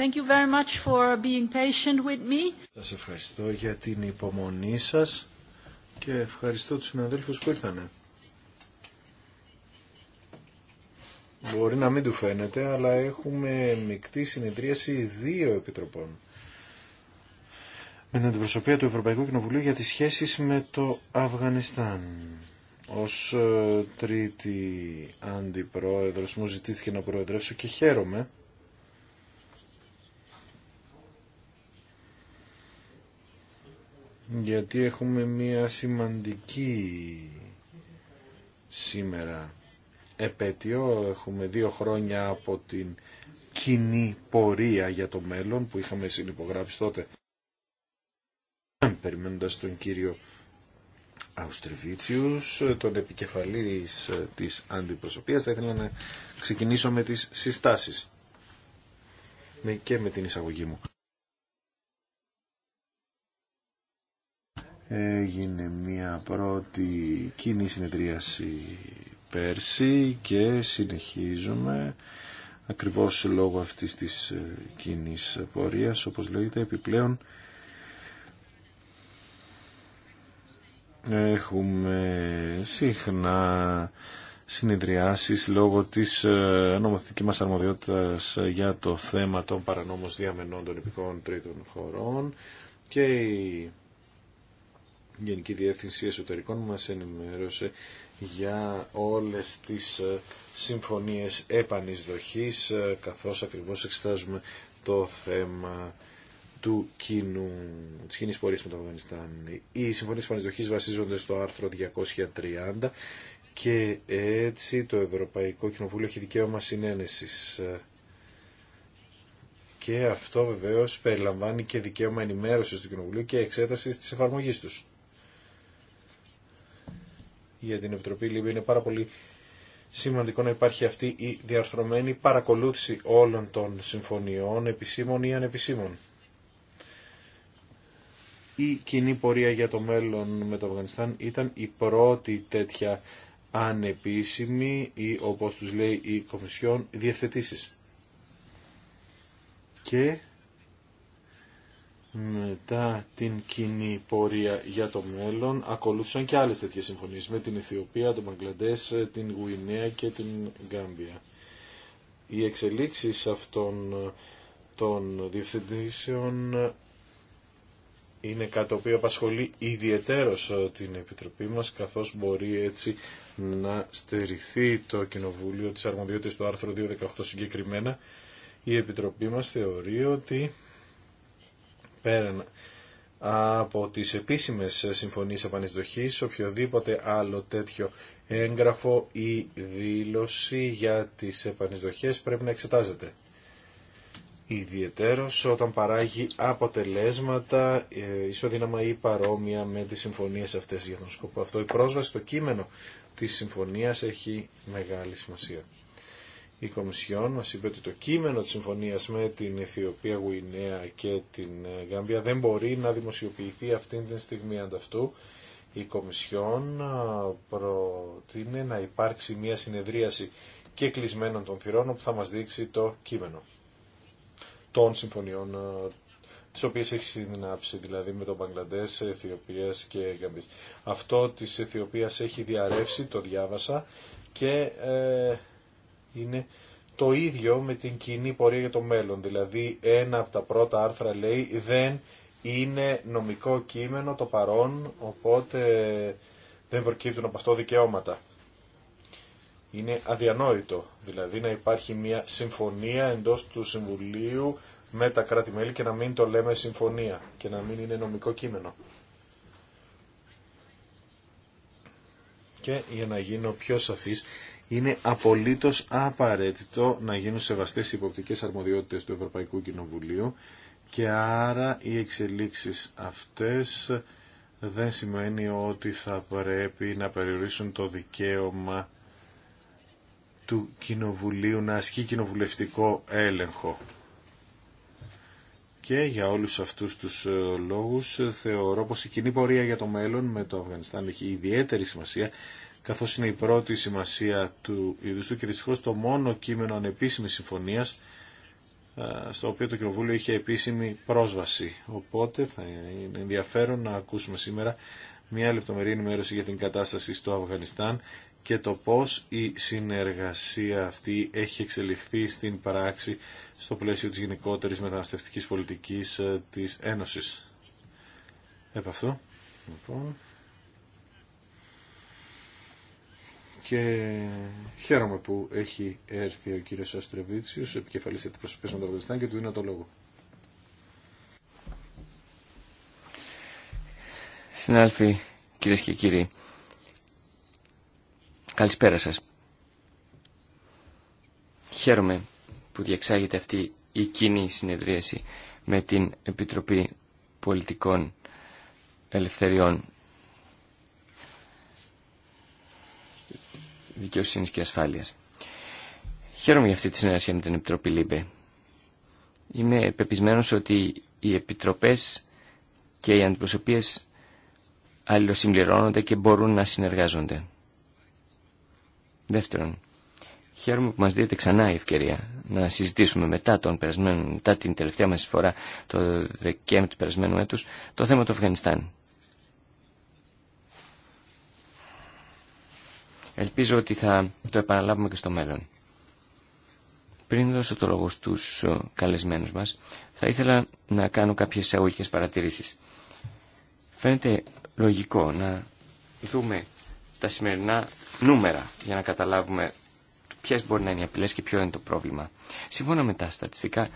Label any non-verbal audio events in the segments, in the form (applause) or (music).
Thank you very much for being patient with me. Σας ευχαριστώ για την υπομονή σας και ευχαριστώ τους συναδέλφους που ήρθανε. Μπορεί να μην του φαίνεται, αλλά έχουμε μεικτή συνεδρίαση δύο επιτροπών. Με την αντιπροσωπεία του Ευρωπαϊκού Κοινοβουλίου για τις σχέσεις με το Αφγανιστάν. Ως ε, τρίτη αντιπρόεδρος μου ζητήθηκε να προεδρεύσω και χαίρομαι γιατί έχουμε μία σημαντική σήμερα επέτειο. Έχουμε δύο χρόνια από την κοινή πορεία για το μέλλον που είχαμε συνυπογράψει τότε περιμένοντας τον κύριο Αουστριβίτσιους, τον επικεφαλής της αντιπροσωπείας. Θα ήθελα να ξεκινήσω με τις συστάσεις και με την εισαγωγή μου. έγινε μια πρώτη κοινή συνεδρίαση πέρσι και συνεχίζουμε ακριβώς λόγω αυτής της ε, κοινή πορείας όπως λέγεται επιπλέον έχουμε συχνά συνεδριάσεις λόγω της ε, νομοθετικής μας αρμοδιότητας για το θέμα των παρανόμως διαμενών των υπηκών τρίτων χωρών και η Γενική Διεύθυνση Εσωτερικών μας ενημέρωσε για όλες τις ε, συμφωνίες επανεισδοχής ε, καθώς ακριβώς εξετάζουμε το θέμα του κοινού, της κοινής πορείας με το Αφγανιστάν. Οι συμφωνίες επανεισδοχής βασίζονται στο άρθρο 230 και έτσι το Ευρωπαϊκό Κοινοβούλιο έχει δικαίωμα συνένεσης. Και αυτό βεβαίως περιλαμβάνει και δικαίωμα ενημέρωσης του Κοινοβουλίου και εξέτασης της εφαρμογής τους για την Επιτροπή Λίμπη. Είναι πάρα πολύ σημαντικό να υπάρχει αυτή η διαρθρωμένη παρακολούθηση όλων των συμφωνιών, επισήμων ή ανεπισήμων. Η κοινή πορεία για το μέλλον με το Αφγανιστάν ήταν η πρώτη τέτοια ανεπίσημη ή όπως τους λέει η Κομισιόν διευθετήσεις. Και μετά την κοινή πορεία για το μέλλον ακολούθησαν και άλλες τέτοιες συμφωνίες με την Αιθιοπία, τον Μαγκλαντές, την Γουινέα και την Γκάμπια. Οι εξελίξεις αυτών των διευθυντήσεων είναι κάτι το οποίο απασχολεί ιδιαιτέρως ε, την Επιτροπή μας καθώς μπορεί έτσι να στερηθεί το Κοινοβούλιο της αρμοδιότητας του άρθρου 218 συγκεκριμένα. Η Επιτροπή μας θεωρεί ότι πέραν από τις επίσημες συμφωνίες επανεισδοχής οποιοδήποτε άλλο τέτοιο έγγραφο ή δήλωση για τις επανεισδοχές πρέπει να εξετάζεται. Ιδιαιτέρως όταν παράγει αποτελέσματα ε, ισοδύναμα ή παρόμοια με τις συμφωνίες αυτές για τον σκοπό αυτό. Η πρόσβαση στο κείμενο της συμφωνίας έχει μεγάλη σημασία η Κομισιόν μας είπε ότι το κείμενο της συμφωνίας με την Αιθιοπία, Γουινέα και την ε, Γάμπια δεν μπορεί να δημοσιοποιηθεί αυτήν τη στιγμή ανταυτού. Η Κομισιόν προτείνει να υπάρξει μια συνεδρίαση και κλεισμένων των θυρών που θα μας δείξει το κείμενο των συμφωνιών τις οποίες έχει συνάψει δηλαδή με τον Μπαγκλαντές, Αιθιοπίας και Γαμπής. Αυτό της Αιθιοπίας έχει διαρρεύσει, το διάβασα και ε, είναι το ίδιο με την κοινή πορεία για το μέλλον. Δηλαδή ένα από τα πρώτα άρθρα λέει δεν είναι νομικό κείμενο το παρόν, οπότε δεν προκύπτουν από αυτό δικαιώματα. Είναι αδιανόητο, δηλαδή να υπάρχει μια συμφωνία εντός του Συμβουλίου με τα κράτη-μέλη και να μην το λέμε συμφωνία και να μην είναι νομικό κείμενο. Και για να γίνω πιο σαφής, είναι απολύτως απαραίτητο να γίνουν σεβαστές οι υποπτικές αρμοδιότητες του Ευρωπαϊκού Κοινοβουλίου και άρα οι εξελίξεις αυτές δεν σημαίνει ότι θα πρέπει να περιορίσουν το δικαίωμα του Κοινοβουλίου να ασκεί κοινοβουλευτικό έλεγχο. Και για όλους αυτούς τους ε, λόγους ε, θεωρώ πως η κοινή πορεία για το μέλλον με το Αφγανιστάν έχει ιδιαίτερη σημασία καθώς είναι η πρώτη σημασία του Ιουδιστού και δυστυχώ το μόνο κείμενο ανεπίσημης συμφωνίας στο οποίο το Κοινοβούλιο είχε επίσημη πρόσβαση. Οπότε θα είναι ενδιαφέρον να ακούσουμε σήμερα μια λεπτομερή ενημέρωση για την κατάσταση στο Αφγανιστάν και το πώς η συνεργασία αυτή έχει εξελιχθεί στην πράξη στο πλαίσιο της γενικότερης μεταναστευτικής πολιτικής ε, της Ένωσης. Επ' αυτού, λοιπόν, και χαίρομαι που έχει έρθει ο κύριος Αστρεβίτσιος, επικεφαλής αντιπροσωπής με το και του δίνω το λόγο. Συνάλφοι, κυρίες και κύριοι, καλησπέρα σας. Χαίρομαι που διεξάγεται αυτή η κοινή συνεδρίαση με την Επιτροπή Πολιτικών Ελευθεριών Δικαιοσύνη και Ασφάλειας. Χαίρομαι για αυτή τη συνεργασία με την Επιτροπή ΛΥΜΠΕ. Είμαι πεπισμένο ότι οι επιτροπές και οι αντιπροσωπείες αλληλοσυμπληρώνονται και μπορούν να συνεργάζονται. Δεύτερον, χαίρομαι που μας δίνεται ξανά η ευκαιρία να συζητήσουμε μετά, τον μετά την τελευταία μας φορά το Δεκέμβρη του περασμένου έτους το θέμα του Αφγανιστάν. Ελπίζω ότι θα το επαναλάβουμε και στο μέλλον. Πριν δώσω το λόγο στους ε, καλεσμένους μας, θα ήθελα να κάνω κάποιες εισαγωγικέ παρατηρήσεις. Φαίνεται λογικό να δούμε τα σημερινά νούμερα για να καταλάβουμε ποιε μπορεί να είναι οι απειλέ και ποιο είναι το πρόβλημα. Σύμφωνα με τα στατιστικά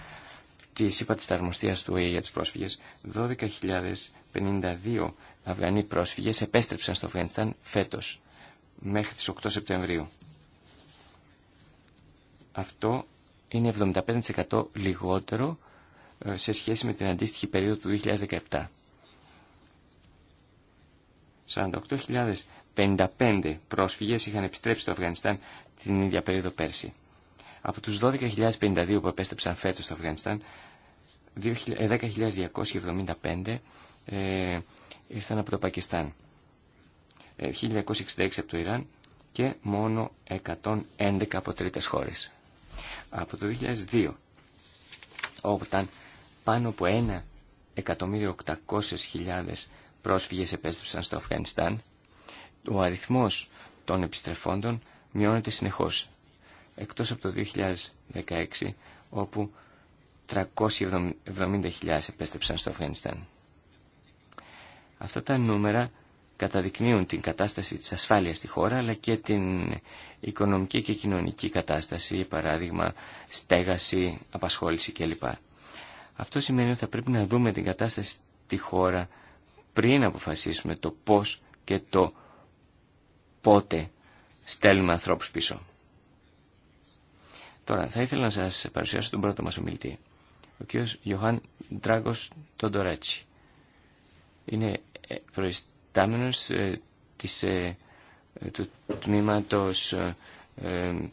τη ΥΠΑ τη Αρμοστία του ΟΗΕ για του πρόσφυγε, 12.052 Αφγανοί πρόσφυγε επέστρεψαν στο Αφγανιστάν φέτο μέχρι τις 8 Σεπτεμβρίου. Αυτό είναι 75% λιγότερο ε, σε σχέση με την αντίστοιχη περίοδο του 2017. 48.055 πρόσφυγες είχαν επιστρέψει στο Αφγανιστάν την ίδια περίοδο πέρσι. Από τους 12.052 που επέστρεψαν φέτος στο Αφγανιστάν, 10.275 ε, ε, ήρθαν από το Πακιστάν. 1966 ε, από το Ιράν και μόνο 111 από τρίτες χώρες. Από το 2002, όταν πάνω από 1.800.000 πρόσφυγες επέστρεψαν στο Αφγανιστάν, ο αριθμός των επιστρεφόντων μειώνεται συνεχώς. Εκτός από το 2016, όπου 370.000 επέστρεψαν στο Αφγανιστάν. Αυτά τα νούμερα καταδεικνύουν την κατάσταση της ασφάλειας στη χώρα αλλά και την οικονομική και κοινωνική κατάσταση, παράδειγμα στέγαση, απασχόληση κλπ. Αυτό σημαίνει ότι θα πρέπει να δούμε την κατάσταση στη χώρα πριν αποφασίσουμε το πώς και το πότε στέλνουμε ανθρώπους πίσω. Τώρα, θα ήθελα να σας παρουσιάσω τον πρώτο μας ομιλητή, ο κ. Ιωάνν Ντράγκος Τοντορέτσι. Είναι ε, ε, της, ε, ε, του τμήματος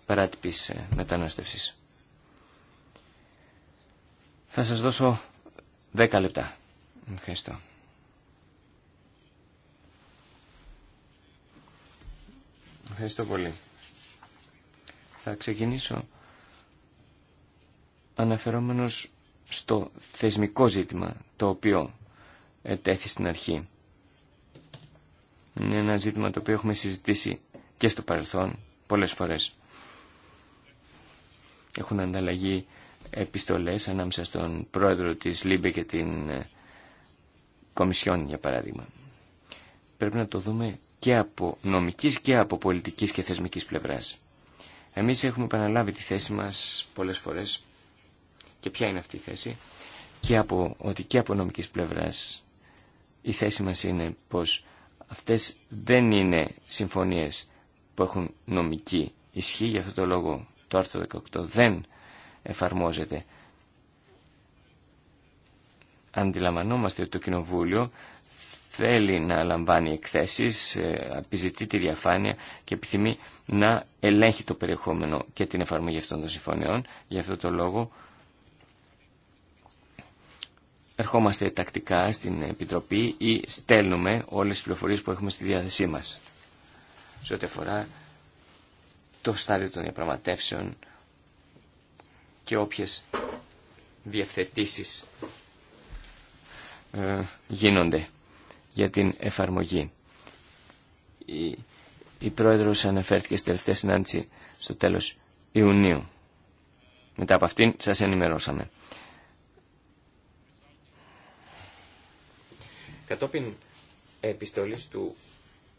παράτυπης μετανάστευσης. Θα σας δώσω 10 λεπτά. Ευχαριστώ. Ευχαριστώ πολύ. Θα ξεκινήσω αναφερόμενος στο θεσμικό ζήτημα το οποίο ετέθη στην αρχή. Είναι ένα ζήτημα το οποίο έχουμε συζητήσει και στο παρελθόν πολλές φορές. Έχουν ανταλλαγεί επιστολές ανάμεσα στον πρόεδρο της ΛΥΜΠΕ και την ε, Κομισιόν, για παράδειγμα. Πρέπει να το δούμε και από νομικής και από πολιτικής και θεσμικής πλευράς. Εμείς έχουμε επαναλάβει τη θέση μας πολλές φορές και ποια είναι αυτή η θέση και από, ότι και από νομικής πλευράς η θέση μας είναι πως Αυτές δεν είναι συμφωνίες που έχουν νομική ισχύ, γι' αυτό το λόγο το άρθρο 18 δεν εφαρμόζεται. Αντιλαμβανόμαστε ότι το Κοινοβούλιο θέλει να λαμβάνει εκθέσεις, ε, επιζητεί τη διαφάνεια και επιθυμεί να ελέγχει το περιεχόμενο και την εφαρμογή αυτών των συμφωνιών. για αυτό το λόγο ερχόμαστε τακτικά στην Επιτροπή ή στέλνουμε όλες τις πληροφορίες που έχουμε στη διάθεσή μας σε ό,τι αφορά το στάδιο των διαπραγματεύσεων και όποιες διευθετήσεις ε, γίνονται για την εφαρμογή. Η, η πρόεδρος αναφέρθηκε στη τελευταία συνάντηση στο τέλος Ιουνίου. Μετά από αυτήν σας ενημερώσαμε. Κατόπιν επιστολής του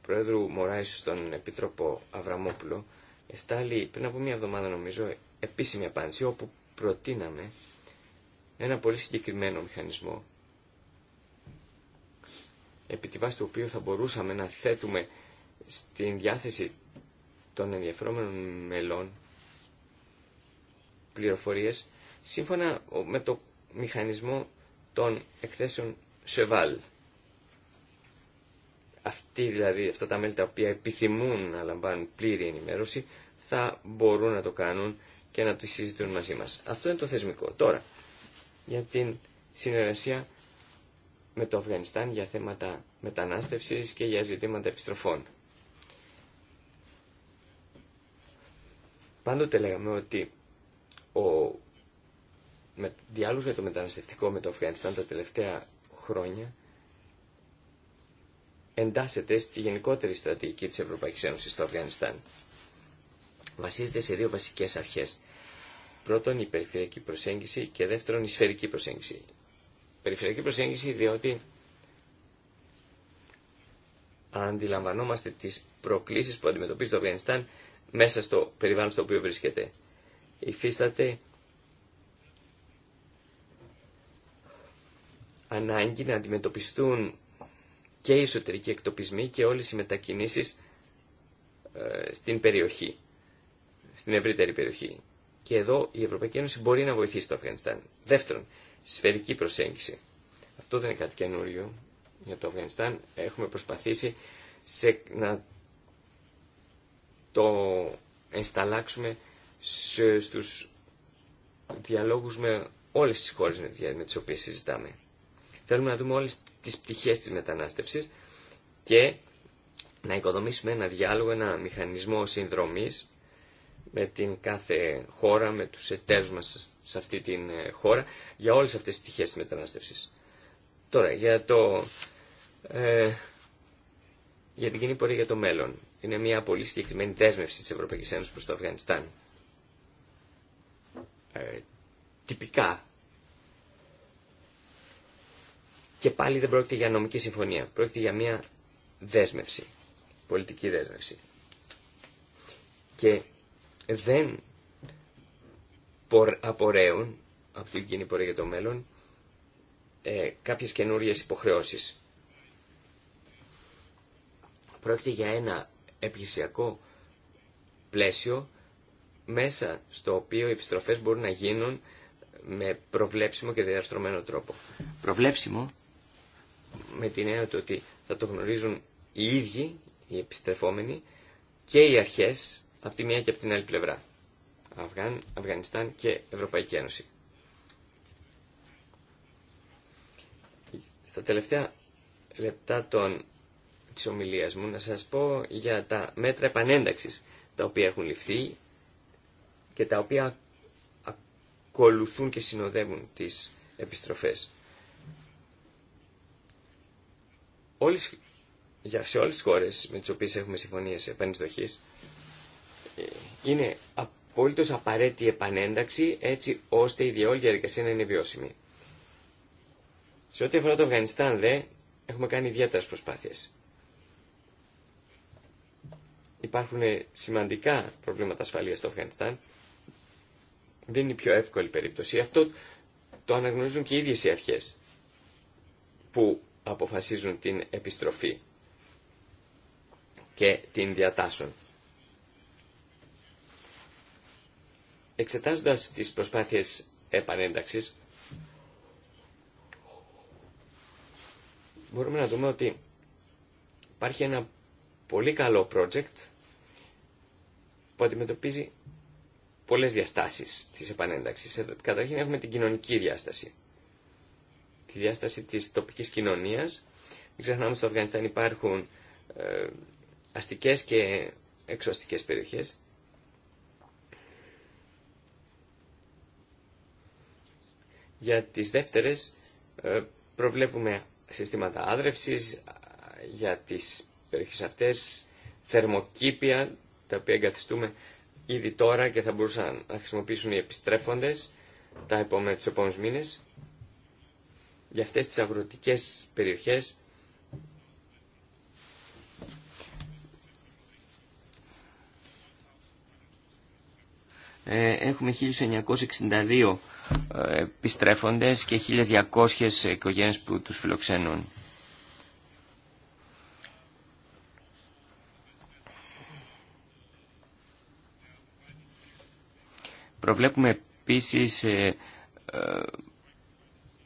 Πρόεδρου Μωράης στον Επίτροπο Αβραμόπουλο, εστάλει πριν από μία εβδομάδα νομίζω επίσημη απάντηση όπου προτείναμε ένα πολύ συγκεκριμένο μηχανισμό επί τη βάση του οποίου θα μπορούσαμε να θέτουμε στην διάθεση των ενδιαφερόμενων μελών πληροφορίες σύμφωνα με το μηχανισμό των εκθέσεων σεβάλ. Αυτοί δηλαδή, αυτά τα μέλη τα οποία επιθυμούν να λαμβάνουν πλήρη ενημέρωση, θα μπορούν να το κάνουν και να τη συζητούν μαζί μας. Αυτό είναι το θεσμικό. Τώρα, για την συνεργασία με το Αφγανιστάν για θέματα μετανάστευσης και για ζητήματα επιστροφών. Πάντοτε λέγαμε ότι ο διάλογος για το μεταναστευτικό με το Αφγανιστάν τα τελευταία χρόνια εντάσσεται στη γενικότερη στρατηγική της Ευρωπαϊκής Ένωσης στο Αφγανιστάν. Βασίζεται σε δύο βασικές αρχές. Πρώτον, η περιφερειακή προσέγγιση και δεύτερον, η σφαιρική προσέγγιση. Περιφερειακή προσέγγιση διότι αντιλαμβανόμαστε τις προκλήσεις που αντιμετωπίζει το Αφγανιστάν μέσα στο περιβάλλον στο οποίο βρίσκεται. Υφίσταται ανάγκη να αντιμετωπιστούν και οι εσωτερικοί εκτοπισμοί και όλες οι μετακινήσεις ε, στην περιοχή, στην ευρύτερη περιοχή. Και εδώ η Ευρωπαϊκή Ένωση μπορεί να βοηθήσει το Αφγανιστάν. Δεύτερον, σφαιρική προσέγγιση. Αυτό δεν είναι κάτι καινούριο για το Αφγανιστάν. Έχουμε προσπαθήσει σε, να το ενσταλάξουμε στους διαλόγους με όλες τις χώρες με τις οποίες συζητάμε. Θέλουμε να δούμε όλες τις πτυχές της μετανάστευσης και να οικοδομήσουμε ένα διάλογο, ένα μηχανισμό συνδρομής με την κάθε χώρα, με τους εταίρους μας σε αυτή την ε, χώρα, για όλες αυτές τις πτυχές της μετανάστευσης. Τώρα, για, το, ε, για την κοινή πορεία για το μέλλον. Είναι μια πολύ συγκεκριμένη δέσμευση της Ευρωπαϊκής Ένωσης προς το Αφγανιστάν. Ε, τυπικά Και πάλι δεν πρόκειται για νομική συμφωνία. Πρόκειται για μια δέσμευση. Πολιτική δέσμευση. Και δεν απορρέουν από την κοινή πορεία για το μέλλον ε, κάποιες καινούριες υποχρεώσεις. Πρόκειται για ένα επιχειρησιακό πλαίσιο μέσα στο οποίο οι επιστροφές μπορούν να γίνουν με προβλέψιμο και διαρθρωμένο τρόπο. Προβλέψιμο με την έννοια του ότι θα το γνωρίζουν οι ίδιοι, οι επιστρεφόμενοι και οι αρχές από τη μία και από την άλλη πλευρά. Αφγάν, Αφγανιστάν και Ευρωπαϊκή Ένωση. Στα τελευταία λεπτά των, της ομιλίας μου να σας πω για τα μέτρα επανένταξης τα οποία έχουν ληφθεί και τα οποία ακολουθούν και συνοδεύουν τις επιστροφές. όλες, για, σε όλες τις χώρες με τις οποίες έχουμε συμφωνίες επανειστοχής ε, είναι απόλυτο απαραίτητη επανένταξη έτσι ώστε η διαόλια διαδικασία να είναι βιώσιμη. Σε ό,τι αφορά το Αφγανιστάν δε έχουμε κάνει ιδιαίτερες προσπάθειες. Υπάρχουν σημαντικά προβλήματα ασφαλείας στο Αφγανιστάν. Δεν είναι η πιο εύκολη περίπτωση. Αυτό το αναγνωρίζουν και οι ίδιες οι αρχές που αποφασίζουν την επιστροφή και την διατάσσουν. Εξετάζοντας τις προσπάθειες επανένταξης, μπορούμε να δούμε ότι υπάρχει ένα πολύ καλό project που αντιμετωπίζει πολλές διαστάσεις της επανένταξης. Καταρχήν έχουμε την κοινωνική διάσταση τη διάσταση της τοπικής κοινωνίας. Μην ξεχνάμε στο Αφγανιστάν υπάρχουν ε, αστικές και εξωαστικές περιοχές. Για τις δεύτερες ε, προβλέπουμε συστήματα άδρευσης για τις περιοχές αυτές, θερμοκήπια τα οποία εγκαθιστούμε ήδη τώρα και θα μπορούσαν να χρησιμοποιήσουν οι επιστρέφοντες τα επόμενα, τους μήνες για αυτές τις αγροτικές περιοχές ε, έχουμε 1962 ε, επιστρέφοντες και 1200 οικογένειες που τους φιλοξενούν. Προβλέπουμε επίσης ε,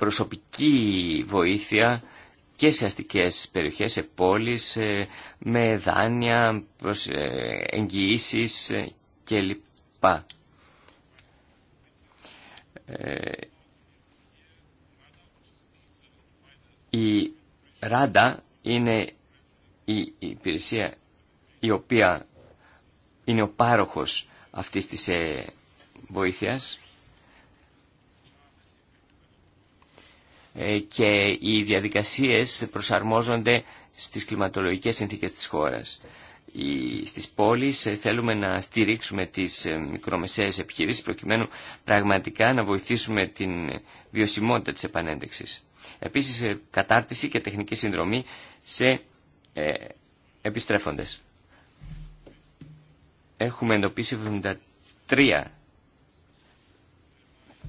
προσωπική βοήθεια και σε αστικές περιοχές, σε πόλεις, ε, με δάνεια, ε, εγγυήσει ε, κλπ. Η Ράντα είναι η υπηρεσία η οποία είναι ο πάροχος αυτής της βοήθειας Ε, και οι διαδικασίες προσαρμόζονται στις κλιματολογικές συνθήκες της χώρας. Στις πόλεις ε, θέλουμε να στηρίξουμε τις ε, μικρομεσαίες επιχειρήσεις προκειμένου πραγματικά να βοηθήσουμε την βιωσιμότητα της επανέντεξης. Επίσης κατάρτιση και τεχνική συνδρομή σε επιστρέφοντες. Έχουμε εντοπίσει 73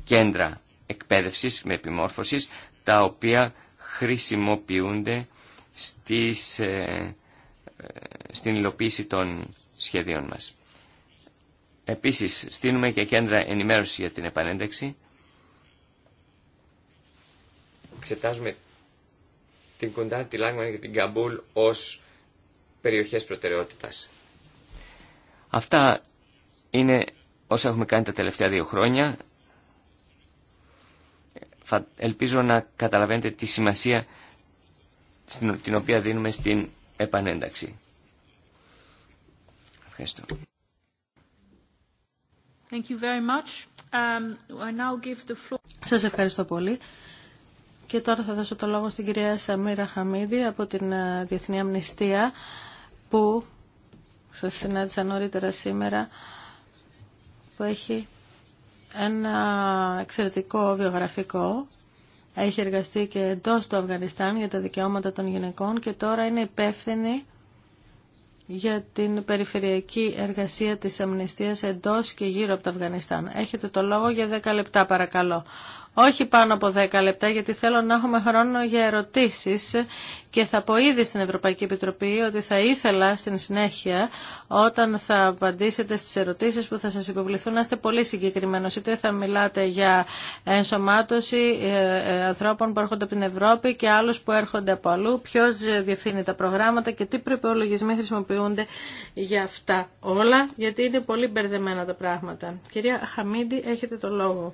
κέντρα εκπαίδευσης με επιμόρφωσης τα οποία χρησιμοποιούνται στις, ε, ε, στην υλοποίηση των σχεδίων μας. Επίσης, στείλουμε και κέντρα ενημέρωση για την επανένταξη. Εξετάζουμε την Κουντάρ, τη Λάγμαν και την Καμπούλ ως περιοχές προτεραιότητας. Αυτά είναι όσα έχουμε κάνει τα τελευταία δύο χρόνια ελπίζω να καταλαβαίνετε τη σημασία την οποία δίνουμε στην επανένταξη. Ευχαριστώ. Thank um, Σας ευχαριστώ πολύ. Και τώρα θα δώσω το λόγο στην κυρία Σαμίρα Χαμίδη από την ε, Διεθνή Αμνηστία που σας συνάντησα νωρίτερα σήμερα που έχει ένα εξαιρετικό βιογραφικό. Έχει εργαστεί και εντό του Αφγανιστάν για τα δικαιώματα των γυναικών και τώρα είναι υπεύθυνη για την περιφερειακή εργασία της αμνηστίας εντός και γύρω από το Αφγανιστάν. Έχετε το λόγο για 10 λεπτά παρακαλώ όχι πάνω από 10 λεπτά γιατί θέλω να έχουμε χρόνο για ερωτήσεις και θα πω ήδη στην Ευρωπαϊκή Επιτροπή ότι θα ήθελα στην συνέχεια όταν θα απαντήσετε στις ερωτήσεις που θα σας υποβληθούν να είστε πολύ συγκεκριμένος είτε θα μιλάτε για ενσωμάτωση ε, ε, ανθρώπων που έρχονται από την Ευρώπη και άλλους που έρχονται από αλλού, ποιο διευθύνει τα προγράμματα και τι προπολογισμοί χρησιμοποιούνται για αυτά όλα γιατί είναι πολύ μπερδεμένα τα πράγματα. Κυρία Χαμίντη, έχετε το λόγο.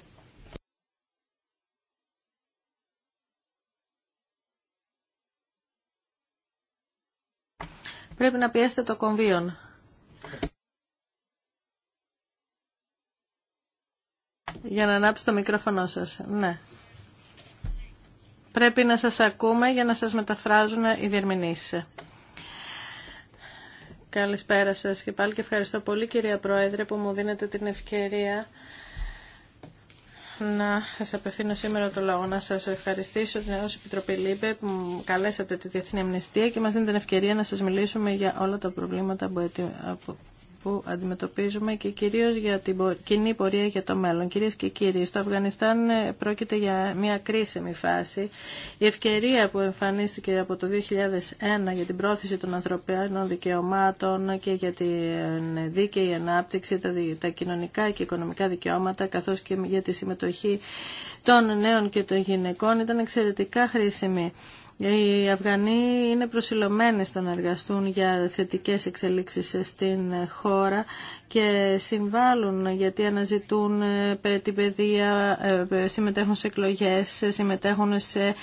πρέπει να πιέσετε το κομβίον. Για να ανάψει το μικρόφωνο σας. Ναι. Πρέπει να σας ακούμε για να σας μεταφράζουν οι διερμηνήσεις. Καλησπέρα σας και πάλι και ευχαριστώ πολύ κυρία Πρόεδρε που μου δίνετε την ευκαιρία να σας απευθύνω σήμερα το λόγο. Να σας ευχαριστήσω την ΕΕ Επιτροπή που καλέσατε τη Διεθνή Αμνηστία και μας δίνει την ευκαιρία να σας μιλήσουμε για όλα τα προβλήματα που που αντιμετωπίζουμε και κυρίως για την κοινή πορεία για το μέλλον. Κυρίες και κύριοι, στο Αφγανιστάν ε, πρόκειται για μια κρίσιμη φάση. Η ευκαιρία που εμφανίστηκε από το 2001 για την πρόθεση των ανθρωπίνων δικαιωμάτων και για την δίκαιη ανάπτυξη, τα κοινωνικά και οικονομικά δικαιώματα, καθώς και για τη συμμετοχή των νέων και των γυναικών ήταν εξαιρετικά χρήσιμη. Οι Αφγανοί είναι προσιλωμένοι στο να εργαστούν για θετικές εξελίξεις στην χώρα και συμβάλλουν γιατί αναζητούν ε, την παιδεία, ε, ε, συμμετέχουν σε εκλογές, συμμετέχουν σε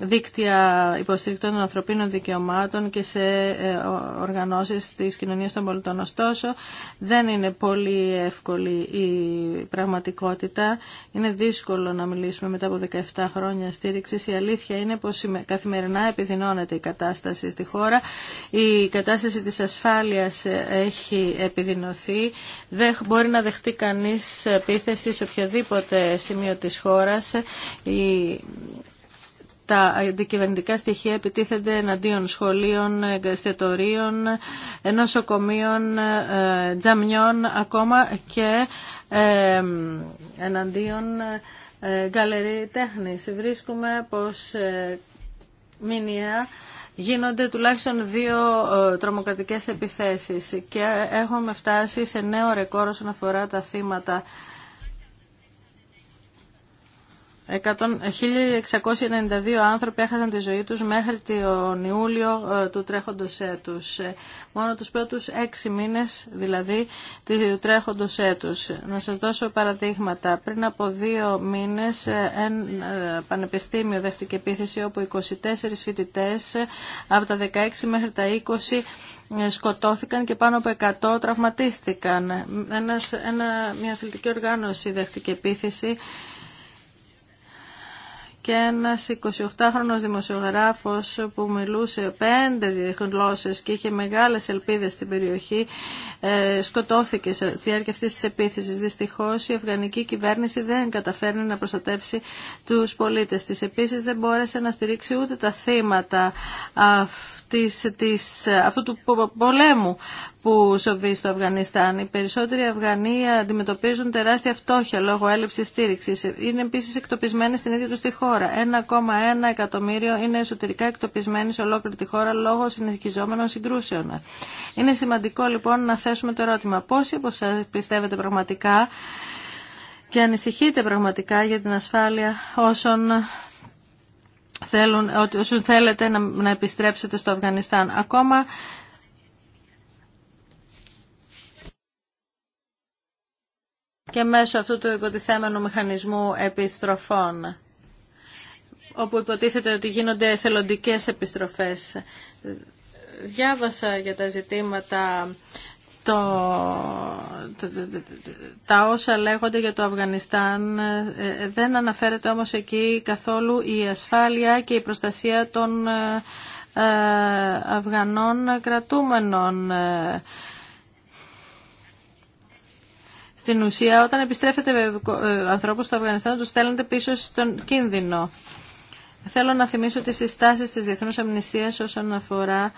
δίκτυα υποστηρικτών των ανθρωπίνων δικαιωμάτων και σε οργανώσεις της κοινωνίας των πολιτών. Ωστόσο, δεν είναι πολύ εύκολη η πραγματικότητα. Είναι δύσκολο να μιλήσουμε μετά από 17 χρόνια στήριξη. Η αλήθεια είναι πως καθημερινά επιδεινώνεται η κατάσταση στη χώρα. Η κατάσταση της ασφάλειας έχει επιδεινώσει επιδεινωθεί. Δεν μπορεί να δεχτεί κανείς επίθεση σε οποιοδήποτε σημείο της χώρας. Η... Τα αντικυβερνητικά στοιχεία επιτίθενται εναντίον σχολείων, εγκαστιατορίων, νοσοκομείων, ε, τζαμιών ακόμα και ε, εναντίον ε, γκαλερί τέχνης. Βρίσκουμε πως μηνιαία γίνονται τουλάχιστον δύο ε, τρομοκρατικές επιθέσεις και έχουμε φτάσει σε νέο ρεκόρ όσον αφορά τα θύματα 1.692 άνθρωποι έχασαν τη ζωή τους μέχρι τον Ιούλιο ε, του τρέχοντος έτους. Ε, μόνο τους πρώτους έξι μήνες δηλαδή του τρέχοντος έτους. Να σας δώσω παραδείγματα. Πριν από δύο μήνες ένα ε, πανεπιστήμιο δέχτηκε επίθεση όπου 24 φοιτητές από τα 16 μέχρι τα 20 σκοτώθηκαν και πάνω από 100 τραυματίστηκαν. Ένας, ένα, μια αθλητική οργάνωση δέχτηκε επίθεση και ένας 28χρονος δημοσιογράφος που μιλούσε πέντε γλώσσες και είχε μεγάλες ελπίδες στην περιοχή ε, σκοτώθηκε στη διάρκεια αυτής της επίθεσης. Δυστυχώς η αφγανική κυβέρνηση δεν καταφέρνει να προστατεύσει τους πολίτες της. Επίσης δεν μπόρεσε να στηρίξει ούτε τα θύματα αυτού του πολέμου που σοβεί στο Αφγανιστάν. Οι περισσότεροι Αφγανοί αντιμετωπίζουν τεράστια φτώχεια λόγω έλλειψη στήριξη. Είναι επίση εκτοπισμένοι στην ίδια του τη χώρα. 1,1 εκατομμύριο είναι εσωτερικά εκτοπισμένοι σε ολόκληρη τη χώρα λόγω συνεχιζόμενων συγκρούσεων. Είναι σημαντικό λοιπόν να θέσουμε το ερώτημα πόσοι από πιστεύετε πραγματικά και ανησυχείτε πραγματικά για την ασφάλεια όσων θέλουν, ότι θέλετε να, να επιστρέψετε στο Αφγανιστάν. Ακόμα και μέσω αυτού του υποτιθέμενου μηχανισμού επιστροφών όπου υποτίθεται ότι γίνονται θελοντικές επιστροφές. Διάβασα για τα ζητήματα το, τα όσα λέγονται για το Αφγανιστάν ε, ε, δεν αναφέρεται όμως εκεί καθόλου η ασφάλεια και η προστασία των ε, Αφγανών κρατούμενων. Στην ουσία όταν επιστρέφετε ανθρώπους στο Αφγανιστάν τους στέλνετε πίσω στον κίνδυνο. Θέλω να θυμίσω τις συστάσεις της Διεθνούς Αμνηστίας όσον αφορά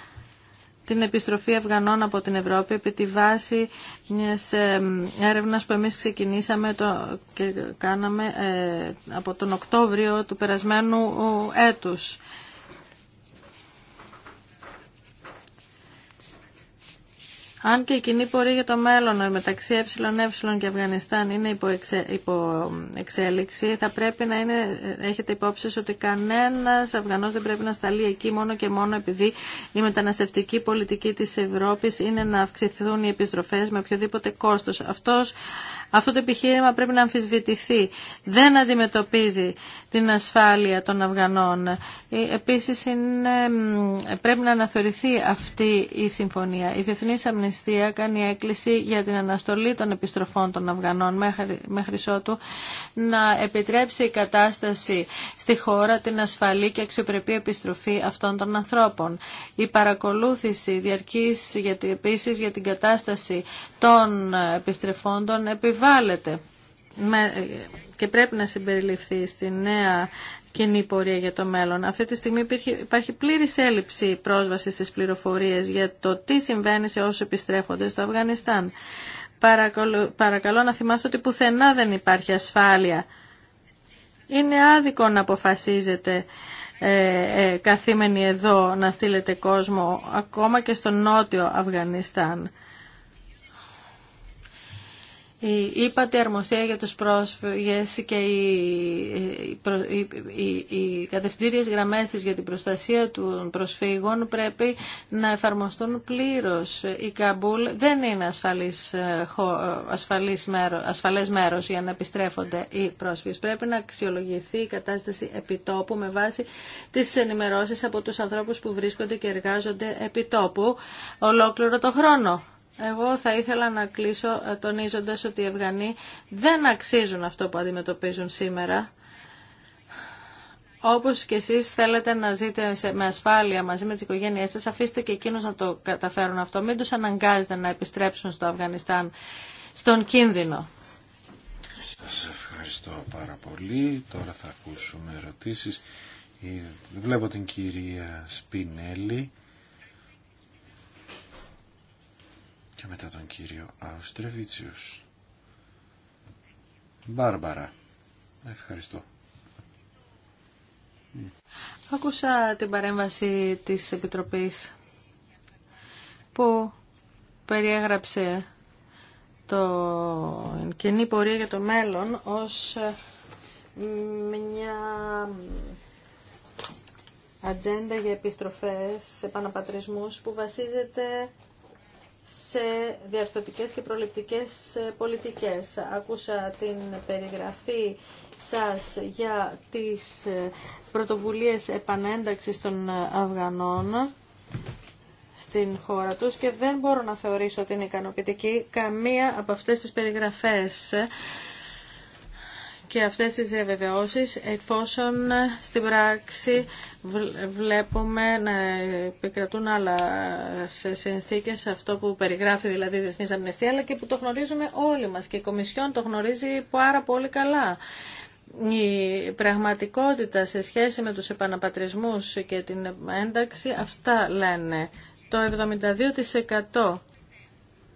την επιστροφή Αφγανών από την Ευρώπη επί τη βάση μιας ε, έρευνας που εμείς ξεκινήσαμε το, και κάναμε ε, από τον Οκτώβριο του περασμένου ε, έτους. Αν και η κοινή πορεία για το μέλλον ε, μεταξύ ΕΕ και Αφγανιστάν είναι υπό, εξε, εξέλιξη, θα πρέπει να είναι, ε, έχετε υπόψη ότι κανένα Αφγανό δεν πρέπει να σταλεί εκεί μόνο και μόνο επειδή η μεταναστευτική πολιτική τη Ευρώπη είναι να αυξηθούν οι επιστροφέ με οποιοδήποτε κόστο. Αυτό. Αυτό το επιχείρημα πρέπει να αμφισβητηθεί. Δεν αντιμετωπίζει την ασφάλεια των Αυγανών. Ε, επίσης είναι, πρέπει να αναθεωρηθεί αυτή η συμφωνία. Η Διεθνής Αμνηστία κάνει έκκληση για την αναστολή των επιστροφών των Αυγανών μέχρι, ότου να επιτρέψει η κατάσταση στη χώρα την ασφαλή και αξιοπρεπή επιστροφή αυτών των ανθρώπων. Η παρακολούθηση διαρκής για, επίσης για την κατάσταση των επιστρεφόντων με, και πρέπει να συμπεριληφθεί στη νέα κοινή πορεία για το μέλλον. Αυτή τη στιγμή υπάρχει πλήρης έλλειψη πρόσβασης στις πληροφορίες για το τι συμβαίνει σε όσους επιστρέφονται στο Αφγανιστάν. Παρακαλώ, να θυμάστε ότι πουθενά δεν υπάρχει ασφάλεια. Είναι άδικο να αποφασίζετε ε, ε καθήμενοι εδώ να στείλετε κόσμο ακόμα και στο νότιο Αφγανιστάν η είπατε αρμοστία για τους πρόσφυγες και οι, οι, οι, οι γραμμές για την προστασία των προσφύγων πρέπει να εφαρμοστούν πλήρως. Η Καμπούλ δεν είναι ε, ε, ασφαλής, μέρο, ασφαλές μέρος για να επιστρέφονται οι πρόσφυγες. Πρέπει να αξιολογηθεί η κατάσταση επιτόπου με βάση τις ενημερώσεις από τους ανθρώπους που βρίσκονται και εργάζονται επιτόπου ολόκληρο το χρόνο. Εγώ θα ήθελα να κλείσω ε, τονίζοντας ότι οι Ευγανοί δεν αξίζουν αυτό που αντιμετωπίζουν σήμερα. Όπως και εσείς θέλετε να ζείτε με ασφάλεια μαζί με τις οικογένειές σας, αφήστε και εκείνους να το καταφέρουν αυτό. Μην τους αναγκάζετε να επιστρέψουν στο Αφγανιστάν στον κίνδυνο. Σας ευχαριστώ πάρα πολύ. Τώρα θα ακούσουμε ερωτήσεις. Ε, βλέπω την κυρία Σπινέλη. και μετά τον κύριο Αουστρεβίτσιους. Μπάρμπαρα. Ευχαριστώ. Άκουσα την παρέμβαση της Επιτροπής που περιέγραψε το κοινή πορεία για το μέλλον ως μια ατζέντα για επιστροφές, παναπατρισμούς που βασίζεται σε διαρθωτικές και προληπτικές ε, πολιτικές. Άκουσα την περιγραφή σας για τις ε, πρωτοβουλίες επανένταξης των ε, Αφγανών στην χώρα τους και δεν μπορώ να θεωρήσω ότι είναι ικανοποιητική καμία από αυτές τις περιγραφές και αυτές τις διαβεβαιώσεις εφόσον ε, στην πράξη βλέπουμε να επικρατούν άλλα ε, σε συνθήκες αυτό που περιγράφει δηλαδή η Διεθνής Αμνηστία αλλά και που το γνωρίζουμε όλοι μας και η Κομισιόν το γνωρίζει πάρα πολύ καλά. Η πραγματικότητα σε σχέση με τους επαναπατρισμούς και την ένταξη αυτά λένε το 72%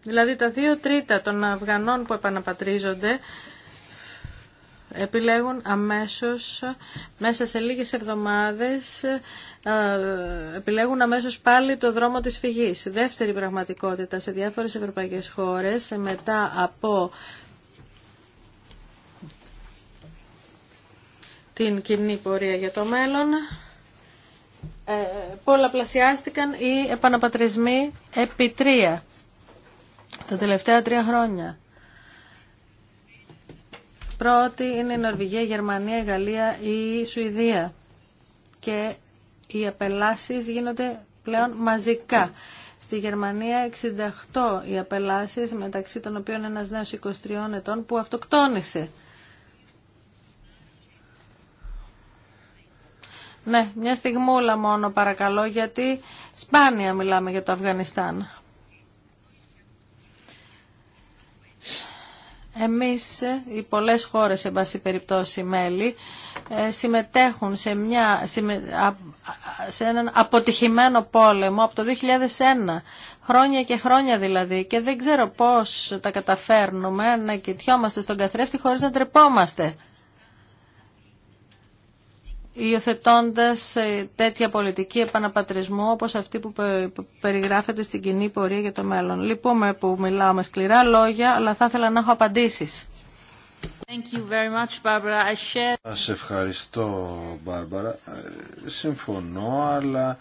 Δηλαδή τα δύο τρίτα των Αυγανών που επαναπατρίζονται επιλέγουν αμέσως μέσα σε λίγες εβδομάδες ε, επιλέγουν αμέσως πάλι το δρόμο της φυγής. Δεύτερη πραγματικότητα σε διάφορες ευρωπαϊκές χώρες μετά από την κοινή πορεία για το μέλλον ε, πολλαπλασιάστηκαν οι επαναπατρισμοί επί τρία τα τελευταία τρία χρόνια πρώτη είναι η Νορβηγία, η Γερμανία, η Γαλλία, η Σουηδία. Και οι απελάσεις γίνονται πλέον μαζικά. Στη Γερμανία 68 οι απελάσεις, μεταξύ των οποίων ένας νέος 23 ετών που αυτοκτόνησε. Ναι, μια στιγμούλα μόνο παρακαλώ, γιατί σπάνια μιλάμε για το Αφγανιστάν. Εμείς, οι πολλές χώρες, σε βάση περιπτώσει μέλη, ε, συμμετέχουν σε, μια, σε έναν αποτυχημένο πόλεμο από το 2001, χρόνια και χρόνια δηλαδή, και δεν ξέρω πώς τα καταφέρνουμε να κοιτιόμαστε στον καθρέφτη χωρίς να τρεπόμαστε υιοθετώντα ε, τέτοια πολιτική επαναπατρισμού όπως αυτή που περιγράφεται στην κοινή πορεία για το μέλλον. Λυπούμε που μιλάω με σκληρά λόγια, αλλά θα ήθελα να έχω απαντήσεις. Thank ευχαριστώ, Μπάρμπαρα. Ε, συμφωνώ, αλλά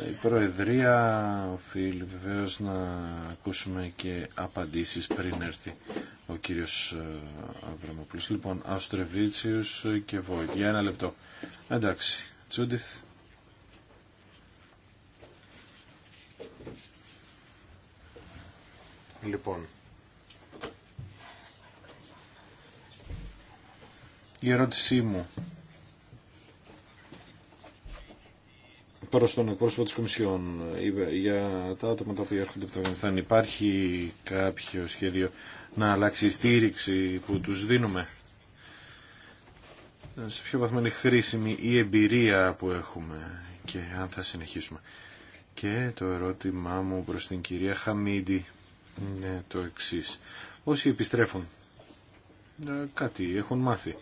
ε, η Προεδρία οφείλει βεβαίω να ακούσουμε και απαντήσεις πριν έρθει ο κύριος Αβραμόπουλος. Λοιπόν, Αυστρεβίτσιους και για Ένα λεπτό. Εντάξει, Τσούντιθ. Λοιπόν. Η ερώτησή μου προς τον εκπρόσωπο της Κομισιόν για τα άτομα τα οποία έρχονται από το Αφγανιστάν υπάρχει κάποιο σχέδιο να αλλάξει η στήριξη που τους δίνουμε σε ποιο βαθμό είναι χρήσιμη η εμπειρία που έχουμε και αν θα συνεχίσουμε. Και το ερώτημά μου προς την κυρία Χαμίντη είναι το εξής. Όσοι επιστρέφουν, ε, κάτι έχουν μάθει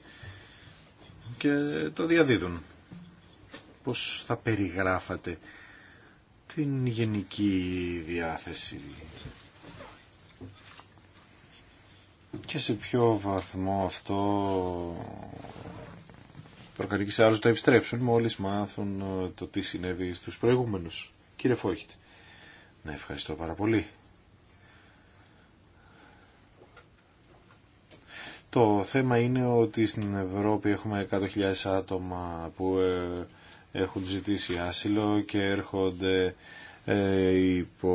και το διαδίδουν. Πώς θα περιγράφατε την γενική διάθεση και σε ποιο βαθμό αυτό προκαλεί σε άλλους να επιστρέψουν μόλις μάθουν ε, το τι συνέβη στους προηγούμενους. Κύριε Φόχητ, να ευχαριστώ πάρα πολύ. Το θέμα είναι ότι στην Ευρώπη έχουμε 100.000 άτομα που ε, έχουν ζητήσει άσυλο και έρχονται ε, υπό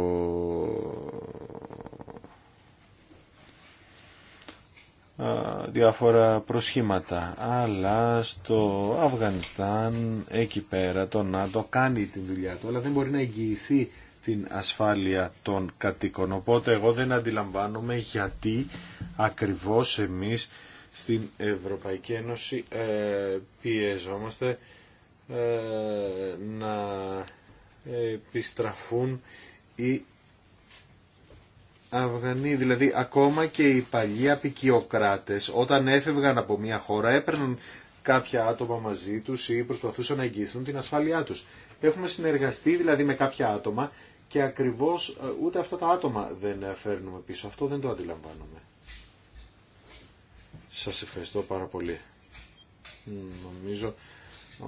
διάφορα προσχήματα. Αλλά στο Αφγανιστάν, εκεί πέρα, το ΝΑΤΟ κάνει την δουλειά του, αλλά δεν μπορεί να εγγυηθεί την ασφάλεια των κατοίκων. Οπότε εγώ δεν αντιλαμβάνομαι γιατί ακριβώς εμείς στην Ευρωπαϊκή Ένωση ε, πιεζόμαστε ε, να επιστραφούν οι Αυγανοί, δηλαδή ακόμα και οι παλιοί απικιοκράτες όταν έφευγαν από μια χώρα έπαιρναν κάποια άτομα μαζί τους ή προσπαθούσαν να εγγυηθούν την ασφάλειά τους. Έχουμε συνεργαστεί δηλαδή με κάποια άτομα και ακριβώς ε, ούτε αυτά τα άτομα δεν ε, φέρνουμε πίσω. Αυτό δεν το αντιλαμβάνομαι. Σας ευχαριστώ πάρα πολύ. Νομίζω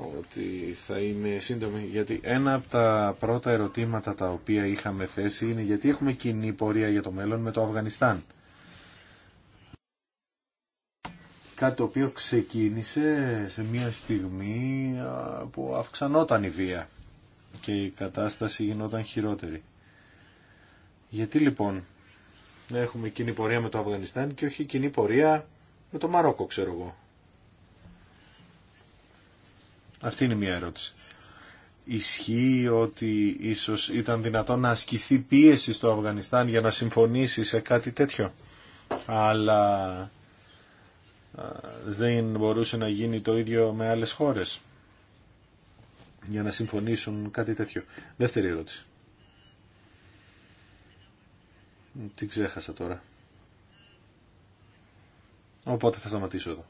ότι θα είμαι σύντομη, γιατί ένα από τα πρώτα ερωτήματα τα οποία είχαμε θέσει είναι γιατί έχουμε κοινή πορεία για το μέλλον με το Αφγανιστάν. Κάτι το οποίο ξεκίνησε σε μια στιγμή που αυξανόταν η βία και η κατάσταση γινόταν χειρότερη. Γιατί λοιπόν έχουμε κοινή πορεία με το Αφγανιστάν και όχι κοινή πορεία με το Μαρόκο, ξέρω εγώ. Αυτή είναι μια ερώτηση. Ισχύει ότι ίσως ήταν δυνατόν να ασκηθεί πίεση στο Αφγανιστάν για να συμφωνήσει σε κάτι τέτοιο. Αλλά δεν μπορούσε να γίνει το ίδιο με άλλες χώρες για να συμφωνήσουν κάτι τέτοιο. Δεύτερη ερώτηση. Τι ξέχασα τώρα. Οπότε θα σταματήσω εδώ.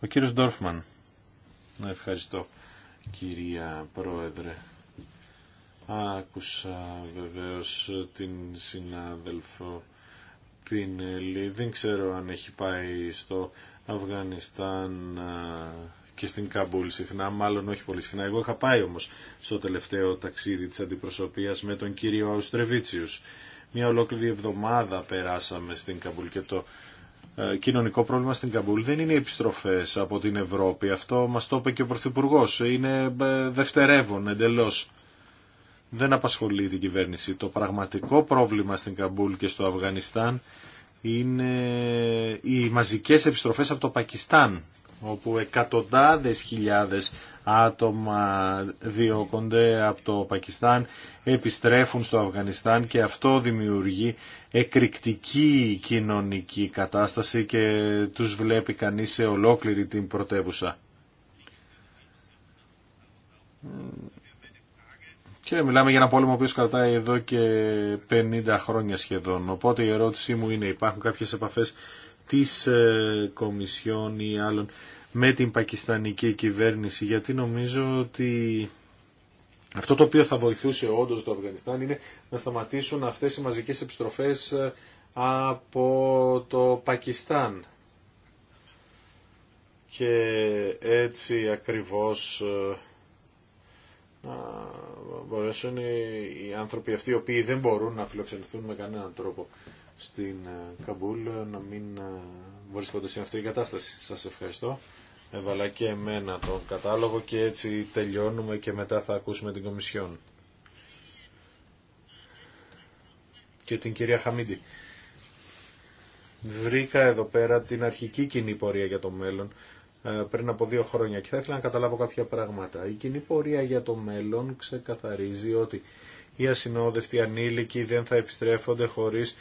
Ο κύριος Ντόρφμαν. Να ευχαριστώ κυρία Πρόεδρε. Άκουσα βεβαίως την συνάδελφο Πινελή. Δεν ξέρω αν έχει πάει στο Αφγανιστάν και στην Καμπούλ συχνά, μάλλον όχι πολύ συχνά. Εγώ είχα πάει όμως στο τελευταίο ταξίδι της αντιπροσωπείας με τον κύριο Αουστρεβίτσιους. Μια ολόκληρη εβδομάδα περάσαμε στην Καμπούλ και το ε, κοινωνικό πρόβλημα στην Καμπούλ δεν είναι οι επιστροφές από την Ευρώπη. Αυτό μας το είπε και ο Πρωθυπουργό. Είναι ε, δευτερεύον εντελώς. Δεν απασχολεί την κυβέρνηση. Το πραγματικό πρόβλημα στην Καμπούλ και στο Αφγανιστάν είναι οι μαζικές επιστροφές από το Πακιστάν όπου εκατοντάδες χιλιάδες άτομα διώκονται από το Πακιστάν, επιστρέφουν στο Αφγανιστάν και αυτό δημιουργεί εκρηκτική κοινωνική κατάσταση και τους βλέπει κανείς σε ολόκληρη την πρωτεύουσα. Και μιλάμε για ένα πόλεμο ο οποίος κρατάει εδώ και 50 χρόνια σχεδόν. Οπότε η ερώτησή μου είναι υπάρχουν κάποιες επαφές της ε, Κομισιόν ή άλλων με την πακιστανική κυβέρνηση γιατί νομίζω ότι αυτό το οποίο θα βοηθούσε όντως το Αφγανιστάν είναι να σταματήσουν αυτές οι μαζικές επιστροφές ε, από το Πακιστάν. Και έτσι ακριβώς ε, να μπορέσουν οι άνθρωποι αυτοί οι οποίοι δεν μπορούν να φιλοξενηθούν με κανέναν τρόπο στην ε, Καμπούλ ε, να μην ε, βρίσκονται σε αυτή την κατάσταση. Σας ευχαριστώ. Έβαλα και εμένα τον κατάλογο και έτσι τελειώνουμε και μετά θα ακούσουμε την Κομισιόν. Και την κυρία Χαμίντη. Βρήκα εδώ πέρα την αρχική κοινή πορεία για το μέλλον πριν από δύο χρόνια και θα ήθελα να καταλάβω κάποια πράγματα. Η κοινή πορεία για το μέλλον ξεκαθαρίζει ότι οι ασυνόδευτοι ανήλικοι δεν θα επιστρέφονται χωρίς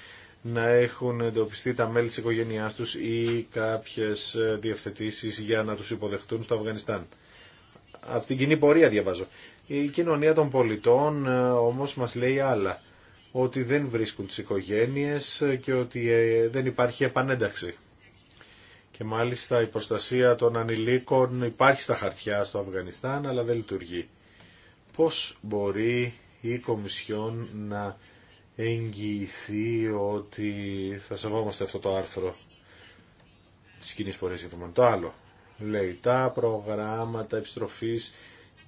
να έχουν εντοπιστεί τα μέλη της οικογένειάς τους ή κάποιες διευθετήσεις για να τους υποδεχτούν στο Αφγανιστάν. Από την κοινή πορεία διαβάζω. Η κοινωνία των πολιτών ε, όμως μας λέει άλλα. Ότι δεν βρίσκουν τις οικογένειες και ότι ε, δεν υπάρχει επανένταξη. Και μάλιστα η προστασία των ανηλίκων υπάρχει στα χαρτιά στο Αφγανιστάν αλλά δεν λειτουργεί. Πώς μπορεί η Κομισιόν να εγγυηθεί ότι θα σεβόμαστε αυτό το άρθρο τη κοινή πορεία για το Το άλλο λέει τα προγράμματα επιστροφή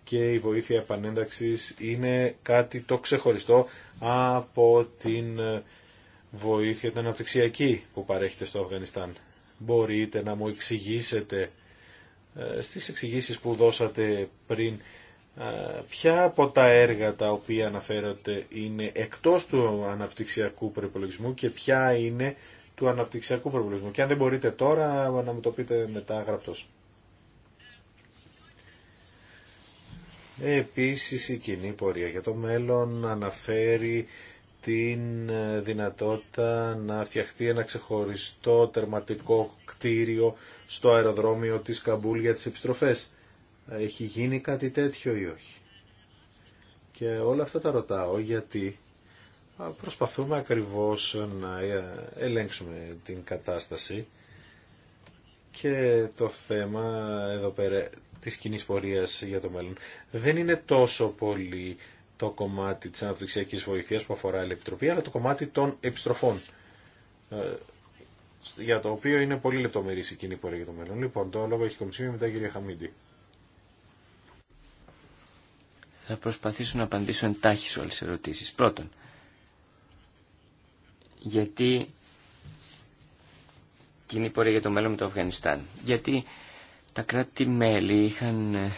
και η βοήθεια επανένταξη είναι κάτι το ξεχωριστό από την βοήθεια την αναπτυξιακή που παρέχεται στο Αφγανιστάν. Μπορείτε να μου εξηγήσετε ε, στις εξηγήσεις που δώσατε πριν ε, ποια από τα έργα τα οποία αναφέρονται είναι εκτός του αναπτυξιακού προπολογισμού και ποια είναι του αναπτυξιακού προπολογισμού. Και αν δεν μπορείτε τώρα να μου το πείτε μετά γραπτός. Επίσης η κοινή πορεία για το μέλλον αναφέρει την δυνατότητα να φτιαχτεί ένα ξεχωριστό τερματικό κτίριο στο αεροδρόμιο της Καμπούλ για τις επιστροφές έχει γίνει κάτι τέτοιο ή όχι. Και όλα αυτά τα ρωτάω γιατί προσπαθούμε ακριβώς να ελέγξουμε την κατάσταση και το θέμα εδώ πέρα της κοινή πορείας για το μέλλον. Δεν είναι τόσο πολύ το κομμάτι της αναπτυξιακής βοηθείας που αφορά η Επιτροπή, αλλά το κομμάτι των επιστροφών, ε, για το οποίο είναι πολύ λεπτομερής η κοινή πορεία για το μέλλον. Λοιπόν, το λόγο έχει με μετά κυρία Χαμίντη. Θα προσπαθήσω να απαντήσω εντάχει σε όλες τις ερωτήσεις. Πρώτον, γιατί κοινή πορεία για το μέλλον με το Αφγανιστάν. Γιατί τα κράτη-μέλη είχαν ε,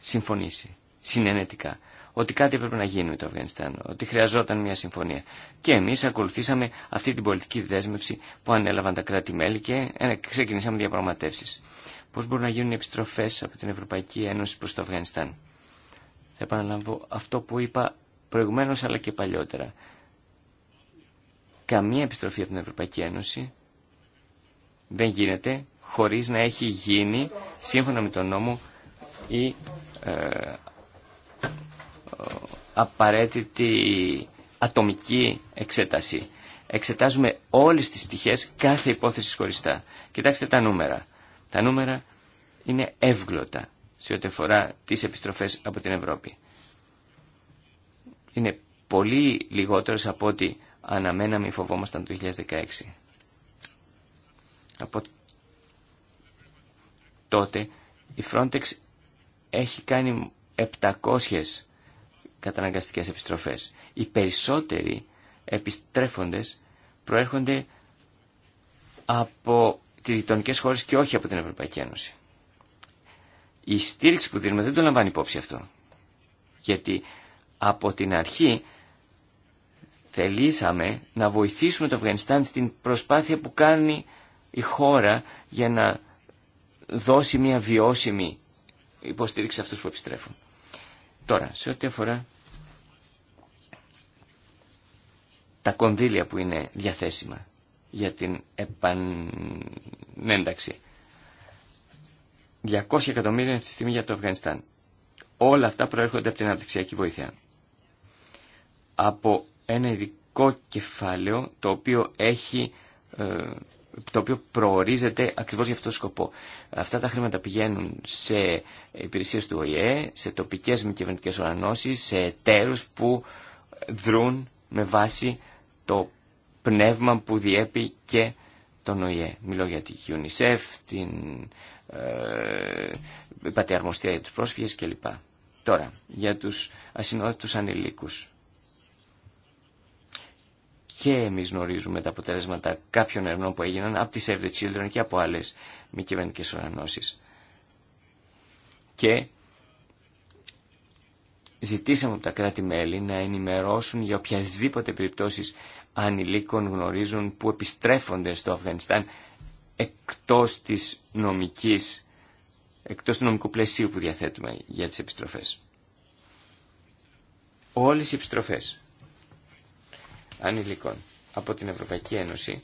συμφωνήσει συνενετικά ότι κάτι έπρεπε να γίνει με το Αφγανιστάν, ότι χρειαζόταν μια συμφωνία. Και εμεί ακολουθήσαμε αυτή την πολιτική δέσμευση που ανέλαβαν τα κράτη-μέλη και ε, ξεκινήσαμε διαπραγματεύσει. Πώ μπορούν να γίνουν επιστροφέ από την Ευρωπαϊκή Ένωση προ το Αφγανιστάν. Θα επαναλαμβώ αυτό που είπα προηγουμένως αλλά και παλιότερα. Καμία επιστροφή από την Ευρωπαϊκή Ένωση δεν γίνεται χωρίς να έχει γίνει σύμφωνα με τον νόμο η ε, απαραίτητη ατομική εξέταση. Εξετάζουμε όλες τις πτυχές κάθε υπόθεση χωριστά. Κοιτάξτε τα νούμερα. Τα νούμερα είναι εύγλωτα σε ό,τι αφορά τις επιστροφές από την Ευρώπη. Είναι πολύ λιγότερες από ό,τι αναμέναμε ή φοβόμασταν το 2016. Από τότε η Frontex έχει κάνει 700 καταναγκαστικές επιστροφές. Οι περισσότεροι επιστρέφοντες προέρχονται από τις γειτονικέ χώρες και όχι από την Ευρωπαϊκή Ένωση η στήριξη που δίνουμε δεν το λαμβάνει υπόψη αυτό. Γιατί από την αρχή θελήσαμε να βοηθήσουμε το Αφγανιστάν στην προσπάθεια που κάνει η χώρα για να δώσει μια βιώσιμη υποστήριξη σε αυτούς που επιστρέφουν. Τώρα, σε ό,τι αφορά τα κονδύλια που είναι διαθέσιμα για την επανένταξη. 200 εκατομμύρια αυτή τη στιγμή για το Αφγανιστάν. Όλα αυτά προέρχονται από την αναπτυξιακή βοήθεια. Από ένα ειδικό κεφάλαιο το οποίο έχει ε, το οποίο προορίζεται ακριβώς για αυτόν τον σκοπό. Αυτά τα χρήματα πηγαίνουν σε υπηρεσίες του ΟΗΕ, σε τοπικές μη κυβερνητικές οργανώσεις, σε εταίρους που δρούν με βάση το πνεύμα που διέπει και τον ΟΗΕ. Μιλώ για την UNICEF, την ε, πατιαρμοστία για τους πρόσφυγες κλπ. Τώρα, για τους ασυνόδευτους ανηλίκους. Και εμείς γνωρίζουμε τα αποτέλεσματα κάποιων ερευνών που έγιναν από τη Save the Children και από άλλες μη κυβερνητικέ οργανώσει. Και ζητήσαμε από τα κράτη-μέλη να ενημερώσουν για οποιασδήποτε περιπτώσεις ανηλίκων γνωρίζουν που επιστρέφονται στο Αφγανιστάν εκτός της νομικής, εκτός του νομικού πλαισίου που διαθέτουμε για τις επιστροφές. Όλες οι επιστροφές ανηλίκων από την Ευρωπαϊκή Ένωση,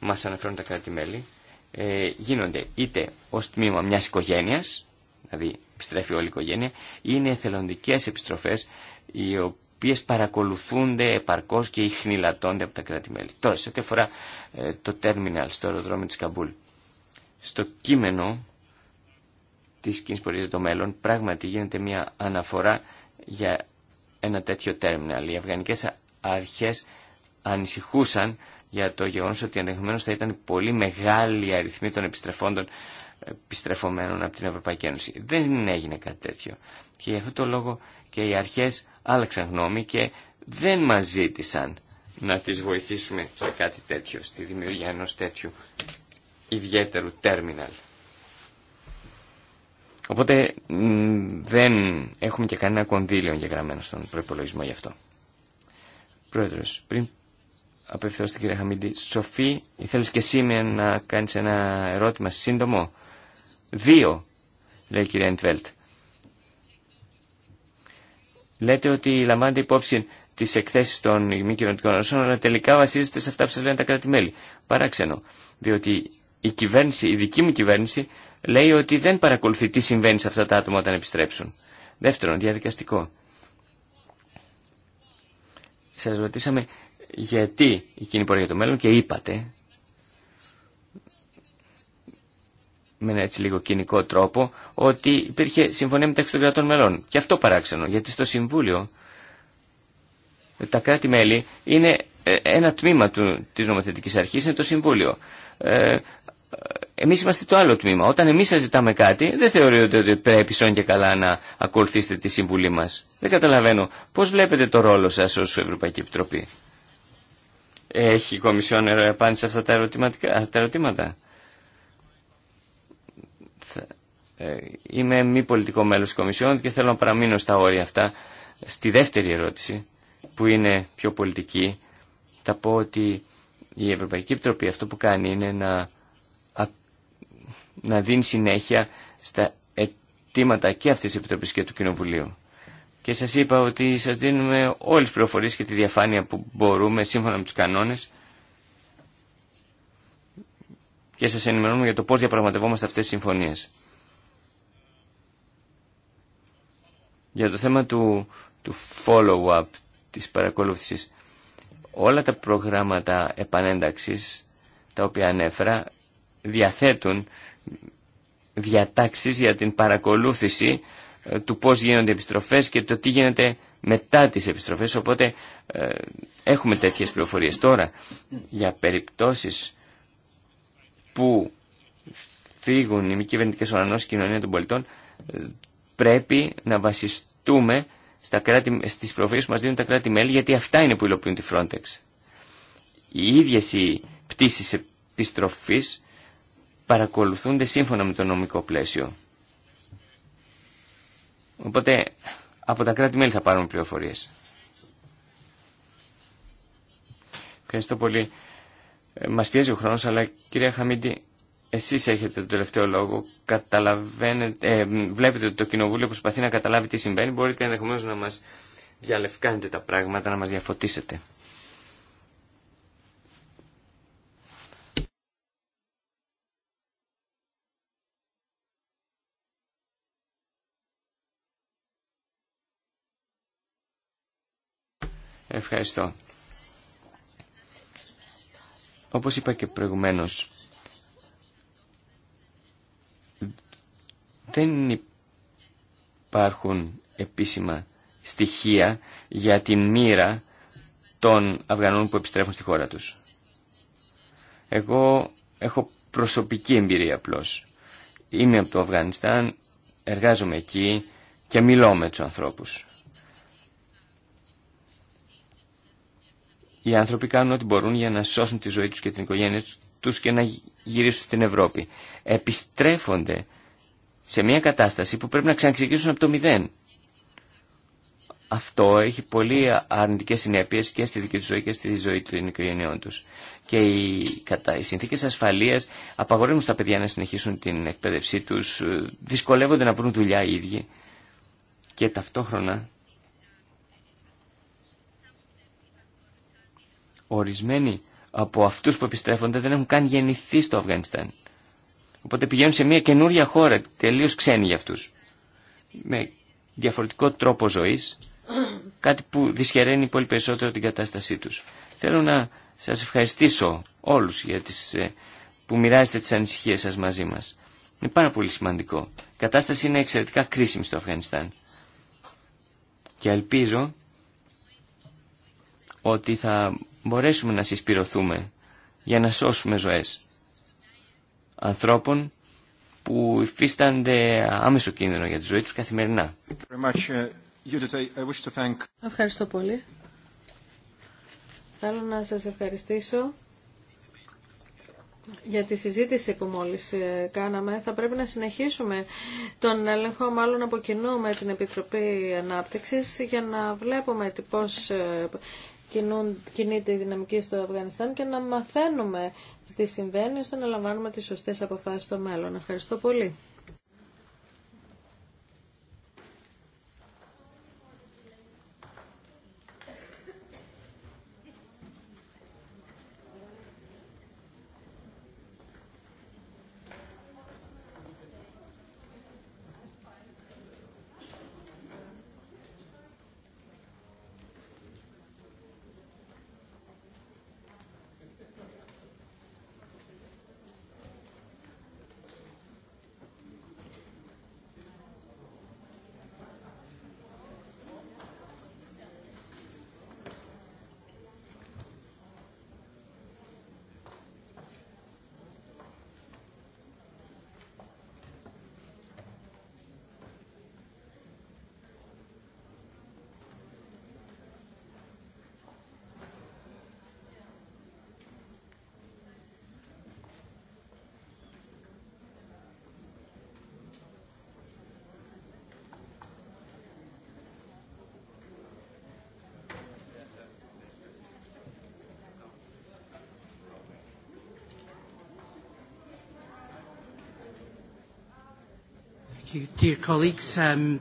μας αναφέρουν τα κράτη-μέλη, ε, γίνονται είτε ως τμήμα μιας οικογένειας, δηλαδή επιστρέφει όλη η οικογένεια, είναι εθελοντικές επιστροφές οι οποίες οποίες παρακολουθούνται επαρκώς και ηχνηλατώνται από τα κράτη-μέλη. Τώρα, σε ό,τι αφορά ε, το τέρμιναλ στο αεροδρόμιο της Καμπούλ, στο κείμενο της κοινής πορείας των μέλλον πράγματι γίνεται μια αναφορά για ένα τέτοιο τέρμιναλ. Οι αφγανικές αρχές ανησυχούσαν για το γεγονός ότι ενδεχομένω θα ήταν πολύ μεγάλη η αριθμή των επιστρεφόντων ε, επιστρεφωμένων από την Ευρωπαϊκή Ένωση. Δεν έγινε κάτι τέτοιο. Και γι' αυτό το λόγο και οι αρχές άλλαξαν γνώμη και δεν μας ζήτησαν να τις βοηθήσουμε σε κάτι τέτοιο, στη δημιουργία ενός τέτοιου ιδιαίτερου τέρμιναλ. Οπότε δεν έχουμε και κανένα κονδύλιο εγγεγραμμένο στον προπολογισμό γι' αυτό. Πρόεδρος, πριν απευθεώ στην κυρία Χαμίντη, Σοφή, ήθελες και εσύ να κάνεις ένα ερώτημα σύντομο. Δύο, λέει η κυρία Εντβέλτ. Λέτε ότι λαμβάνετε υπόψη τι εκθέσει των μη κυβερνητικών οργανώσεων, αλλά τελικά βασίζεστε σε αυτά που σα λένε τα κράτη-μέλη. Παράξενο. Διότι η κυβέρνηση, η δική μου κυβέρνηση, λέει ότι δεν παρακολουθεί τι συμβαίνει σε αυτά τα άτομα όταν επιστρέψουν. Δεύτερον, διαδικαστικό. Σα ρωτήσαμε γιατί η κοινή πορεία για το μέλλον και είπατε με ένα έτσι λίγο κοινικό τρόπο ότι υπήρχε συμφωνία μεταξύ των κρατών μελών. Και αυτό παράξενο, γιατί στο Συμβούλιο τα κράτη-μέλη είναι ε, ένα τμήμα του, της νομοθετικής αρχής, είναι το Συμβούλιο. Ε, εμείς είμαστε το άλλο τμήμα. Όταν εμείς σας ζητάμε κάτι, δεν θεωρείτε ότι πρέπει σόν και καλά να ακολουθήσετε τη συμβουλή μας. Δεν καταλαβαίνω. Πώς βλέπετε το ρόλο σας ως Ευρωπαϊκή Επιτροπή. Έχει η Κομισιόν ε, απάντηση σε αυτά τα ερωτήματα. Ε, είμαι μη πολιτικό μέλος της Κομισιόν και θέλω να παραμείνω στα όρια αυτά. Στη δεύτερη ερώτηση, που είναι πιο πολιτική, θα πω ότι η Ευρωπαϊκή Επιτροπή αυτό που κάνει είναι να, να δίνει συνέχεια στα αιτήματα και αυτής της Επιτροπής και του Κοινοβουλίου. Και σας είπα ότι σας δίνουμε όλες τις πληροφορίες και τη διαφάνεια που μπορούμε σύμφωνα με τους κανόνες και σας ενημερώνουμε για το πώς διαπραγματευόμαστε αυτές τις συμφωνίες. Για το θέμα του, του follow-up, της παρακολούθησης, όλα τα προγράμματα επανένταξης τα οποία ανέφερα διαθέτουν διατάξεις για την παρακολούθηση ε, του πώς γίνονται οι επιστροφές και το τι γίνεται μετά τις επιστροφές. Οπότε ε, έχουμε τέτοιες πληροφορίες τώρα για περιπτώσεις που φύγουν οι μη κυβερνητικές οργανώσεις κοινωνία των πολιτών. Ε, πρέπει να βασιστούμε στα κράτη, στις προφήσεις που μας δίνουν τα κράτη-μέλη, γιατί αυτά είναι που υλοποιούν τη Frontex. Οι ίδιες οι πτήσεις επιστροφής παρακολουθούνται σύμφωνα με το νομικό πλαίσιο. Οπότε από τα κράτη-μέλη θα πάρουμε πληροφορίες. Ευχαριστώ πολύ. Ε, μας πιέζει ο χρόνος, αλλά κυρία Χαμίντη, εσείς έχετε το τελευταίο λόγο. Καταλαβαίνετε, ε, βλέπετε ότι το Κοινοβούλιο προσπαθεί να καταλάβει τι συμβαίνει. Μπορείτε ενδεχομένως να μας διαλευκάνετε τα πράγματα, να μας διαφωτίσετε. Ευχαριστώ. Όπως είπα και προηγουμένως, δεν υπάρχουν επίσημα στοιχεία για τη μοίρα των Αφγανών που επιστρέφουν στη χώρα τους. Εγώ έχω προσωπική εμπειρία απλώ. Είμαι από το Αφγανιστάν, εργάζομαι εκεί και μιλώ με τους ανθρώπους. Οι άνθρωποι κάνουν ό,τι μπορούν για να σώσουν τη ζωή τους και την οικογένεια τους και να γυρίσουν στην Ευρώπη. Επιστρέφονται σε μια κατάσταση που πρέπει να ξαναξεκινήσουν από το μηδέν. Αυτό έχει πολύ αρνητικές συνέπειες και στη δική του ζωή και στη ζωή των οικογενειών τους. Και οι, κατά, οι συνθήκες ασφαλείας απαγορεύουν στα παιδιά να συνεχίσουν την εκπαίδευσή τους, ε, δυσκολεύονται να βρουν δουλειά οι ίδιοι και ταυτόχρονα ορισμένοι από αυτούς που επιστρέφονται δεν έχουν καν γεννηθεί στο Αφγανιστάν. Οπότε πηγαίνουν σε μια καινούρια χώρα, τελείως ξένη για αυτούς. Με διαφορετικό τρόπο ζωής, κάτι που δυσχεραίνει πολύ περισσότερο την κατάστασή τους. Θέλω να σας ευχαριστήσω όλους για τις, ε, που μοιράζετε τις ανησυχίες σας μαζί μας. Είναι πάρα πολύ σημαντικό. Η κατάσταση είναι εξαιρετικά κρίσιμη στο Αφγανιστάν. Και ελπίζω ότι θα μπορέσουμε να συσπηρωθούμε για να σώσουμε ζωές ανθρώπων που υφίστανται άμεσο κίνδυνο για τη ζωή τους καθημερινά. Ευχαριστώ πολύ. Θέλω να σας ευχαριστήσω για τη συζήτηση που μόλις ε, κάναμε. Θα πρέπει να συνεχίσουμε τον έλεγχο μάλλον από κοινού με την Επιτροπή Ανάπτυξης για να βλέπουμε πώς ε, κινείται η δυναμική στο Αφγανιστάν και να μαθαίνουμε τι συμβαίνει ώστε να λαμβάνουμε τις σωστές αποφάσεις στο μέλλον. Ευχαριστώ πολύ. you. Dear colleagues, um,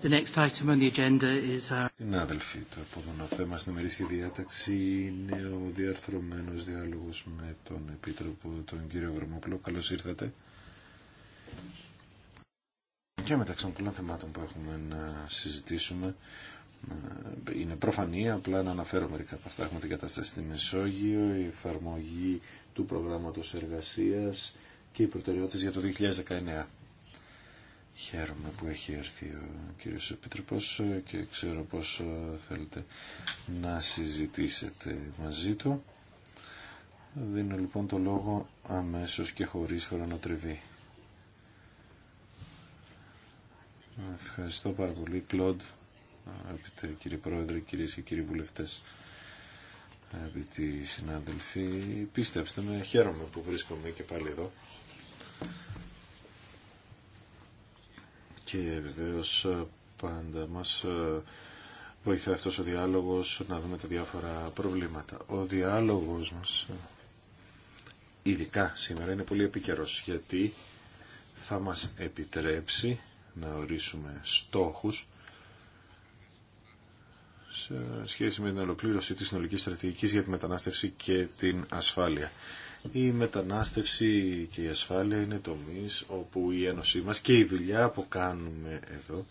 the next item on the agenda is uh, Συνάδελφοι, το επόμενο θέμα στην ημερήσια διάταξη είναι ο διαρθρωμένο διάλογο με τον Επίτροπο, τον κύριο Βερμοπλό. Καλώ ήρθατε. Και μεταξύ των πολλών θεμάτων που έχουμε να συζητήσουμε, ε, είναι προφανή, απλά να αναφέρω μερικά από αυτά. Έχουμε την κατάσταση στη Μεσόγειο, η εφαρμογή του προγράμματο εργασία και οι προτεραιότητες για το 2019. Χαίρομαι που έχει έρθει ο κύριος Επίτροπος ε, και ξέρω πως ε, θέλετε να συζητήσετε μαζί του. Δίνω λοιπόν το λόγο αμέσως και χωρίς χρονοτριβή. Ευχαριστώ πάρα πολύ, Κλοντ, αγαπητέ κύριε Πρόεδρε, κυρίες και κύριοι βουλευτές, αγαπητοί συνάδελφοι. Πίστεψτε με, χαίρομαι που βρίσκομαι και πάλι εδώ. Και βεβαίως ε, πάντα μας ε, βοηθάει αυτός ο διάλογος να δούμε τα διάφορα προβλήματα. Ο διάλογος μας, ε, ειδικά σήμερα, είναι πολύ επικαιρός γιατί θα μας επιτρέψει να ορίσουμε στόχους σε σχέση με την ολοκλήρωση της συνολικής στρατηγικής για τη μετανάστευση και την ασφάλεια η μετανάστευση και η ασφάλεια είναι τομείς όπου η ένωσή μας και η δουλειά που κάνουμε εδώ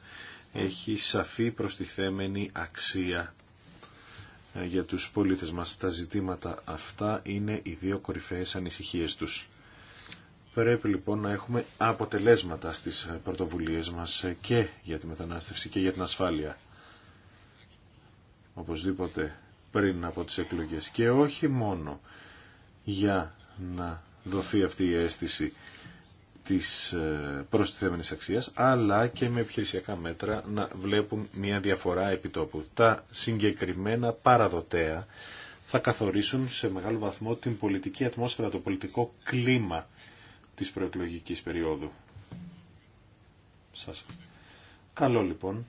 έχει σαφή προστιθέμενη αξία ε, για τους πολίτες μας. Τα ζητήματα αυτά είναι οι δύο κορυφαίες ανησυχίες τους. Πρέπει λοιπόν να έχουμε αποτελέσματα στις πρωτοβουλίες μας και για τη μετανάστευση και για την ασφάλεια. Οπωσδήποτε πριν από τις εκλογές και όχι μόνο για να δοθεί αυτή η αίσθηση της ε, προστιθέμενης αξίας, αλλά και με επιχειρησιακά μέτρα να βλέπουν μια διαφορά επιτόπου. Τα συγκεκριμένα παραδοτέα θα καθορίσουν σε μεγάλο βαθμό την πολιτική ατμόσφαιρα, το πολιτικό κλίμα της προεκλογικής περίοδου. Σας. Καλό λοιπόν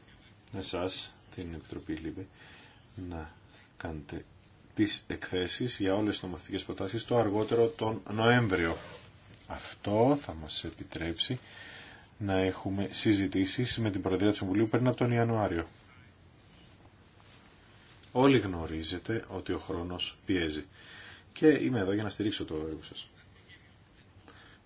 εσάς, την Επιτροπή Λίβε να κάνετε τις εκθέσεις για όλες τις νομοθετικές προτάσεις το αργότερο τον Νοέμβριο. Αυτό θα μας επιτρέψει να έχουμε συζητήσει με την Προεδρία του Συμβουλίου πριν από τον Ιανουάριο. Όλοι γνωρίζετε ότι ο χρόνος πιέζει. Και είμαι εδώ για να στηρίξω το έργο σας.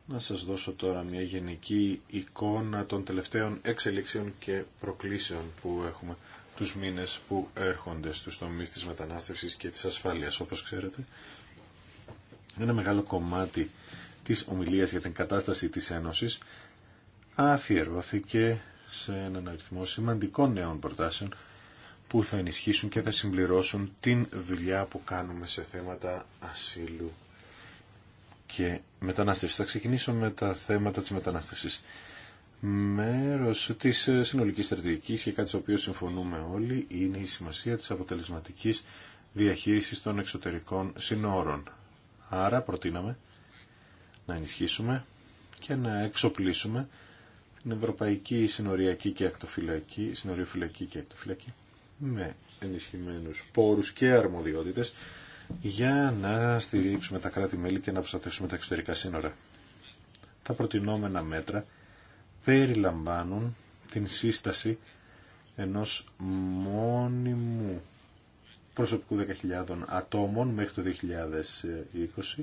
Να σας δώσω τώρα μια γενική εικόνα των τελευταίων εξελίξεων και προκλήσεων που έχουμε τους μήνες που έρχονται στους τομείς της μετανάστευσης και της ασφάλειας, όπως ξέρετε. Ένα μεγάλο κομμάτι της ομιλίας για την κατάσταση της Ένωσης αφιερώθηκε σε έναν αριθμό σημαντικών νέων προτάσεων που θα ενισχύσουν και θα συμπληρώσουν την δουλειά που κάνουμε σε θέματα ασύλου και μετανάστευσης. Θα ξεκινήσω με τα θέματα της μετανάστευσης μέρος της ε, συνολικής στρατηγικής και κάτι στο οποίο συμφωνούμε όλοι είναι η σημασία της αποτελεσματικής διαχείρισης των εξωτερικών συνόρων. Άρα προτείναμε να ενισχύσουμε και να εξοπλίσουμε την Ευρωπαϊκή Συνοριακή και Ακτοφυλακή, Συνοριοφυλακή και Ακτοφυλακή με ενισχυμένους πόρους και αρμοδιότητες για να στηρίξουμε τα κράτη-μέλη και να προστατεύσουμε τα εξωτερικά σύνορα. Τα προτινόμενα μέτρα περιλαμβάνουν την σύσταση ενός μόνιμου προσωπικού 10.000 ατόμων μέχρι το 2020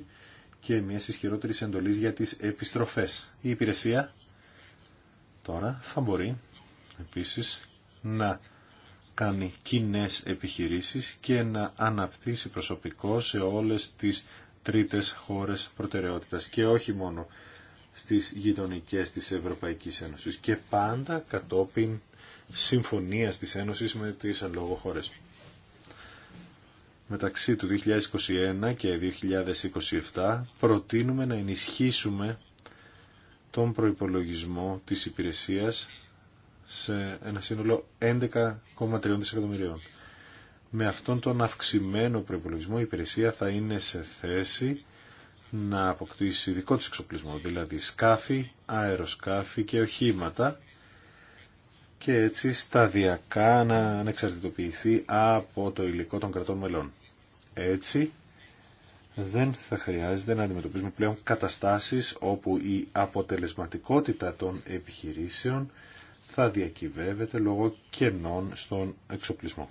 και μια ισχυρότερη εντολής για τις επιστροφές. Η υπηρεσία τώρα θα μπορεί επίσης να κάνει κοινέ επιχειρήσεις και να αναπτύσσει προσωπικό σε όλες τις τρίτες χώρες προτεραιότητας και όχι μόνο στις γειτονικές της Ευρωπαϊκής Ένωσης και πάντα κατόπιν συμφωνίας της Ένωσης με τις Μεταξύ του 2021 και 2027 προτείνουμε να ενισχύσουμε τον προϋπολογισμό της υπηρεσίας σε ένα σύνολο 11,3 δισεκατομμυρίων. Με αυτόν τον αυξημένο προϋπολογισμό η υπηρεσία θα είναι σε θέση να αποκτήσει δικό του εξοπλισμό, δηλαδή σκάφη, αεροσκάφη και οχήματα και έτσι σταδιακά να ανεξαρτητοποιηθεί από το υλικό των κρατών μελών. Έτσι δεν θα χρειάζεται να αντιμετωπίζουμε πλέον καταστάσεις όπου η αποτελεσματικότητα των επιχειρήσεων θα διακυβεύεται λόγω κενών στον εξοπλισμό.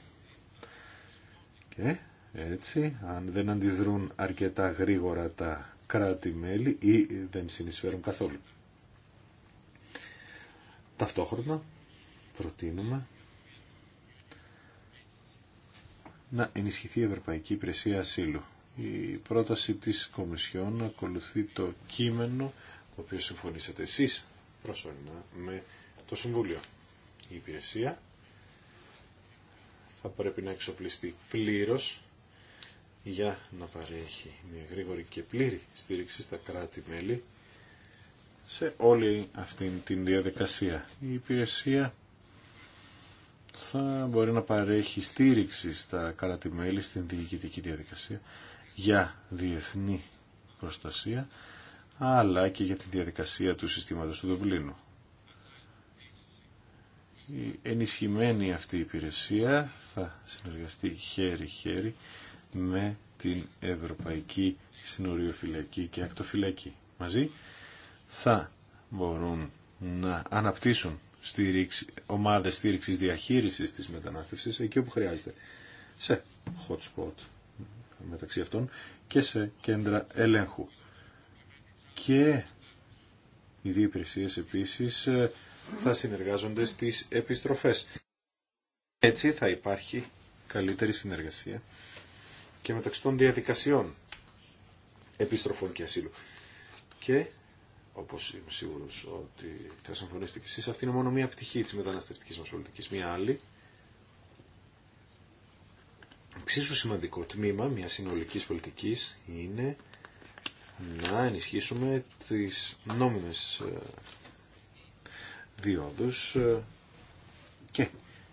Και έτσι, αν δεν αντιδρούν αρκετά γρήγορα τα κράτη-μέλη ή δεν συνεισφέρουν καθόλου. Ταυτόχρονα προτείνουμε να ενισχυθεί η Ευρωπαϊκή Υπηρεσία Ασύλου. Η πρόταση της Κομισιόν ακολουθεί το κείμενο το οποίο συμφωνήσατε εσείς προσωρινά με το Συμβούλιο. Η υπηρεσία θα πρέπει να εξοπλιστεί πλήρως για να παρέχει μια γρήγορη και πλήρη στήριξη στα κράτη-μέλη σε όλη αυτή την διαδικασία. Η υπηρεσία θα μπορεί να παρέχει στήριξη στα κράτη-μέλη στην διοικητική διαδικασία για διεθνή προστασία αλλά και για τη διαδικασία του συστήματος του Δουβλίνου. Η ενισχυμένη αυτή υπηρεσία θα συνεργαστεί χέρι-χέρι με την Ευρωπαϊκή Συνοριοφυλακή και Ακτοφυλακή. Μαζί θα μπορούν να αναπτύσσουν στήριξη, ομάδες στήριξης διαχείρισης της μετανάστευσης εκεί όπου χρειάζεται. Σε hot spot μεταξύ αυτών και σε κέντρα ελέγχου. Και οι δύο υπηρεσίες επίσης ε, θα συνεργάζονται στις επιστροφές. Έτσι θα υπάρχει καλύτερη συνεργασία και μεταξύ των διαδικασιών επιστροφών και ασύλου. Και όπως είμαι σίγουρος ότι θα συμφωνήσετε κι εσεί μόνο μία πτυχή της μεταναστευτικής μας πολιτικής. Μία άλλη, εξίσου σημαντικό τμήμα μια πτυχη τη μεταναστευτική μα πολιτικης πολιτικής είναι να ενισχύσουμε τις νόμιμες ε, διόδου ε, και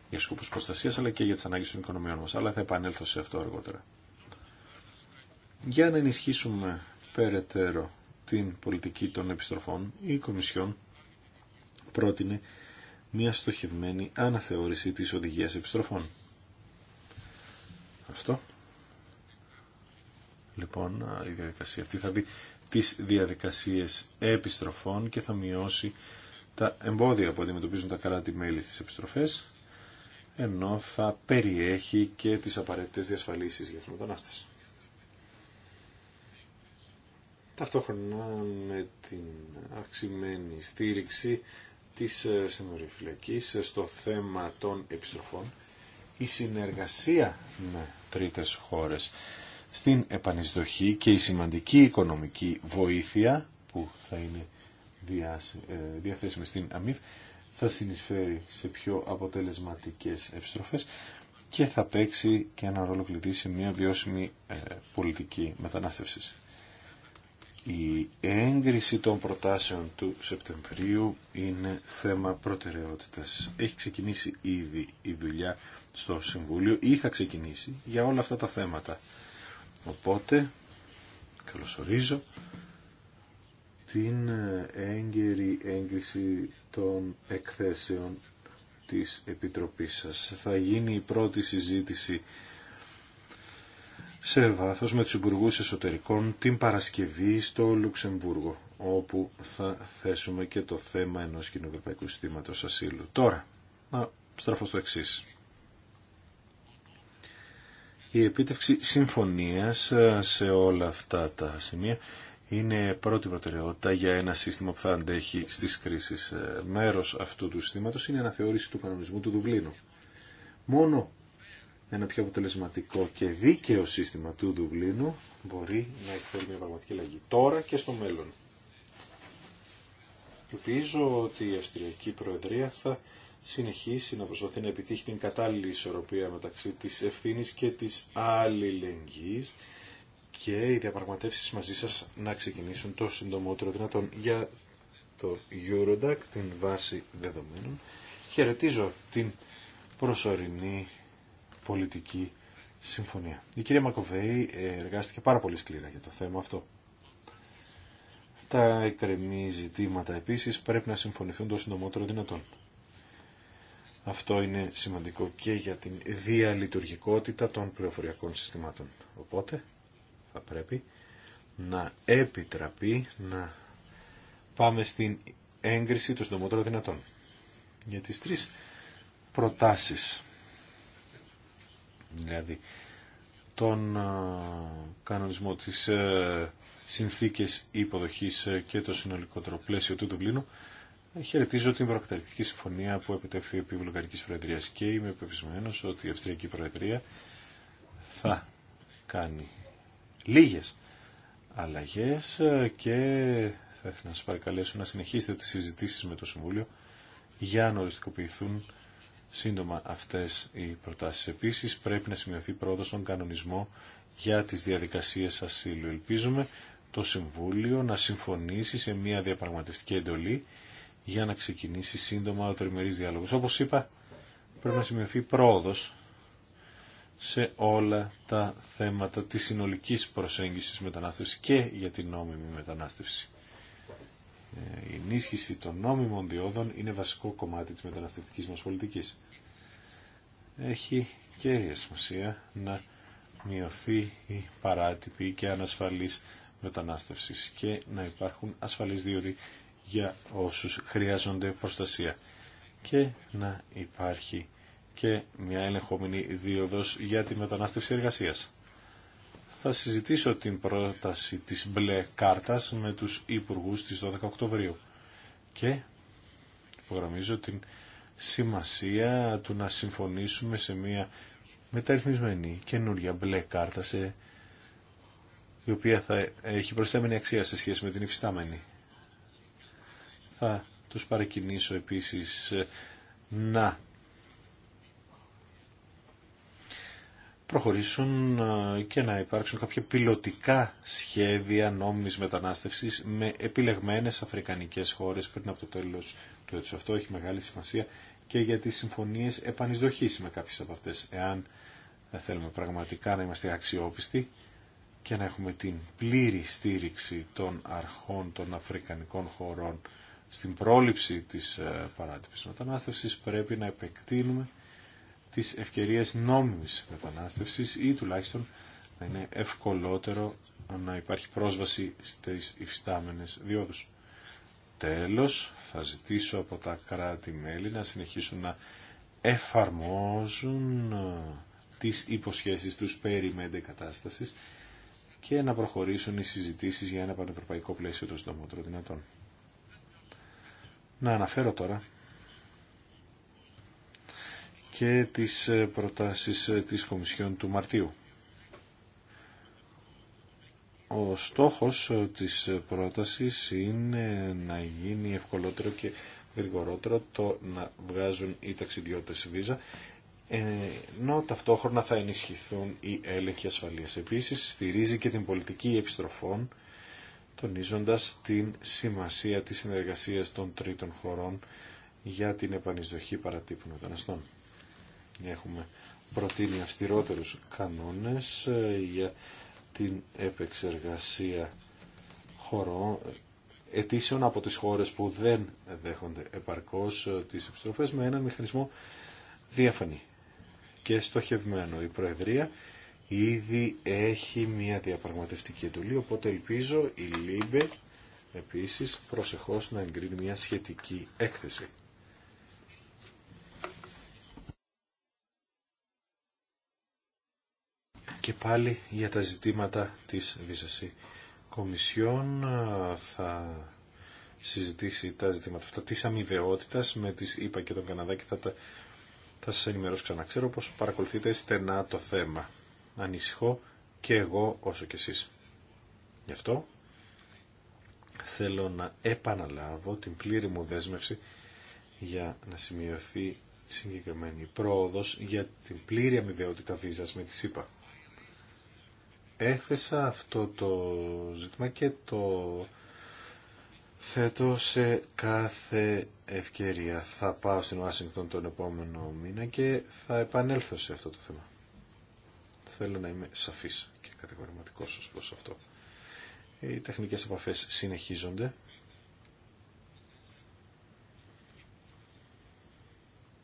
για σκοπούς προστασίας αλλά και για τις ανάγκες των οικονομιών μας. Αλλά θα επανέλθω σε αυτό αργότερα. Για να ενισχύσουμε περαιτέρω την πολιτική των επιστροφών, η Κομισιόν πρότεινε μια στοχευμένη αναθεώρηση της οδηγίας επιστροφών. Αυτό. Λοιπόν, η διαδικασία αυτή θα δει τις διαδικασίες επιστροφών και θα μειώσει τα εμπόδια που αντιμετωπίζουν τα τη μελη στις επιστροφές, ενώ θα περιέχει και τις απαραίτητες διασφαλίσεις για τους ταυτόχρονα με την αυξημένη στήριξη της ε, συνοριοφυλακής ε, στο θέμα των επιστροφών η συνεργασία με τρίτες χώρες στην επανεισδοχή και η σημαντική οικονομική βοήθεια που θα είναι ε, διαθέσιμη στην ΑΜΥΦ θα συνεισφέρει σε πιο αποτελεσματικές επιστροφές και θα παίξει και ένα ρόλο σε μια βιώσιμη πολιτική μετανάστευσης. Η έγκριση των προτάσεων του Σεπτεμβρίου είναι θέμα προτεραιότητας. Έχει ξεκινήσει ήδη η δουλειά στο Συμβούλιο ή θα ξεκινήσει για όλα αυτά τα θέματα. Οπότε, καλωσορίζω την έγκαιρη έγκριση των εκθέσεων της Επιτροπής σας. Θα γίνει η πρώτη συζήτηση σε βάθος με τους υπουργού Εσωτερικών την Παρασκευή στο Λουξεμβούργο, όπου θα θέσουμε και το θέμα ενός κοινοβεπαϊκού συστήματος ασύλου. Τώρα, να στραφώ στο εξής. Η επίτευξη συμφωνίας ε, σε όλα αυτά τα σημεία είναι πρώτη προτεραιότητα για ένα σύστημα που θα αντέχει στις κρίσεις. Ε, μέρος αυτού του συστήματος είναι η αναθεώρηση του κανονισμού του Δουβλίνου. Μόνο ένα πιο αποτελεσματικό και δίκαιο σύστημα του Δουβλίνου μπορεί να εκφέρει μια πραγματική αλλαγή τώρα και στο μέλλον. Ελπίζω ότι η Αυστριακή Προεδρία θα συνεχίσει να προσπαθεί να επιτύχει την κατάλληλη ισορροπία μεταξύ της ευθύνη και της αλληλεγγύης και οι διαπραγματεύσεις μαζί σας να ξεκινήσουν το συντομότερο δυνατόν για το Eurodac, την βάση δεδομένων. Χαιρετίζω την προσωρινή πολιτική συμφωνία. Η κυρία Μακοβέη ε, εργάστηκε πάρα πολύ σκληρά για το θέμα αυτό. Τα εκκρεμή ζητήματα επίσης πρέπει να συμφωνηθούν το συντομότερο δυνατόν. Αυτό είναι σημαντικό και για την διαλειτουργικότητα των πληροφοριακών συστημάτων. Οπότε θα πρέπει να επιτραπεί να πάμε στην έγκριση του συντομότερο δυνατόν. Για τις τρεις προτάσεις δηλαδή τον ε, κανονισμό της ε, συνθήκες υποδοχής ε, και το συνολικότερο πλαίσιο του Δουβλίνου, χαιρετίζω την προκαταρκτική συμφωνία που επιτεύχθη επί Βουλγαρικής Προεδρίας και είμαι πεπισμένος ότι η Αυστριακή Προεδρία θα κάνει λίγες αλλαγές και θα ήθελα να σας παρακαλέσω να συνεχίσετε τις συζητήσεις με το Συμβούλιο για να οριστικοποιηθούν σύντομα αυτές οι προτάσεις. Επίσης πρέπει να σημειωθεί πρόοδο στον κανονισμό για τις διαδικασίες ασύλου. Ελπίζουμε το Συμβούλιο να συμφωνήσει σε μια διαπραγματευτική εντολή για να ξεκινήσει σύντομα ο τριμερής διάλογος. Όπως είπα, πρέπει να σημειωθεί πρόοδο σε όλα τα θέματα της συνολικής προσέγγισης μετανάστευσης και για την νόμιμη μετανάστευση. Ε, η ενίσχυση των νόμιμων διόδων είναι βασικό κομμάτι της μεταναστευτικής μας πολιτικής. Έχει κέρια σημασία να μειωθεί η παράτυπη και ανασφαλής μετανάστευσης και να υπάρχουν ασφαλείς διόδοι για όσους χρειάζονται προστασία και να υπάρχει και μια ελεγχόμενη δίωδος για τη μετανάστευση εργασίας θα συζητήσω την πρόταση της μπλε κάρτας με τους υπουργούς της 12 Οκτωβρίου και υπογραμμίζω την σημασία του να συμφωνήσουμε σε μια μεταρρυθμισμένη καινούρια μπλε κάρτα σε... η οποία θα έχει προσθέμενη αξία σε σχέση με την υφιστάμενη. Θα τους παρακινήσω επίσης να προχωρήσουν ε, και να υπάρξουν κάποια πιλωτικά σχέδια νόμιμης μετανάστευσης με επιλεγμένες αφρικανικές χώρες πριν από το τέλος του έτους. Αυτό έχει μεγάλη σημασία και για τις συμφωνίες επανεισδοχής με κάποιες από αυτές, εάν ε, θέλουμε πραγματικά να είμαστε αξιόπιστοι και να έχουμε την πλήρη στήριξη των αρχών των αφρικανικών χωρών στην πρόληψη της ε, παράτυπης μετανάστευσης πρέπει να επεκτείνουμε της ευκαιρίας νόμιμης μετανάστευσης ή τουλάχιστον να είναι ευκολότερο να υπάρχει πρόσβαση στις υφιστάμενες διόδους. Τέλος, θα ζητήσω από τα κράτη-μέλη να συνεχίσουν να εφαρμόζουν ε, τις υποσχέσεις τους περί μέντε κατάστασης και να προχωρήσουν οι συζητήσεις για ένα πανευρωπαϊκό πλαίσιο των συντομότερων δυνατών. Να αναφέρω τώρα και τις ε, προτάσεις ε, της Κομισιόν του Μαρτίου. Ο στόχος ε, της πρότασης είναι να γίνει ευκολότερο και γρηγορότερο το να βγάζουν οι ταξιδιώτες βίζα, ενώ ταυτόχρονα θα ενισχυθούν οι έλεγχοι ασφαλείας. Επίσης, στηρίζει και την πολιτική επιστροφών, τονίζοντας την σημασία της συνεργασίας των τρίτων χωρών για την επανεισδοχή παρατύπων μεταναστών. Έχουμε προτείνει αυστηρότερους κανόνες ε, για την επεξεργασία χωρών ε, αιτήσεων από τις χώρες που δεν δέχονται επαρκώς ε, τις επιστροφές με έναν μηχανισμό διαφανή και στοχευμένο. Η Προεδρία ήδη έχει μια διαπραγματευτική εντολή, οπότε ελπίζω η ΛΥΜΠΕ επίσης προσεχώς να εγκρίνει μια σχετική έκθεση. και πάλι για τα ζητήματα της ΒΙΖΑΣΗ Κομισιόν θα συζητήσει τα ζητήματα αυτά της αμοιβαιότητας με τις ΗΠΑ και τον Καναδά και θα, τα, σας ενημερώσω ξανά. Ξέρω πως παρακολουθείτε στενά το θέμα. Ανησυχώ και εγώ όσο και εσείς. Γι' αυτό θέλω να επαναλάβω την πλήρη μου δέσμευση για να σημειωθεί συγκεκριμένη πρόοδος για την πλήρη αμοιβαιότητα βίζας με τη ΣΥΠΑ έθεσα αυτό το ζήτημα και το θέτω σε κάθε ευκαιρία. Θα πάω στην Ουάσιγκτον τον επόμενο μήνα και θα επανέλθω σε αυτό το θέμα. Θέλω να είμαι σαφής και κατηγορηματικός ως προς αυτό. Οι τεχνικές επαφές συνεχίζονται.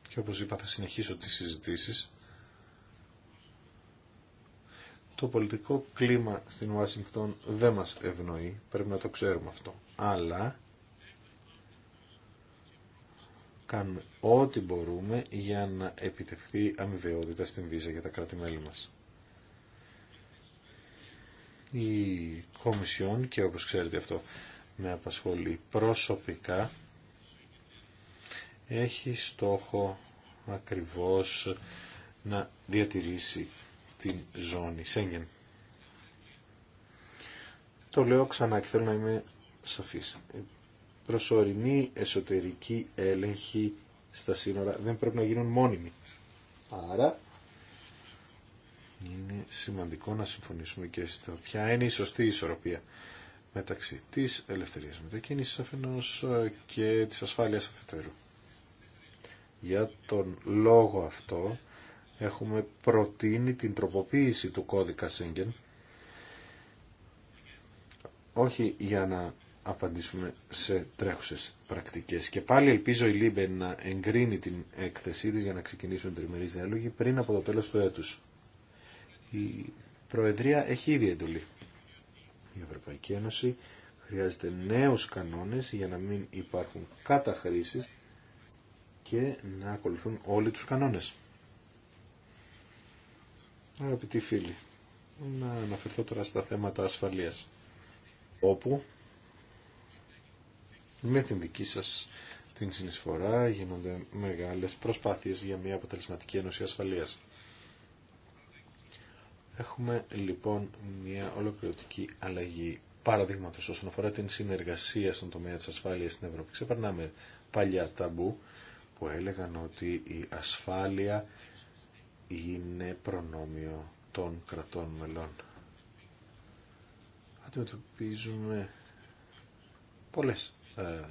Και όπως είπα θα συνεχίσω τις συζητήσεις το πολιτικό κλίμα στην Ουάσιγκτον δεν μας ευνοεί, πρέπει να το ξέρουμε αυτό. Αλλά κάνουμε ό,τι μπορούμε για να επιτευχθεί αμοιβαιότητα στην βίζα για τα κράτη-μέλη μας. Η Κομισιόν, και όπως ξέρετε αυτό με απασχολεί προσωπικά, έχει στόχο ακριβώς να διατηρήσει την ζώνη Σέγγεν. Το λέω ξανά και θέλω να είμαι σαφής. Προσωρινή εσωτερική έλεγχη στα σύνορα δεν πρέπει να γίνουν μόνιμοι. Άρα είναι σημαντικό να συμφωνήσουμε και στο ποια είναι η σωστή ισορροπία μεταξύ της ελευθερίας μετακίνησης αφενός ε, και της ασφάλειας αφετέρου. Για τον λόγο αυτό έχουμε προτείνει την τροποποίηση του κώδικα Σέγγεν όχι για να απαντήσουμε σε τρέχουσες πρακτικές. Και πάλι ελπίζω η Λίμπε να εγκρίνει την έκθεσή της για να ξεκινήσουν τριμερείς διάλογοι πριν από το τέλος του έτους. Η Προεδρία έχει ήδη εντολή. Η Ευρωπαϊκή Ένωση χρειάζεται νέους κανόνες για να μην υπάρχουν καταχρήσεις και να ακολουθούν όλοι τους κανόνες. Αγαπητοί φίλοι, να αναφερθώ τώρα στα θέματα ασφαλείας, όπου με την δική σας την συνεισφορά γίνονται μεγάλες προσπάθειες για μια αποτελεσματική ένωση ασφαλείας. Έχουμε λοιπόν μια ολοκληρωτική αλλαγή παραδείγματος όσον αφορά την συνεργασία στον τομέα της ασφάλειας στην Ευρώπη. Ξεπερνάμε παλιά ταμπού που έλεγαν ότι η ασφάλεια είναι προνόμιο των κρατών μελών. Αντιμετωπίζουμε πολλές ε,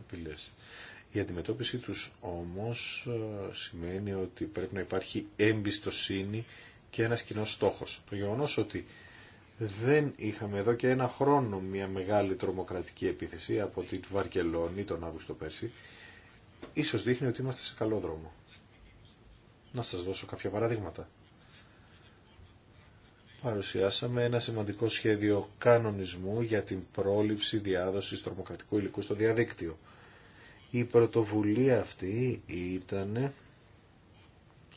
απειλές. Η αντιμετώπιση τους όμως ε, σημαίνει ότι πρέπει να υπάρχει εμπιστοσύνη και ένας κοινός στόχος. Το γεγονός ότι δεν είχαμε εδώ και ένα χρόνο μια μεγάλη τρομοκρατική επίθεση από τη Βαρκελόνη τον Αύγουστο πέρσι, ίσως δείχνει ότι είμαστε σε καλό δρόμο. Να σας δώσω κάποια παραδείγματα. Παρουσιάσαμε ένα σημαντικό σχέδιο κανονισμού για την πρόληψη διάδοσης τρομοκρατικού υλικού στο διαδίκτυο. Η πρωτοβουλία αυτή ήταν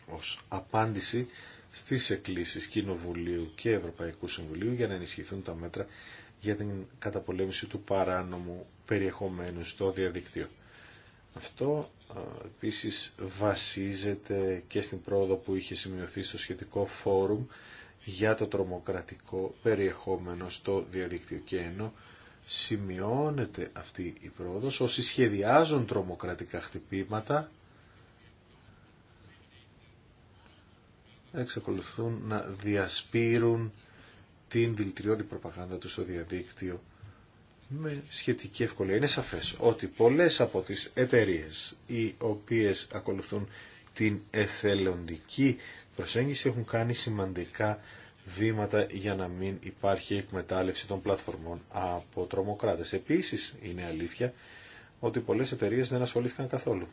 ως απάντηση στις εκκλήσεις Κοινοβουλίου και Ευρωπαϊκού Συμβουλίου για να ενισχυθούν τα μέτρα για την καταπολέμηση του παράνομου περιεχομένου στο διαδικτύο. Αυτό επίσης βασίζεται και στην πρόοδο που είχε σημειωθεί στο σχετικό φόρουμ για το τρομοκρατικό περιεχόμενο στο διαδίκτυο και ενώ σημειώνεται αυτή η πρόοδος όσοι σχεδιάζουν τρομοκρατικά χτυπήματα εξακολουθούν να διασπείρουν την δηλητηριώδη προπαγάνδα του στο διαδίκτυο με σχετική ευκολία. Είναι σαφές ότι πολλές από τις εταιρείες οι οποίες ακολουθούν την εθελοντική προσέγγιση έχουν κάνει σημαντικά βήματα για να μην υπάρχει εκμετάλλευση των πλατφορμών από τρομοκράτες. Επίσης είναι αλήθεια ότι πολλές εταιρείες δεν ασχολήθηκαν καθόλου.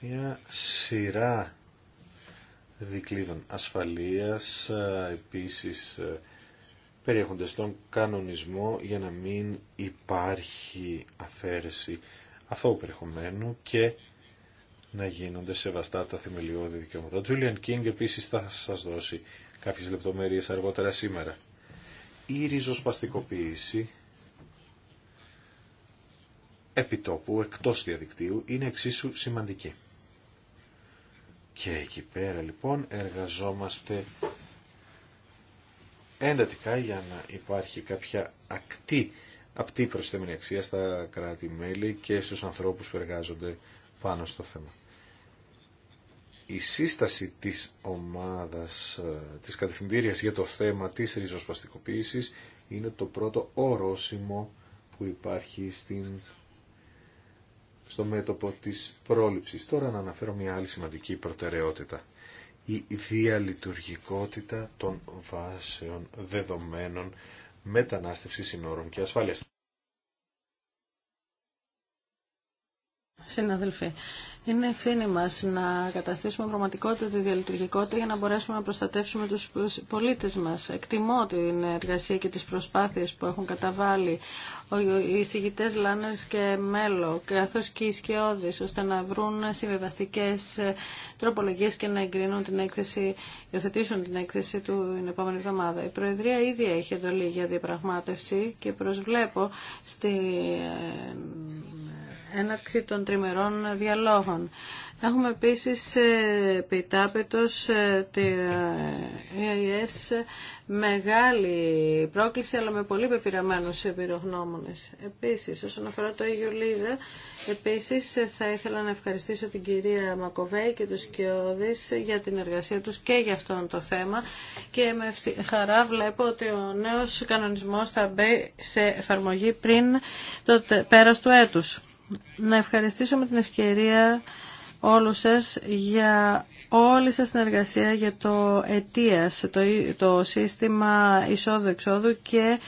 Μια σειρά δικλείδων ασφαλείας ε, επίσης ε, περιέχονται στον κανονισμό για να μην υπάρχει αφαίρεση αθώου περιεχομένου και να γίνονται σεβαστά τα θεμελιώδη δικαιώματα. Τζούλιαν Κίνγκ επίσης θα σας δώσει κάποιες λεπτομέρειες αργότερα σήμερα. Η ριζοσπαστικοποίηση επιτόπου, εκτός διαδικτύου, είναι εξίσου σημαντική. Και εκεί πέρα λοιπόν εργαζόμαστε εντατικά για να υπάρχει κάποια ακτή, απτή προσθέμενη αξία στα κράτη-μέλη και στους ανθρώπους που εργάζονται πάνω στο θέμα. Η σύσταση της ομάδας, ε, της κατευθυντήριας για το θέμα της ριζοσπαστικοποίησης είναι το πρώτο ορόσημο που υπάρχει στην, στο μέτωπο της πρόληψης. Τώρα να αναφέρω μια άλλη σημαντική προτεραιότητα η διαλειτουργικότητα των βάσεων δεδομένων μετανάστευση συνόρων και ασφάλειας. Συναδελφοί, είναι ευθύνη μα να καταστήσουμε πραγματικότητα τη διαλειτουργικότητα για να μπορέσουμε να προστατεύσουμε του πολίτε μα. Εκτιμώ την εργασία και τι προσπάθειε που έχουν καταβάλει οι εισηγητέ Λάνερ και Μέλο, καθώ και οι Σκιώδη, ώστε να βρουν συμβιβαστικέ τροπολογίε και να εγκρίνουν την έκθεση, υιοθετήσουν την έκθεση του την επόμενη εβδομάδα. Η Προεδρία ήδη έχει εντολή για διαπραγμάτευση και προσβλέπω στην έναρξη των τριμερών διαλόγων. Έχουμε επίσης ε, πιτάπετος ε, τη ΕΕΣ μεγάλη πρόκληση αλλά με πολύ πεπειραμένους εμπειρογνώμονες. Επίσης, όσον αφορά το ίδιο Λίζα, επίσης ε, θα ήθελα να ευχαριστήσω την κυρία Μακοβέη και τους Κιώδης για την εργασία τους και για αυτό το θέμα και με χαρά βλέπω ότι ο νέος κανονισμός θα μπει σε εφαρμογή πριν το πέρας του έτους να ευχαριστήσω με την ευκαιρία όλους σας για όλη σας την εργασία για το ετίας, το, το σύστημα εισόδου-εξόδου και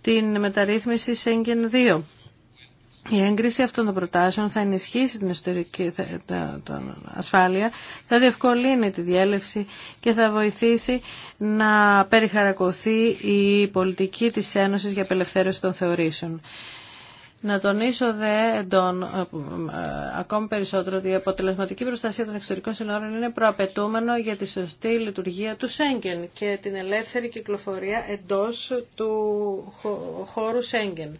την μεταρρύθμιση Σέγγεν 2. Η έγκριση αυτών των προτάσεων θα ενισχύσει την ιστορική ασφάλεια, θα διευκολύνει τη διέλευση και θα βοηθήσει να περιχαρακωθεί η πολιτική της Ένωσης για απελευθέρωση των θεωρήσεων. Να τονίσω δε ε, ε, ακόμη περισσότερο ότι η αποτελεσματική προστασία των εξωτερικών συνόρων είναι προαπαιτούμενο για τη σωστή λειτουργία του Σέγγεν και την ελεύθερη κυκλοφορία εντός του χώρου Σέγγεν.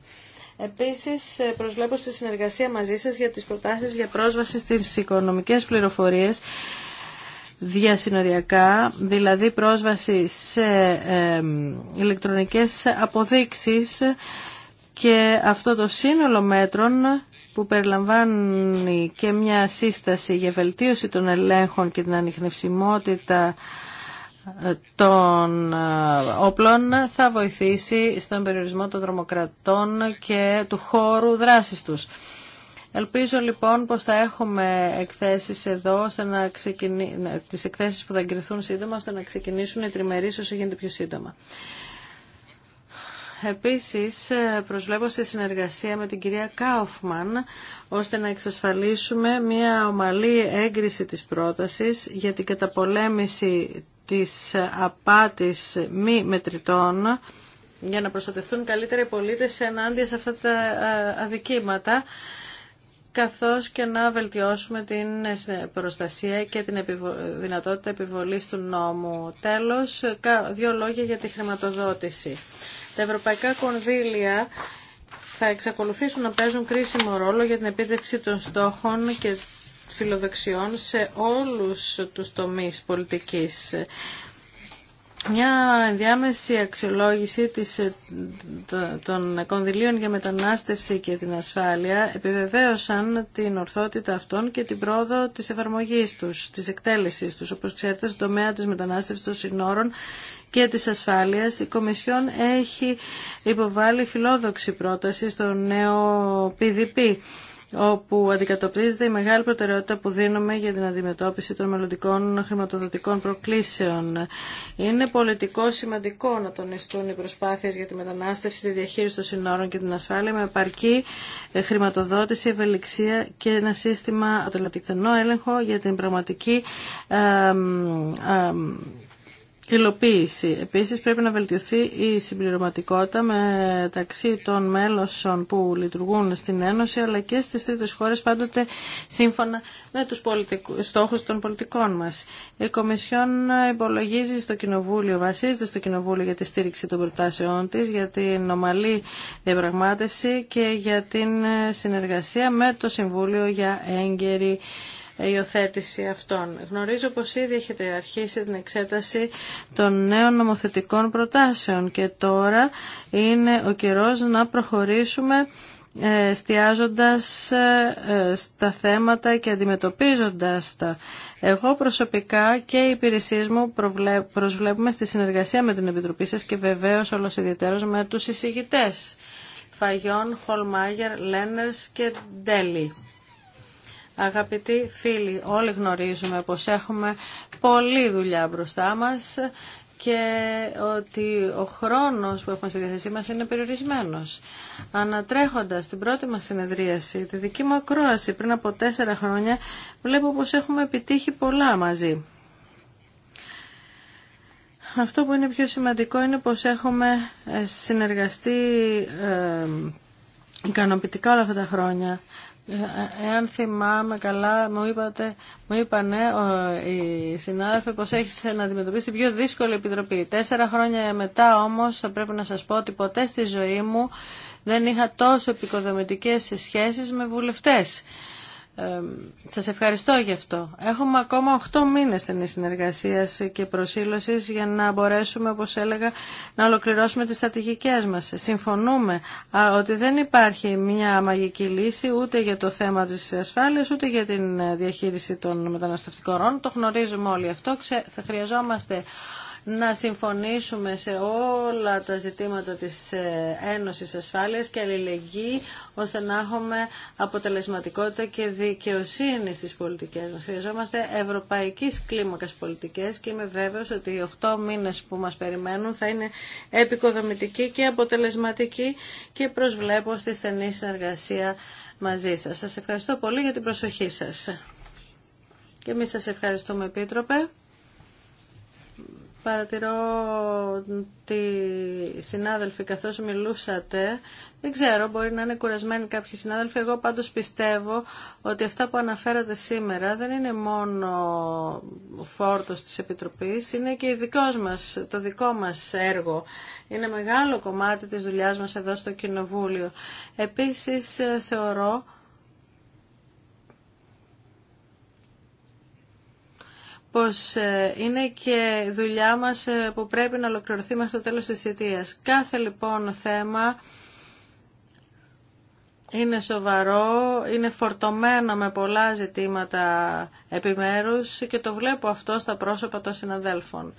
Επίσης, ε, προσβλέπω στη συνεργασία μαζί σας για τις προτάσεις για πρόσβαση στις οικονομικές πληροφορίες διασυνοριακά, δηλαδή πρόσβαση σε ηλεκτρονικές αποδείξεις και αυτό το σύνολο μέτρων που περιλαμβάνει και μια σύσταση για βελτίωση των ελέγχων και την ανιχνευσιμότητα ε, των ε, όπλων θα βοηθήσει στον περιορισμό των δρομοκρατών και του χώρου δράσης τους. Ελπίζω λοιπόν πως θα έχουμε εκθέσεις εδώ, ώστε να τις εκθέσεις που θα εγκριθούν σύντομα, ώστε να ξεκινήσουν οι τριμερείς όσο γίνεται πιο σύντομα. Επίσης, ε, προσβλέπω στη συνεργασία με την κυρία Κάουφμαν, ώστε να εξασφαλίσουμε μια ομαλή έγκριση της πρότασης για την καταπολέμηση της απάτης μη μετρητών, για να προστατευτούν καλύτερα οι πολίτες ενάντια σε αυτά τα ε, αδικήματα καθώς και να βελτιώσουμε την ε, προστασία και την δυνατότητα επιβολής του νόμου. Τέλος, δύο λόγια για τη χρηματοδότηση. Τα ευρωπαϊκά κονδύλια θα εξακολουθήσουν να παίζουν κρίσιμο ρόλο για την επίτευξη των στόχων και φιλοδοξιών σε όλους τους τομείς πολιτικής μια ενδιάμεση αξιολόγηση της, ε, των κονδυλίων για μετανάστευση και την ασφάλεια επιβεβαίωσαν την ορθότητα αυτών και την πρόοδο της εφαρμογής τους, της εκτέλεσης τους. Όπως ξέρετε, στον τομέα της μετανάστευσης των συνόρων και της ασφάλειας, η Κομισιόν έχει υποβάλει φιλόδοξη πρόταση στο νέο PDP όπου αντικατοπτρίζεται η μεγάλη προτεραιότητα που δίνουμε για την αντιμετώπιση των μελλοντικών χρηματοδοτικών προκλήσεων. Είναι πολιτικό σημαντικό να τονιστούν οι προσπάθειες για τη μετανάστευση, τη διαχείριση των συνόρων και την ασφάλεια με επαρκή ε, χρηματοδότηση, ευελιξία και ένα σύστημα ατολατικτενό έλεγχο για την πραγματική ε, ε, Υλοποίηση. Επίσης πρέπει να βελτιωθεί η συμπληρωματικότητα μεταξύ των μέλωσων που λειτουργούν στην Ένωση αλλά και στις τρίτες χώρες πάντοτε σύμφωνα με τους στόχους των πολιτικών μας. Η Κομισιόν υπολογίζει στο Κοινοβούλιο, βασίζεται στο Κοινοβούλιο για τη στήριξη των προτάσεών της, για την ομαλή διαπραγμάτευση και για την συνεργασία με το Συμβούλιο για έγκαιρη υιοθέτηση αυτών. Γνωρίζω πως ήδη έχετε αρχίσει την εξέταση των νέων νομοθετικών προτάσεων και τώρα είναι ο καιρός να προχωρήσουμε ε, στιάζοντας ε, ε, στα θέματα και αντιμετωπίζοντας τα. Εγώ προσωπικά και οι υπηρεσίες μου προσβλέπουμε στη συνεργασία με την Επιτροπή σας και βεβαίως όλος ιδιαίτερος με τους εισηγητές Φαγιόν, Χολμάγερ, Λένερς και Ντέλη. Αγαπητοί φίλοι, όλοι γνωρίζουμε πως έχουμε πολλή δουλειά μπροστά μας και ότι ο χρόνος που έχουμε στη διαθεσή μας είναι περιορισμένος. Ανατρέχοντας την πρώτη μας συνεδρίαση, τη δική μου ακρόαση πριν από τέσσερα χρόνια, βλέπω πως έχουμε επιτύχει πολλά μαζί. Αυτό που είναι πιο σημαντικό είναι πως έχουμε ε, συνεργαστεί ε, ικανοποιητικά όλα αυτά τα χρόνια. Εάν θυμάμαι καλά, μου, είπατε, μου είπανε οι συνάδελφοι πως έχει να αντιμετωπίσει την πιο δύσκολη επιτροπή. Τέσσερα χρόνια μετά όμως θα πρέπει να σας πω ότι ποτέ στη ζωή μου δεν είχα τόσο επικοδομητικές σχέσεις με βουλευτές. Σα ευχαριστώ γι' αυτό. Έχουμε ακόμα 8 μήνες στενή συνεργασία και προσήλωση για να μπορέσουμε, όπως έλεγα, να ολοκληρώσουμε τις στρατηγικές μας. Συμφωνούμε ότι δεν υπάρχει μια μαγική λύση ούτε για το θέμα της ασφάλειας, ούτε για την ε, διαχείριση των μεταναστευτικών Το γνωρίζουμε όλοι αυτό. Θα χρειαζόμαστε να συμφωνήσουμε σε όλα τα ζητήματα της ε, Ένωσης Ασφάλειας και αλληλεγγύη ώστε να έχουμε αποτελεσματικότητα και δικαιοσύνη στις πολιτικές μας. Χρειαζόμαστε ευρωπαϊκής κλίμακας πολιτικές και είμαι βέβαιος ότι οι 8 μήνες που μας περιμένουν θα είναι επικοδομητικοί και αποτελεσματικοί και προσβλέπω στη στενή συνεργασία μαζί σας. Σας ευχαριστώ πολύ για την προσοχή σας. Και εμείς σας ευχαριστούμε, Επίτροπε. Παρατηρώ ότι συνάδελφοι καθώς μιλούσατε, δεν ξέρω, μπορεί να είναι κουρασμένοι κάποιοι συνάδελφοι, εγώ πάντως πιστεύω ότι αυτά που αναφέρατε σήμερα δεν είναι μόνο φόρτος της Επιτροπής, είναι και δικός μας, το δικό μας έργο. Είναι μεγάλο κομμάτι της δουλειάς μας εδώ στο Κοινοβούλιο. Επίσης θεωρώ πως ε, είναι και δουλειά μας ε, που πρέπει να ολοκληρωθεί μέχρι το τέλος της θητείας. Κάθε λοιπόν θέμα είναι σοβαρό, είναι φορτωμένο με πολλά ζητήματα επιμέρους και το βλέπω αυτό στα πρόσωπα των συναδέλφων.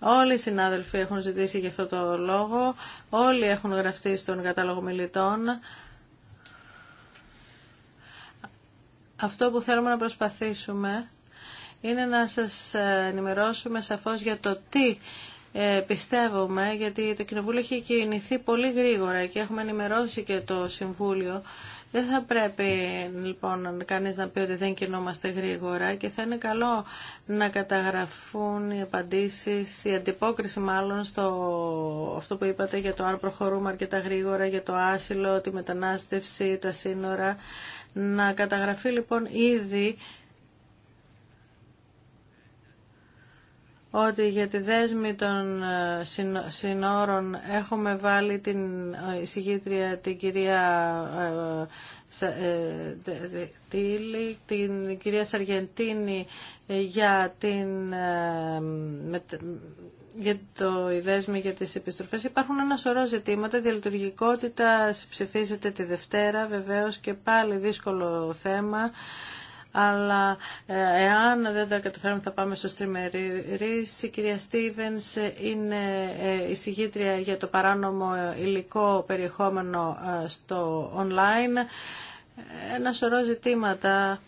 Όλοι οι συνάδελφοι έχουν ζητήσει γι' αυτό το λόγο, όλοι έχουν γραφτεί στον κατάλογο μιλητών. Αυτό που θέλουμε να προσπαθήσουμε είναι να σας ενημερώσουμε σαφώς για το τι ε, πιστεύουμε, γιατί το Κοινοβούλιο έχει κινηθεί πολύ γρήγορα και έχουμε ενημερώσει και το Συμβούλιο. Δεν θα πρέπει λοιπόν κανείς να πει ότι δεν κινούμαστε γρήγορα και θα είναι καλό να καταγραφούν οι απαντήσεις, η αντιπόκριση μάλλον στο αυτό που είπατε για το αν προχωρούμε αρκετά γρήγορα, για το άσυλο, τη μετανάστευση, τα σύνορα. Να καταγραφεί λοιπόν ήδη ότι για τη δέσμη των ε, συνόρων έχουμε βάλει την ε, εισηγήτρια την κυρία ε, Τίλη, την κυρία Σαργεντίνη για την για το ιδέσμι για τις επιστροφές. Υπάρχουν ένα σωρό ζητήματα, διαλειτουργικότητα ψηφίζεται τη Δευτέρα βεβαίως και πάλι δύσκολο θέμα αλλά ε, εάν δεν τα καταφέρουμε θα πάμε στο στριμερίς. Η κυρία Στίβενς είναι ε, η συγγήτρια για το παράνομο υλικό περιεχόμενο ε, στο online. Ένα σωρό ζητήματα.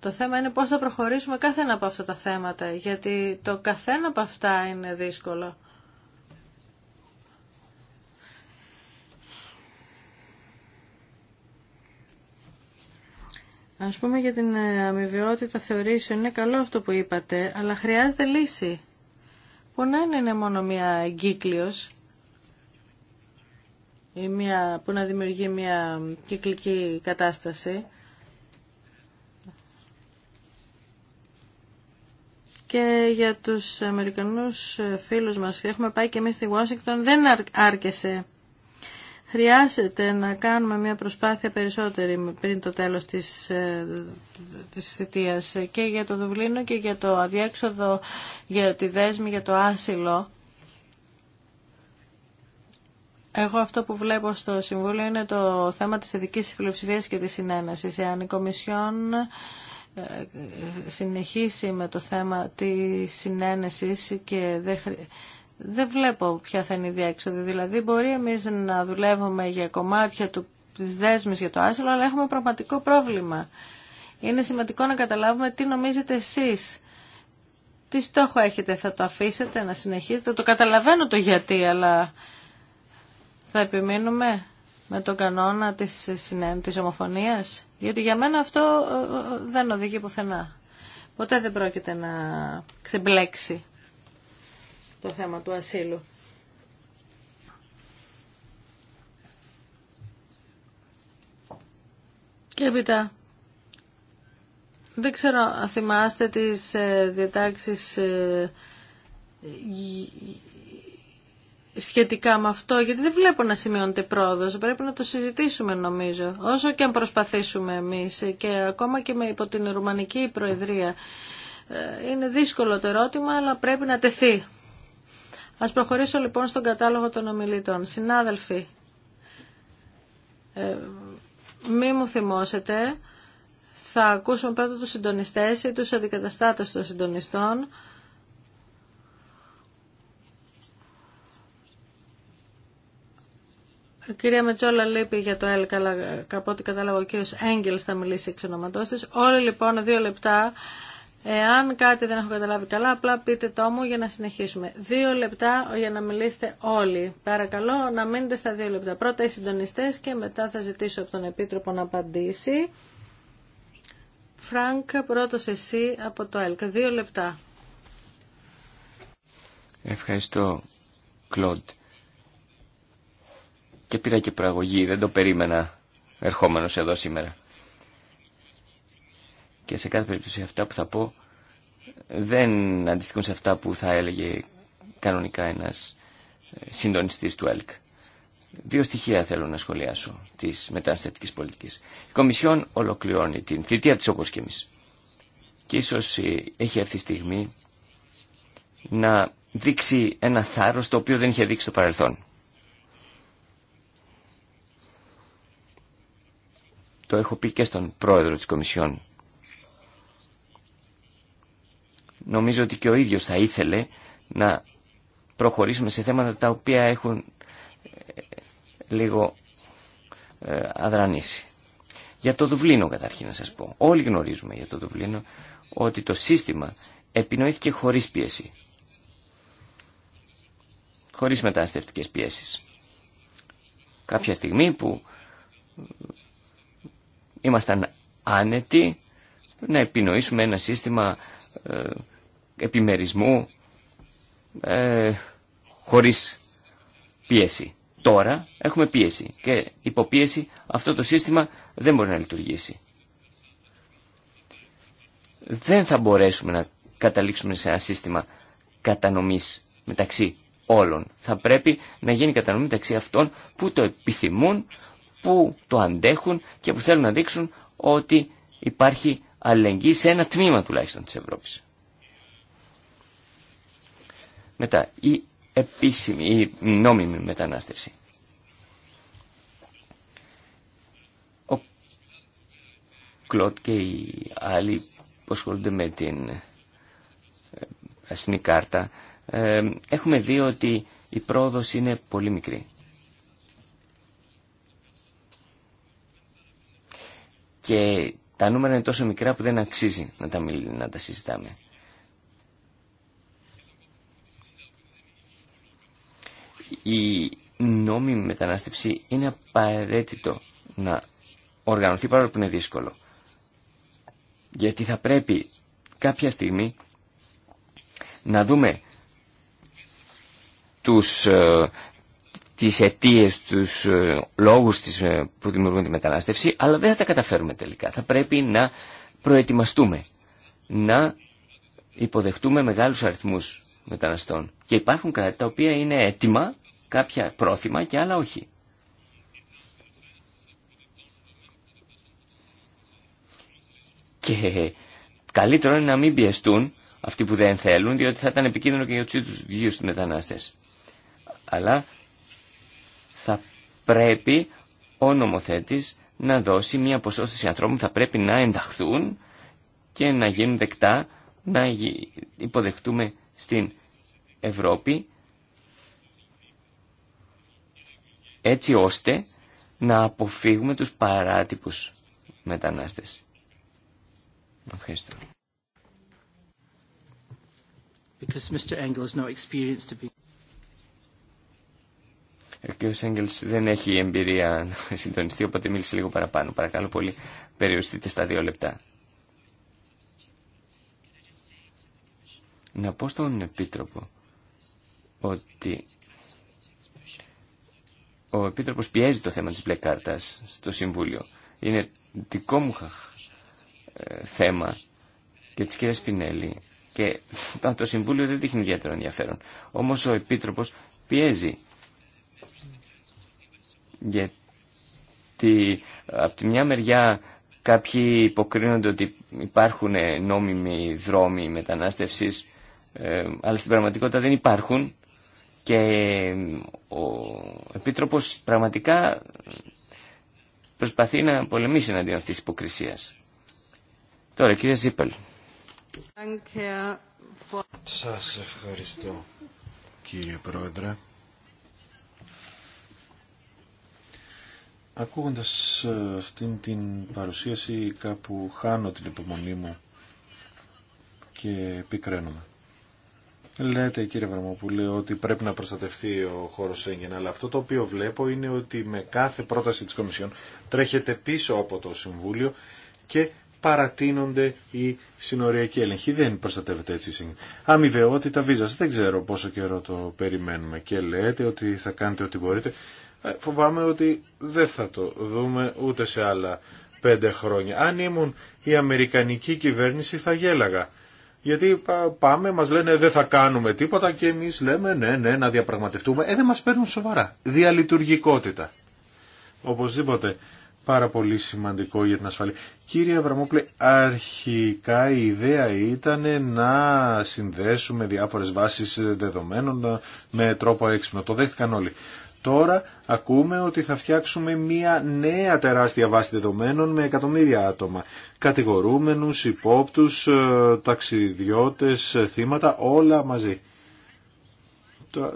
Το θέμα είναι πώς θα προχωρήσουμε κάθε ένα από αυτά τα θέματα, γιατί το καθένα από αυτά είναι δύσκολο. Ας πούμε για την ε, αμοιβαιότητα θεωρήσεων, είναι καλό αυτό που είπατε, αλλά χρειάζεται λύση. Που να είναι μόνο μία εγκύκλιος ή μια, που να δημιουργεί μια κυκλική κατάσταση. Και για τους Αμερικανούς ε, φίλους μας, έχουμε πάει και εμείς στη Washington, δεν άρκεσε χρειάζεται να κάνουμε μια προσπάθεια περισσότερη πριν το τέλος της, ε, της θητείας και για το Δουβλίνο και για το αδιέξοδο για τη δέσμη για το άσυλο. Εγώ αυτό που βλέπω στο Συμβούλιο είναι το θέμα της ειδικής φιλοψηφίας και της συνένεσης. Εάν η Κομισιόν ε, συνεχίσει με το θέμα της συνένεσης και δεν δεν βλέπω ποια θα είναι η διέξοδο. Δηλαδή μπορεί εμεί να δουλεύουμε για κομμάτια του, Δέσμη δέσμης για το άσυλο, αλλά έχουμε πραγματικό πρόβλημα. Είναι σημαντικό να καταλάβουμε τι νομίζετε εσείς. Τι στόχο έχετε, θα το αφήσετε να συνεχίσετε. Το καταλαβαίνω το γιατί, αλλά θα επιμείνουμε με τον κανόνα της, της ομοφωνίας. Γιατί για μένα αυτό ε, ε, ε, δεν οδηγεί πουθενά. Ποτέ δεν πρόκειται να ξεμπλέξει το θέμα του ασύλου. Και έπειτα, δεν ξέρω αν θυμάστε τις ε, διατάξεις ε, σχετικά με αυτό, γιατί δεν βλέπω να σημειώνεται πρόοδο. Πρέπει να το συζητήσουμε, νομίζω. Όσο και αν προσπαθήσουμε εμείς και ακόμα και με υπό την Ρουμανική Προεδρία. Ε, είναι δύσκολο το ερώτημα, αλλά πρέπει να τεθεί. Ας προχωρήσω λοιπόν στον κατάλογο των ομιλητών. Συνάδελφοι, ε, μη μου θυμώσετε, θα ακούσουμε πρώτα τους συντονιστές ή τους αντικαταστάτες των συντονιστών. Η κυρία συντονιστων κυρια λείπει για το έλκα, αλλά από κατάλαβα ο κύριος Έγγελς θα μιλήσει εξ ονοματός της. Όλοι λοιπόν δύο λεπτά Εάν κάτι δεν έχω καταλάβει καλά, απλά πείτε το μου για να συνεχίσουμε. Δύο λεπτά για να μιλήσετε όλοι. Παρακαλώ να μείνετε στα δύο λεπτά. Πρώτα οι συντονιστέ και μετά θα ζητήσω από τον Επίτροπο να απαντήσει. Φρανκ, πρώτος εσύ από το ΕΛΚ. Δύο λεπτά. Ευχαριστώ, Κλοντ. Και πήρα και προαγωγή, δεν το περίμενα ερχόμενος εδώ σήμερα και σε κάθε περίπτωση αυτά που θα πω δεν αντιστοιχούν σε αυτά που θα έλεγε κανονικά ένας ε, συντονιστής του ΕΛΚ. Δύο στοιχεία θέλω να σχολιάσω της μεταναστευτικής πολιτικής. Η Κομισιόν ολοκληρώνει την θητεία της όπως και Και ίσως ε, έχει έρθει η στιγμή να δείξει ένα θάρρος το οποίο δεν είχε δείξει στο παρελθόν. Το έχω πει και στον πρόεδρο της Κομισιόν νομίζω ότι και ο ίδιος θα ήθελε να προχωρήσουμε σε θέματα τα οποία έχουν ε, λίγο ε, αδρανήσει. Για το Δουβλίνο καταρχήν να σας πω. Όλοι γνωρίζουμε για το Δουβλίνο ότι το σύστημα επινοήθηκε χωρίς πίεση. Χωρίς μεταναστευτικές πιέσεις. Κάποια στιγμή που ήμασταν άνετοι να επινοήσουμε ένα σύστημα ε, επιμερισμού ε, χωρίς πίεση. Τώρα έχουμε πίεση και υποπίεση αυτό το σύστημα δεν μπορεί να λειτουργήσει. Δεν θα μπορέσουμε να καταλήξουμε σε ένα σύστημα κατανομής μεταξύ όλων. Θα πρέπει να γίνει κατανομή μεταξύ αυτών που το επιθυμούν, που το αντέχουν και που θέλουν να δείξουν ότι υπάρχει αλληλεγγύη σε ένα τμήμα τουλάχιστον της Ευρώπης. Μετά, η επίσημη, η νόμιμη μετανάστευση. Ο Κλοντ και οι άλλοι που ασχολούνται με την ασυνή ε, κάρτα, ε, έχουμε δει ότι η πρόοδος είναι πολύ μικρή. Και τα νούμερα είναι τόσο μικρά που δεν αξίζει να τα, να τα συζητάμε. η νόμιμη μετανάστευση είναι απαραίτητο να οργανωθεί παρόλο που είναι δύσκολο. Γιατί θα πρέπει κάποια στιγμή να δούμε τους, ε, τις αιτίες, τους ε, λόγους της, ε, που δημιουργούν τη μετανάστευση, αλλά δεν θα τα καταφέρουμε τελικά. Θα πρέπει να προετοιμαστούμε, να υποδεχτούμε μεγάλους αριθμούς μεταναστών. Και υπάρχουν κράτη τα οποία είναι έτοιμα κάποια πρόθυμα και άλλα όχι. Και καλύτερο είναι να μην πιεστούν αυτοί που δεν θέλουν, διότι θα ήταν επικίνδυνο και για τους ίδιους τους μετανάστες. Αλλά θα πρέπει ο νομοθέτης να δώσει μια ποσότητα ανθρώπων που θα πρέπει να ενταχθούν και να γίνουν δεκτά, να υποδεχτούμε στην Ευρώπη έτσι ώστε να αποφύγουμε τους παράτυπους μετανάστες. Ευχαριστώ. Ε, ο κ. Έγγελς δεν έχει εμπειρία να συντονιστεί, οπότε μίλησε λίγο παραπάνω. Παρακαλώ πολύ, περιοριστείτε στα δύο λεπτά. Να πω στον Επίτροπο ότι ο Επίτροπος πιέζει το θέμα της μπλε κάρτας στο Συμβούλιο. Είναι δικό μου ε, θέμα και της κυρίας Πινέλη και (laughs) το Συμβούλιο δεν δείχνει ιδιαίτερο ενδιαφέρον. Όμως ο Επίτροπος πιέζει γιατί από τη μια μεριά κάποιοι υποκρίνονται ότι υπάρχουν νόμιμοι δρόμοι μετανάστευσης ε, αλλά στην πραγματικότητα δεν υπάρχουν και ο Επίτροπος πραγματικά προσπαθεί να πολεμήσει εναντίον αυτής της υποκρισίας. Τώρα, κύριε Ζίπελ. Σας ευχαριστώ, κύριε Πρόεδρε. Ακούγοντας ε, αυτήν την παρουσίαση κάπου χάνω την υπομονή μου και επικραίνομαι. Λέτε κύριε Βραμοπούλη ότι πρέπει να προστατευτεί ο χώρος Σέγγεν, αλλά αυτό το οποίο βλέπω είναι ότι με κάθε πρόταση της Κομισιόν τρέχεται πίσω από το Συμβούλιο και παρατείνονται οι συνοριακοί έλεγχοι. Δεν προστατεύεται έτσι η Αμοιβαιότητα βίζα. Δεν ξέρω πόσο καιρό το περιμένουμε και λέτε ότι θα κάνετε ό,τι μπορείτε. Ε, φοβάμαι ότι δεν θα το δούμε ούτε σε άλλα πέντε χρόνια. Αν ήμουν η Αμερικανική κυβέρνηση θα γέλαγα. Γιατί πάμε, μας λένε δεν θα κάνουμε τίποτα και εμείς λέμε ναι, ναι, να διαπραγματευτούμε. Ε, δεν μας παίρνουν σοβαρά. Διαλειτουργικότητα. Οπωσδήποτε πάρα πολύ σημαντικό για την ασφαλή. Κύριε Αβραμόπλε, αρχικά η ιδέα ήταν να συνδέσουμε διάφορες βάσεις δεδομένων με τρόπο έξυπνο. Το δέχτηκαν όλοι. Τώρα ακούμε ότι θα φτιάξουμε μια νέα τεράστια βάση δεδομένων με εκατομμύρια άτομα. Κατηγορούμενους, υπόπτους, ε, ταξιδιώτες, ε, θύματα, όλα μαζί.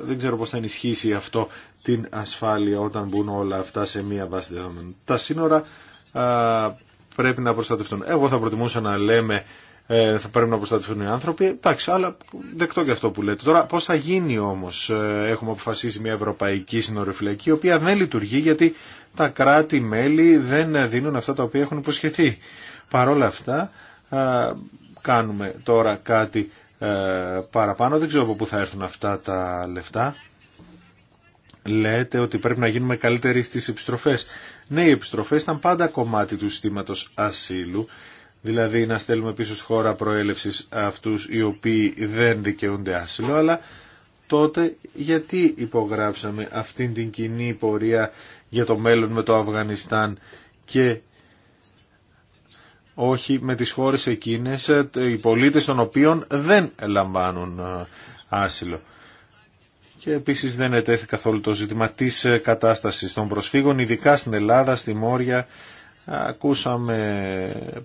Δεν ξέρω πώς θα ενισχύσει αυτό την ασφάλεια όταν μπουν όλα αυτά σε μια βάση δεδομένων. Τα σύνορα ε, πρέπει να προστατευτούν. Εγώ θα προτιμούσα να λέμε ε, θα πρέπει να προστατευτούν οι άνθρωποι. Εντάξει, αλλά δεκτό και αυτό που λέτε. Τώρα Πώ θα γίνει όμως, ε, έχουμε αποφασίσει μια ευρωπαϊκή συνοριοφυλακή, η οποία δεν λειτουργεί γιατί τα κράτη-μέλη δεν δίνουν αυτά τα οποία έχουν υποσχεθεί. Παρ' όλα αυτά, ε, κάνουμε τώρα κάτι ε, παραπάνω, δεν ξέρω από πού θα έρθουν αυτά τα λεφτά. Λέτε ότι πρέπει να γίνουμε καλύτεροι στις επιστροφές. Ναι, οι επιστροφές ήταν πάντα κομμάτι του συστήματος ασύλου δηλαδή να στέλνουμε πίσω στη χώρα προέλευσης αυτούς οι οποίοι δεν δικαιούνται άσυλο, αλλά τότε γιατί υπογράψαμε αυτήν την κοινή πορεία για το μέλλον με το Αφγανιστάν και όχι με τις χώρες εκείνες, οι πολίτες των οποίων δεν λαμβάνουν ε, άσυλο. Και επίσης δεν ετέθη καθόλου το ζήτημα της ε, κατάστασης των προσφύγων, ειδικά στην Ελλάδα, στη Μόρια ακούσαμε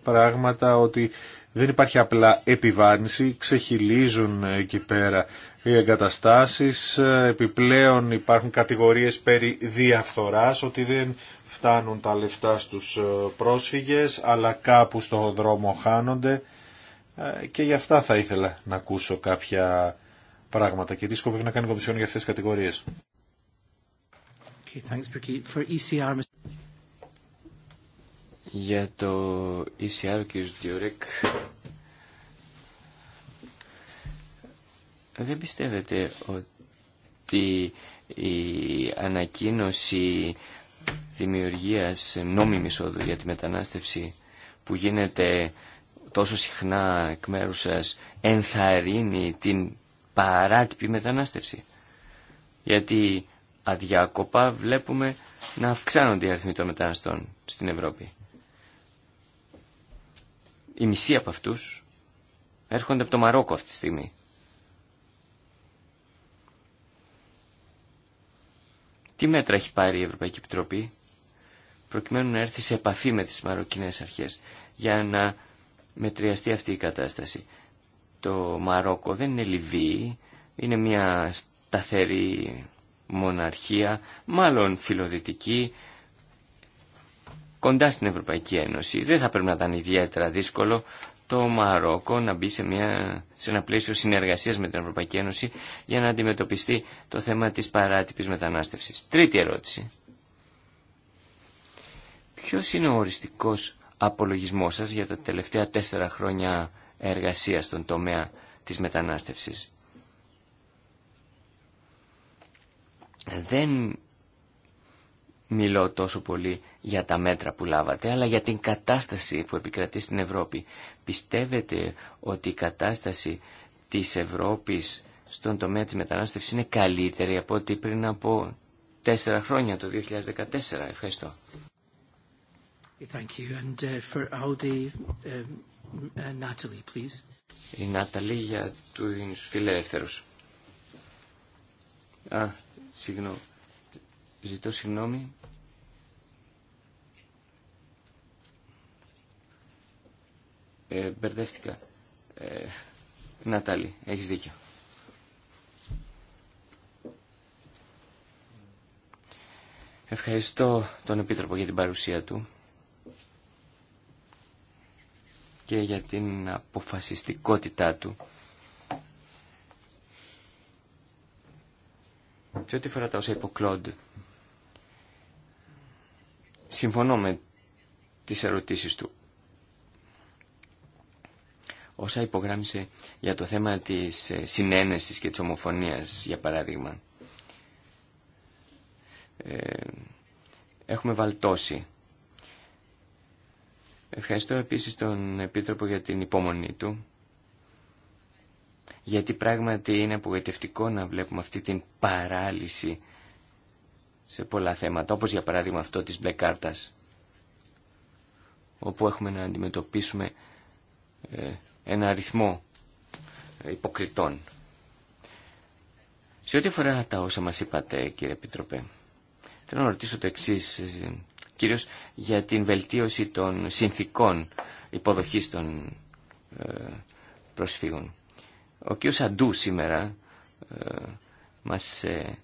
πράγματα ότι δεν υπάρχει απλά επιβάρυνση, ξεχυλίζουν εκεί πέρα οι εγκαταστάσεις, επιπλέον υπάρχουν κατηγορίες περί διαφθοράς, ότι δεν φτάνουν τα λεφτά στους ε, πρόσφυγες, αλλά κάπου στο δρόμο χάνονται ε, και γι' αυτά θα ήθελα να ακούσω κάποια πράγματα και τι σκοπεύει να κάνει η Κομισιόν για αυτές τις κατηγορίες. Για το ECR, κ. Διορέκ, δεν πιστεύετε ότι η ανακοίνωση δημιουργίας νόμιμης όδου για τη μετανάστευση που γίνεται τόσο συχνά εκ μέρου σας ενθαρρύνει την παράτυπη μετανάστευση. Γιατί αδιάκοπα βλέπουμε να αυξάνονται οι αριθμοί των μεταναστών στην Ευρώπη οι μισοί από αυτού έρχονται από το Μαρόκο αυτή τη στιγμή. Τι μέτρα έχει πάρει η Ευρωπαϊκή Επιτροπή προκειμένου να έρθει σε επαφή με τις μαροκινές αρχές για να μετριαστεί αυτή η κατάσταση. Το Μαρόκο δεν είναι Λιβύη, είναι μια σταθερή μοναρχία, μάλλον φιλοδυτική, κοντά στην Ευρωπαϊκή Ένωση. Δεν θα πρέπει να ήταν ιδιαίτερα δύσκολο το Μαρόκο να μπει σε, μια, σε ένα πλαίσιο συνεργασίας με την Ευρωπαϊκή Ένωση για να αντιμετωπιστεί το θέμα της παράτυπης μετανάστευσης. Τρίτη ερώτηση. Ποιος είναι ο οριστικός απολογισμός σας για τα τελευταία τέσσερα χρόνια εργασίας στον τομέα της μετανάστευσης. Δεν μιλώ τόσο πολύ για τα μέτρα που λάβατε, αλλά για την κατάσταση που επικρατεί στην Ευρώπη. Πιστεύετε ότι η κατάσταση της Ευρώπης στον τομέα της μετανάστευσης είναι καλύτερη από ό,τι πριν από τέσσερα χρόνια, το 2014. Ευχαριστώ. Thank you. And, uh, for um, uh, Natalie, please. Η Νάταλη για τους φιλελεύθερους. Α, συγγνώμη. Ζητώ συγγνώμη. Ε, μπερδεύτηκα. Ε, Νατάλη, έχεις δίκιο. Ευχαριστώ τον Επίτροπο για την παρουσία του και για την αποφασιστικότητά του. Και ό,τι φορά τα όσα είπε ο Κλοντ, συμφωνώ με τις ερωτήσεις του όσα υπογράμμισε για το θέμα της ε, συνένεσης και της ομοφωνίας, για παράδειγμα. Ε, έχουμε βαλτώσει. Ευχαριστώ επίσης τον Επίτροπο για την υπόμονή του, γιατί πράγματι είναι απογοητευτικό να βλέπουμε αυτή την παράλυση σε πολλά θέματα, όπως για παράδειγμα αυτό της μπλε κάρτας, όπου έχουμε να αντιμετωπίσουμε ε, ένα αριθμό υποκριτών. Σε ό,τι αφορά τα όσα μας είπατε, κύριε Επιτροπέ, θέλω να ρωτήσω το εξής, κύριος για την βελτίωση των συνθήκων υποδοχής των ε, προσφύγων. Ο κ. Αντού σήμερα ε, μας, ε,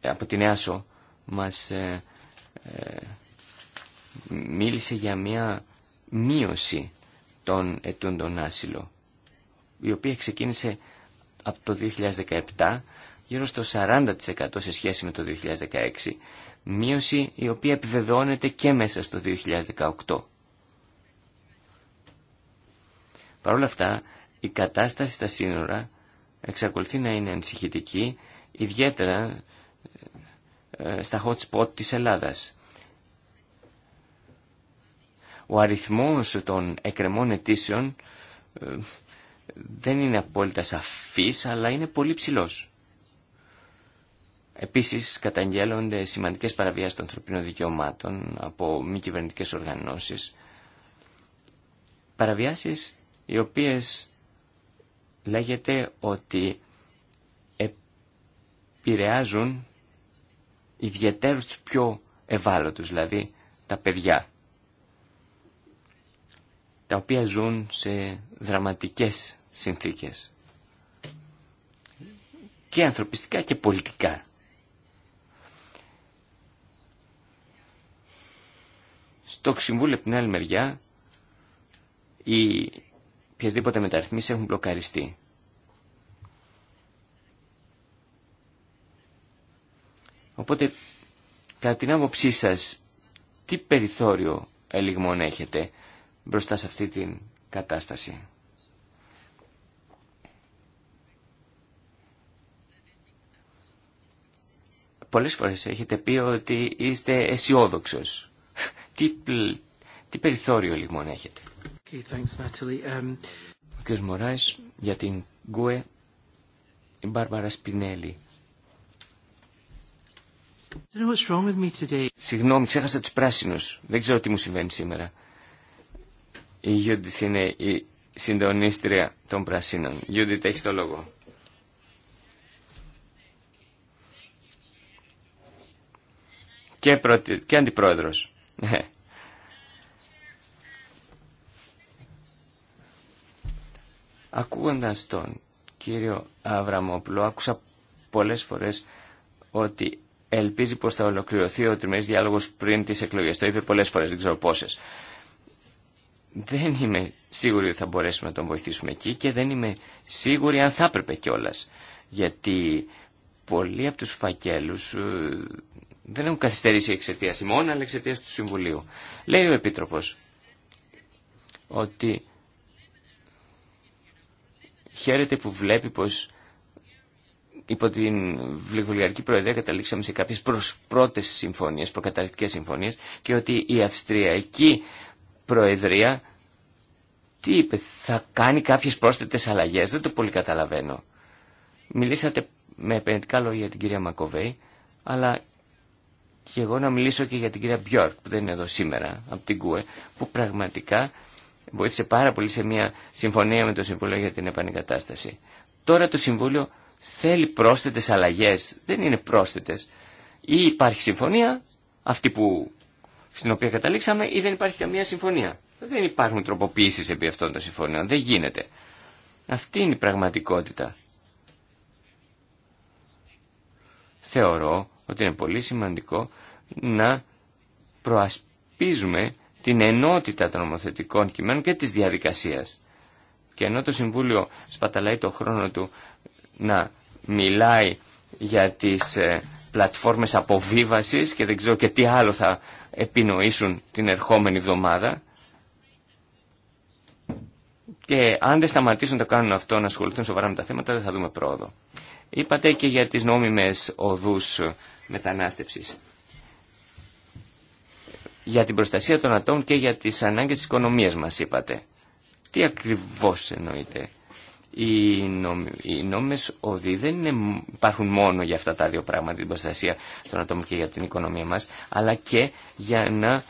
από την ΕΑΣΟ μας μίλησε για μια μείωση των ετούντων άσυλο, η οποία ξεκίνησε από το 2017 γύρω στο 40% σε σχέση με το 2016, μείωση η οποία επιβεβαιώνεται και μέσα στο 2018. Παρ' όλα αυτά, η κατάσταση στα σύνορα εξακολουθεί να είναι ανησυχητική, ιδιαίτερα ε, στα hot spot της Ελλάδας. Ο αριθμός των εκκρεμών αιτήσεων ε, δεν είναι απόλυτα σαφής, αλλά είναι πολύ ψηλός. Επίσης καταγγέλλονται σημαντικές παραβιάσεις των ανθρωπίνων δικαιωμάτων από μη κυβερνητικέ οργανώσεις. Παραβιάσεις οι οποίες λέγεται ότι επηρεάζουν ιδιαίτερους τους πιο ευάλωτους, δηλαδή τα παιδιά τα οποία ζουν σε δραματικές συνθήκες. Και ανθρωπιστικά και πολιτικά. Στο Ξυμβούλιο από την άλλη μεριά οι οποιασδήποτε μεταρρυθμίσεις έχουν μπλοκαριστεί. Οπότε, κατά την άποψή σας, τι περιθώριο ελιγμών έχετε μπροστά σε αυτή την κατάσταση. Πολλές φορές έχετε πει ότι είστε αισιόδοξο. (laughs) τι, περιθώριο λοιπόν έχετε. Okay, um, Ο κ. Μωράης για την Γκουε, η Μπάρβαρα Σπινέλη. Συγγνώμη, ξέχασα τους πράσινους. Δεν ξέρω τι μου συμβαίνει σήμερα. Η Γιούντιθ είναι η συντονίστρια των Πρασίνων. Γιούντιθ, έχει το λόγο. Και, πρωτη... και αντιπρόεδρος. Ακούγοντας τον κύριο Αβραμόπουλο, άκουσα πολλές φορές ότι ελπίζει πως θα ολοκληρωθεί ο τριμερής διάλογος πριν τις εκλογές. Το είπε πολλές φορές, δεν ξέρω πόσες δεν είμαι σίγουρη ότι θα μπορέσουμε να τον βοηθήσουμε εκεί και δεν είμαι σίγουρη αν θα έπρεπε κιόλα. Γιατί πολλοί από τους φακέλους ε, δεν έχουν καθυστερήσει εξαιτία ημών, αλλά εξαιτία του Συμβουλίου. Λέει ο Επίτροπος ότι χαίρεται που βλέπει πως υπό την Βλυγουλιαρική Προεδρία καταλήξαμε σε κάποιες προς πρώτες συμφωνίες, προκαταρκτικές συμφωνίες και ότι η Αυστριακή Προεδρία τι είπε, θα κάνει κάποιες πρόσθετες αλλαγές, δεν το πολύ καταλαβαίνω. Μιλήσατε με επενδυτικά λόγια για την κυρία Μακοβέη, αλλά και εγώ να μιλήσω και για την κυρία Μπιόρκ που δεν είναι εδώ σήμερα από την ΚΟΕ, που πραγματικά βοήθησε πάρα πολύ σε μια συμφωνία με το Συμβούλιο για την επανεκατάσταση. Τώρα το Συμβούλιο θέλει πρόσθετες αλλαγές, δεν είναι πρόσθετες. Ή υπάρχει συμφωνία, αυτή που στην οποία καταλήξαμε ή δεν υπάρχει καμία συμφωνία. Δεν υπάρχουν τροποποιήσεις επί αυτών των συμφωνίων. Δεν γίνεται. Αυτή είναι η πραγματικότητα. Θεωρώ ότι είναι πολύ σημαντικό να προασπίζουμε την ενότητα των νομοθετικών κειμένων και της διαδικασίας. Και ενώ το Συμβούλιο σπαταλάει το χρόνο του να μιλάει για τις ε, πλατφόρμες αποβίβασης και δεν ξέρω και τι άλλο θα επινοήσουν την ερχόμενη εβδομάδα. Και αν δεν σταματήσουν να το κάνουν αυτό, να ασχοληθούν σοβαρά με τα θέματα, δεν θα δούμε πρόοδο. Είπατε και για τις νόμιμες οδούς μετανάστευσης. Για την προστασία των ατόμων και για τις ανάγκες της οικονομίας μας είπατε. Τι ακριβώς εννοείτε. Οι, νόμ, οι οδοί δεν υπάρχουν μόνο για αυτά τα δύο πράγματα, την προστασία των ατόμων και για την οικονομία μας, αλλά και για να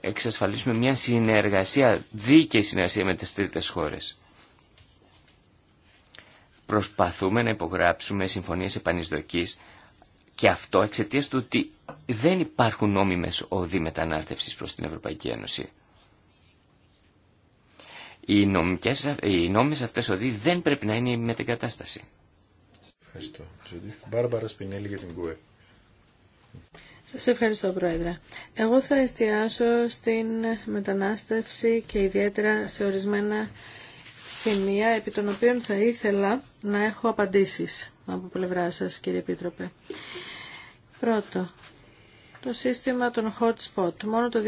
εξασφαλίσουμε μια συνεργασία, δίκαιη συνεργασία με τις τρίτες χώρες. Προσπαθούμε να υπογράψουμε συμφωνίες επανεισδοκής και αυτό εξαιτία του ότι δεν υπάρχουν νόμιμες οδοί μετανάστευσης προς την Ευρωπαϊκή Ένωση. Οι, νομικές, οι νόμες αυτές οδοί δεν πρέπει να είναι η μετεγκατάσταση. Ευχαριστώ. Μπάρμπαρα Σπινέλη για την ΚΟΕ. Σας ευχαριστώ Πρόεδρε. Εγώ θα εστιάσω στην μετανάστευση και ιδιαίτερα σε ορισμένα σημεία επί των οποίων θα ήθελα να έχω απαντήσεις από πλευρά σας κύριε Επίτροπε. Πρώτο, το σύστημα των hot spot. Μόνο το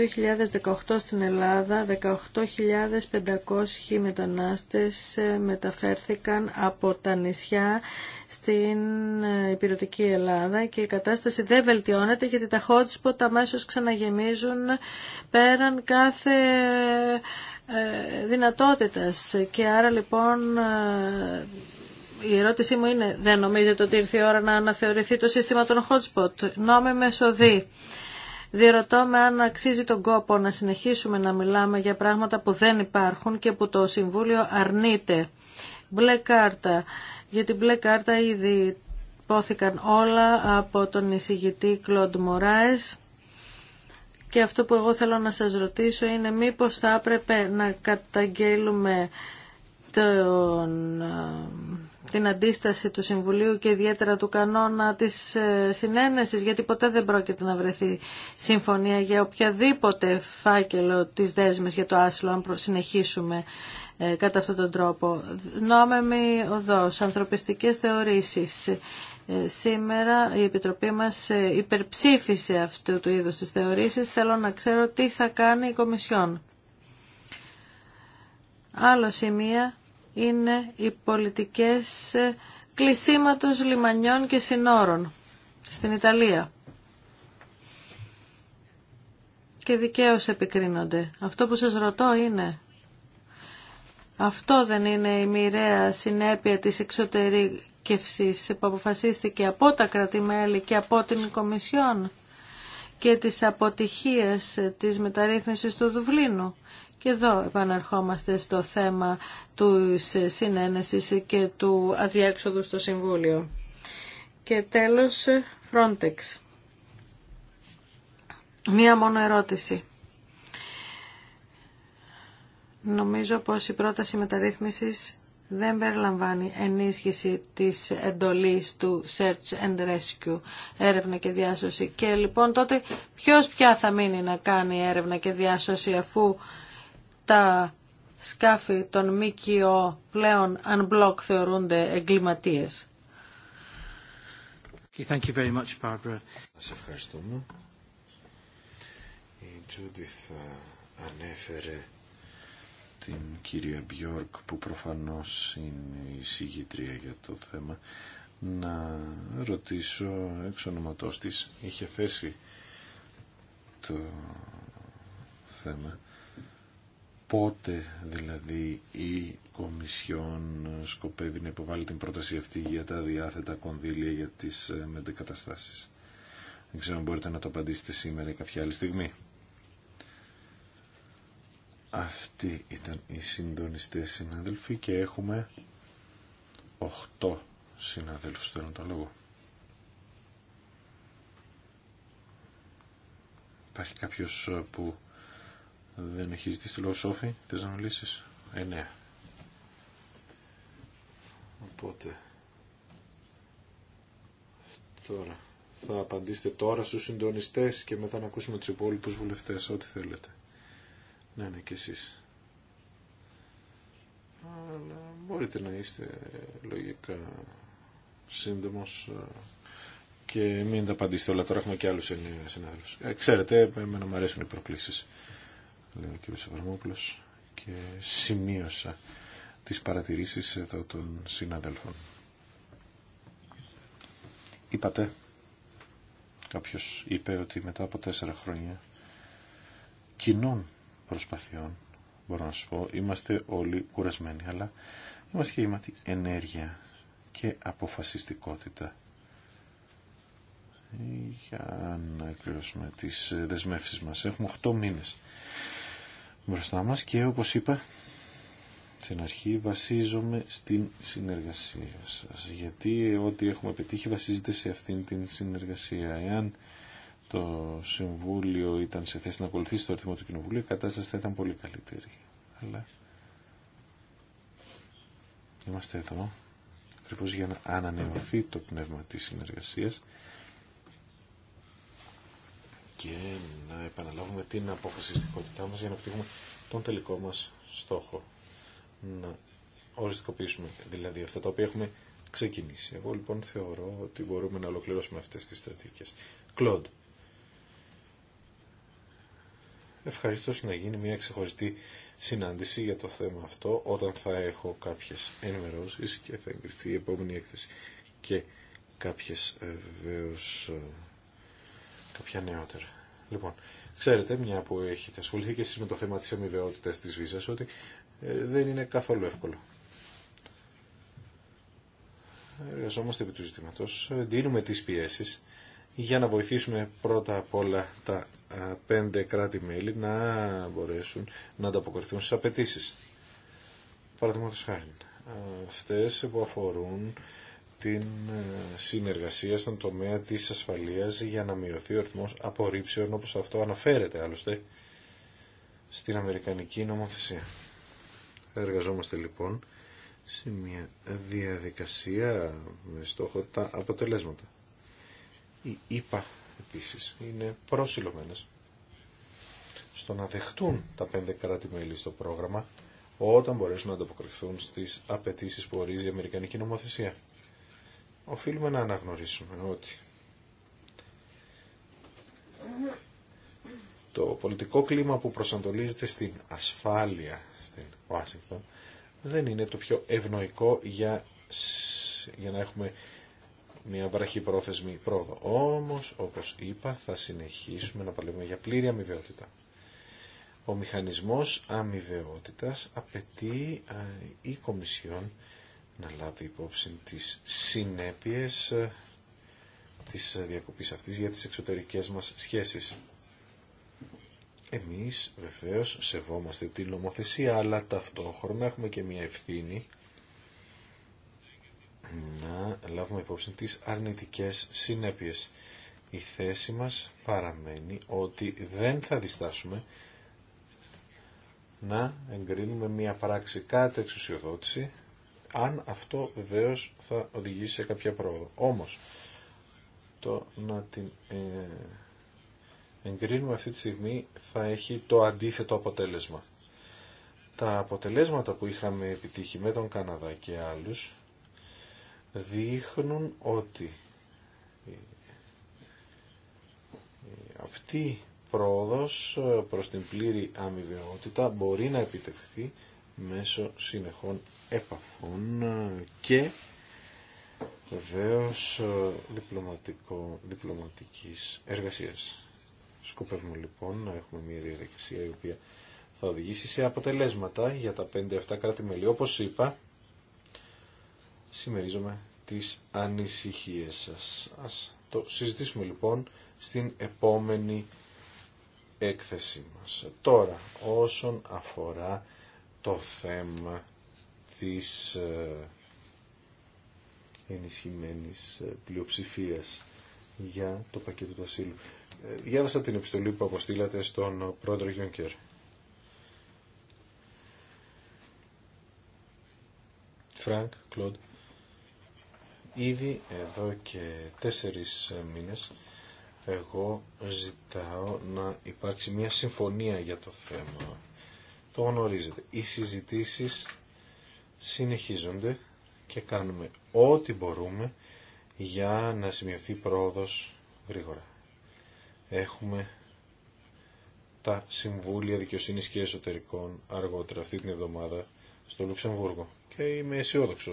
2018 στην Ελλάδα 18.500 μετανάστες ε, μεταφέρθηκαν από τα νησιά στην ε, υπηρετική Ελλάδα και η κατάσταση δεν βελτιώνεται γιατί τα hot spot αμέσως ξαναγεμίζουν πέραν κάθε ε, δυνατότητας και άρα λοιπόν η ερώτησή μου είναι, δεν νομίζετε ότι ήρθε η ώρα να αναθεωρηθεί το σύστημα των hotspot, νόμι μεσοδή. Διερωτώ με αν αξίζει τον κόπο να συνεχίσουμε να μιλάμε για πράγματα που δεν υπάρχουν και που το Συμβούλιο αρνείται. Μπλε κάρτα. Για την μπλε κάρτα ήδη πόθηκαν όλα από τον εισηγητή Κλοντ Μωράες. Και αυτό που εγώ θέλω να σας ρωτήσω είναι μήπως θα έπρεπε να καταγγέλουμε τον την αντίσταση του Συμβουλίου και ιδιαίτερα του κανόνα της ε, συνένεσης, γιατί ποτέ δεν πρόκειται να βρεθεί συμφωνία για οποιαδήποτε φάκελο της δέσμες για το άσυλο, αν συνεχίσουμε ε, κατά αυτόν τον τρόπο. Νόμεμη οδός, ανθρωπιστικές θεωρήσεις. Ε, σήμερα η Επιτροπή μας υπερψήφισε αυτού του είδους της θεωρήσεις. Θέλω να ξέρω τι θα κάνει η Κομισιόν. Άλλο σημείο είναι οι πολιτικές κλεισίματος λιμανιών και συνόρων στην Ιταλία. Και δικαίως επικρίνονται. Αυτό που σας ρωτώ είναι... Αυτό δεν είναι η μοιραία συνέπεια της εξωτερικευσής που αποφασίστηκε από τα κρατημέλη και από την Κομισιόν και της αποτυχίας της μεταρρύθμισης του Δουβλίνου και εδώ επαναρχόμαστε στο θέμα του συνένεσης και του αδιέξοδου στο Συμβούλιο. Και τέλος, Frontex. Μία μόνο ερώτηση. Νομίζω πως η πρόταση μεταρρύθμισης δεν περιλαμβάνει ενίσχυση της εντολής του Search and Rescue, έρευνα και διάσωση. Και λοιπόν τότε ποιος πια θα μείνει να κάνει έρευνα και διάσωση αφού τα σκάφη των ΜΚΟ πλέον unblock θεωρούνται εγκληματίες. thank you very much, Σας ευχαριστούμε. Η Τζούντιθ ε, ανέφερε την κυρία Μπιόρκ που προφανώς είναι η συγγήτρια για το θέμα να ρωτήσω εξ ονοματός της είχε θέσει το θέμα πότε δηλαδή η Κομισιόν σκοπεύει να υποβάλει την πρόταση αυτή για τα διάθετα κονδύλια για τις ε, μετεκαταστάσεις. Δεν ξέρω αν μπορείτε να το απαντήσετε σήμερα ή κάποια άλλη στιγμή. Αυτοί ήταν οι συντονιστές συνάδελφοι και έχουμε 8 συνάδελφους θέλουν το λόγο. Υπάρχει κάποιος ε, που δεν έχει ζητήσει λόγο Σόφη. Θες να μιλήσεις. Ε, ναι. Οπότε... Τώρα. Θα απαντήσετε τώρα στους συντονιστές και μετά να ακούσουμε τους υπόλοιπους βουλευτές. Ό,τι θέλετε. Ναι, ναι, και εσείς. Αλλά μπορείτε να είστε λογικά σύντομος ε, και μην τα απαντήσετε όλα. Τώρα έχουμε και άλλους συνάδελφους. Ε, ξέρετε, εμένα μου αρέσουν οι προκλήσεις λέει ο κ. και σημείωσα τις παρατηρήσεις εδώ των συναδέλφων. Είπατε, κάποιος είπε ότι μετά από τέσσερα χρόνια κοινών προσπαθειών, μπορώ να σου πω, είμαστε όλοι κουρασμένοι, αλλά είμαστε και γεμάτοι ενέργεια και αποφασιστικότητα για να εκπληρώσουμε τις δεσμεύσεις μας. Έχουμε 8 μήνες μπροστά μας και όπως είπα στην αρχή βασίζομαι στην συνεργασία σας γιατί ό,τι έχουμε πετύχει βασίζεται σε αυτήν την συνεργασία εάν το Συμβούλιο ήταν σε θέση να ακολουθήσει το αριθμό του Κοινοβουλίου η κατάσταση θα ήταν πολύ καλύτερη αλλά είμαστε εδώ ακριβώς για να ανανεωθεί το πνεύμα της συνεργασίας και να επαναλάβουμε την αποφασιστικότητά μας για να πετύχουμε τον τελικό μας στόχο. Να οριστικοποιήσουμε δηλαδή αυτά τα οποία έχουμε ξεκινήσει. Εγώ λοιπόν θεωρώ ότι μπορούμε να ολοκληρώσουμε αυτές τις στρατηγικές. Κλοντ. Ευχαριστώ να γίνει μια ξεχωριστή συνάντηση για το θέμα αυτό όταν θα έχω κάποιες ενημερώσεις και θα εγκριθεί η επόμενη έκθεση και κάποιες ε, βεβαίως ε, κάποια νεότερα. Λοιπόν, ξέρετε, μια που έχετε ασχοληθεί και εσείς με το θέμα της αμοιβαιότητας της ΒΙΖΑ ότι ε, δεν είναι καθόλου εύκολο. Εργαζόμαστε επί του ζητήματος, δίνουμε τις πιέσεις για να βοηθήσουμε πρώτα απ' όλα τα πέντε κράτη-μέλη να μπορέσουν να ανταποκριθούν στις απαιτήσει. Παραδείγματος χάρη, αυτές που αφορούν την ε, συνεργασία στον τομέα της ασφαλείας για να μειωθεί ο αριθμός απορρίψεων όπως αυτό αναφέρεται άλλωστε στην Αμερικανική νομοθεσία. Εργαζόμαστε λοιπόν σε μια διαδικασία με στόχο τα αποτελέσματα. Οι ΙΠΑ επίσης είναι προσιλωμένες στο να δεχτούν τα πέντε κράτη-μέλη στο πρόγραμμα όταν μπορέσουν να ανταποκριθούν στις απαιτήσεις που ορίζει η Αμερικανική νομοθεσία οφείλουμε να αναγνωρίσουμε ότι το πολιτικό κλίμα που προσανατολίζεται στην ασφάλεια στην Ουάσιγκτον δεν είναι το πιο ευνοϊκό για, για να έχουμε μια βραχυπρόθεσμη πρόοδο. Όμως, όπως είπα, θα συνεχίσουμε να παλεύουμε για πλήρη αμοιβαιότητα. Ο μηχανισμός αμοιβαιότητας απαιτεί η Κομισιόν να λάβει υπόψη τις συνέπειες ε, της διακοπής αυτής για τις εξωτερικές μας σχέσεις. Εμείς βεβαίως σεβόμαστε την νομοθεσία, αλλά ταυτόχρονα έχουμε και μια ευθύνη να λάβουμε υπόψη τις αρνητικές συνέπειες. Η θέση μας παραμένει ότι δεν θα διστάσουμε να εγκρίνουμε μια πράξη κάτω εξουσιοδότηση αν αυτό βεβαίω θα οδηγήσει σε κάποια πρόοδο. Όμως, το να την ε, εγκρίνουμε αυτή τη στιγμή θα έχει το αντίθετο αποτέλεσμα. Τα αποτελέσματα που είχαμε επιτύχει με τον Καναδά και άλλους δείχνουν ότι η αυτή πρόοδος προς την πλήρη αμοιβαιότητα μπορεί να επιτευχθεί μέσω συνεχών επαφών και βεβαίω ε, διπλωματικής εργασίας. Σκοπεύουμε λοιπόν να έχουμε μια διαδικασία η οποία θα οδηγήσει σε αποτελέσματα για τα 5-7 κράτη-μέλη. Όπως είπα, συμμερίζομαι τις ανησυχίες σας. Ας το συζητήσουμε λοιπόν στην επόμενη έκθεση μας. Τώρα, όσον αφορά το θέμα της ε, ενισχυμένης ε, πλειοψηφίας για το πακέτο του ασύλου. Ε, διάβασα την επιστολή που αποστήλατε στον πρόεδρο Γιόνκερ. Φρανκ, Κλοντ, ήδη εδώ και τέσσερις μήνες εγώ ζητάω να υπάρξει μια συμφωνία για το θέμα το γνωρίζετε. Οι συζητήσεις συνεχίζονται και κάνουμε ό,τι μπορούμε για να σημειωθεί πρόοδος γρήγορα. Έχουμε τα Συμβούλια δικαιοσύνη και Εσωτερικών αργότερα αυτή την εβδομάδα στο Λουξεμβούργο και είμαι αισιόδοξο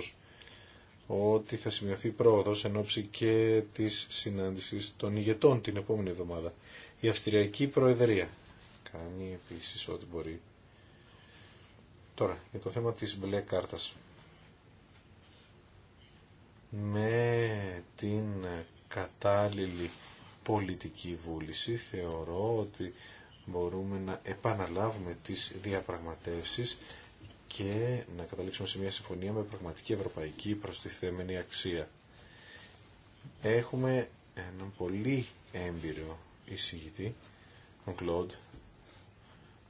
ότι θα σημειωθεί πρόοδος εν ώψη και της συνάντησης των ηγετών την επόμενη εβδομάδα. Η Αυστριακή Προεδρία κάνει επίσης ό,τι μπορεί Τώρα, για το θέμα της μπλε κάρτας. Με την κατάλληλη πολιτική βούληση θεωρώ ότι μπορούμε να επαναλάβουμε τις διαπραγματεύσεις και να καταλήξουμε σε μια συμφωνία με πραγματική ευρωπαϊκή προστιθέμενη αξία. Έχουμε έναν πολύ έμπειρο εισηγητή, τον Κλοντ,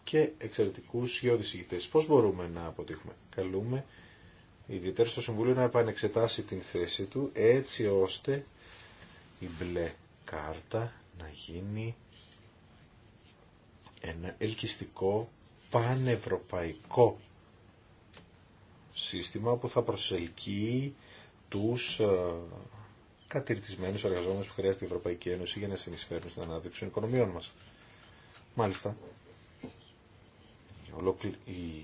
και εξαιρετικούς γεωδησηγητές. Πώ μπορούμε να αποτύχουμε. Καλούμε ιδιαίτερα στο Συμβούλιο να επανεξετάσει την θέση του έτσι ώστε η μπλε κάρτα να γίνει ένα ελκυστικό πανευρωπαϊκό σύστημα που θα προσελκύει τους ε, κατηρτισμένους εργαζόμενους που χρειάζεται η Ευρωπαϊκή Ένωση για να συνεισφέρουν στην ανάπτυξη των οικονομιών μας. Μάλιστα,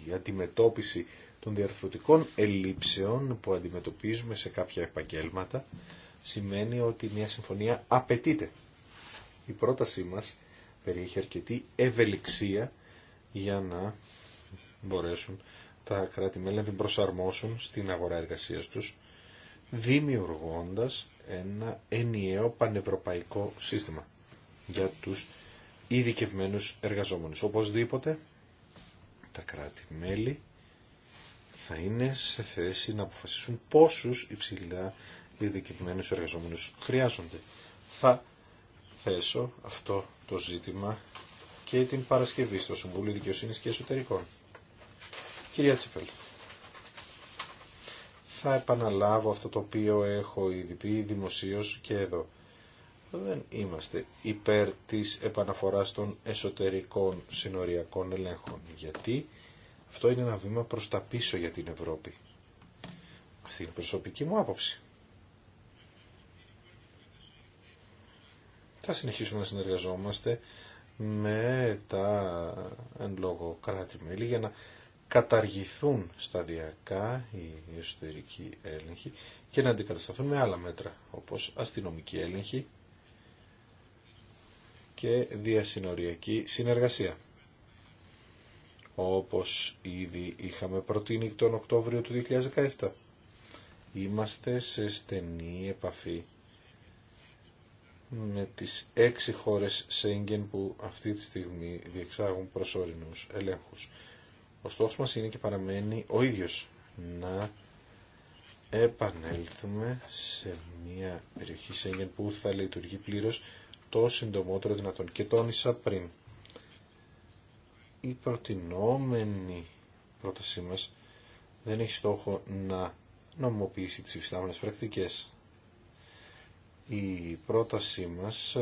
η αντιμετώπιση των διαρθρωτικών ελλείψεων που αντιμετωπίζουμε σε κάποια επαγγέλματα σημαίνει ότι μια συμφωνία απαιτείται. Η πρότασή μας περιέχει αρκετή ευελιξία για να μπορέσουν τα κράτη-μέλη να την προσαρμόσουν στην αγορά εργασίας τους, δημιουργώντας ένα ενιαίο πανευρωπαϊκό σύστημα για τους ειδικευμένους εργαζόμενους. Οπωσδήποτε τα κράτη-μέλη θα είναι σε θέση να αποφασίσουν πόσους υψηλά διδικημένους εργαζόμενους χρειάζονται. Θα θέσω αυτό το ζήτημα και την Παρασκευή στο Συμβούλιο Δικαιοσύνη και Εσωτερικών. Κυρία Τσίπελ, θα επαναλάβω αυτό το οποίο έχω ήδη πει δημοσίω και εδώ δεν είμαστε υπέρ της επαναφοράς των εσωτερικών συνοριακών ελέγχων, γιατί αυτό είναι ένα βήμα προς τα πίσω για την Ευρώπη. Αυτή είναι η προσωπική μου άποψη. Θα συνεχίσουμε να συνεργαζόμαστε με τα εν λόγω κράτη-μέλη για να καταργηθούν σταδιακά οι εσωτερικοί έλεγχοι και να αντικατασταθούν με άλλα μέτρα, όπως αστυνομική έλεγχη και διασυνοριακή συνεργασία. Όπως ήδη είχαμε προτείνει τον Οκτώβριο του 2017. Είμαστε σε στενή επαφή με τις έξι χώρες Σέγγεν που αυτή τη στιγμή διεξάγουν προσωρινούς ελέγχους. Ο στόχος μας είναι και παραμένει ο ίδιος να επανέλθουμε σε μια περιοχή Σέγγεν που θα λειτουργεί πλήρως το συντομότερο δυνατόν. Και τόνισα πριν, η προτινόμενη πρότασή μας δεν έχει στόχο να νομοποιήσει τις υφιστάμενες πρακτικές. Η πρότασή μας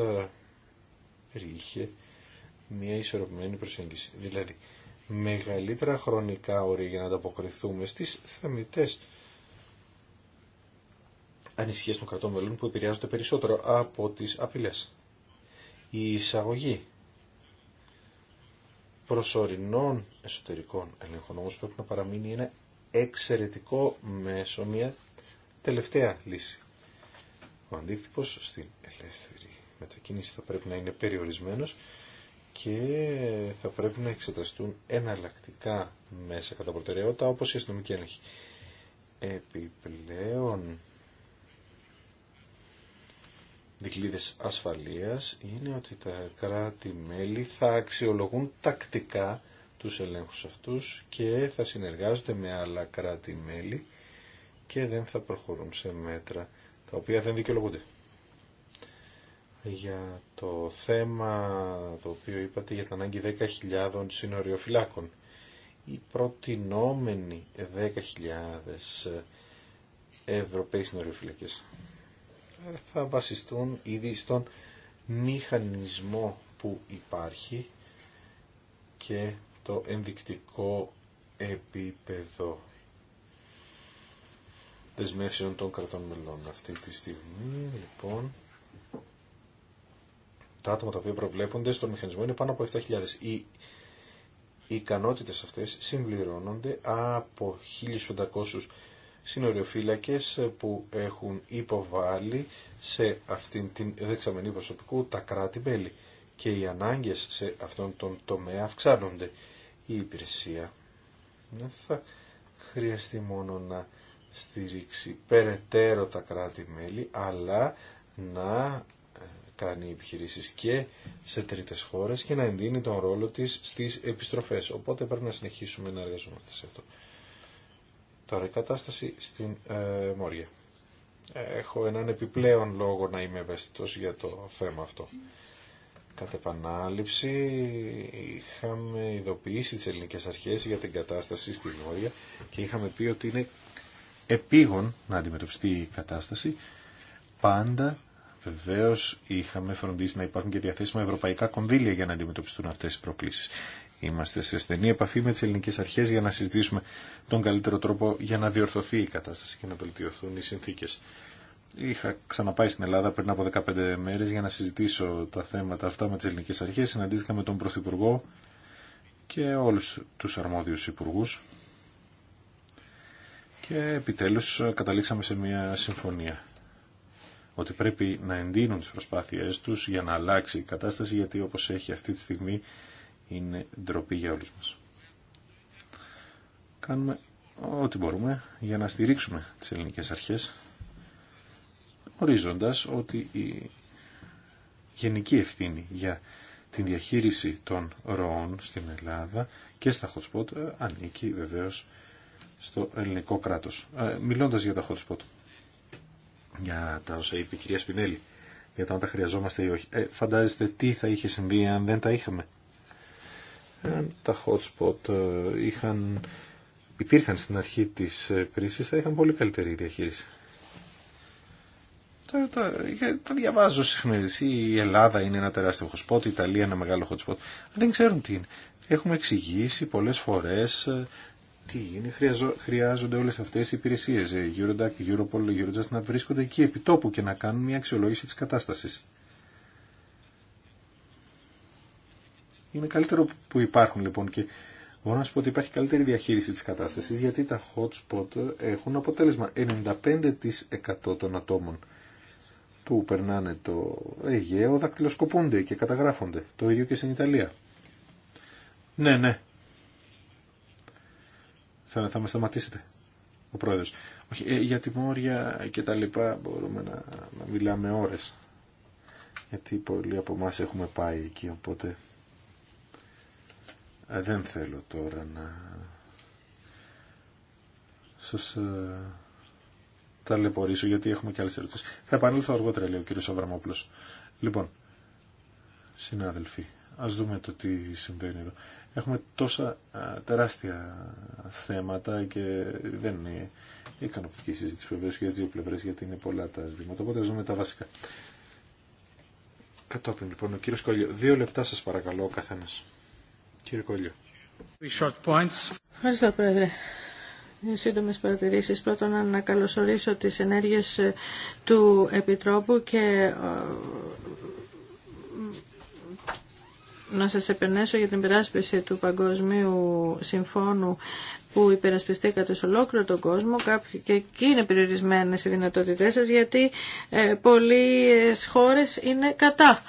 περιείχε μια ισορροπημένη προσέγγιση. Δηλαδή, μεγαλύτερα χρονικά όρια για να ανταποκριθούμε στις θεμητές ανησυχίες των κρατών μελών που επηρεάζονται περισσότερο από τις απειλές η εισαγωγή προσωρινών εσωτερικών ελέγχων όμως πρέπει να παραμείνει ένα εξαιρετικό μέσο, μια τελευταία λύση. Ο αντίκτυπος στην ελεύθερη μετακίνηση θα πρέπει να είναι περιορισμένος και θα πρέπει να εξεταστούν εναλλακτικά μέσα κατά προτεραιότητα όπως η αστυνομική έλεγχη. Επιπλέον δικλείδες ασφαλείας είναι ότι τα κράτη-μέλη θα αξιολογούν τακτικά τους ελέγχους αυτούς και θα συνεργάζονται με άλλα κράτη-μέλη και δεν θα προχωρούν σε μέτρα τα οποία δεν δικαιολογούνται. Για το θέμα το οποίο είπατε για την ανάγκη 10.000 συνοριοφυλάκων. Οι προτινόμενοι 10.000 Ευρωπαίοι συνοριοφυλακές θα βασιστούν ήδη στον μηχανισμό που υπάρχει και το ενδεικτικό επίπεδο δεσμεύσεων των κρατών μελών. Αυτή τη στιγμή, λοιπόν, τα άτομα τα οποία προβλέπονται στον μηχανισμό είναι πάνω από 7.000. Οι ικανότητες αυτές συμπληρώνονται από 1.500 συνοριοφύλακες που έχουν υποβάλει σε αυτήν την δεξαμενή προσωπικού τα κράτη-μέλη και οι ανάγκες σε αυτόν τον τομέα αυξάνονται. Η υπηρεσία θα χρειαστεί μόνο να στηρίξει περαιτέρω τα κράτη-μέλη αλλά να ε, κάνει επιχειρήσεις και σε τρίτες χώρες και να ενδύνει τον ρόλο της στις επιστροφές. Οπότε πρέπει να συνεχίσουμε να εργαζόμαστε σε αυτό. Τώρα η κατάσταση στην ε, Μόρια. Ε, έχω έναν επιπλέον λόγο να είμαι ευαίσθητος για το θέμα αυτό. Κατ' επανάληψη είχαμε ειδοποιήσει τις ελληνικές αρχές για την κατάσταση στη Μόρια και είχαμε πει ότι είναι επίγον να αντιμετωπιστεί η κατάσταση. Πάντα βεβαίως είχαμε φροντίσει να υπάρχουν και διαθέσιμα ευρωπαϊκά κονδύλια για να αντιμετωπιστούν αυτές οι προκλήσεις. Είμαστε σε στενή επαφή με τι ελληνικέ αρχέ για να συζητήσουμε τον καλύτερο τρόπο για να διορθωθεί η κατάσταση και να βελτιωθούν οι συνθήκε. Είχα ξαναπάει στην Ελλάδα πριν από 15 μέρε για να συζητήσω τα θέματα αυτά με τι ελληνικέ αρχέ, Συναντήθηκα με τον Πρωθυπουργό και όλου του αρμόδιους υπουργού. και επιτέλους καταλήξαμε σε μια συμφωνία ότι πρέπει να εντείνουν τις προσπάθειές τους για να αλλάξει η κατάσταση γιατί όπως έχει αυτή τη στιγμή είναι ντροπή για όλους μας. Κάνουμε ό,τι μπορούμε για να στηρίξουμε τις ελληνικές αρχές ορίζοντας ότι η γενική ευθύνη για την διαχείριση των ροών στην Ελλάδα και στα hotspot ε, ανήκει βεβαίως στο ελληνικό κράτος. Ε, μιλώντας για τα hotspot, για τα όσα είπε η κυρία Σπινέλη, για τα αν τα χρειαζόμαστε ή όχι. Ε, φαντάζεστε τι θα είχε συμβεί αν δεν τα είχαμε αν ε, τα hot spot ε, υπήρχαν στην αρχή της ε, κρίσης θα είχαν πολύ καλύτερη διαχείριση. Τα, διαβάζω συχνά Η Ελλάδα είναι ένα τεράστιο hot spot, η Ιταλία ένα μεγάλο hot spot. Δεν ξέρουν τι είναι. Έχουμε εξηγήσει πολλές φορές τι είναι. Χρειάζονται όλες αυτές οι υπηρεσίες. Eurodac, Europol, Eurojust να βρίσκονται εκεί τόπου και να κάνουν μια αξιολόγηση της κατάστασης. Είναι καλύτερο που υπάρχουν λοιπόν και μπορώ να σου πω ότι υπάρχει καλύτερη διαχείριση της κατάστασης γιατί τα hot spot έχουν αποτέλεσμα 95% των ατόμων που περνάνε το Αιγαίο δακτυλοσκοπούνται και καταγράφονται. Το ίδιο και στην Ιταλία. Ναι, ναι. Θα, θα με σταματήσετε, ο πρόεδρος. Όχι, ε, για και τα λοιπά μπορούμε να, να μιλάμε ώρες. Γιατί πολλοί από εμά έχουμε πάει εκεί, οπότε δεν θέλω τώρα να σας ε, ταλαιπωρήσω γιατί έχουμε και άλλες ερωτήσεις. Θα επανέλθω αργότερα λέει ο κύριος Αβραμόπουλος. Λοιπόν, συνάδελφοι, ας δούμε το τι συμβαίνει εδώ. Έχουμε τόσα τεράστια θέματα και δεν είναι ικανοποιητική συζήτηση βεβαίω και για τι δύο πλευρέ γιατί είναι πολλά τα ζητήματα. Οπότε ας δούμε τα βασικά. Κατόπιν λοιπόν ο κύριος Κολλιό, δύο λεπτά σας παρακαλώ ο καθένας. Κύριε Ευχαριστώ, Πρόεδρε. Δύο σύντομε παρατηρήσει. Πρώτον, να καλωσορίσω τι ενέργειε ε, του Επιτρόπου και ε, να σας επενέσω για την περάσπιση του Παγκοσμίου Συμφώνου που υπερασπιστήκατε σε ολόκληρο τον κόσμο και εκεί είναι περιορισμένες οι δυνατότητές σας γιατί πολλέ ε, πολλές χώρες είναι κατά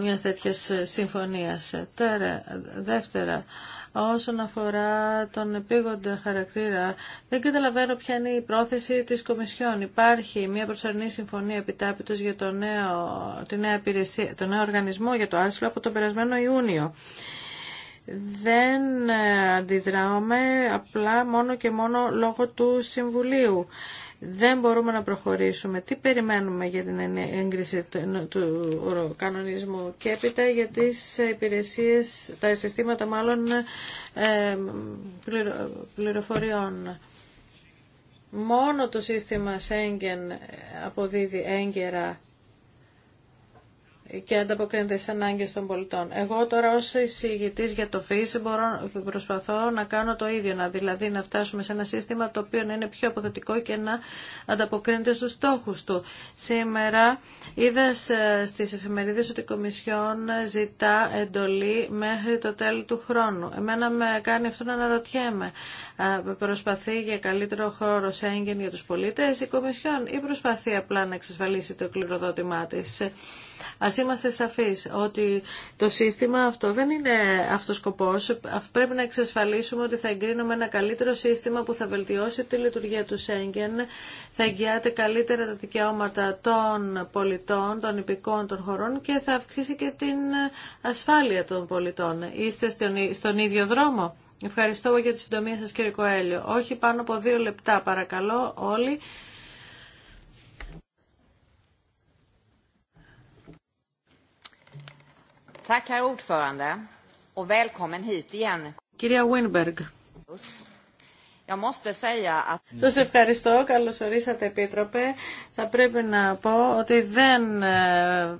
μια τέτοια ε, συμφωνία. Ε, τώρα, δεύτερα, όσον αφορά τον επίγοντα χαρακτήρα, δεν καταλαβαίνω ποια είναι η πρόθεση της Κομισιόν. Υπάρχει μια προσωρινή συμφωνία επιτάπητος για το νέο, τη νέα υπηρεσία, το νέο οργανισμό για το άσυλο από τον περασμένο Ιούνιο. Δεν ε, αντιδράουμε απλά μόνο και μόνο λόγω του Συμβουλίου δεν μπορούμε να προχωρήσουμε. Τι περιμένουμε για την έγκριση του κανονισμού και έπειτα για τις υπηρεσίες, τα συστήματα μάλλον πληροφοριών. Μόνο το σύστημα Σέγγεν αποδίδει έγκαιρα και ανταποκρίνεται στις ανάγκε των πολιτών. Εγώ τώρα ως εισηγητής για το ΦΙΣ μπορώ, προσπαθώ να κάνω το ίδιο, να, δηλαδή να φτάσουμε σε ένα σύστημα το οποίο να είναι πιο αποδοτικό και να ανταποκρίνεται στους στόχους του. Σήμερα είδα ε, στις εφημερίδες ότι η Κομισιόν ζητά εντολή μέχρι το τέλος του χρόνου. Εμένα με κάνει αυτό να αναρωτιέμαι. Προσπαθεί για καλύτερο χώρο έγκαιν για τους πολίτες η Κομισιόν ή προσπαθεί απλά να εξασφαλίσει το κληροδότημά της είμαστε σαφείς ότι το σύστημα αυτό δεν είναι αυτός σκοπός. Πρέπει να εξασφαλίσουμε ότι θα εγκρίνουμε ένα καλύτερο σύστημα που θα βελτιώσει τη λειτουργία του Σέγγεν, θα εγγυάται καλύτερα τα δικαιώματα των πολιτών, των υπηκών των χωρών και θα αυξήσει και την ασφάλεια των πολιτών. Είστε στον ίδιο δρόμο. Ευχαριστώ για τη συντομία σας κύριε Κοέλιο. Όχι πάνω από δύο λεπτά παρακαλώ όλοι. Κυρία Σας ευχαριστώ. Καλώς ορίσατε, Επίτροπε. Θα πρέπει να πω ότι δεν ε,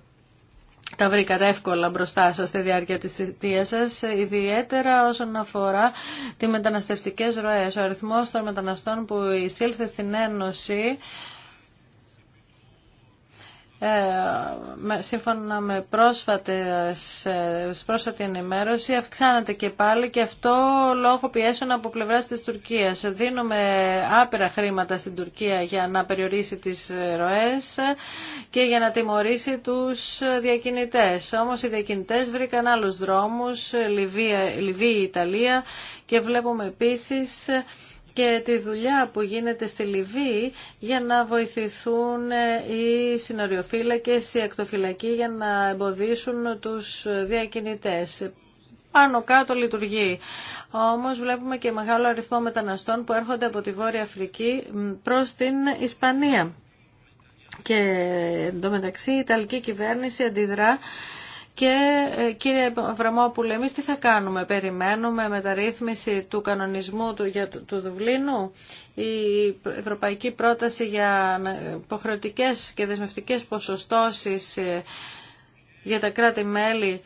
τα βρήκατε εύκολα μπροστά σας στη διάρκεια της θητείας σας, ιδιαίτερα όσον αφορά τι μεταναστευτικές ροές. Ο αριθμός των μεταναστών που εισήλθε στην Ένωση ε, σύμφωνα με πρόσφατες, ε, πρόσφατη ενημέρωση αυξάνεται και πάλι και αυτό λόγω πιέσεων από πλευράς της Τουρκίας. Δίνουμε άπειρα χρήματα στην Τουρκία για να περιορίσει τις ροές και για να τιμωρήσει τους διακινητές. Όμως οι διακινητές βρήκαν άλλους δρόμους, Λιβύη, Λιβύη Ιταλία και βλέπουμε επίσης και τη δουλειά που γίνεται στη Λιβύη για να βοηθηθούν οι συνοριοφύλακες, οι ακτοφυλακοί για να εμποδίσουν τους διακινητές πάνω κάτω λειτουργεί. Όμως βλέπουμε και μεγάλο αριθμό μεταναστών που έρχονται από τη Βόρεια Αφρική προς την Ισπανία. Και εντωμεταξύ η Ιταλική κυβέρνηση αντιδρά και ε, κύριε Βραμόπουλε, εμείς τι θα κάνουμε, περιμένουμε μεταρρύθμιση του κανονισμού του, για, του Δουβλίνου, η ευρωπαϊκή πρόταση για υποχρεωτικές και δεσμευτικές ποσοστώσεις ε, για τα κράτη-μέλη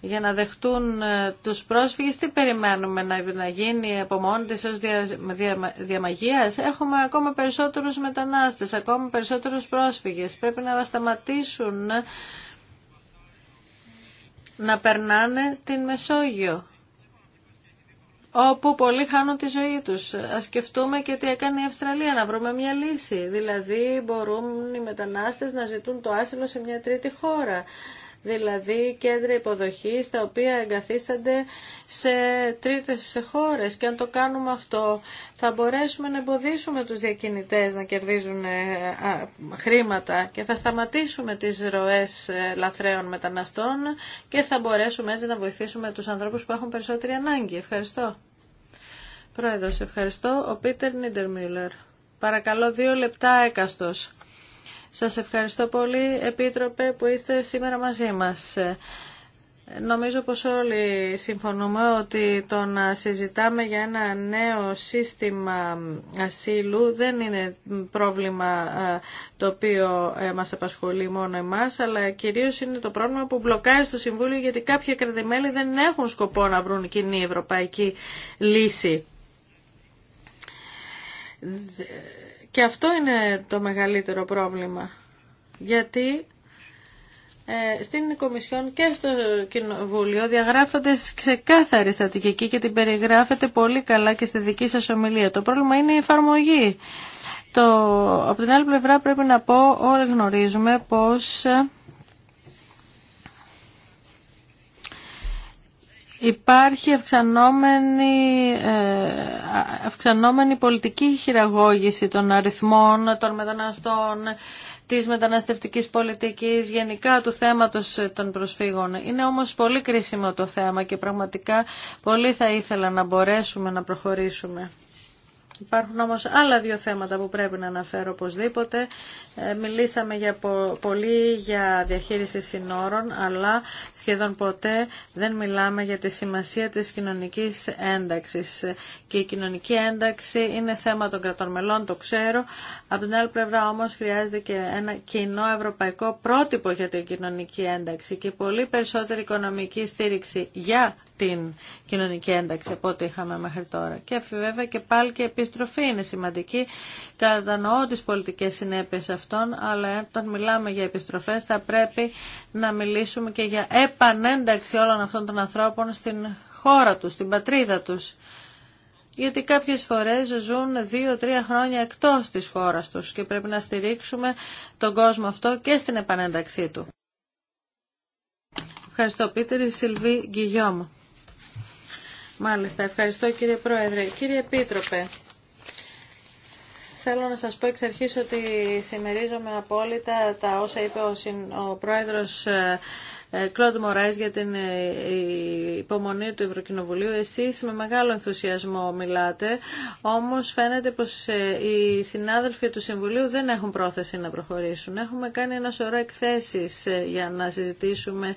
για να δεχτούν ε, τους πρόσφυγες, τι περιμένουμε να γίνει από μόνη της ως διαμαγείας. Έχουμε ακόμα περισσότερους μετανάστες, ακόμα περισσότερους πρόσφυγες. Πρέπει να σταματήσουν να περνάνε την Μεσόγειο όπου πολλοί χάνουν τη ζωή τους. Α σκεφτούμε και τι έκανε η Αυστραλία, να βρούμε μια λύση. Δηλαδή μπορούν οι μετανάστες να ζητούν το άσυλο σε μια τρίτη χώρα δηλαδή κέντρα υποδοχής τα οποία εγκαθίστανται σε τρίτες χώρες και αν το κάνουμε αυτό θα μπορέσουμε να εμποδίσουμε τους διακινητές να κερδίζουν ε, χρήματα και θα σταματήσουμε τις ροές ε, λαθρέων μεταναστών και θα μπορέσουμε έτσι να βοηθήσουμε τους ανθρώπους που έχουν περισσότερη ανάγκη. Ευχαριστώ. Πρόεδρος, ευχαριστώ. Ο Πίτερ Νίτερμιλλερ. Παρακαλώ δύο λεπτά έκαστος. Σας ευχαριστώ πολύ, Επίτροπε, που είστε σήμερα μαζί μας. Νομίζω πως όλοι συμφωνούμε ότι το να συζητάμε για ένα νέο σύστημα ασύλου δεν είναι πρόβλημα το οποίο ε, μας απασχολεί μόνο εμάς, αλλά κυρίως είναι το πρόβλημα που μπλοκάρει στο Συμβούλιο γιατί κάποια κρατημέλη δεν έχουν σκοπό να βρουν κοινή ευρωπαϊκή λύση και αυτό είναι το μεγαλύτερο πρόβλημα. Γιατί ε, στην Κομισιόν και στο Κοινοβούλιο διαγράφονται ξεκάθαρη στρατηγική και την περιγράφεται πολύ καλά και στη δική σας ομιλία. Το πρόβλημα είναι η εφαρμογή. Το, από την άλλη πλευρά πρέπει να πω, όλοι γνωρίζουμε πως... Ε, υπάρχει αυξανόμενη, ε, αυξανόμενη πολιτική χειραγώγηση των αριθμών των μεταναστών, της μεταναστευτικής πολιτικής, γενικά του θέματος ε, των προσφύγων. Είναι όμως πολύ κρίσιμο το θέμα και πραγματικά πολύ θα ήθελα να μπορέσουμε να προχωρήσουμε. Υπάρχουν όμως άλλα δύο θέματα που πρέπει να αναφέρω οπωσδήποτε. Ε, μιλήσαμε για πολύ για διαχείριση συνόρων, αλλά σχεδόν ποτέ δεν μιλάμε για τη σημασία της κοινωνικής ένταξης. Και η κοινωνική ένταξη είναι θέμα των κρατών μελών, το ξέρω. Από την άλλη πλευρά όμως χρειάζεται και ένα κοινό ευρωπαϊκό πρότυπο για την κοινωνική ένταξη και πολύ περισσότερη οικονομική στήριξη για την κοινωνική ένταξη από ό,τι είχαμε μέχρι τώρα. Και βέβαια και πάλι και επιστροφή είναι σημαντική. Κατανοώ τι πολιτικέ συνέπειε αυτών, αλλά όταν μιλάμε για επιστροφέ θα πρέπει να μιλήσουμε και για επανένταξη όλων αυτών των ανθρώπων στην χώρα τους, στην πατρίδα τους. Γιατί κάποιες φορές ζουν δύο-τρία χρόνια εκτός της χώρας τους και πρέπει να στηρίξουμε τον κόσμο αυτό και στην επανένταξή του. Ευχαριστώ Πίτερ, Σιλβί Γκυγιώμα. Μάλιστα, ευχαριστώ κύριε Πρόεδρε. Κύριε Επίτροπε, θέλω να σας πω εξ αρχής ότι συμμερίζομαι απόλυτα τα όσα είπε ο, συν, ο Πρόεδρος ε, ε, Κλόντ Μωράης για την ε, υπομονή του Ευρωκοινοβουλίου. Εσείς με μεγάλο ενθουσιασμό μιλάτε, όμως φαίνεται πως οι συνάδελφοι του Συμβουλίου δεν έχουν πρόθεση να προχωρήσουν. Έχουμε κάνει ένα σωρό εκθέσεις για να συζητήσουμε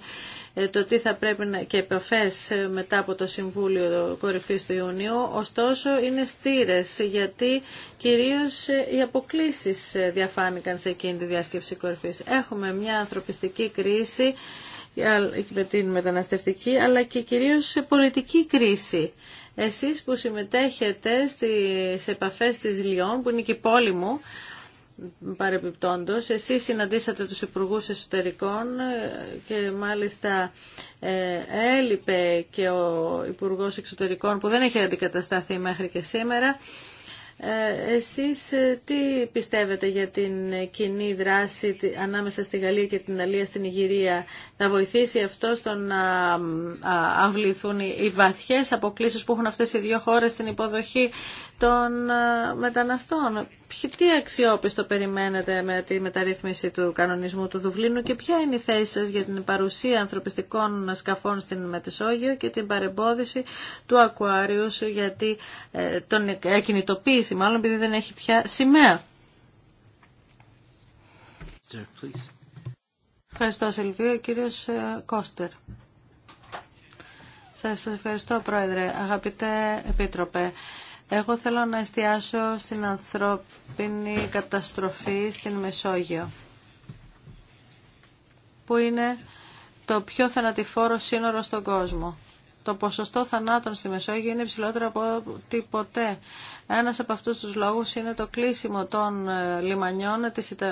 ε, το τι θα πρέπει να, και επαφέ ε, μετά από το Συμβούλιο Κορυφής του Ιουνίου. Ωστόσο είναι στήρες γιατί κυρίως ε, οι αποκλήσει διαφάνηκαν σε εκείνη τη διάσκεψη κορυφής. Έχουμε μια ανθρωπιστική κρίση με την μεταναστευτική αλλά και κυρίως πολιτική κρίση. Εσείς που συμμετέχετε στις επαφές της Λιών που είναι και η πόλη μου παρεμπιπτόντος. Εσείς συναντήσατε τους Υπουργούς Εσωτερικών ε, και μάλιστα ε, έλειπε και ο Υπουργός Εξωτερικών που δεν έχει αντικατασταθεί μέχρι και σήμερα. Ε, εσείς τι πιστεύετε για την κοινή δράση ανάμεσα στη Γαλλία και την Αλία στην Ιγυρία. Θα βοηθήσει αυτό στο να αυληθούν οι βαθιές αποκλήσεις που έχουν αυτές οι δύο χώρες στην υποδοχή των ε, μεταναστών. Τι αξιόπιστο περιμένετε με τη μεταρρύθμιση του κανονισμού του Δουβλίνου και ποια είναι η θέση σας για την παρουσία ανθρωπιστικών σκαφών στην Μετεσόγειο και την παρεμπόδιση του σου, γιατί ε, τον ακινητοποίηση μάλλον επειδή δεν έχει πια σημαία. Please. Ευχαριστώ Σελβίο. Κύριος ε, Κώστερ. Σας ευχαριστώ Πρόεδρε. Αγαπητέ Επίτροπε. Εγώ θέλω να εστιάσω στην ανθρώπινη καταστροφή στην Μεσόγειο, που είναι το πιο θανατηφόρο σύνορο στον κόσμο το ποσοστό θανάτων στη Μεσόγειο είναι υψηλότερο από ό,τι ποτέ. Ένας από αυτούς τους λόγους είναι το κλείσιμο των ε, λιμανιών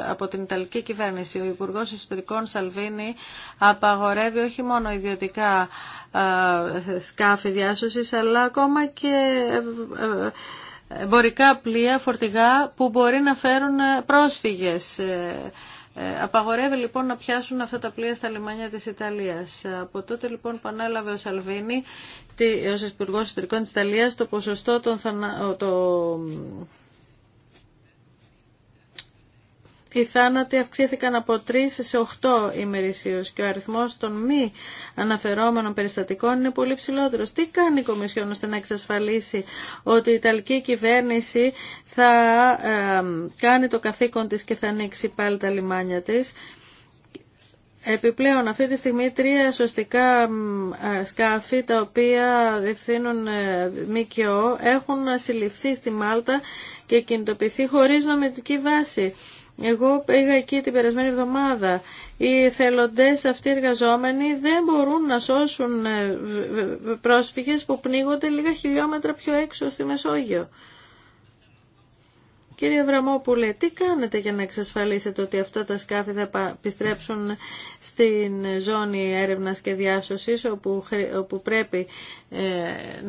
από την Ιταλική κυβέρνηση. Ο Υπουργός Ιστορικών Σαλβίνη απαγορεύει όχι μόνο ιδιωτικά ε, σκάφη διάσωσης, αλλά ακόμα και ε, εμπορικά πλοία, φορτηγά που μπορεί να φέρουν πρόσφυγες. Ε, απαγορεύει λοιπόν να πιάσουν αυτά τα πλοία στα λιμάνια της Ιταλίας. Από τότε λοιπόν που ο Σαλβίνη ως Υπουργός Ιστορικών της Ιταλίας το ποσοστό των θανα... το... Οι θάνατοι αυξήθηκαν από 3 σε 8 ημερησίως και ο αριθμός των μη αναφερόμενων περιστατικών είναι πολύ ψηλότερο. Τι κάνει η Κομισιόν ώστε να εξασφαλίσει ότι η Ιταλική κυβέρνηση θα κάνει το καθήκον της και θα ανοίξει πάλι τα λιμάνια της. Επιπλέον, αυτή τη στιγμή τρία σωστικά ε, σκάφη, τα οποία διευθύνουν ε, ΜΚΟ, έχουν συλληφθεί στη Μάλτα και κινητοποιηθεί χωρίς νομιτική βάση. Εγώ πήγα εκεί την περασμένη εβδομάδα. Οι θελοντές αυτοί εργαζόμενοι δεν μπορούν να σώσουν ε, πρόσφυγες που πνίγονται λίγα χιλιόμετρα πιο έξω στη Μεσόγειο. Κύριε Βραμόπουλε, τι κάνετε για να εξασφαλίσετε ότι αυτά τα σκάφη θα επιστρέψουν στην ζώνη έρευνας και διάσωσης όπου, όπου πρέπει ε,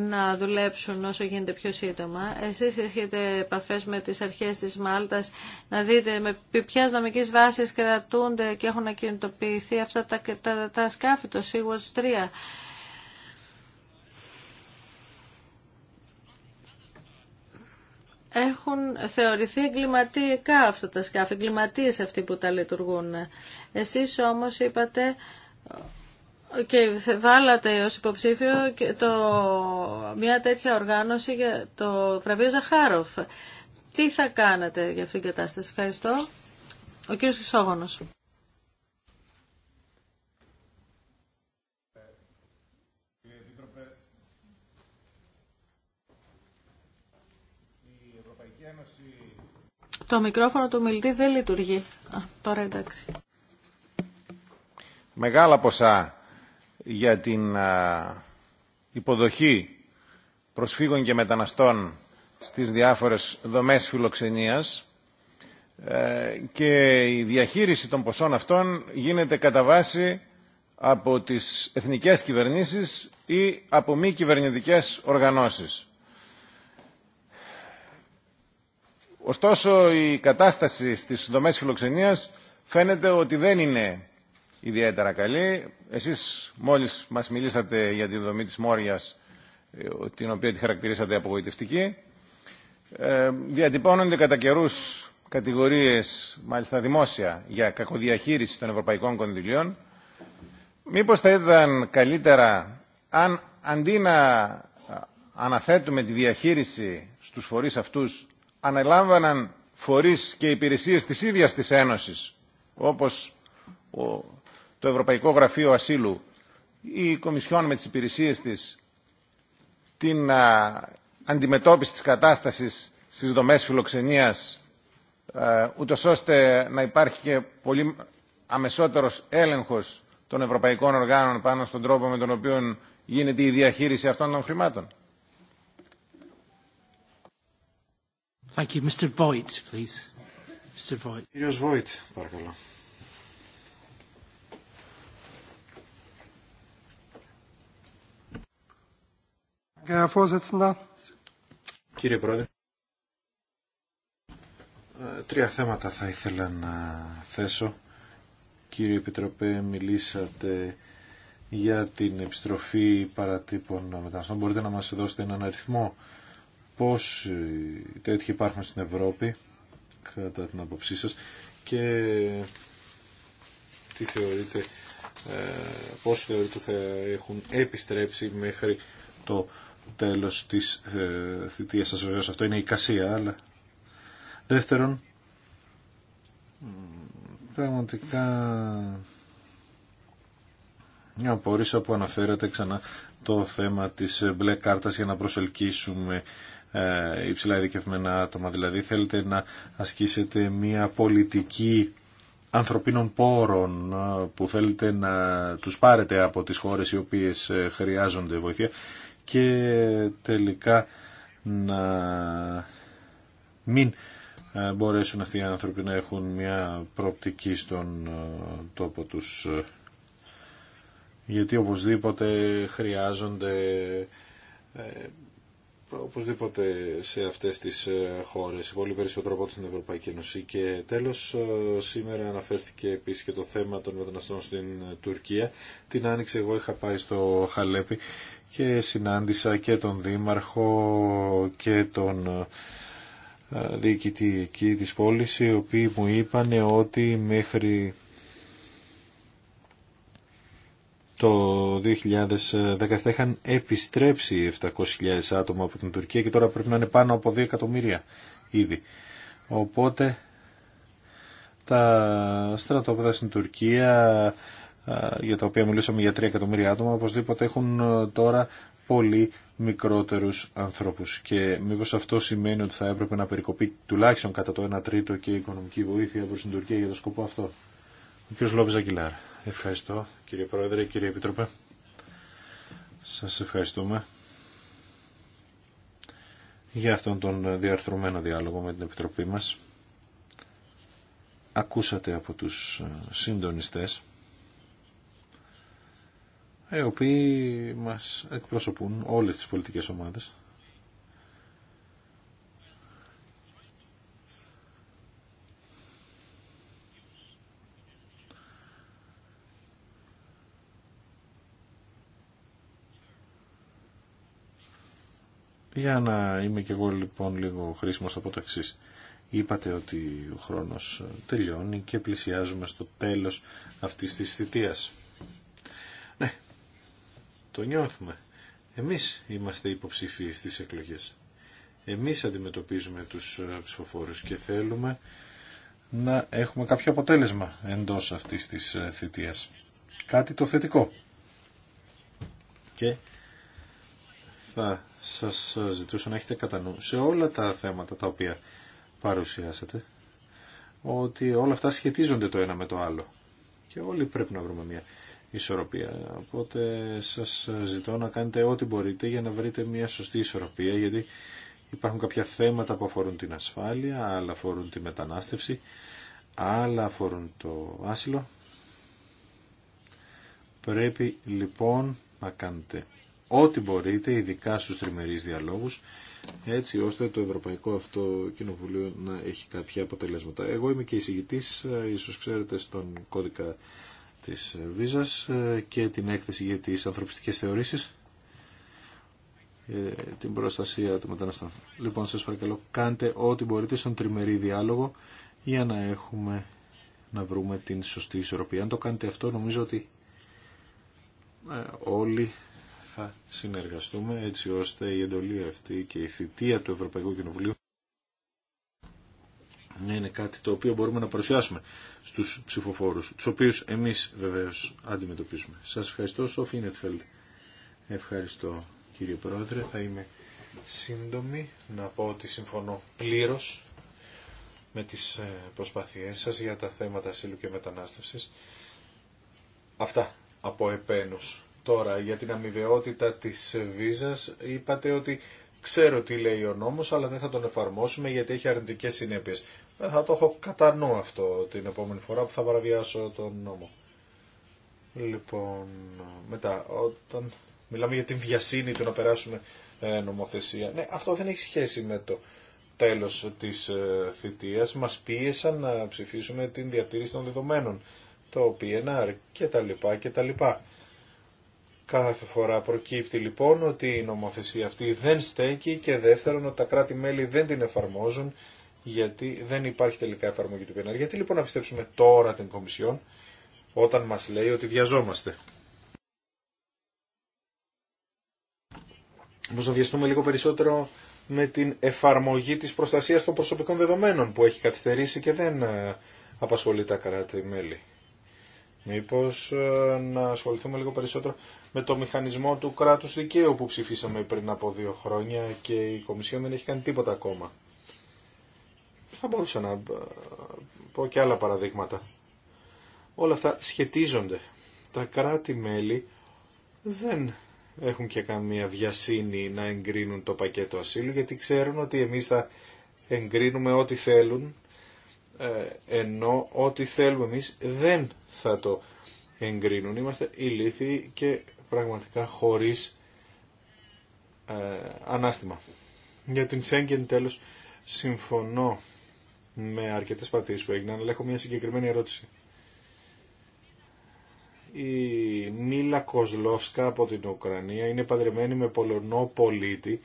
να δουλέψουν όσο γίνεται πιο σύντομα. Εσείς έχετε επαφές με τις αρχές της Μάλτας να δείτε με ποιες νομικές βάσεις κρατούνται και έχουν ακινητοποιηθεί αυτά τα, τα, σκάφη, το sea 3. έχουν θεωρηθεί εγκληματικά αυτά τα σκάφη, εγκληματίες αυτοί που τα λειτουργούν. Εσείς όμως είπατε και βάλατε ως υποψήφιο το, μια τέτοια οργάνωση για το βραβείο Ζαχάροφ. Τι θα κάνετε για αυτήν την κατάσταση. Ευχαριστώ. Ο κύριος Χρυσόγονος. Το μικρόφωνο του μιλτή δεν λειτουργεί. Α, τώρα εντάξει. Μεγάλα ποσά για την υποδοχή προσφύγων και μεταναστών στις διάφορες δομές φιλοξενίας ε, και η διαχείριση των ποσών αυτών γίνεται κατά βάση από τις εθνικές κυβερνήσεις ή από μη κυβερνητικές οργανώσεις. Ωστόσο, η κατάσταση στις δομές φιλοξενίας φαίνεται ότι δεν είναι ιδιαίτερα καλή. Εσείς μόλις μας μιλήσατε για τη δομή της Μόριας, ε, την οποία τη χαρακτηρίσατε απογοητευτική. Ε, διατυπώνονται κατά καιρού κατηγορίες, μάλιστα δημόσια, για κακοδιαχείριση των ευρωπαϊκών κονδυλίων. Μήπως θα ήταν καλύτερα αν αντί να ε, αναθέτουμε τη διαχείριση στους φορείς αυτούς Αναλάμβαναν φορείς και υπηρεσίες της ίδιας της Ένωσης, όπως το Ευρωπαϊκό Γραφείο Ασύλου ή η Κομισιόν με τις υπηρεσίες της, την αντιμετώπιση της κατάστασης στις δομές φιλοξενίας, ούτως ώστε να υπάρχει και πολύ αμεσότερος έλεγχος των ευρωπαϊκών οργάνων πάνω στον τρόπο με τον οποίο γίνεται η διαχείριση αυτών των χρημάτων. Κύριε Πρόεδρε, ε, τρία θέματα θα ήθελα να θέσω. Κύριε Επιτροπέ, μιλήσατε για την επιστροφή παρατύπων μεταναστών. Μπορείτε να μας δώσετε έναν αριθμό πώς τέτοιοι υπάρχουν στην Ευρώπη κατά την αποψή σας και τι θεωρείτε, ε, πώς θεωρείτε θα έχουν επιστρέψει μέχρι το τέλος της ε, θητείας σας βεβαίως αυτό είναι η κασία αλλά δεύτερον πραγματικά μια απορρίσα που αναφέρατε ξανά το θέμα της μπλε κάρτας για να προσελκύσουμε ε, υψηλά ειδικευμένα άτομα. Δηλαδή θέλετε να ασκήσετε μια πολιτική ανθρωπίνων πόρων ε, που θέλετε να τους πάρετε από τις χώρες οι οποίες ε, χρειάζονται βοήθεια και τελικά να μην μπορέσουν αυτοί οι άνθρωποι να έχουν μια προοπτική στον τόπο τους γιατί οπωσδήποτε χρειάζονται οπωσδήποτε σε αυτές τις ε, χώρες, πολύ περισσότερο από στην Ευρωπαϊκή Ένωση. Και τέλος, ε, σήμερα αναφέρθηκε επίσης και το θέμα των μεταναστών στην ε, Τουρκία. Την άνοιξε εγώ είχα πάει στο Χαλέπι και συνάντησα και τον Δήμαρχο και τον διοικητή εκεί της πόλης, οι οποίοι μου είπαν ότι μέχρι το 2017 είχαν επιστρέψει 700.000 άτομα από την Τουρκία και τώρα πρέπει να είναι πάνω από 2 εκατομμύρια ήδη. Οπότε τα στρατόπεδα στην Τουρκία για τα οποία μιλούσαμε για 3 εκατομμύρια άτομα οπωσδήποτε έχουν τώρα πολύ μικρότερους ανθρώπους και μήπως αυτό σημαίνει ότι θα έπρεπε να περικοπεί τουλάχιστον κατά το 1 τρίτο και η οικονομική βοήθεια προς την Τουρκία για το σκοπό αυτό. Ο κ. Λόπης Αγγιλάρα. Ευχαριστώ κύριε Πρόεδρε, κύριε Επίτροπε. Σας ευχαριστούμε για αυτόν τον διαρθρωμένο διάλογο με την Επιτροπή μας. Ακούσατε από τους συντονιστές οι οποίοι μας εκπροσωπούν όλες τις πολιτικές ομάδες Για να είμαι κι εγώ λοιπόν λίγο χρήσιμο από το εξή. Είπατε ότι ο χρόνος ε, τελειώνει και πλησιάζουμε στο τέλος αυτής της θητείας. Ναι, το νιώθουμε. Εμείς είμαστε υποψήφιοι στις εκλογές. Εμείς αντιμετωπίζουμε τους ε, ψηφοφόρου και θέλουμε να έχουμε κάποιο αποτέλεσμα εντός αυτής της ε, θητείας. Κάτι το θετικό. Και θα σας ζητούσα να έχετε κατά νου σε όλα τα θέματα τα οποία παρουσιάσατε ότι όλα αυτά σχετίζονται το ένα με το άλλο και όλοι πρέπει να βρούμε μια ισορροπία. Οπότε σας ζητώ να κάνετε ό,τι μπορείτε για να βρείτε μια σωστή ισορροπία γιατί υπάρχουν κάποια θέματα που αφορούν την ασφάλεια, άλλα αφορούν τη μετανάστευση, άλλα αφορούν το άσυλο. Πρέπει λοιπόν να κάνετε ό,τι μπορείτε, ειδικά στους τριμερείς διαλόγους, έτσι ώστε το Ευρωπαϊκό αυτό Κοινοβουλίο να έχει κάποια αποτελέσματα. Εγώ είμαι και εισηγητής, ίσως ξέρετε, στον κώδικα της Βίζας ε, και την έκθεση για τις ανθρωπιστικές θεωρήσεις ε, την προστασία του μεταναστών. Λοιπόν, σας παρακαλώ, κάντε ό,τι μπορείτε στον τριμερή διάλογο για να έχουμε να βρούμε την σωστή ισορροπία. Αν το κάνετε αυτό, νομίζω ότι ε, όλοι θα συνεργαστούμε έτσι ώστε η εντολή αυτή και η θητεία του Ευρωπαϊκού Κοινοβουλίου να είναι κάτι το οποίο μπορούμε να παρουσιάσουμε στους ψηφοφόρους, τους οποίους εμείς βεβαίως αντιμετωπίζουμε. Σας ευχαριστώ, Σόφι Νετφέλντ. Ευχαριστώ, κύριε Πρόεδρε. Θα είμαι σύντομη να πω ότι συμφωνώ πλήρως με τις ε, προσπάθειές σας για τα θέματα ασύλου και μετανάστευσης. Αυτά από επένους Τώρα, για την αμοιβαιότητα της βίζας είπατε ότι ξέρω τι λέει ο νόμος, αλλά δεν θα τον εφαρμόσουμε γιατί έχει αρνητικές συνέπειες. Ε, θα το έχω κατά νου αυτό την επόμενη φορά που θα παραβιάσω τον νόμο. Λοιπόν, μετά, όταν μιλάμε για την βιασύνη του να περάσουμε ε, νομοθεσία. Ναι, αυτό δεν έχει σχέση με το τέλος της ε, θητείας. Μας πίεσαν να ψηφίσουμε την διατήρηση των δεδομένων, το PNR και τα λοιπά και τα λοιπά. Κάθε φορά προκύπτει λοιπόν ότι η νομοθεσία αυτή δεν στέκει και δεύτερον ότι τα κράτη-μέλη δεν την εφαρμόζουν γιατί δεν υπάρχει τελικά εφαρμογή του πινάρ. Γιατί λοιπόν να πιστέψουμε τώρα την Κομισιόν όταν μας λέει ότι βιαζόμαστε. Μπορούμε να βιαστούμε λίγο περισσότερο με την εφαρμογή της προστασίας των προσωπικών δεδομένων που έχει καθυστερήσει και δεν ε, απασχολεί τα κράτη-μέλη. Μήπως ε, να ασχοληθούμε λίγο περισσότερο με το μηχανισμό του κράτους δικαίου που ψηφίσαμε πριν από δύο χρόνια και η Κομισιόν δεν έχει κάνει τίποτα ακόμα. Θα μπορούσα να ε, πω και άλλα παραδείγματα. Όλα αυτά σχετίζονται. Τα κράτη-μέλη δεν έχουν και καμία βιασύνη να εγκρίνουν το πακέτο ασύλου γιατί ξέρουν ότι εμείς θα εγκρίνουμε ό,τι θέλουν ε, ενώ ό,τι θέλουμε εμείς δεν θα το εγκρίνουν. Είμαστε ηλίθιοι και πραγματικά χωρίς ε, ανάστημα. Για την Σέγγεν τέλος συμφωνώ με αρκετές πατήσεις που έγιναν, αλλά έχω μια συγκεκριμένη ερώτηση. Η Μίλα Κοσλόφσκα από την Ουκρανία είναι παντρεμένη με Πολωνό πολίτη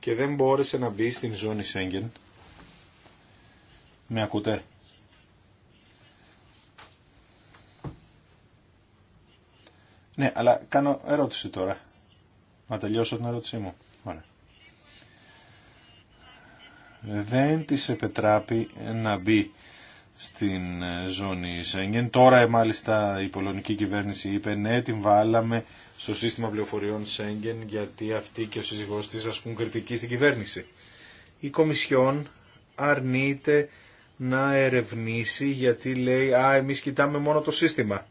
και δεν μπόρεσε να μπει στην ζώνη Σέγγεν με ακούτε. Ναι, αλλά κάνω ερώτηση τώρα. Να τελειώσω την ερώτησή μου. Ωραία. Δεν της επετράπει να μπει στην ε, ζώνη Σέγγεν. Τώρα ε, μάλιστα η πολωνική κυβέρνηση είπε ναι την βάλαμε στο σύστημα πληροφοριών Σέγγεν γιατί αυτή και ο σύζυγός της ασκούν κριτική στην κυβέρνηση. Η Κομισιόν αρνείται να ερευνήσει γιατί λέει «Α, εμείς κοιτάμε μόνο το σύστημα».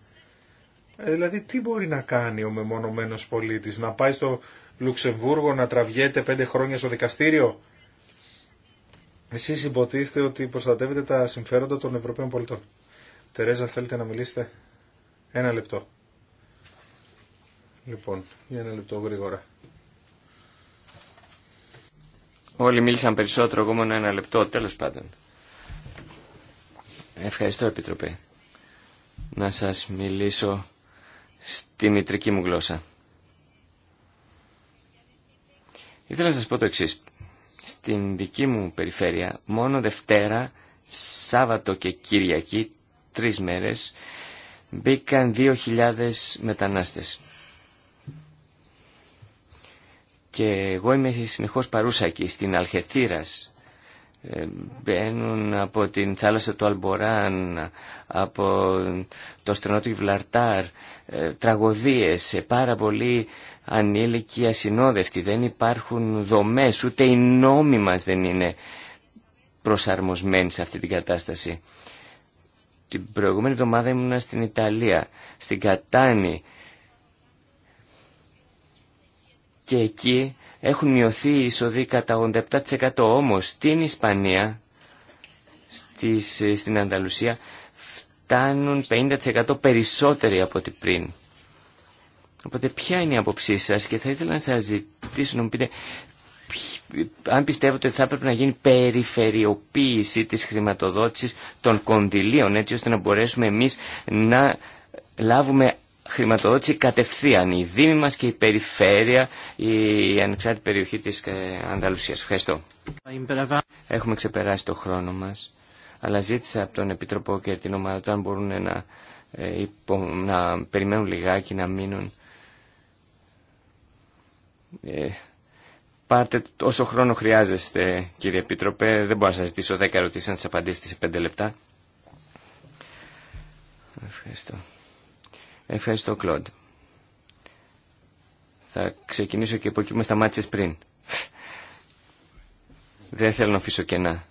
Ε, δηλαδή τι μπορεί να κάνει ο μεμονωμένος πολίτης, να πάει στο Λουξεμβούργο να τραβιέται πέντε χρόνια στο δικαστήριο. Εσείς υποτίθετε ότι προστατεύετε τα συμφέροντα των Ευρωπαίων πολιτών. Τερέζα θέλετε να μιλήσετε. Ένα λεπτό. Λοιπόν, για ένα λεπτό γρήγορα. Όλοι μίλησαν περισσότερο, εγώ μόνο ένα λεπτό, τέλος πάντων. Ευχαριστώ, Επιτροπή. Να σας μιλήσω στη μητρική μου γλώσσα. Ήθελα να σας πω το εξής. Στην δική μου περιφέρεια, μόνο Δευτέρα, Σάββατο και Κυριακή, τρεις μέρες, μπήκαν 2.000 μετανάστες. Και εγώ είμαι συνεχώς παρούσα εκεί, στην Αλχεθήρας, ε, μπαίνουν από την θάλασσα του Αλμποράν, από το στενό του Ιβλαρτάρ, ε, τραγωδίες, ε, πάρα πολύ ανήλικοι ασυνόδευτοι, δεν υπάρχουν δομές, ούτε οι νόμοι μας δεν είναι προσαρμοσμένοι σε αυτή την κατάσταση. Την προηγούμενη εβδομάδα ήμουνα στην Ιταλία, στην Κατάνη και εκεί έχουν μειωθεί οι εισοδοί κατά 87% όμως στην Ισπανία, στις, στην Ανταλουσία φτάνουν 50% περισσότεροι από ό,τι πριν. Οπότε ποια είναι η άποψή σας και θα ήθελα να σας ζητήσω να μου πείτε αν πιστεύετε ότι θα πρέπει να γίνει περιφερειοποίηση της χρηματοδότησης των κονδυλίων έτσι ώστε να μπορέσουμε εμείς να λάβουμε χρηματοδότηση κατευθείαν η Δήμη μας και η Περιφέρεια, η ανεξάρτητη περιοχή της ε, Ανταλουσίας. Ευχαριστώ. Έχουμε ξεπεράσει το χρόνο μας, αλλά ζήτησα από τον Επιτροπό και την ομάδα του αν μπορούν ε, να, περιμένουν λιγάκι, να μείνουν. Ε, πάρτε όσο χρόνο χρειάζεστε κύριε Επίτροπε. Δεν μπορώ να σας ζητήσω 10 ερωτήσεις να τις απαντήσετε σε 5 λεπτά. Ευχαριστώ. Ευχαριστώ, Κλοντ. Θα ξεκινήσω και από εκεί που με σταμάτησες πριν. Δεν θέλω να αφήσω κενά.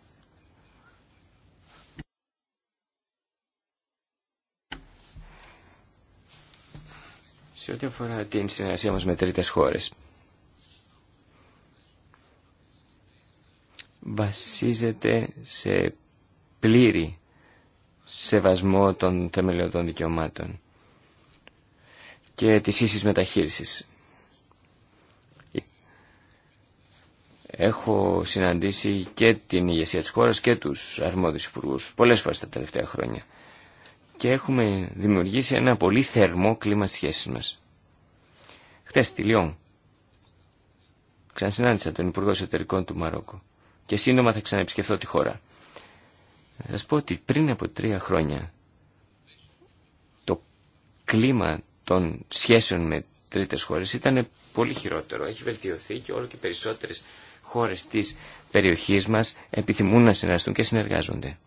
Σε ό,τι αφορά την συνεργασία μας με τρίτες χώρες, βασίζεται σε πλήρη σεβασμό των θεμελιωδών δικαιωμάτων και της ίσης μεταχείρισης. Έχω συναντήσει και την ηγεσία της χώρας και τους αρμόδιους υπουργούς πολλές φορές τα τελευταία χρόνια και έχουμε δημιουργήσει ένα πολύ θερμό κλίμα σχέσεις μας. Χθες στη Λιόν ξανασυνάντησα τον Υπουργό Εσωτερικών του Μαρόκο και σύντομα θα ξαναεπισκεφθώ τη χώρα. Θα σας πω ότι πριν από τρία χρόνια το κλίμα των σχέσεων με τρίτες χώρες ήταν πολύ χειρότερο. Έχει βελτιωθεί και όλο και περισσότερες χώρες της περιοχής μας επιθυμούν να συνεργαστούν και συνεργάζονται.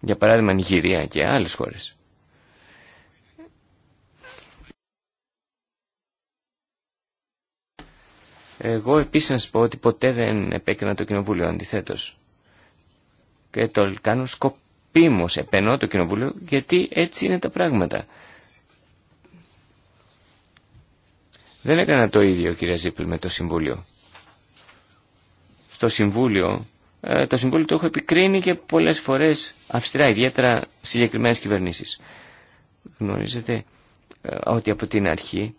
Για παράδειγμα Νιγηρία και άλλες χώρες. Εγώ επίσης να σας πω ότι ποτέ δεν επέκρινα το κοινοβούλιο, αντιθέτως. Και το κάνω σκοπό επίμως επενώ το Κοινοβούλιο γιατί έτσι είναι τα πράγματα. Δεν έκανα το ίδιο κυρία Ζήπλ με το Συμβούλιο. Στο Συμβούλιο, ε, το Συμβούλιο το έχω επικρίνει και πολλές φορές αυστηρά, ιδιαίτερα συγκεκριμένε κυβερνήσεις. Γνωρίζετε ε, ότι από την αρχή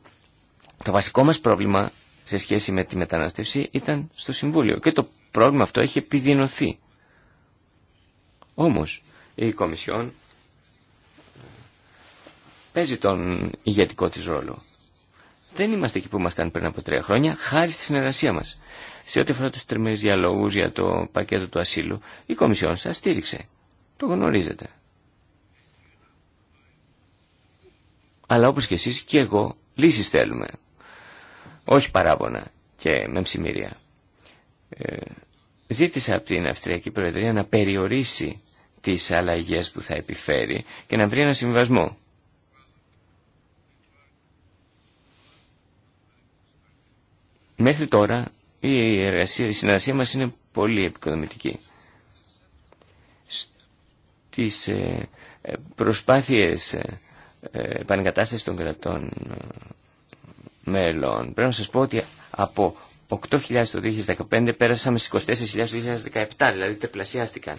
το βασικό μας πρόβλημα σε σχέση με τη μετανάστευση ήταν στο Συμβούλιο και το πρόβλημα αυτό έχει επιδεινωθεί. Όμως, η Κομισιόν παίζει τον ηγετικό της ρόλο. Δεν είμαστε εκεί που ήμασταν πριν από τρία χρόνια, χάρη στη συνεργασία μας. Σε ό,τι αφορά τους τριμμένους διαλόγους για το πακέτο του ασύλου, η Κομισιόν σας στήριξε. Το γνωρίζετε. Αλλά όπως και εσείς και εγώ λύσεις θέλουμε. Όχι παράπονα και με ψημυρία. Ε, ζήτησα από την Αυστριακή Προεδρία να περιορίσει τις αλλαγές που θα επιφέρει και να βρει ένα συμβασμό. Μέχρι τώρα η, εργασία, η συνεργασία μας είναι πολύ επικοδομητική. Στις ε, προσπάθειες ε, ε, επανεγκατάστασης των κρατών μέλων, πρέπει να σας πω ότι από 8.000 το 2015 πέρασαμε στις 24.000 το 2017, δηλαδή τεπλασιάστηκαν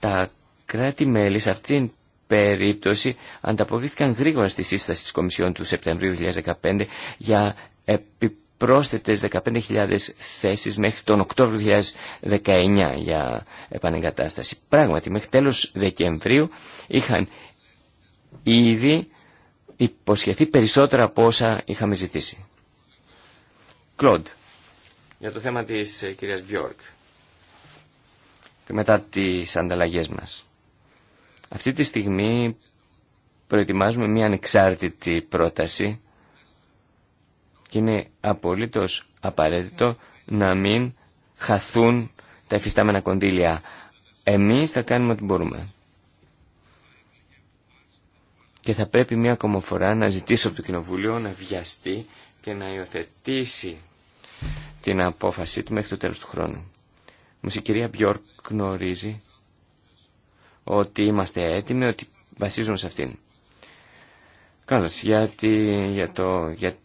τα κράτη-μέλη σε αυτήν την περίπτωση ανταποκρίθηκαν γρήγορα στη σύσταση της Κομισιόν του Σεπτεμβρίου 2015 για επιπρόσθετες 15.000 θέσεις μέχρι τον Οκτώβριο 2019 για επανεγκατάσταση. Πράγματι, μέχρι τέλος Δεκεμβρίου είχαν ήδη υποσχεθεί περισσότερα από όσα είχαμε ζητήσει. Κλοντ, για το θέμα της ε, κυρίας Μπιόρκ και μετά τις ανταλλαγές μας. Αυτή τη στιγμή προετοιμάζουμε μια ανεξάρτητη πρόταση και είναι απολύτως απαραίτητο να μην χαθούν τα εφιστάμενα κονδύλια. Εμείς θα κάνουμε ό,τι μπορούμε. Και θα πρέπει μια ακόμα φορά να ζητήσω από το Κοινοβουλίο να βιαστεί και να υιοθετήσει την απόφαση του μέχρι το τέλος του χρόνου. Μου η κυρία Μπιόρκ γνωρίζει ότι είμαστε έτοιμοι, ότι βασίζουμε σε αυτήν. Κάλώ για, για, το, για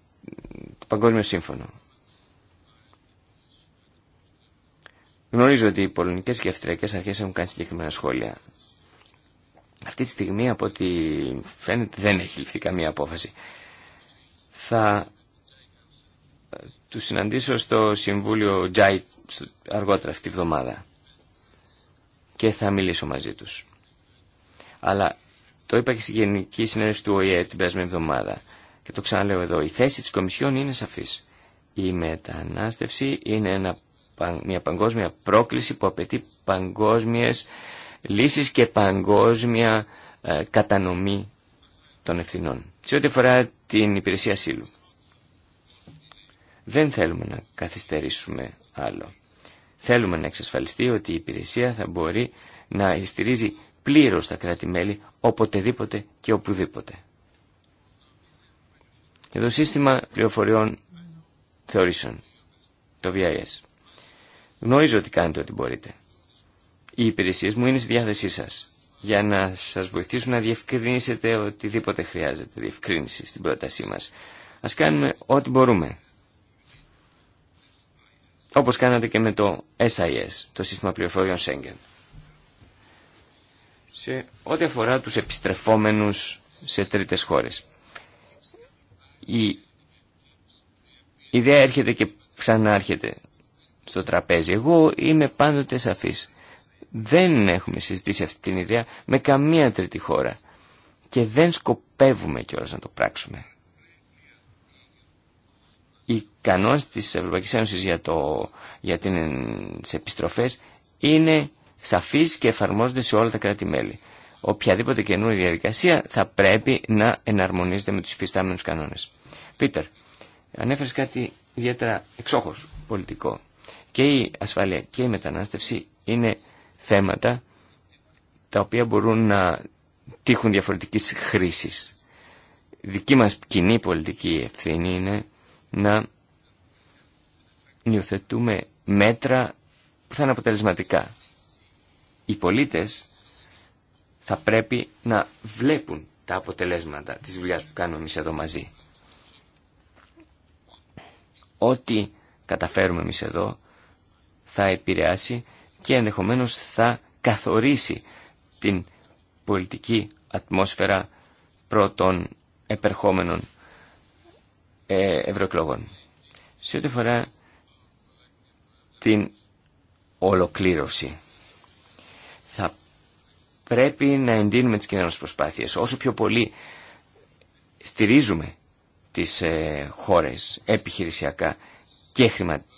το Παγκόσμιο Σύμφωνο. Γνωρίζω ότι οι πολωνικέ και αυστριακέ αρχέ έχουν κάνει συγκεκριμένα σχόλια. Αυτή τη στιγμή, από ό,τι φαίνεται, δεν έχει ληφθεί καμία απόφαση. Θα του συναντήσω στο Συμβούλιο Τζάι αργότερα αυτή τη βδομάδα και θα μιλήσω μαζί τους. Αλλά το είπα και στη Γενική Συνέλευση του ΟΗΕ την περασμένη εβδομάδα. Και το ξαναλέω εδώ. Η θέση της Κομισιόν είναι σαφής. Η μετανάστευση είναι ένα, μια παγκόσμια πρόκληση που απαιτεί παγκόσμιες λύσεις και παγκόσμια ε, κατανομή των ευθυνών. Σε ό,τι αφορά την υπηρεσία ασύλου. Δεν θέλουμε να καθυστερήσουμε άλλο. Θέλουμε να εξασφαλιστεί ότι η υπηρεσία θα μπορεί να στηρίζει πλήρως στα κράτη-μέλη, οποτεδήποτε και οπουδήποτε. Και το σύστημα πληροφοριών θεωρήσεων, το VIS. Γνωρίζω ότι κάνετε ό,τι μπορείτε. Οι υπηρεσίες μου είναι στη διάθεσή σας για να σας βοηθήσουν να διευκρινίσετε οτιδήποτε χρειάζεται, διευκρίνηση στην πρότασή μας. Ας κάνουμε ό,τι μπορούμε. Όπως κάνατε και με το SIS, το Σύστημα Πληροφοριών Σέγγεν σε ό,τι αφορά τους επιστρεφόμενους σε τρίτες χώρες. Η ιδέα έρχεται και ξανάρχεται στο τραπέζι. Εγώ είμαι πάντοτε σαφής. Δεν έχουμε συζητήσει αυτή την ιδέα με καμία τρίτη χώρα και δεν σκοπεύουμε κιόλας να το πράξουμε. Οι κανόνες της Ευρωπαϊκής Ένωσης για, το, για τις επιστροφές είναι Σαφή και εφαρμόζονται σε όλα τα κράτη-μέλη. Οποιαδήποτε καινούργια διαδικασία θα πρέπει να εναρμονίζεται με τους υφιστάμενου κανόνες. Πίτερ, ανέφερε κάτι ιδιαίτερα εξόχως πολιτικό. Και η ασφάλεια και η μετανάστευση είναι θέματα τα οποία μπορούν να τύχουν διαφορετικής χρήσης. Δική μας κοινή πολιτική ευθύνη είναι να υιοθετούμε μέτρα που θα είναι αποτελεσματικά οι πολίτες θα πρέπει να βλέπουν τα αποτελέσματα της δουλειάς που κάνουμε εμείς εδώ μαζί. Ό,τι καταφέρουμε εμείς εδώ θα επηρεάσει και ενδεχομένως θα καθορίσει την πολιτική ατμόσφαιρα πρώτων επερχόμενων ε, ευρωεκλογών. Σε ό,τι φορά την ολοκλήρωση πρέπει να εντείνουμε τις κοινωνικές προσπάθειες. Όσο πιο πολύ στηρίζουμε τις ε, χώρες επιχειρησιακά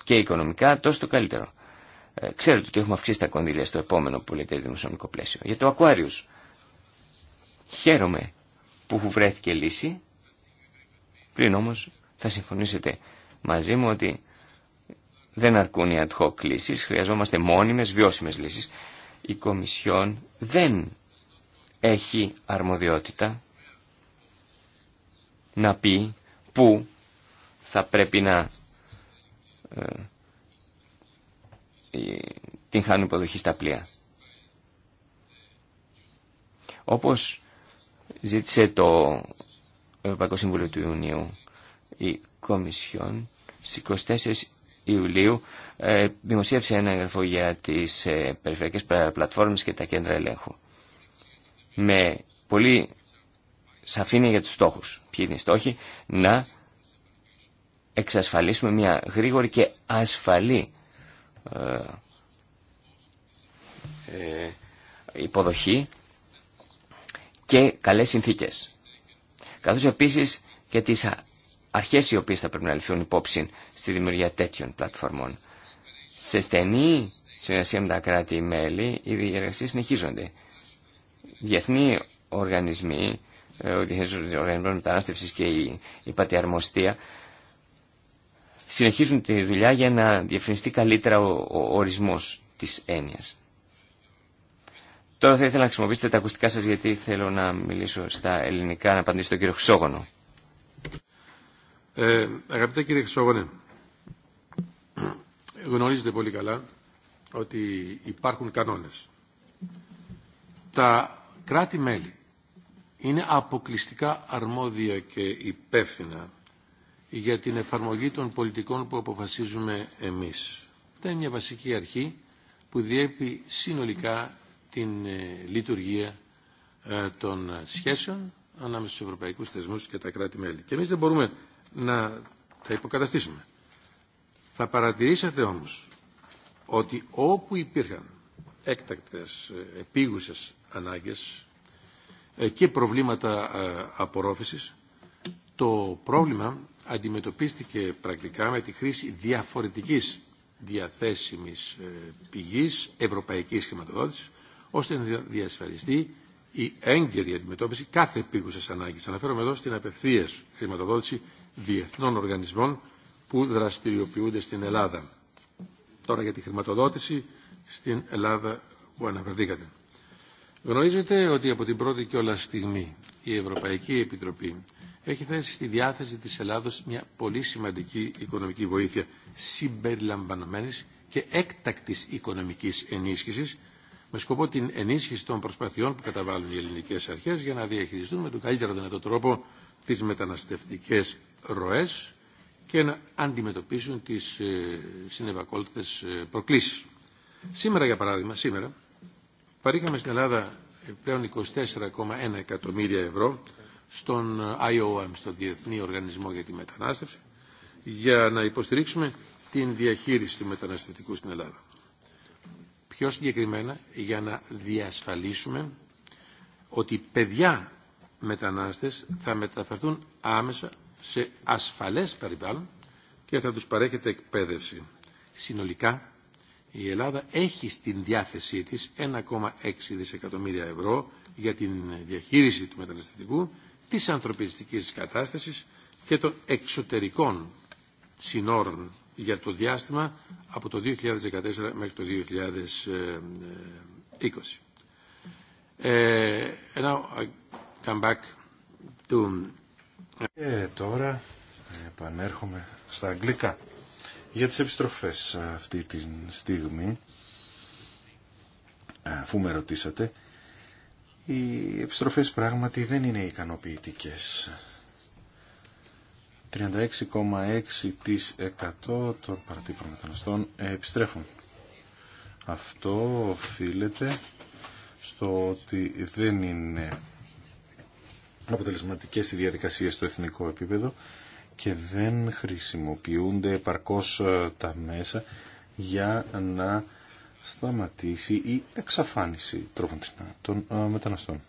και, οικονομικά, τόσο το καλύτερο. Ε, ξέρετε ότι έχουμε αυξήσει τα κονδύλια στο επόμενο πολιτεύει δημοσιονομικό πλαίσιο. Για το Aquarius χαίρομαι που βρέθηκε λύση, Πριν όμως θα συμφωνήσετε μαζί μου ότι δεν αρκούν οι ad hoc λύσεις, χρειαζόμαστε μόνιμες, βιώσιμες λύσεις η Κομισιόν δεν έχει αρμοδιότητα να πει πού θα πρέπει να ε, την χάνουν υποδοχή στα πλοία. Όπως ζήτησε το Ευρωπαϊκό Συμβούλιο του Ιουνίου η Κομισιόν στις Ιουλίου ε, δημοσίευσε ένα εγγραφό για τις ε, περιφερειακές πλατφόρμες και τα κέντρα ελέγχου. Με πολύ σαφήνεια για τους στόχους. Ποιοι είναι οι στόχοι. Να εξασφαλίσουμε μια γρήγορη και ασφαλή ε, υποδοχή και καλές συνθήκες. Καθώς επίσης και τις αρχές οι οποίες θα πρέπει να ληφθούν υπόψη στη δημιουργία τέτοιων πλατφορμών. Σε στενή συνεργασία με τα κράτη-μέλη, οι διεργασίες συνεχίζονται. Διεθνή οργανισμοί, ε, ο Διεθνής Οργανισμός Μετανάστευσης και η, η Πατιαρμοστία, συνεχίζουν τη δουλειά για να διευθυνιστεί καλύτερα ο, ο ορισμός της έννοιας. Τώρα θα ήθελα να χρησιμοποιήσετε τα ακουστικά σας γιατί θέλω να μιλήσω στα ελληνικά, να απαντήσω στον κύριο Χρυσόγονο. Ε, αγαπητέ κύριε Χρυσόγονε, γνωρίζετε πολύ καλά ότι υπάρχουν κανόνες. Τα κράτη-μέλη είναι αποκλειστικά αρμόδια και υπεύθυνα για την εφαρμογή των πολιτικών που αποφασίζουμε εμείς. Αυτά είναι μια βασική αρχή που διέπει συνολικά την ε, λειτουργία ε, των σχέσεων ανάμεσα στους ευρωπαϊκούς θεσμούς και τα κράτη-μέλη. Και εμείς δεν μπορούμε να τα υποκαταστήσουμε. Θα παρατηρήσατε όμως ότι όπου υπήρχαν έκτακτες, ε, επίγουσες ανάγκες ε, και προβλήματα ε, απορρόφησης, το πρόβλημα αντιμετωπίστηκε πρακτικά με τη χρήση διαφορετικής διαθέσιμης πηγής ευρωπαϊκής χρηματοδότησης, ώστε να διασφαλιστεί η έγκαιρη αντιμετώπιση κάθε επίγουσας ανάγκης. Αναφέρομαι εδώ στην απευθείας χρηματοδότηση διεθνών οργανισμών που δραστηριοποιούνται στην Ελλάδα. Τώρα για τη χρηματοδότηση στην Ελλάδα που αναφερθήκατε. Γνωρίζετε ότι από την πρώτη και όλα στιγμή η Ευρωπαϊκή Επιτροπή έχει θέσει στη διάθεση της Ελλάδος μια πολύ σημαντική οικονομική βοήθεια συμπεριλαμβανομένης και έκτακτης οικονομικής ενίσχυσης με σκοπό την ενίσχυση των προσπαθειών που καταβάλουν οι ελληνικές αρχές για να διαχειριστούν με τον καλύτερο δυνατό τρόπο τις μεταναστευτικές ροές και να αντιμετωπίσουν τις ε, συνεπακόλουθες ε, προκλήσεις. Σήμερα, για παράδειγμα, σήμερα, παρήχαμε στην Ελλάδα ε, πλέον 24,1 εκατομμύρια ευρώ στον IOM, στον Διεθνή Οργανισμό για τη Μετανάστευση, για να υποστηρίξουμε την διαχείριση του μεταναστευτικού στην Ελλάδα. Πιο συγκεκριμένα, για να διασφαλίσουμε ότι παιδιά μετανάστες θα μεταφερθούν άμεσα σε ασφαλές περιβάλλον και θα τους παρέχεται εκπαίδευση. Συνολικά, η Ελλάδα έχει στην διάθεσή της 1,6 δισεκατομμύρια ευρώ για την διαχείριση του μεταναστευτικού, της ανθρωπιστικής κατάστασης και των εξωτερικών συνόρων για το διάστημα από το 2014 μέχρι το 2020. Ε, and now I come back to και ε, τώρα επανέρχομαι στα αγγλικά. Για τις επιστροφές αυτή τη στιγμή, αφού με ρωτήσατε, οι επιστροφές πράγματι δεν είναι ικανοποιητικές. 36,6% των παρατύπων μεταναστών επιστρέφουν. Αυτό οφείλεται στο ότι δεν είναι αποτελεσματικές οι διαδικασίες στο εθνικό επίπεδο και δεν χρησιμοποιούνται επαρκώς ε, τα μέσα για να σταματήσει η εξαφάνιση τρινά των ε, μεταναστών.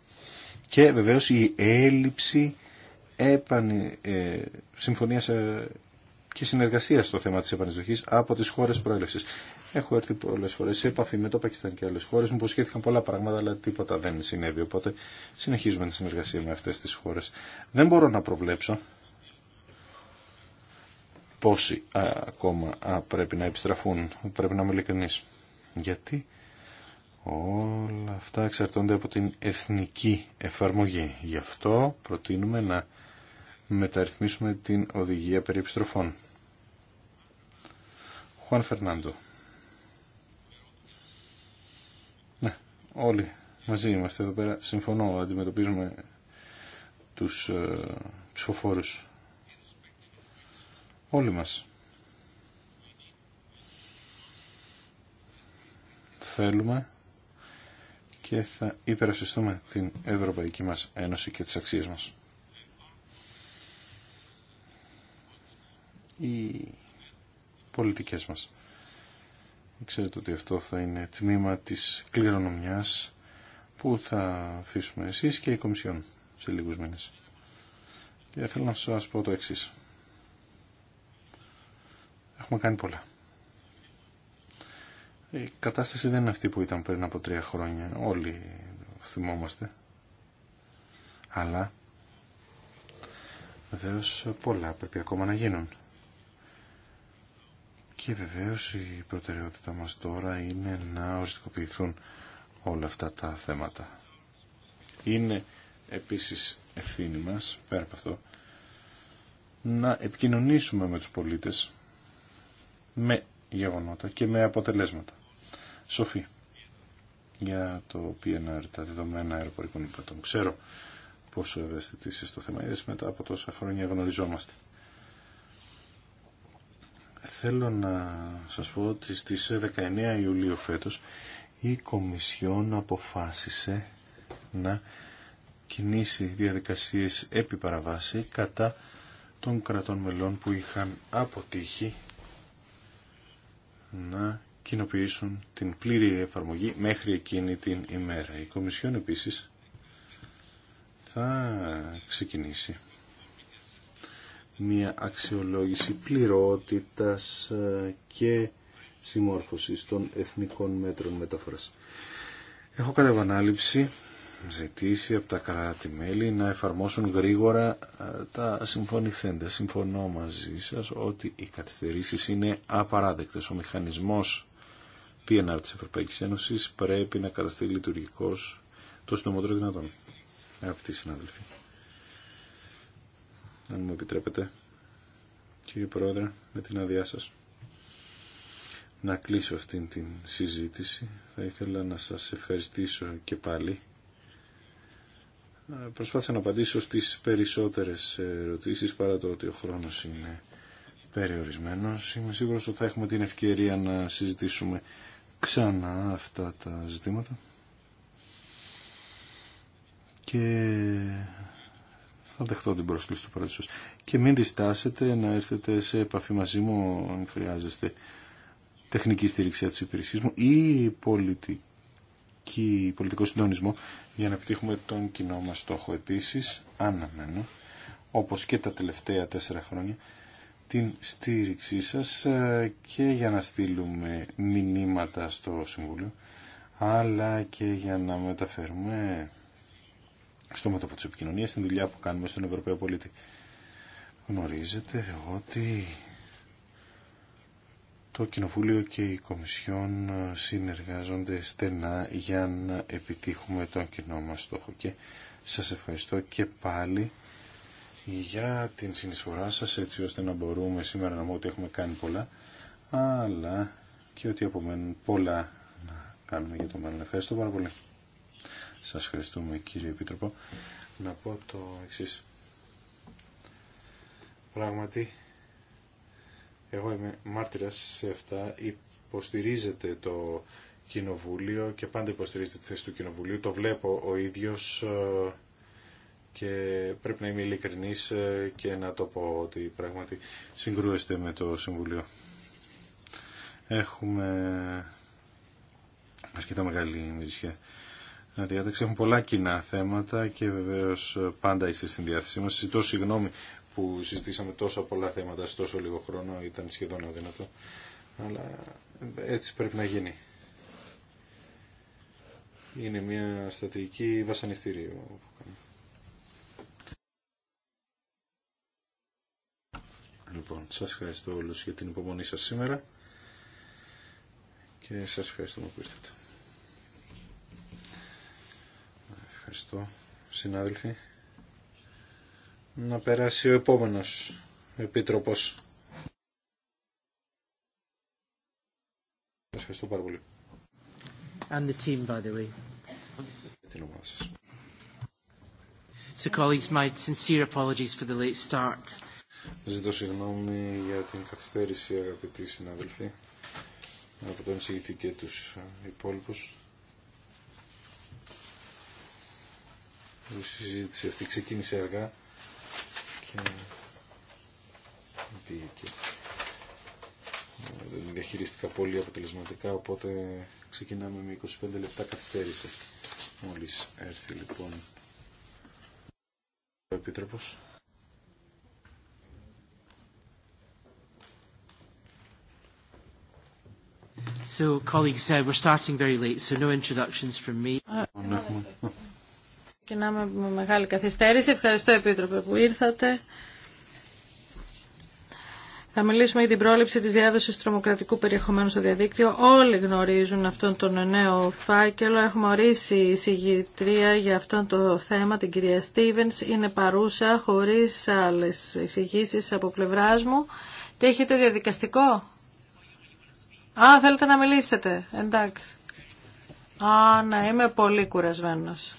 Και βεβαίως η έλλειψη επανε, ε, συμφωνίας και συνεργασίας στο θέμα της επανεισδοχής από τις χώρες προέλευσης. Έχω έρθει πολλέ φορέ σε επαφή με το Πακιστάν και άλλε χώρε. Μου υποσχέθηκαν πολλά πράγματα, αλλά τίποτα δεν συνέβη. Οπότε συνεχίζουμε τη συνεργασία με αυτέ τι χώρε. Δεν μπορώ να προβλέψω πόσοι ακόμα πρέπει να επιστραφούν. Πρέπει να είμαι ειλικρινή. Γιατί όλα αυτά εξαρτώνται από την εθνική εφαρμογή. Γι' αυτό προτείνουμε να μεταρρυθμίσουμε την οδηγία περί επιστροφών. Juan Fernando. όλοι μαζί είμαστε εδώ πέρα. Συμφωνώ, αντιμετωπίζουμε τους ε, ψηφοφόρους. Όλοι μας. Θέλουμε και θα υπερασπιστούμε την Ευρωπαϊκή μας Ένωση και τις αξίες μας. Οι πολιτικές μας. Ξέρετε ότι αυτό θα είναι τμήμα της κληρονομιάς που θα αφήσουμε εσείς και η Κομισιόν σε λίγους μήνες. Και θέλω να σας πω το εξής. Έχουμε κάνει πολλά. Η κατάσταση δεν είναι αυτή που ήταν πριν από τρία χρόνια. Όλοι θυμόμαστε. Αλλά βεβαίω πολλά πρέπει ακόμα να γίνουν. Και βεβαίως η προτεραιότητα μας τώρα είναι να οριστικοποιηθούν όλα αυτά τα θέματα. Είναι επίσης ευθύνη μας, πέρα από αυτό, να επικοινωνήσουμε με τους πολίτες με γεγονότα και με αποτελέσματα. Σοφή, για το PNR, τα δεδομένα αεροπορικών υπατών. Ξέρω πόσο ευαισθητήσεις στο θέμα. Είδες μετά από τόσα χρόνια γνωριζόμαστε. Θέλω να σας πω ότι στις 19 Ιουλίου φέτος η Κομισιόν αποφάσισε να κινήσει διαδικασίες επί παραβάση κατά των κρατών μελών που είχαν αποτύχει να κοινοποιήσουν την πλήρη εφαρμογή μέχρι εκείνη την ημέρα. Η Κομισιόν επίσης θα ξεκινήσει μια αξιολόγηση πληρότητας ε, και συμμόρφωσης των εθνικών μέτρων μεταφοράς. Έχω κατά επανάληψη ζητήσει από τα κράτη-μέλη να εφαρμόσουν γρήγορα ε, τα συμφωνηθέντα. Συμφωνώ μαζί σας ότι οι καθυστερήσεις είναι απαράδεκτες. Ο μηχανισμός PNR της Ευρωπαϊκής Ένωσης πρέπει να καταστεί λειτουργικός το συντομότερο δυνατόν. Αγαπητοί συνάδελφοι αν μου επιτρέπετε, κύριε Πρόεδρε, με την άδειά σας. Να κλείσω αυτήν την συζήτηση. Θα ήθελα να σας ευχαριστήσω και πάλι. Προσπάθησα να απαντήσω στις περισσότερες ερωτήσεις παρά το ότι ο χρόνος είναι περιορισμένος. Είμαι σίγουρος ότι θα έχουμε την ευκαιρία να συζητήσουμε ξανά αυτά τα ζητήματα. Και θα δεχτώ την πρόσκληση του Πρόεδρου Και μην διστάσετε να έρθετε σε επαφή μαζί μου αν χρειάζεστε τεχνική στήριξη του υπηρεσίε μου ή πολιτική, πολιτικό συντονισμό για να επιτύχουμε τον κοινό μα στόχο. επίση, αναμένω, όπως και τα τελευταία τέσσερα χρόνια, την στήριξή σας ε, και για να στείλουμε μηνύματα στο Συμβούλιο αλλά και για να μεταφέρουμε στο μέτωπο τη επικοινωνία στην δουλειά που κάνουμε στον Ευρωπαίο πολίτη. Γνωρίζετε ότι το Κοινοβούλιο και η Κομισιόν συνεργάζονται στενά για να επιτύχουμε τον κοινό μας στόχο. Και σας ευχαριστώ και πάλι για την συνεισφορά σας έτσι ώστε να μπορούμε σήμερα να πούμε ότι έχουμε κάνει πολλά αλλά και ότι απομένουν πολλά να κάνουμε για το μέλλον. Ευχαριστώ πάρα πολύ. Σας ευχαριστούμε κύριε Επίτροπο. Να πω το εξή. Πράγματι, εγώ είμαι μάρτυρας σε αυτά. Υποστηρίζεται το Κοινοβούλιο και πάντα υποστηρίζεται τη θέση του Κοινοβουλίου. Το βλέπω ο ίδιος ε, και πρέπει να είμαι ειλικρινής ε, και να το πω ότι πράγματι συγκρούεστε με το Συμβουλίο. Έχουμε ασκητά μεγάλη μυρισιά διάταξη έχουν πολλά κοινά θέματα και βεβαίω πάντα είστε στην διάθεσή μα. Ζητώ συγγνώμη που συζητήσαμε τόσα πολλά θέματα σε τόσο λίγο χρόνο, ήταν σχεδόν αδύνατο. Αλλά έτσι πρέπει να γίνει. Είναι μια στατική βασανιστήριο Λοιπόν, σας ευχαριστώ όλους για την υπομονή σας σήμερα και σας ευχαριστούμε που ήρθατε. Ευχαριστώ, συνάδελφοι. Να περάσει ο επόμενος επίτροπος. Ευχαριστώ πάρα πολύ. And the team, by the way. So, colleagues, my sincere apologies for the late start. Ζητώ συγγνώμη για την καθυστέρηση, αγαπητοί συνάδελφοι, από τον εισηγητή και τους υπόλοιπους. η συζήτηση αυτή ξεκίνησε αργά και πήγε και ε, δεν διαχειρίστηκα πολύ αποτελεσματικά οπότε ξεκινάμε με 25 λεπτά καθυστέρηση μόλις έρθει λοιπόν ο Επίτροπος. So, colleagues, uh, we're starting very late, so no introductions from me. Ξεκινάμε με μεγάλη καθυστέρηση. Ευχαριστώ, Επίτροπε, που ήρθατε. Θα μιλήσουμε για την πρόληψη της διάδοσης τρομοκρατικού περιεχομένου στο διαδίκτυο. Όλοι γνωρίζουν αυτόν τον νέο φάκελο. Έχουμε ορίσει η για αυτόν το θέμα, την κυρία Στίβενς. Είναι παρούσα, χωρίς άλλες εισηγήσεις από πλευράς μου. Και έχετε διαδικαστικό. Α, θέλετε να μιλήσετε. Εντάξει. Α, να είμαι πολύ κουρασμένος.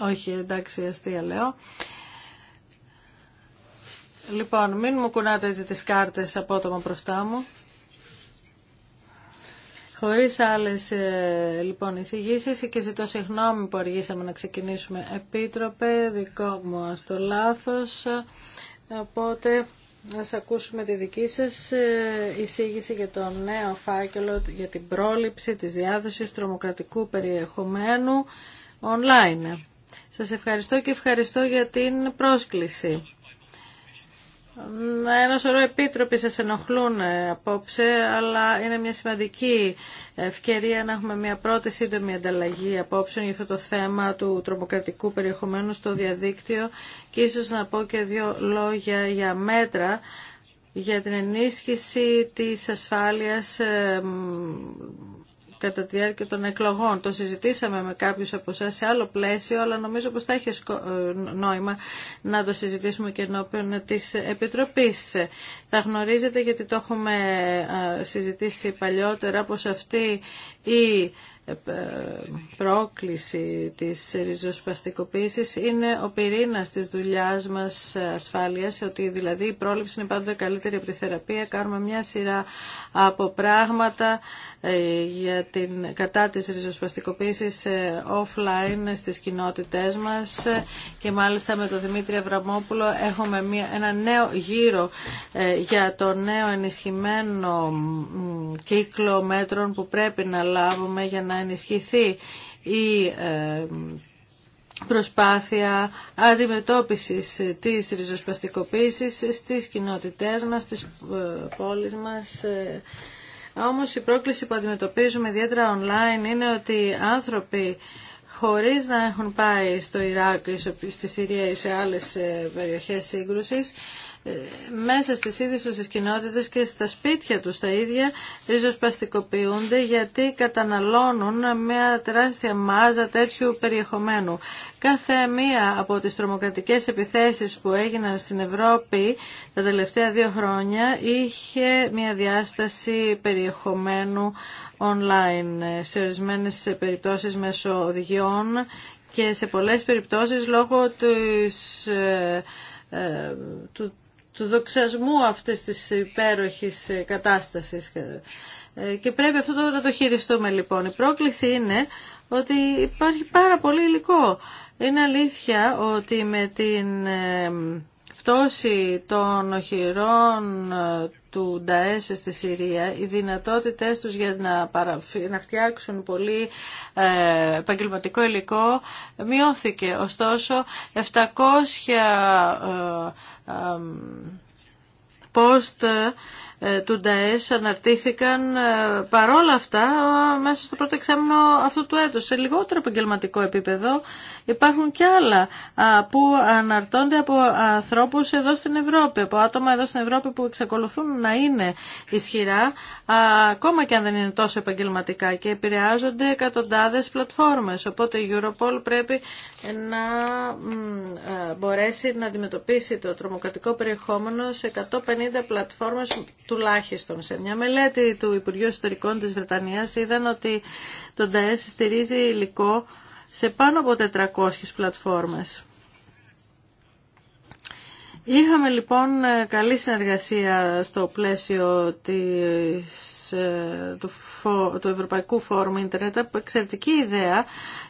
Όχι, εντάξει, αστεία λέω. Λοιπόν, μην μου κουνάτε τις κάρτες απότομα μπροστά μου. Χωρίς άλλες ε, λοιπόν εισηγήσεις και ζητώ συγγνώμη που αργήσαμε να ξεκινήσουμε. Επίτροπε, δικό μου στο λάθος, οπότε... Να ακούσουμε τη δική σας ε, εισήγηση για το νέο φάκελο για την πρόληψη της διάδοσης τρομοκρατικού περιεχομένου online. Σας ευχαριστώ και ευχαριστώ για την πρόσκληση. Ένα σωρό επίτροποι σας ενοχλούν ε, απόψε, αλλά είναι μια σημαντική ευκαιρία να έχουμε μια πρώτη σύντομη ανταλλαγή απόψεων για αυτό το θέμα του τρομοκρατικού περιεχομένου στο διαδίκτυο και ίσως να πω και δύο λόγια για μέτρα για την ενίσχυση της ασφάλειας ε, κατά τη διάρκεια των εκλογών. Το συζητήσαμε με κάποιους από εσά σε άλλο πλαίσιο, αλλά νομίζω πως θα έχει ε, νόημα να το συζητήσουμε και ενώπιον της Επιτροπής. Θα γνωρίζετε, γιατί το έχουμε ε, συζητήσει παλιότερα, πως αυτή η πρόκληση της ριζοσπαστικοποίησης είναι ο πυρήνας της δουλειάς μας ασφάλειας, ότι δηλαδή η πρόληψη είναι πάντοτε καλύτερη από τη θεραπεία. Κάνουμε μια σειρά από πράγματα ε, για την, κατά της ριζοσπαστικοποίησης ε, offline στις κοινότητές μας και μάλιστα με τον Δημήτρη Αβραμόπουλο έχουμε μια, ένα νέο γύρο ε, για το νέο ενισχυμένο κύκλο μέτρων που πρέπει να λάβουμε για να ενισχυθεί η ε, προσπάθεια αντιμετώπισης της ριζοσπαστικοποίησης στις κοινότητές μας, στις ε, πόλεις μας. Ε, όμως η πρόκληση που αντιμετωπίζουμε ιδιαίτερα online είναι ότι άνθρωποι χωρίς να έχουν πάει στο Ιράκ, στη Συρία ή σε άλλες περιοχές σύγκρουσης, ε, μέσα στις ίδιες τους κοινότητες και στα σπίτια τους τα ίδια ριζοσπαστικοποιούνται γιατί καταναλώνουν μια τεράστια μάζα τέτοιου περιεχομένου. Κάθε μία από τις τρομοκρατικές επιθέσεις που έγιναν στην Ευρώπη τα τελευταία δύο χρόνια είχε μια διάσταση περιεχομένου online σε ορισμένε περιπτώσεις μέσω οδηγιών και σε πολλές περιπτώσεις λόγω της, ε, ε, του, του δοξασμού αυτής της υπέροχης κατάστασης. Και πρέπει αυτό το, να το χειριστούμε λοιπόν. Η πρόκληση είναι ότι υπάρχει πάρα πολύ υλικό. Είναι αλήθεια ότι με την ε, πτώση των οχυρών ε, του Νταές στη Συρία, οι δυνατότητες τους για να, να φτιάξουν πολύ ε, επαγγελματικό υλικό μειώθηκε. Ωστόσο, 700 ε, ε post ε, του ΝΤΑΕΣ αναρτήθηκαν ε, παρόλα αυτά μέσα στο πρώτο εξάμεινο αυτού του έτους. Σε λιγότερο επαγγελματικό επίπεδο υπάρχουν και άλλα που αναρτώνται από ανθρώπους εδώ στην Ευρώπη, από άτομα εδώ στην Ευρώπη που εξακολουθούν να είναι ισχυρά ακόμα και αν δεν είναι τόσο επαγγελματικά και επηρεάζονται εκατοντάδες πλατφόρμες. Οπότε η Europol πρέπει να μπορέσει να αντιμετωπίσει το τρομοκρατικό περιεχόμενο σε 150 πλατφόρμες τουλάχιστον. Σε μια μελέτη του Υπουργείου Ιστορικών της Βρετανίας είδαν ότι το ΝΤΑΕΣ στηρίζει υλικό σε πάνω από 400 πλατφόρμες. Είχαμε λοιπόν ε, καλή συνεργασία στο πλαίσιο ε, του, του Ευρωπαϊκού Φόρουμ Ιντερνετ. Εξαιρετική ιδέα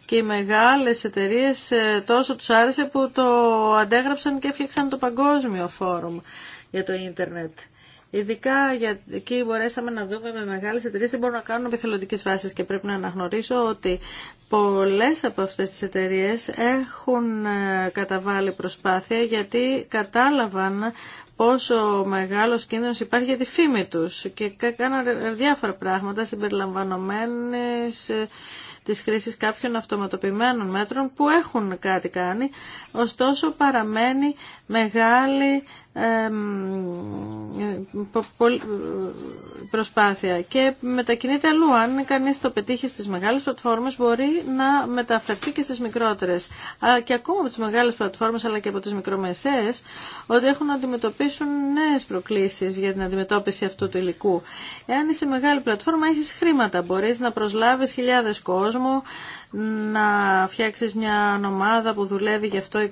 και οι μεγάλες εταιρείες ε, τόσο τους άρεσε που το αντέγραψαν και έφτιαξαν το Παγκόσμιο Φόρουμ για το Ιντερνετ. Ειδικά για, εκεί μπορέσαμε να δούμε με μεγάλες εταιρείες δεν μπορούν να κάνουν επιθελοντικές βάσεις και πρέπει να αναγνωρίσω ότι πολλές από αυτές τις εταιρείες έχουν ε, καταβάλει προσπάθεια γιατί κατάλαβαν πόσο μεγάλος κίνδυνος υπάρχει για τη φήμη τους και κάναν διάφορα πράγματα συμπεριλαμβανομένες ε, της χρήσης κάποιων αυτοματοποιημένων μέτρων που έχουν κάτι κάνει, ωστόσο παραμένει μεγάλη προσπάθεια και μετακινείται αλλού. Αν κανείς το πετύχει στις μεγάλες πλατφόρμες μπορεί να μεταφερθεί και στις μικρότερες. Αλλά και ακόμα από τις μεγάλες πλατφόρμες αλλά και από τις μικρομεσαίες ότι έχουν να αντιμετωπίσουν νέες προκλήσεις για την αντιμετώπιση αυτού του υλικού. Εάν είσαι μεγάλη πλατφόρμα έχεις χρήματα, μπορείς να προσλάβεις χιλιάδες κόσμου να φτιάξεις μια ομάδα που δουλεύει γι' αυτό 24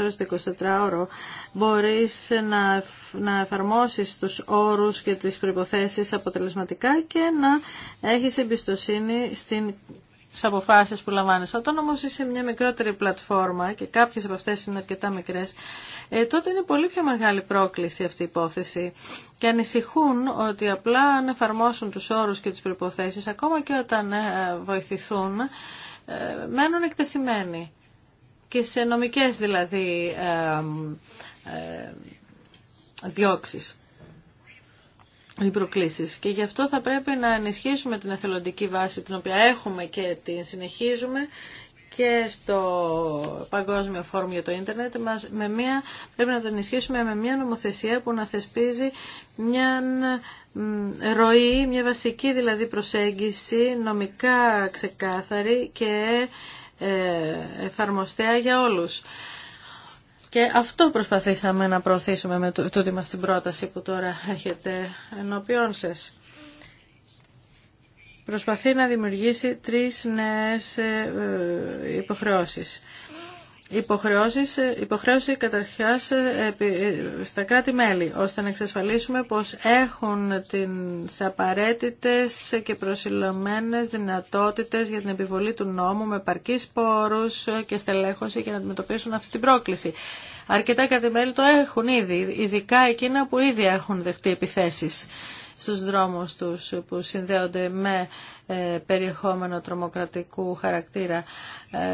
ώρες το 24ωρο. Μπορείς να, να εφαρμόσεις τους όρους και τις προϋποθέσεις αποτελεσματικά και να έχεις εμπιστοσύνη στην στι αποφάσει που λαμβάνει. Όταν όμω είσαι μια μικρότερη πλατφόρμα και κάποιε από αυτέ είναι αρκετά μικρέ, ε, τότε είναι πολύ πιο μεγάλη πρόκληση αυτή η υπόθεση. Και ανησυχούν ότι απλά αν εφαρμόσουν του όρου και τι προποθέσει, ακόμα και όταν ε, βοηθηθούν, ε, μένουν εκτεθειμένοι και σε νομικές δηλαδή ε, ε, διώξεις ή προκλήσεις. Και γι' αυτό θα πρέπει να ενισχύσουμε την εθελοντική βάση την οποία έχουμε και την συνεχίζουμε και στο Παγκόσμιο Φόρουμ για το ίντερνετ μας, με μια, πρέπει να το ενισχύσουμε με μια νομοθεσία που να θεσπίζει μια ροή, μια βασική δηλαδή προσέγγιση νομικά ξεκάθαρη και ε, εφαρμοστέα για όλους. Και αυτό προσπαθήσαμε να προωθήσουμε με τούτη μας την πρόταση που τώρα έχετε ενώπιόν σας προσπαθεί να δημιουργήσει τρεις νέες ε, ε, υποχρεώσεις. Υποχρεώσεις, ε, υποχρέωση καταρχάς στα κράτη-μέλη, ώστε να εξασφαλίσουμε πως έχουν τις απαραίτητες και προσιλωμένες δυνατότητες για την επιβολή του νόμου με παρκείς πόρους και στελέχωση για να αντιμετωπίσουν αυτή την πρόκληση. Αρκετά κράτη-μέλη το έχουν ήδη, ειδικά εκείνα που ήδη έχουν δεχτεί επιθέσεις στους δρόμους τους που συνδέονται με ε, περιεχόμενο τρομοκρατικού χαρακτήρα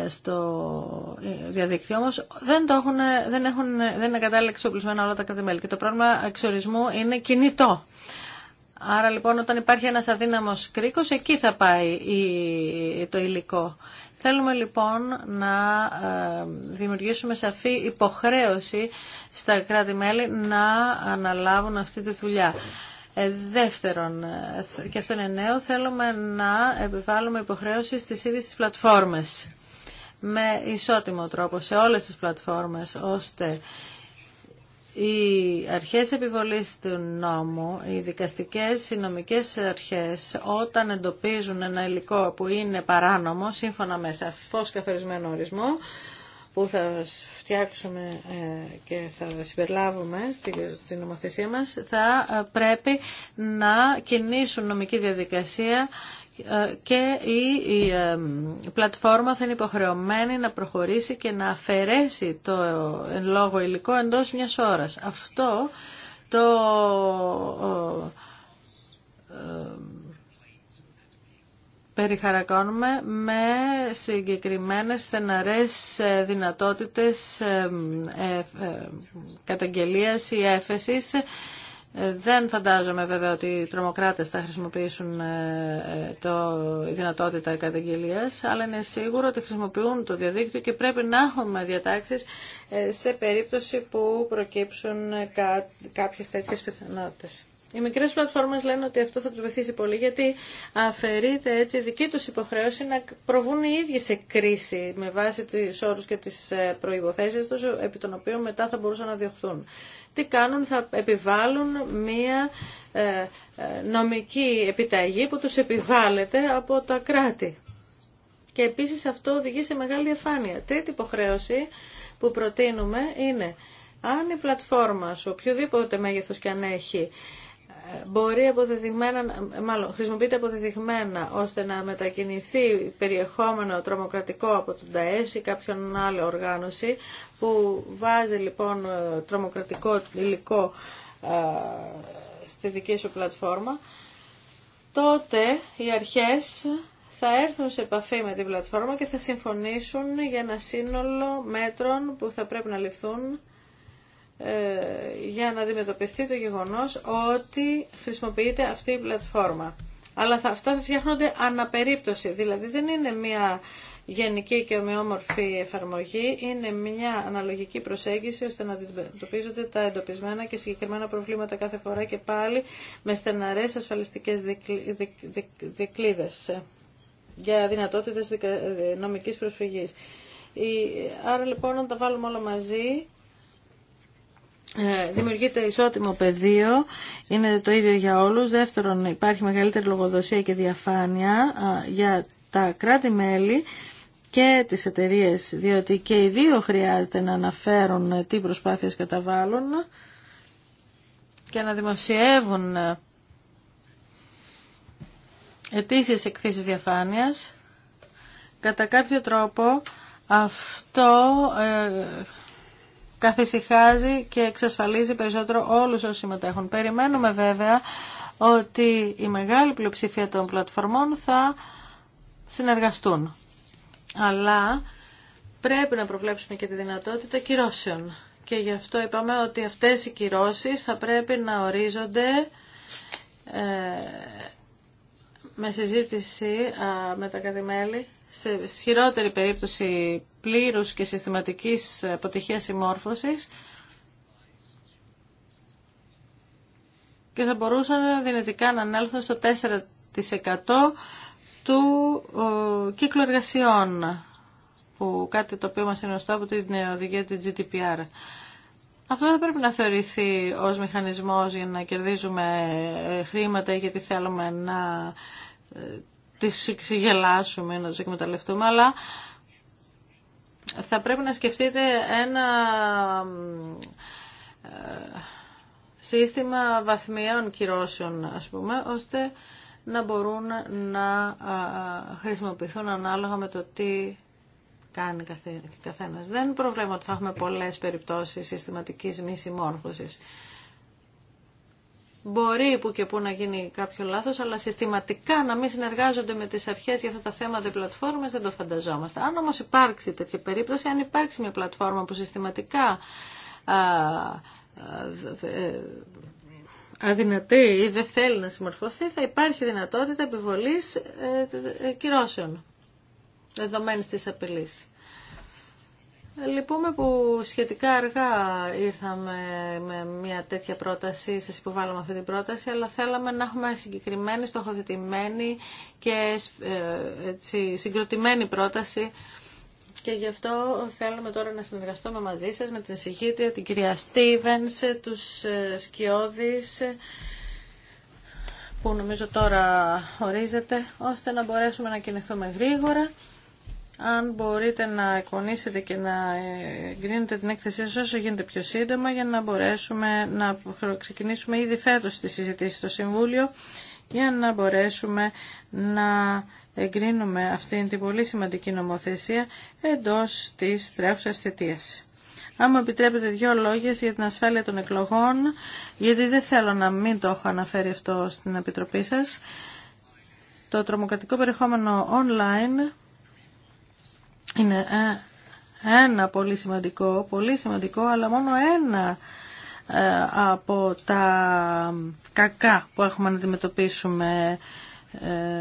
ε, στο ε, διαδίκτυο. Όμως δεν, το έχουν, δεν, έχουν, δεν είναι κατάλληλα εξοπλισμένα όλα τα κρατημέλη και το πρόβλημα εξορισμού είναι κινητό. Άρα λοιπόν όταν υπάρχει ένας αδύναμος κρίκος, εκεί θα πάει το υλικό. Θέλουμε λοιπόν να δημιουργήσουμε σαφή υποχρέωση στα κράτη-μέλη να αναλάβουν αυτή τη δουλειά. Ε, δεύτερον, ε, και αυτό είναι νέο, θέλουμε να επιβάλλουμε υποχρέωση στις ίδιες τις πλατφόρμες με ισότιμο τρόπο σε όλες τις πλατφόρμες, ώστε οι αρχές επιβολής του νόμου, οι δικαστικές, οι νομικές αρχές, όταν εντοπίζουν ένα υλικό που είναι παράνομο, σύμφωνα με σαφώς καθορισμένο ορισμό, που θα φτιάξουμε ε, και θα συμπεριλάβουμε στην νομοθεσία μας θα ε, πρέπει να κινήσουν νομική διαδικασία ε, και η, πλατφόρμα θα είναι υποχρεωμένη να προχωρήσει και να αφαιρέσει το εν λόγω υλικό εντός μιας ώρας. Αυτό το περιχαρακώνουμε με συγκεκριμένες στεναρές ε, δυνατότητες ε, ε, καταγγελίας ή έφεσης. Δεν φαντάζομαι βέβαια ότι οι τρομοκράτες θα χρησιμοποιήσουν το δυνατότητα καταγγελίας, αλλά είναι σίγουρο ότι χρησιμοποιούν το διαδίκτυο και πρέπει να έχουμε διατάξεις σε περίπτωση που προκύψουν κάποιες τέτοιες πιθανότητες. Οι μικρές πλατφόρμες λένε ότι αυτό θα τους βοηθήσει πολύ γιατί αφαιρείται έτσι δική τους υποχρέωση να προβούν οι ίδιοι σε κρίση με βάση τις όρους και τις ε, προϋποθέσεις τους επί των οποίων μετά θα μπορούσαν να διωχθούν. Τι κάνουν, θα επιβάλλουν μία ε, ε, νομική επιταγή που τους επιβάλλεται από τα κράτη. Και επίσης αυτό οδηγεί σε μεγάλη διαφάνεια. Τρίτη υποχρέωση που προτείνουμε είναι αν η πλατφόρμα σου, οποιοδήποτε μέγεθος και αν έχει, μπορεί αποδεδειγμένα, μάλλον χρησιμοποιείται αποδεδειγμένα ώστε να μετακινηθεί περιεχόμενο τρομοκρατικό από τον ΤΑΕΣ ή κάποιον άλλο οργάνωση που βάζει λοιπόν ε, τρομοκρατικό υλικό ε, στη δική σου πλατφόρμα, τότε οι αρχές θα έρθουν σε επαφή με την πλατφόρμα και θα συμφωνήσουν για ένα σύνολο μέτρων που θα πρέπει να ληφθούν ε, για να αντιμετωπιστεί το γεγονός ότι χρησιμοποιείται αυτή η πλατφόρμα. Αλλά αυτά θα φτιάχνονται αναπερίπτωση, δηλαδή δεν είναι μια γενική και ομοιόμορφη εφαρμογή, είναι μια αναλογική προσέγγιση ώστε να αντιμετωπίζονται τα εντοπισμένα και συγκεκριμένα προβλήματα κάθε φορά και πάλι με στεναρές ασφαλιστικές δικλίδες για δυνατότητες ε, νομικής προσφυγής. Άρα λοιπόν να τα βάλουμε όλα μαζί ε, δημιουργείται ισότιμο πεδίο, είναι το ίδιο για όλους. Δεύτερον, υπάρχει μεγαλύτερη λογοδοσία και διαφάνεια για τα κράτη-μέλη και τις εταιρείες, διότι και οι δύο χρειάζεται να αναφέρουν τι προσπάθειες καταβάλουν και να δημοσιεύουν ετήσιες εκθέσεις διαφάνειας. Κατά κάποιο τρόπο αυτό ε, καθησυχάζει και εξασφαλίζει περισσότερο όλους όσοι συμμετέχουν. Περιμένουμε βέβαια ότι η μεγάλη πλειοψηφία των πλατφορμών θα συνεργαστούν. Αλλά πρέπει να προβλέψουμε και τη δυνατότητα κυρώσεων. Και γι' αυτό είπαμε ότι αυτές οι κυρώσεις θα πρέπει να ορίζονται ε, με συζήτηση με τα κατημέλη σε ισχυρότερη περίπτωση πλήρους και συστηματικής αποτυχίας συμμόρφωσης και θα μπορούσαν δυνατικά να ανέλθουν στο 4% του κύκλου εργασιών που κάτι το οποίο μας γνωστό από την οδηγία της GDPR. Αυτό θα πρέπει να θεωρηθεί ως μηχανισμός για να κερδίζουμε ε, χρήματα γιατί θέλουμε να ε, τις ξεγελάσουμε, να του εκμεταλλευτούμε, αλλά θα πρέπει να σκεφτείτε ένα ε, σύστημα βαθμιαίων κυρώσεων, ας πούμε, ώστε να μπορούν να ε, ε, χρησιμοποιηθούν ανάλογα με το τι κάνει καθένας. Δεν πρόβλημα ότι θα έχουμε πολλές περιπτώσεις συστηματικής μη συμμόρφωσης μπορεί που και που να γίνει κάποιο λάθος, αλλά συστηματικά να μην συνεργάζονται με τις αρχές για αυτά τα θέματα οι πλατφόρμες δεν το φανταζόμαστε. Αν όμως υπάρξει τέτοια περίπτωση, αν υπάρξει μια πλατφόρμα που συστηματικά αδυνατεί ή δεν θέλει να συμμορφωθεί, θα υπάρχει δυνατότητα επιβολής ε, ε, κυρώσεων δεδομενη της απειλής. Λυπούμε που σχετικά αργά ήρθαμε με μια τέτοια πρόταση, σα υποβάλαμε αυτή την πρόταση, αλλά θέλαμε να έχουμε συγκεκριμένη, στοχοθετημένη και ε, έτσι, συγκροτημένη πρόταση και γι' αυτό θέλουμε τώρα να συνεργαστούμε μαζί σας με την συγχύτρια, την κυρία Στίβενς, τους ε, Σκιώδης, που νομίζω τώρα ορίζεται, ώστε να μπορέσουμε να κινηθούμε γρήγορα αν μπορείτε να εικονίσετε και να εγκρίνετε την έκθεσή σας όσο γίνεται πιο σύντομα για να μπορέσουμε να ξεκινήσουμε ήδη φέτος τη συζήτηση στο Συμβούλιο για να μπορέσουμε να εγκρίνουμε αυτήν την πολύ σημαντική νομοθεσία εντός της τρέχουσας θητείας. Αν μου επιτρέπετε δύο λόγια για την ασφάλεια των εκλογών, γιατί δεν θέλω να μην το έχω αναφέρει αυτό στην Επιτροπή σας. Το τρομοκρατικό περιεχόμενο online είναι ε, ένα πολύ σημαντικό, πολύ σημαντικό, αλλά μόνο ένα ε, από τα κακά που έχουμε να αντιμετωπίσουμε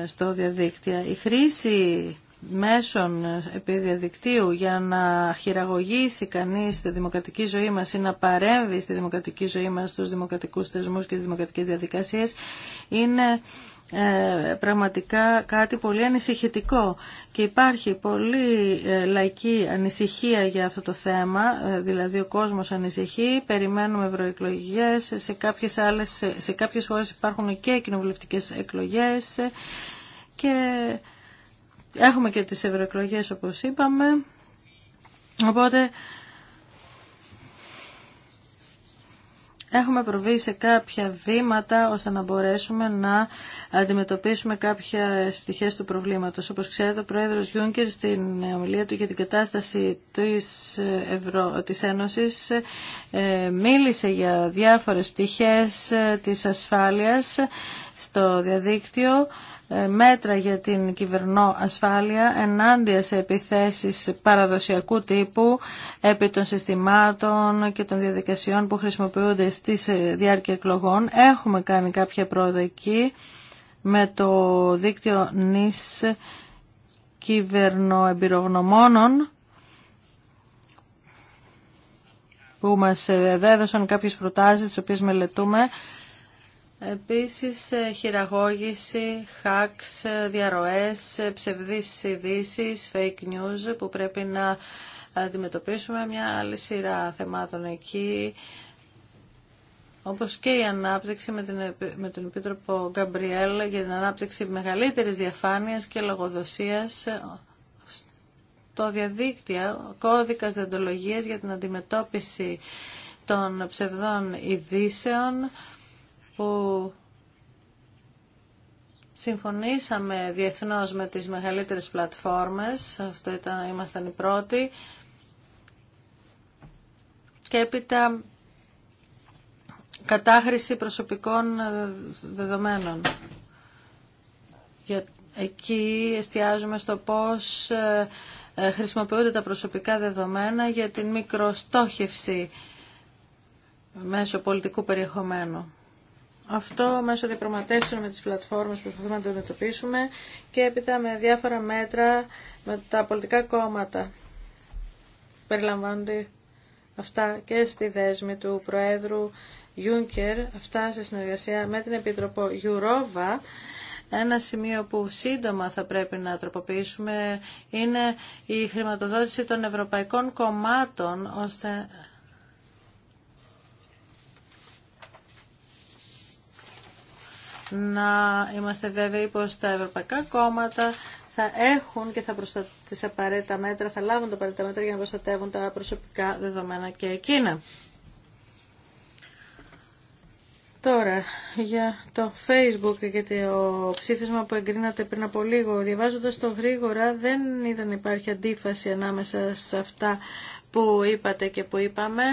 ε, στο διαδίκτυο. Η χρήση μέσων επί διαδικτύου για να χειραγωγήσει κανείς τη δημοκρατική ζωή μας ή να παρέμβει στη δημοκρατική ζωή μας, στους δημοκρατικούς θεσμούς και τις δημοκρατικές διαδικασίες είναι ε, πραγματικά κάτι πολύ ανησυχητικό και υπάρχει πολύ ε, λαϊκή ανησυχία για αυτό το θέμα, ε, δηλαδή ο κόσμος ανησυχεί, περιμένουμε ευρωεκλογέ, σε κάποιες, άλλες, σε κάποιες χώρες υπάρχουν και κοινοβουλευτικέ εκλογές και έχουμε και τις ευρωεκλογέ όπως είπαμε, οπότε Έχουμε προβεί σε κάποια βήματα ώστε να μπορέσουμε να αντιμετωπίσουμε κάποια πτυχές του προβλήματος. Όπως ξέρετε, ο Πρόεδρος Γιούνκερ στην ομιλία του για την κατάσταση της, Ευρω... της Ένωσης ε, μίλησε για διάφορες πτυχές ε, της ασφάλειας στο διαδίκτυο ε, μέτρα για την κυβερνό ασφάλεια ενάντια σε επιθέσεις παραδοσιακού τύπου επί των συστημάτων και των διαδικασιών που χρησιμοποιούνται στις ε, διάρκεια εκλογών. Έχουμε κάνει κάποια πρόοδο με το δίκτυο νης κυβερνοεμπειρογνωμόνων που μας δέδωσαν ε, κάποιες προτάσεις τις οποίες μελετούμε Επίσης ε, χειραγώγηση, hacks, ε, διαρροές, ε, ψευδείς ειδήσει, fake news που πρέπει να αντιμετωπίσουμε μια άλλη σειρά θεμάτων εκεί όπως και η ανάπτυξη με, με τον Επίτροπο Γκαμπριέλ για την ανάπτυξη μεγαλύτερης διαφάνειας και λογοδοσίας το διαδίκτυο, κώδικας δεντολογίας για την αντιμετώπιση των ψευδών ειδήσεων, που συμφωνήσαμε διεθνώς με τις μεγαλύτερες πλατφόρμες, αυτό ήταν, ήμασταν οι πρώτοι, και έπειτα κατάχρηση προσωπικών ε, δεδομένων. Για, εκεί εστιάζουμε στο πώς ε, ε, χρησιμοποιούνται τα προσωπικά δεδομένα για την μικροστόχευση μέσω πολιτικού περιεχομένου. Αυτό μέσω διαπραγματεύσεων με τις πλατφόρμες που προσπαθούμε να το αντιμετωπίσουμε και έπειτα με διάφορα μέτρα με τα πολιτικά κόμματα. Περιλαμβάνονται αυτά και στη δέσμη του Προέδρου Γιούνκερ, αυτά σε συνεργασία με την Επιτροπό Γιουρόβα. Ένα σημείο που σύντομα θα πρέπει να τροποποιήσουμε είναι η χρηματοδότηση των ευρωπαϊκών κομμάτων ώστε να είμαστε βέβαιοι πως τα ευρωπαϊκά κόμματα θα έχουν και θα προστατεύουν μέτρα, θα λάβουν τα απαραίτητα μέτρα για να προστατεύουν τα προσωπικά δεδομένα και εκείνα. Τώρα, για το Facebook και το ψήφισμα που εγκρίνατε πριν από λίγο, διαβάζοντας το γρήγορα, δεν είδα υπάρχει αντίφαση ανάμεσα σε αυτά που είπατε και που είπαμε.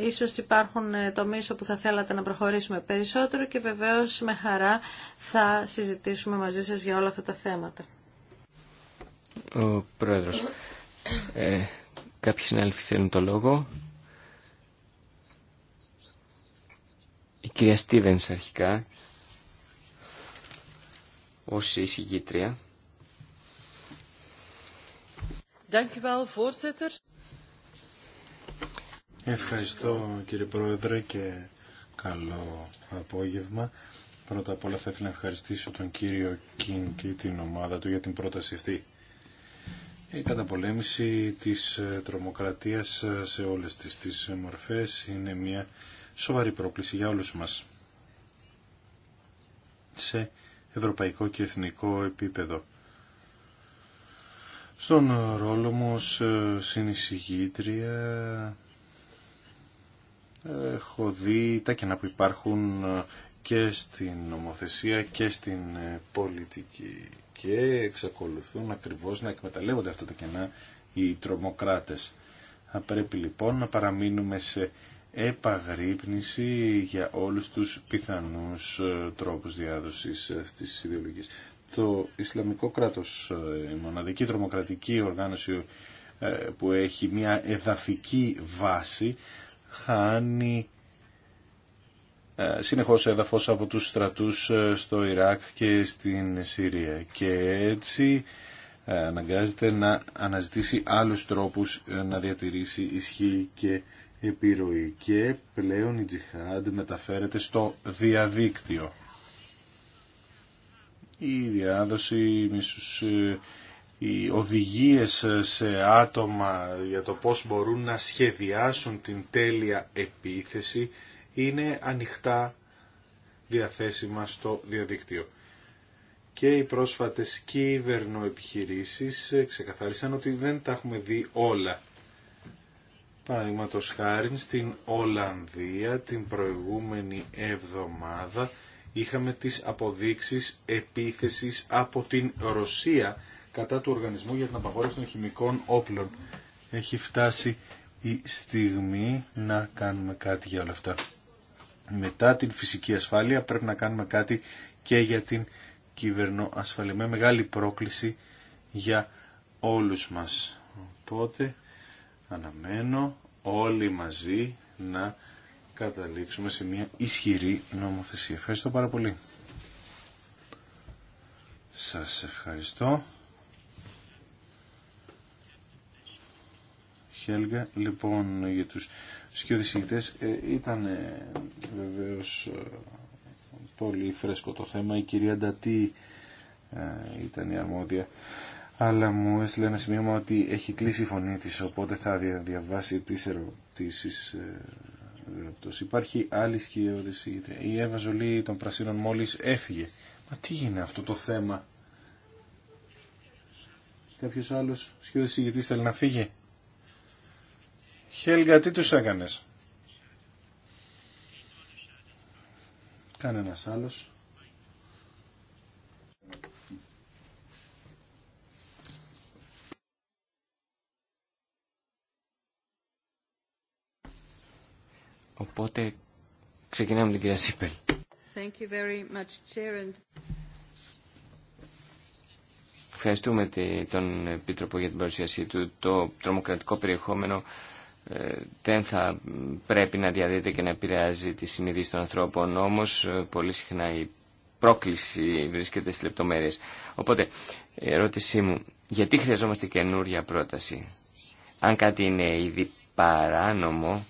Ίσως υπάρχουν ε, τομείς όπου θα θέλατε να προχωρήσουμε περισσότερο και βεβαίως με χαρά θα συζητήσουμε μαζί σας για όλα αυτά τα θέματα. Ο Πρόεδρος, ε, κάποιοι συνάδελφοι θέλουν το λόγο. Η κυρία Στίβενς αρχικά, ως εισηγήτρια. Ευχαριστώ κύριε Πρόεδρε και καλό απόγευμα. Πρώτα απ' όλα θα ήθελα να ευχαριστήσω τον κύριο Κιν και την ομάδα του για την πρόταση αυτή. Η καταπολέμηση της ε, τρομοκρατίας ε, σε όλες τις, τις μορφές είναι μια σοβαρή πρόκληση για όλους μας. Σε ευρωπαϊκό και εθνικό επίπεδο στον ρόλο μου ως ε, συνεισηγήτρια έχω δει τα κενά που υπάρχουν ε, και στην νομοθεσία και στην ε, πολιτική και εξακολουθούν ακριβώς να εκμεταλλεύονται αυτά τα κενά οι τρομοκράτες. Θα πρέπει λοιπόν να παραμείνουμε σε επαγρύπνηση για όλους τους πιθανούς τρόπους διάδοσης αυτής της ιδεολογίας το Ισλαμικό κράτος, ε, η μοναδική τρομοκρατική οργάνωση ε, που έχει μια εδαφική βάση, χάνει ε, συνεχώς έδαφος από τους στρατούς στο Ιράκ και στην Συρία και έτσι αναγκάζεται να αναζητήσει άλλους τρόπους να διατηρήσει ισχύ και επιρροή και πλέον η τζιχάντ μεταφέρεται στο διαδίκτυο η διάδοση, μισους ε, οι οδηγίες ε, σε άτομα για το πώς μπορούν να σχεδιάσουν την τέλεια επίθεση είναι ανοιχτά διαθέσιμα στο διαδίκτυο. Και οι πρόσφατες κυβερνοεπιχειρήσεις ε, ξεκαθάρισαν ότι δεν τα έχουμε δει όλα. Παραδείγματο χάρη στην Ολλανδία την προηγούμενη εβδομάδα είχαμε τις αποδείξεις επίθεσης από την Ρωσία κατά του Οργανισμού για την Απαγόρευση των Χημικών Όπλων. Έχει φτάσει η στιγμή να κάνουμε κάτι για όλα αυτά. Μετά την φυσική ασφάλεια πρέπει να κάνουμε κάτι και για την κυβερνοασφαλή. Με μεγάλη πρόκληση για όλους μας. Οπότε αναμένω όλοι μαζί να καταλήξουμε σε μια ισχυρή νομοθεσία. Ευχαριστώ πάρα πολύ. Σας ευχαριστώ. Χέλγα, λοιπόν, για τους ε, ήταν ε, βεβαίως ε, πολύ φρέσκο το θέμα. Η κυρία Ντατή ε, ήταν η αρμόδια. Αλλά μου έστειλε ένα σημείωμα ότι έχει κλείσει η φωνή της, οπότε θα διαβάσει τις ερωτήσεις Υπάρχει άλλη σκιώδη Η Εύα Ζολή των Πρασίνων μόλις έφυγε. Μα τι είναι αυτό το θέμα. Κάποιος άλλος σκιώδη θέλει να φύγει. Χέλγα, τι τους έκανες. Κανένας άλλος. Οπότε ξεκινάμε την κυρία Σίπελ. Ευχαριστούμε τον Επίτροπο για την παρουσίασή του. Το τρομοκρατικό περιεχόμενο ε, δεν θα πρέπει να διαδίδεται και να επηρεάζει τη συνείδηση των ανθρώπων. Όμως ε, πολύ συχνά η πρόκληση βρίσκεται στι λεπτομέρειε. Οπότε, η ερώτησή μου, γιατί χρειαζόμαστε καινούρια πρόταση. Αν κάτι είναι ήδη παράνομο,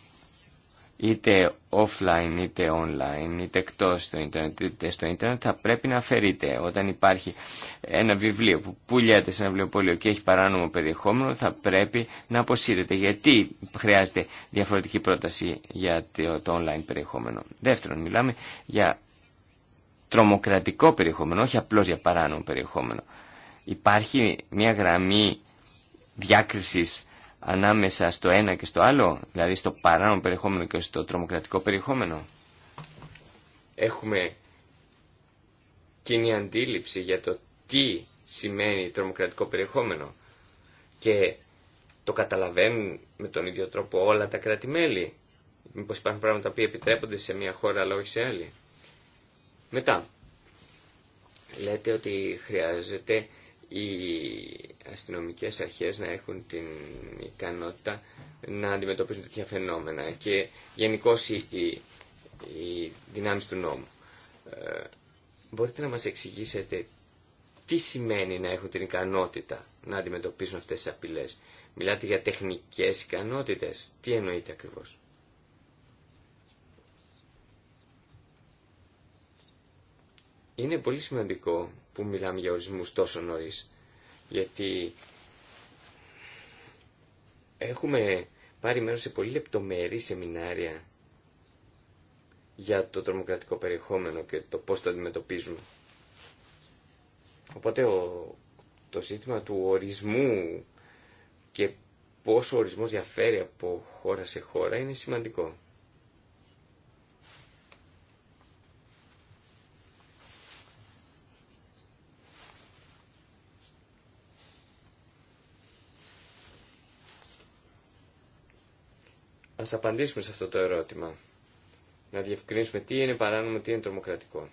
είτε offline είτε online είτε εκτό στο ίντερνετ είτε στο ίντερνετ θα πρέπει να αφαιρείται όταν υπάρχει ένα βιβλίο που πουλιάται σε ένα βιβλιοπωλείο και έχει παράνομο περιεχόμενο θα πρέπει να αποσύρεται γιατί χρειάζεται διαφορετική πρόταση για το online περιεχόμενο δεύτερον μιλάμε για τρομοκρατικό περιεχόμενο όχι απλώς για παράνομο περιεχόμενο υπάρχει μια γραμμή διάκρισης ανάμεσα στο ένα και στο άλλο, δηλαδή στο παράνομο περιεχόμενο και στο τρομοκρατικό περιεχόμενο. Έχουμε κοινή αντίληψη για το τι σημαίνει τρομοκρατικό περιεχόμενο και το καταλαβαίνουν με τον ίδιο τρόπο όλα τα κράτη-μέλη. Μήπως υπάρχουν πράγματα που επιτρέπονται σε μια χώρα αλλά όχι σε άλλη. Μετά, λέτε ότι χρειάζεται οι αστυνομικές αρχές να έχουν την ικανότητα να αντιμετωπίζουν τέτοια φαινόμενα και γενικώ οι, οι, δυνάμεις του νόμου. Ε, μπορείτε να μας εξηγήσετε τι σημαίνει να έχουν την ικανότητα να αντιμετωπίσουν αυτές τις απειλές. Μιλάτε για τεχνικές ικανότητες. Τι εννοείτε ακριβώς. Είναι πολύ σημαντικό που μιλάμε για ορισμούς τόσο νωρίς. Γιατί έχουμε πάρει μέρος σε πολύ λεπτομερή σεμινάρια για το τρομοκρατικό περιεχόμενο και το πώς το αντιμετωπίζουμε. Οπότε το ζήτημα του ορισμού και πόσο ο ορισμός διαφέρει από χώρα σε χώρα είναι σημαντικό. Ας απαντήσουμε σε αυτό το ερώτημα. Να διευκρινίσουμε τι είναι παράνομο, τι είναι τρομοκρατικό.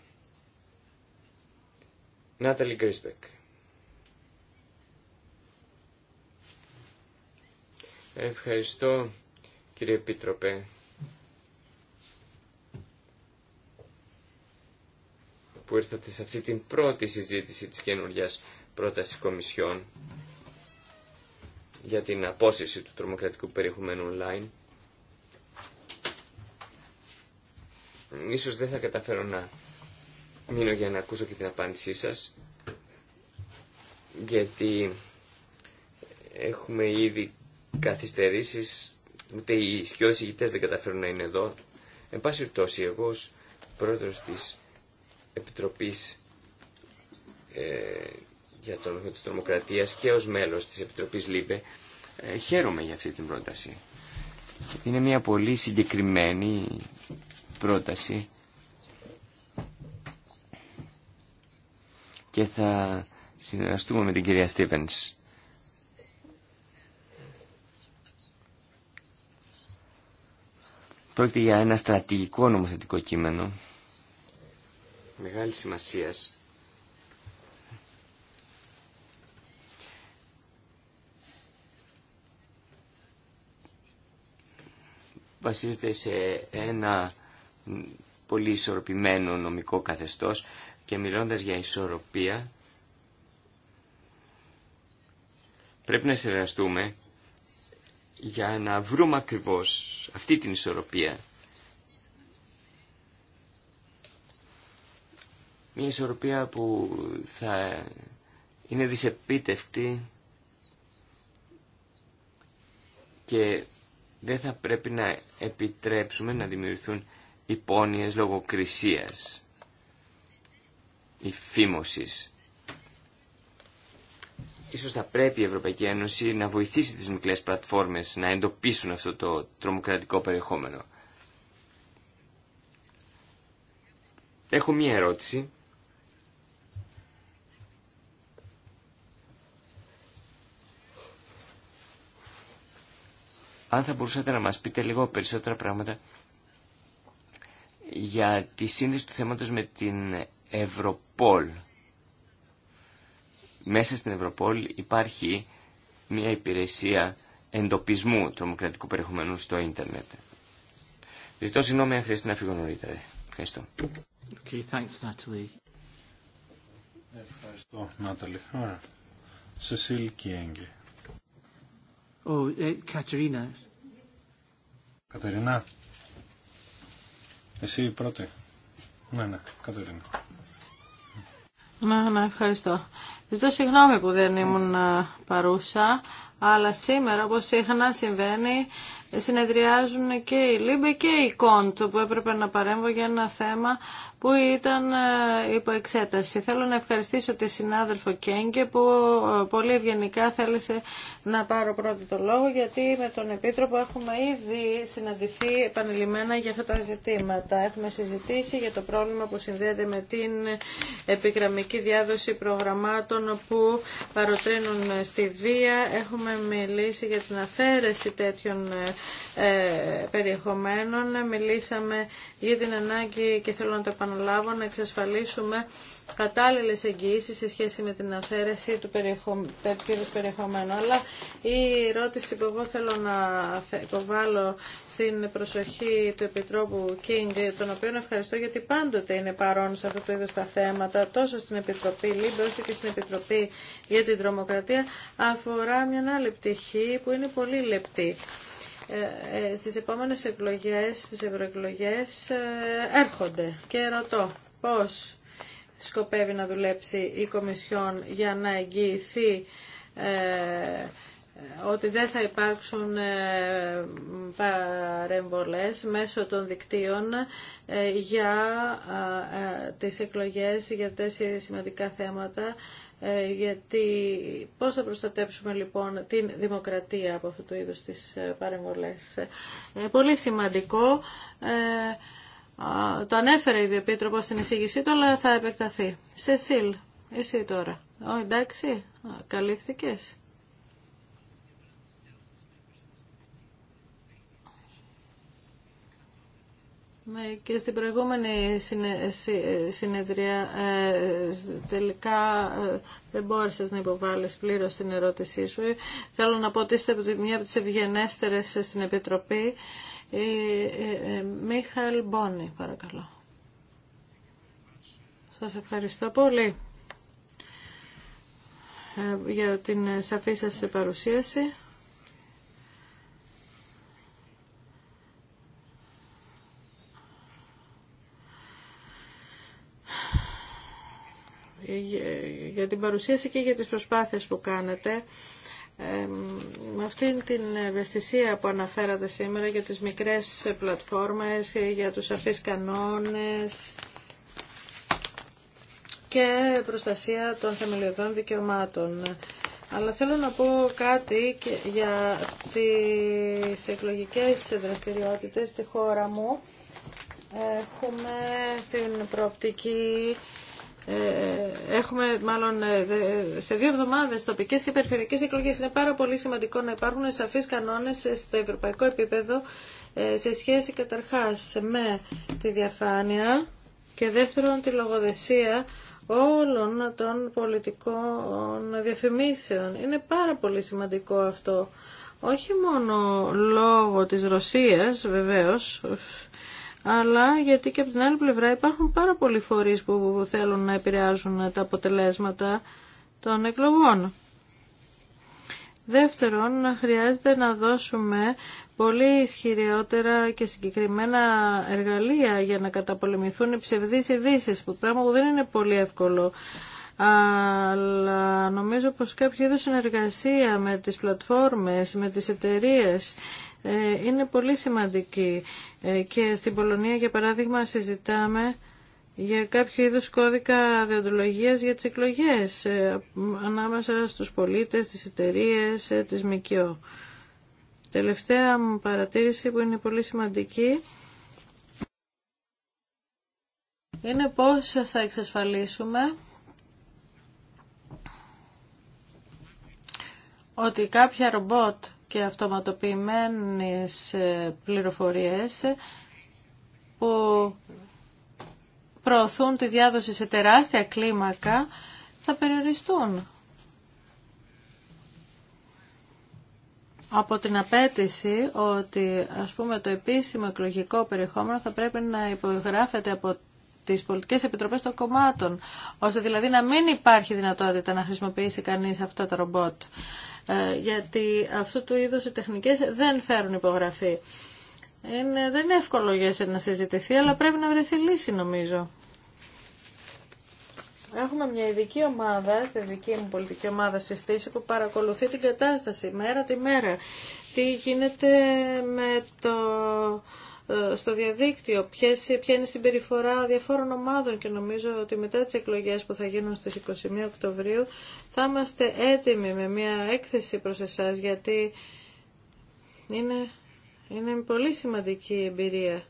Νάταλι Γκρίσπεκ. Ευχαριστώ κύριε Επίτροπε. που ήρθατε σε αυτή την πρώτη συζήτηση της καινούργια πρόταση κομισιών για την απόσυρση του τρομοκρατικού περιεχομένου online. Ίσως δεν θα καταφέρω να μείνω για να ακούσω και την απάντησή σας, γιατί έχουμε ήδη καθυστερήσεις, ούτε οι σκιώσεις ηγητές δεν καταφέρουν να είναι εδώ. Εν πάση πτώση, εγώ πρόεδρος της Επιτροπής ε, για τον Λόγο της Τρομοκρατίας και ως μέλος της Επιτροπής ΛΥΜΠΕ, ε, χαίρομαι για αυτή την πρόταση. Είναι μια πολύ συγκεκριμένη πρόταση και θα συνεργαστούμε με την κυρία Στίβενς. Πρόκειται για ένα στρατηγικό νομοθετικό κείμενο μεγάλη σημασίας. βασίζεται σε ένα πολύ ισορροπημένο νομικό καθεστώς και μιλώντας για ισορροπία πρέπει να συνεργαστούμε για να βρούμε ακριβώς αυτή την ισορροπία. Μια ισορροπία που θα είναι δυσεπίτευτη και δεν θα πρέπει να επιτρέψουμε να δημιουργηθούν υπόνοιες λογοκρισίας, υφήμωσης. Ίσως θα πρέπει η Ευρωπαϊκή Ένωση να βοηθήσει τις μικρές πλατφόρμες να εντοπίσουν αυτό το τρομοκρατικό περιεχόμενο. Έχω μία ερώτηση. Αν θα μπορούσατε να μας πείτε λίγο περισσότερα πράγματα για τη σύνδεση του θέματος με την Ευρωπόλ. Μέσα στην Ευρωπόλ υπάρχει μια υπηρεσία εντοπισμού τρομοκρατικού περιεχομένου στο ίντερνετ. Ζητώ συγγνώμη αν χρειάζεται να φύγω νωρίτερα. Ευχαριστώ. Okay, thanks, Natalie. Ευχαριστώ, Νάταλη. Ωραία. Σεσίλ Κιέγγε. Oh, ε, Κατερίνα. Κατερίνα. Εσύ πρώτη. Ναι, ναι, Κατερίνα. Ναι, ναι, ευχαριστώ. Ζητώ συγγνώμη που δεν ήμουν ε, παρούσα, αλλά σήμερα, όπως συχνά συμβαίνει, συνεδριάζουν και η ΛΥΜΠΕ και η ΚΟΝΤ, που έπρεπε να παρέμβω για ένα θέμα που ήταν ε, υπό εξέταση. Θέλω να ευχαριστήσω τη συνάδελφο Κέγκε που ε, πολύ ευγενικά θέλησε να πάρω πρώτο το λόγο γιατί με τον Επίτροπο έχουμε ήδη συναντηθεί επανειλημμένα για αυτά τα ζητήματα. Έχουμε συζητήσει για το πρόβλημα που συνδέεται με την επικραμική διάδοση προγραμμάτων που παροτρύνουν ε, στη βία. Έχουμε μιλήσει για την αφαίρεση τέτοιων περιεχομένων. Μιλήσαμε για την ανάγκη και θέλω να το να εξασφαλίσουμε κατάλληλες εγγυήσεις σε σχέση με την αφαίρεση του περιεχο... περιεχομένου. Αλλά η ερώτηση που εγώ θέλω να υποβάλω στην προσοχή του Επιτρόπου King, τον οποίο ευχαριστώ γιατί πάντοτε είναι παρόν σε αυτό το είδος τα θέματα, τόσο στην Επιτροπή Λίμπε όσο και στην Επιτροπή για την Τρομοκρατία, αφορά μια άλλη πτυχή που είναι πολύ λεπτή. Ε, ε, στις επόμενες εκλογές, στις ευρωεκλογές ε, έρχονται και ρωτώ πώς σκοπεύει να δουλέψει η Κομισιόν για να εγγυηθεί ότι δεν θα υπάρξουν παρεμβολές μέσω των δικτύων για τις εκλογές, για τέτοια σημαντικά θέματα ε, γιατί πώς θα προστατέψουμε λοιπόν την δημοκρατία από αυτού του είδους τις ε, παρεμβολές. Ε, πολύ σημαντικό. το ανέφερε η Διεπίτροπο στην εισήγησή του, αλλά θα επεκταθεί. Σεσίλ, εσύ τώρα. εντάξει, καλύφθηκες. Και στην προηγούμενη συνεδρία ε, τελικά ε, δεν μπόρεσε να υποβάλεις πλήρως την ερώτησή σου. Θέλω να πω ότι είστε μία από τις ευγενέστερες στην Επιτροπή. Ε, Μίχαλ Μπόνι, παρακαλώ. Σας ευχαριστώ πολύ για την σαφή σας παρουσίαση. για την παρουσίαση και για τις προσπάθειες που κάνετε. Με αυτήν την ευαισθησία που αναφέρατε σήμερα για τις μικρές πλατφόρμες, για τους αφείς κανόνες και προστασία των θεμελιωδών δικαιωμάτων. Αλλά θέλω να πω κάτι για τις εκλογικές δραστηριότητες στη χώρα μου. Έχουμε στην προοπτική ε, έχουμε μάλλον ε, σε δύο εβδομάδε τοπικέ και περιφερειακές εκλογέ. Είναι πάρα πολύ σημαντικό να υπάρχουν σαφείς κανόνες στο ευρωπαϊκό επίπεδο ε, σε σχέση καταρχάς με τη διαφάνεια και δεύτερον τη λογοδεσία όλων των πολιτικών διαφημίσεων. Είναι πάρα πολύ σημαντικό αυτό. Όχι μόνο λόγω της Ρωσίας, βεβαίως, αλλά γιατί και από την άλλη πλευρά υπάρχουν πάρα πολλοί φορείς που θέλουν να επηρεάζουν τα αποτελέσματα των εκλογών. Δεύτερον, χρειάζεται να δώσουμε πολύ ισχυριότερα και συγκεκριμένα εργαλεία για να καταπολεμηθούν οι ψευδείς ειδήσει, που πράγμα που δεν είναι πολύ εύκολο. Αλλά νομίζω πως κάποιο είδους συνεργασία με τις πλατφόρμες, με τις εταιρείες ε, είναι πολύ σημαντική ε, και στην Πολωνία για παράδειγμα συζητάμε για κάποιο είδους κώδικα διοντολογίας για τις εκλογές ε, ανάμεσα στους πολίτες, τις εταιρείες, τις ΜΚΟ. Τελευταία μου παρατήρηση που είναι πολύ σημαντική είναι πώς θα εξασφαλίσουμε ότι κάποια ρομπότ και αυτοματοποιημένες ε, πληροφορίες που προωθούν τη διάδοση σε τεράστια κλίμακα θα περιοριστούν. από την απέτηση ότι ας πούμε το επίσημο εκλογικό περιεχόμενο θα πρέπει να υπογράφεται από τις πολιτικές επιτροπές των κομμάτων, ώστε δηλαδή να μην υπάρχει δυνατότητα να χρησιμοποιήσει κανείς αυτά τα ρομπότ. Ε, γιατί αυτού του είδους οι τεχνικές δεν φέρουν υπογραφή. Είναι, δεν είναι εύκολο για να συζητηθεί, αλλά πρέπει να βρεθεί λύση νομίζω. Έχουμε μια ειδική ομάδα, στη δική μου πολιτική ομάδα συστήση, που παρακολουθεί την κατάσταση μέρα τη μέρα. Τι γίνεται με το ε, στο διαδίκτυο, ποιες, ποια είναι η συμπεριφορά διαφόρων ομάδων και νομίζω ότι μετά τις εκλογές που θα γίνουν στις 21 Οκτωβρίου θα είμαστε έτοιμοι με μια έκθεση προς εσάς γιατί είναι, είναι πολύ σημαντική εμπειρία.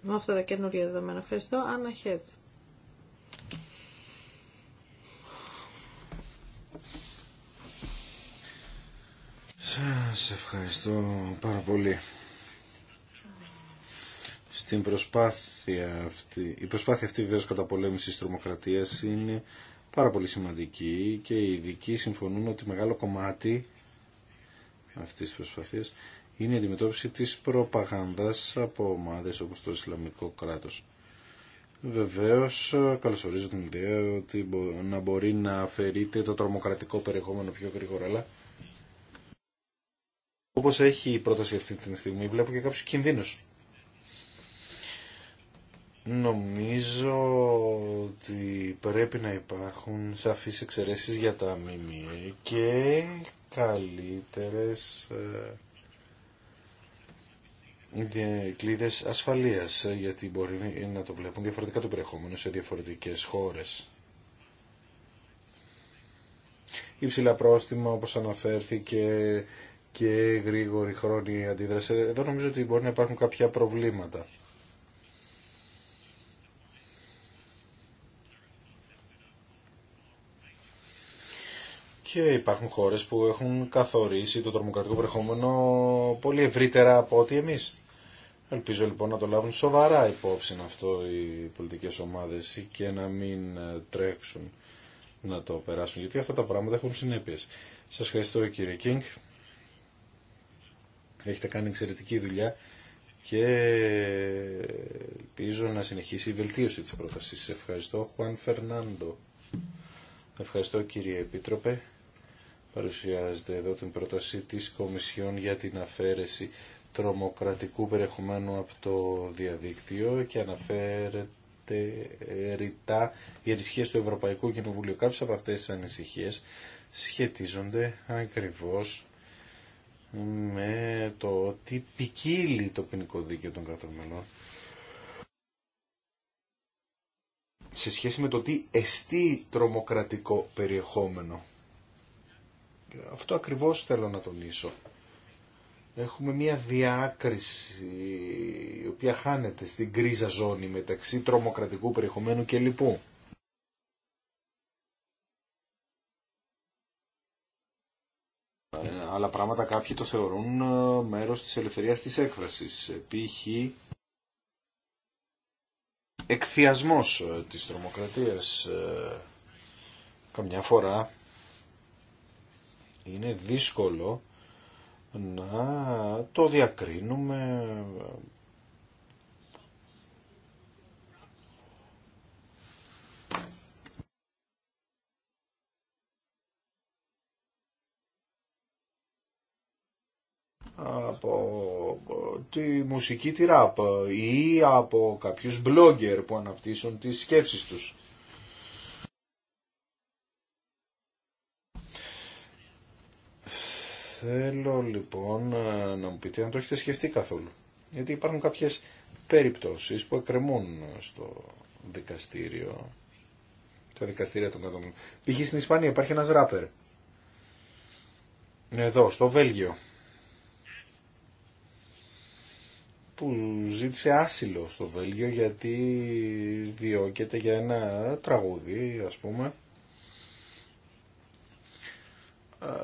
Με αυτά τα καινούργια δεδομένα. Ευχαριστώ. Άννα Σας ευχαριστώ πάρα πολύ. Στην προσπάθεια αυτή, η προσπάθεια αυτή βέβαια της τρομοκρατίας είναι πάρα πολύ σημαντική και οι ειδικοί συμφωνούν ότι μεγάλο κομμάτι αυτής της προσπάθειας είναι η αντιμετώπιση της προπαγάνδας από ομάδες όπως το Ισλαμικό κράτος. Βεβαίως καλωσορίζω την ιδέα ότι να μπορεί να αφαιρείται το τρομοκρατικό περιεχόμενο πιο γρήγορα, αλλά όπως έχει η πρόταση αυτή τη στιγμή βλέπω και κάποιου κινδύνους. Νομίζω ότι πρέπει να υπάρχουν σαφείς εξαιρέσεις για τα ΜΜΕ και καλύτερες ε, κλίδες ασφαλείας ε, γιατί μπορεί να το βλέπουν διαφορετικά το περιεχόμενο σε διαφορετικές χώρες. Υψηλά πρόστιμα όπως αναφέρθηκε και γρήγορη χρόνη αντίδραση. Εδώ νομίζω ότι μπορεί να υπάρχουν κάποια προβλήματα. Και υπάρχουν χώρες που έχουν καθορίσει το τρομοκρατικό περιεχόμενο πολύ ευρύτερα από ό,τι εμείς. Ελπίζω λοιπόν να το λάβουν σοβαρά υπόψη αυτό οι πολιτικές ομάδες και να μην ε, τρέξουν να το περάσουν, γιατί αυτά τα πράγματα έχουν συνέπειες. Σας ευχαριστώ κύριε Κίνγκ. Έχετε κάνει εξαιρετική δουλειά και ελπίζω να συνεχίσει η βελτίωση της πρότασης. Ευχαριστώ, Χουάν Φερνάντο. Ευχαριστώ, κύριε Επίτροπε. Παρουσιάζεται εδώ την πρόταση της Κομισιόν για την αφαίρεση τρομοκρατικού περιεχομένου από το διαδίκτυο και αναφέρεται ρητά οι ανησυχίες του Ευρωπαϊκού Κοινοβουλίου. Κάποιες από αυτές τις ανησυχίες σχετίζονται ακριβώς με το ότι ποικίλει το ποινικό δίκαιο των κρατωμένων σε σχέση με το τι εστί τρομοκρατικό περιεχόμενο. Αυτό ακριβώς θέλω να τονίσω. Έχουμε μια διάκριση η οποία χάνεται στην κρίζα ζώνη μεταξύ τρομοκρατικού περιεχομένου και λοιπού. άλλα πράγματα κάποιοι το θεωρούν ε, μέρος της ελευθερίας της έκφρασης. Ε, π.χ. εκθιασμός ε, της τρομοκρατίας. Καμιά φορά είναι δύσκολο να το διακρίνουμε από τη μουσική τη ραπ ή από κάποιους blogger που αναπτύσσουν τις σκέψεις τους. Θέλω λοιπόν να μου πείτε αν το έχετε σκεφτεί καθόλου. Γιατί υπάρχουν κάποιες περιπτώσεις που εκκρεμούν στο δικαστήριο. Τα δικαστήρια των κατομμύρων. Π.χ. στην Ισπανία υπάρχει ένας ράπερ. Εδώ, στο Βέλγιο που ζήτησε άσυλο στο Βέλγιο γιατί διώκεται για ένα τραγούδι ας πούμε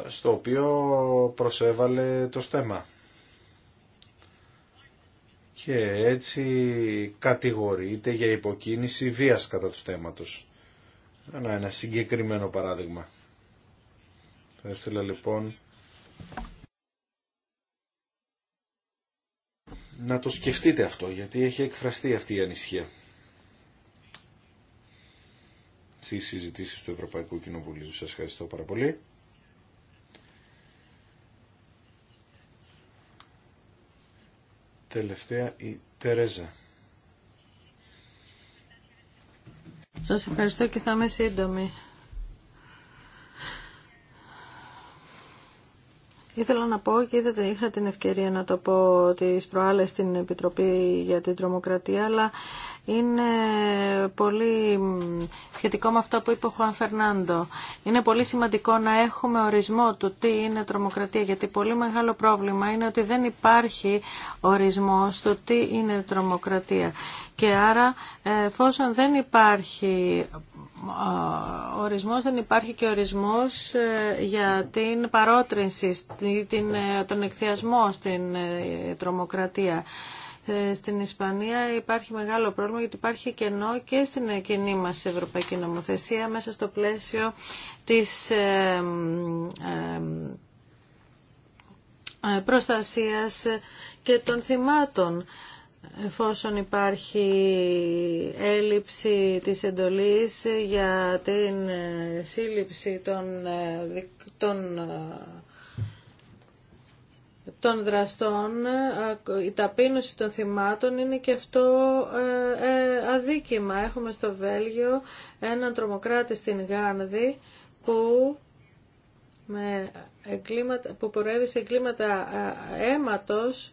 στο οποίο προσέβαλε το στέμα. Και έτσι κατηγορείται για υποκίνηση βίας κατά του στέματος. Ένα, ένα συγκεκριμένο παράδειγμα. Θα λοιπόν να το σκεφτείτε αυτό, γιατί έχει εκφραστεί αυτή η ανησυχία στις συζητήσει του Ευρωπαϊκού Κοινοβουλίου. Σας ευχαριστώ πάρα πολύ. Τελευταία η Τερέζα. Σας ευχαριστώ και θα είμαι σύντομη. Ήθελα να πω και δεν είχα την ευκαιρία να το πω τις προάλλες στην Επιτροπή για την Τρομοκρατία, αλλά είναι πολύ σχετικό με αυτό που είπε ο Χουάν Φερνάντο. Είναι πολύ σημαντικό να έχουμε ορισμό του τι είναι τρομοκρατία, γιατί πολύ μεγάλο πρόβλημα είναι ότι δεν υπάρχει ορισμός του τι είναι τρομοκρατία. Και άρα, εφόσον δεν υπάρχει ε, ορισμός, δεν υπάρχει και ορισμός ε, για την παρότρινση, την, ε, τον εκθιασμό στην τρομοκρατία. Ε, στην Ισπανία υπάρχει μεγάλο πρόβλημα γιατί υπάρχει κενό και στην κοινή μας ευρωπαϊκή νομοθεσία μέσα στο πλαίσιο της ε, ε, προστασίας και των θυμάτων εφόσον υπάρχει έλλειψη της εντολής για την σύλληψη των, των των δραστών, ε, η ταπείνωση των θυμάτων είναι και αυτό ε, ε, αδίκημα. Έχουμε στο Βέλγιο έναν τρομοκράτη στην Γάνδη που με εγκλήματα, που πορεύει σε εγκλήματα αίματος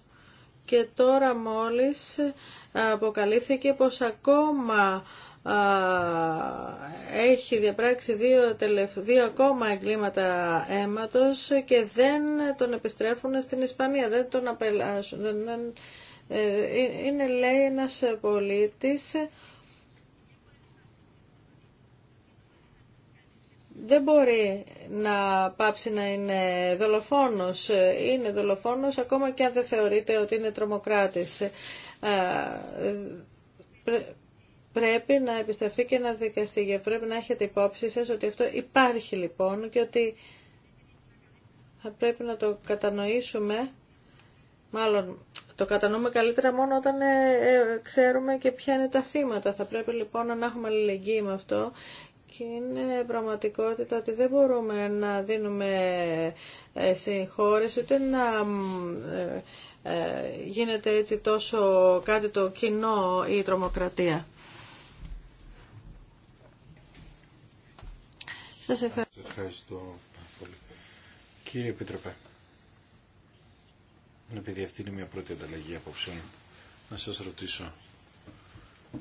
και τώρα μόλις αποκαλύφθηκε πως ακόμα έχει διαπράξει δύο, δύο ακόμα εγκλήματα αίματος και δεν τον επιστρέφουν στην Ισπανία, δεν τον απελάσουν. Ε, ε, είναι λέει ένας πολίτης δεν μπορεί να πάψει να είναι δολοφόνος. Είναι δολοφόνος ακόμα και αν δεν θεωρείται ότι είναι τρομοκράτης πρέπει να επιστραφεί και να δικαστεί. Πρέπει να έχετε υπόψη σας ότι αυτό υπάρχει λοιπόν και ότι θα πρέπει να το κατανοήσουμε, μάλλον το κατανοούμε καλύτερα μόνο όταν ε, ε, ξέρουμε και ποια είναι τα θύματα. Θα πρέπει λοιπόν να έχουμε αλληλεγγύη με αυτό και είναι πραγματικότητα ότι δεν μπορούμε να δίνουμε ε, συγχώρες ούτε να γίνεται έτσι τόσο κάτι το κοινό η τρομοκρατία. Σας ευχαριστώ. Σας ευχαριστώ πολύ. Κύριε Επίτροπε, επειδή αυτή είναι μια πρώτη ανταλλαγή απόψεων, να σας ρωτήσω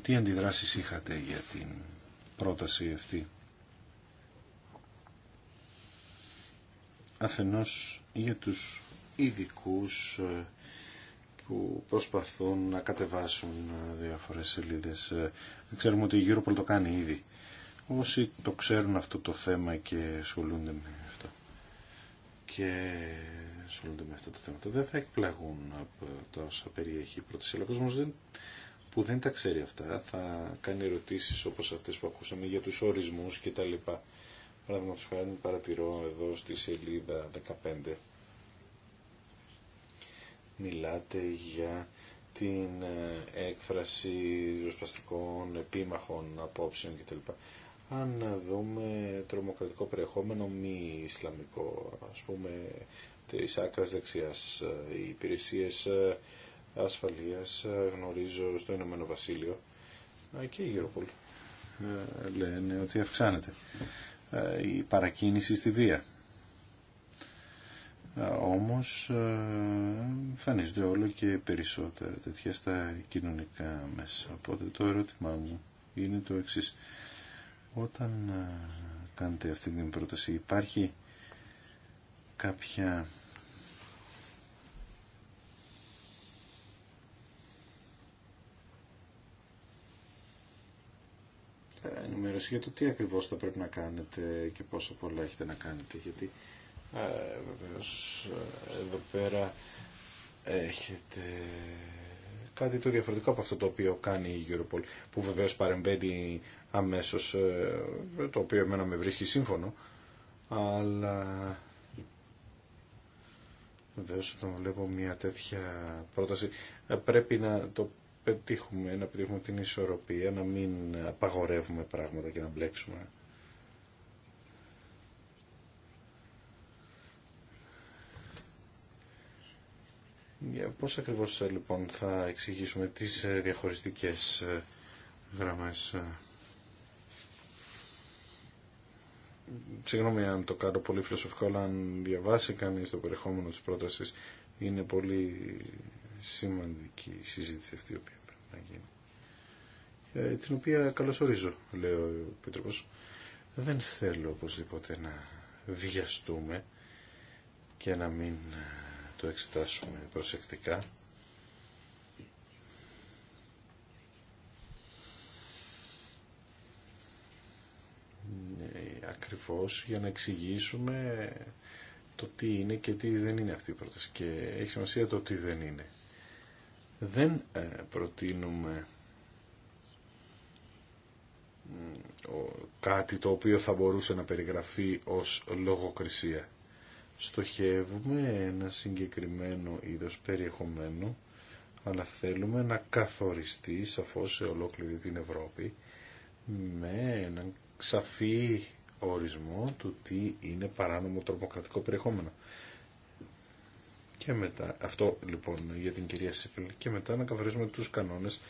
τι αντιδράσεις είχατε για την πρόταση αυτή. Αφενός για τους ειδικού ε, που προσπαθούν να κατεβάσουν ε, διάφορες σελίδες. Ε, ξέρουμε ότι η Europol το κάνει ήδη όσοι το ξέρουν αυτό το θέμα και ασχολούνται με αυτό. Και ασχολούνται με αυτά τα θέματα. Δεν θα εκπλαγούν από τα όσα περιέχει η πρώτη Ο κόσμος δεν, που δεν τα ξέρει αυτά θα κάνει ερωτήσεις όπως αυτές που ακούσαμε για τους ορισμούς και τα λοιπά. Παραδείγματος χάρη παρατηρώ εδώ στη σελίδα 15 μιλάτε για την ε, έκφραση ζωσπαστικών επίμαχων απόψεων κτλ αν δούμε τρομοκρατικό περιεχόμενο μη ισλαμικό, ας πούμε της άκρας δεξιάς, ε, οι υπηρεσίες ε, ασφαλείας ε, γνωρίζω στο Ηνωμένο Βασίλειο και η Γεροπολ λένε ότι αυξάνεται η παρακίνηση στη βία. Όμως φανίζονται όλο και περισσότερα τέτοια στα κοινωνικά μέσα. Οπότε το ερώτημά μου είναι το εξής. Όταν ε, κάνετε αυτή την πρόταση υπάρχει κάποια ενημέρωση για το τι ακριβώς θα πρέπει να κάνετε και πόσο πολλά έχετε να κάνετε γιατί ε, βεβαίως ε, εδώ πέρα έχετε κάτι το διαφορετικό από αυτό το οποίο κάνει η Europol που βεβαίως παρεμβαίνει αμέσως, ε, το οποίο εμένα με βρίσκει σύμφωνο, αλλά βεβαίω όταν βλέπω μια τέτοια πρόταση ε, πρέπει να το πετύχουμε, να πετύχουμε την ισορροπία, να μην απαγορεύουμε πράγματα και να μπλέξουμε. Για πώς ακριβώς ε, λοιπόν θα εξηγήσουμε τις διαχωριστικές γραμμές Συγγνώμη αν το κάνω πολύ φιλοσοφικό, αλλά αν διαβάσει κανεί το περιεχόμενο τη πρόταση είναι πολύ σημαντική η συζήτηση αυτή η οποία πρέπει να γίνει. Ε, την οποία καλωσορίζω, λέει ο Πίτροπο. Δεν θέλω οπωσδήποτε να βιαστούμε και να μην ε, το εξετάσουμε προσεκτικά ακριβώς για να εξηγήσουμε το τι είναι και τι δεν είναι αυτή η πρόταση. Και έχει σημασία το τι δεν είναι. Δεν ε, προτείνουμε κάτι το οποίο θα μπορούσε να περιγραφεί ως λογοκρισία. Στοχεύουμε ένα συγκεκριμένο είδος περιεχομένου, αλλά θέλουμε να καθοριστεί σαφώς σε ολόκληρη την Ευρώπη με έναν ξαφή ορισμό του τι είναι παράνομο τρομοκρατικό περιεχόμενο. Και μετά, αυτό λοιπόν για την κυρία Σίπελ, και μετά να καθορίζουμε τους κανόνες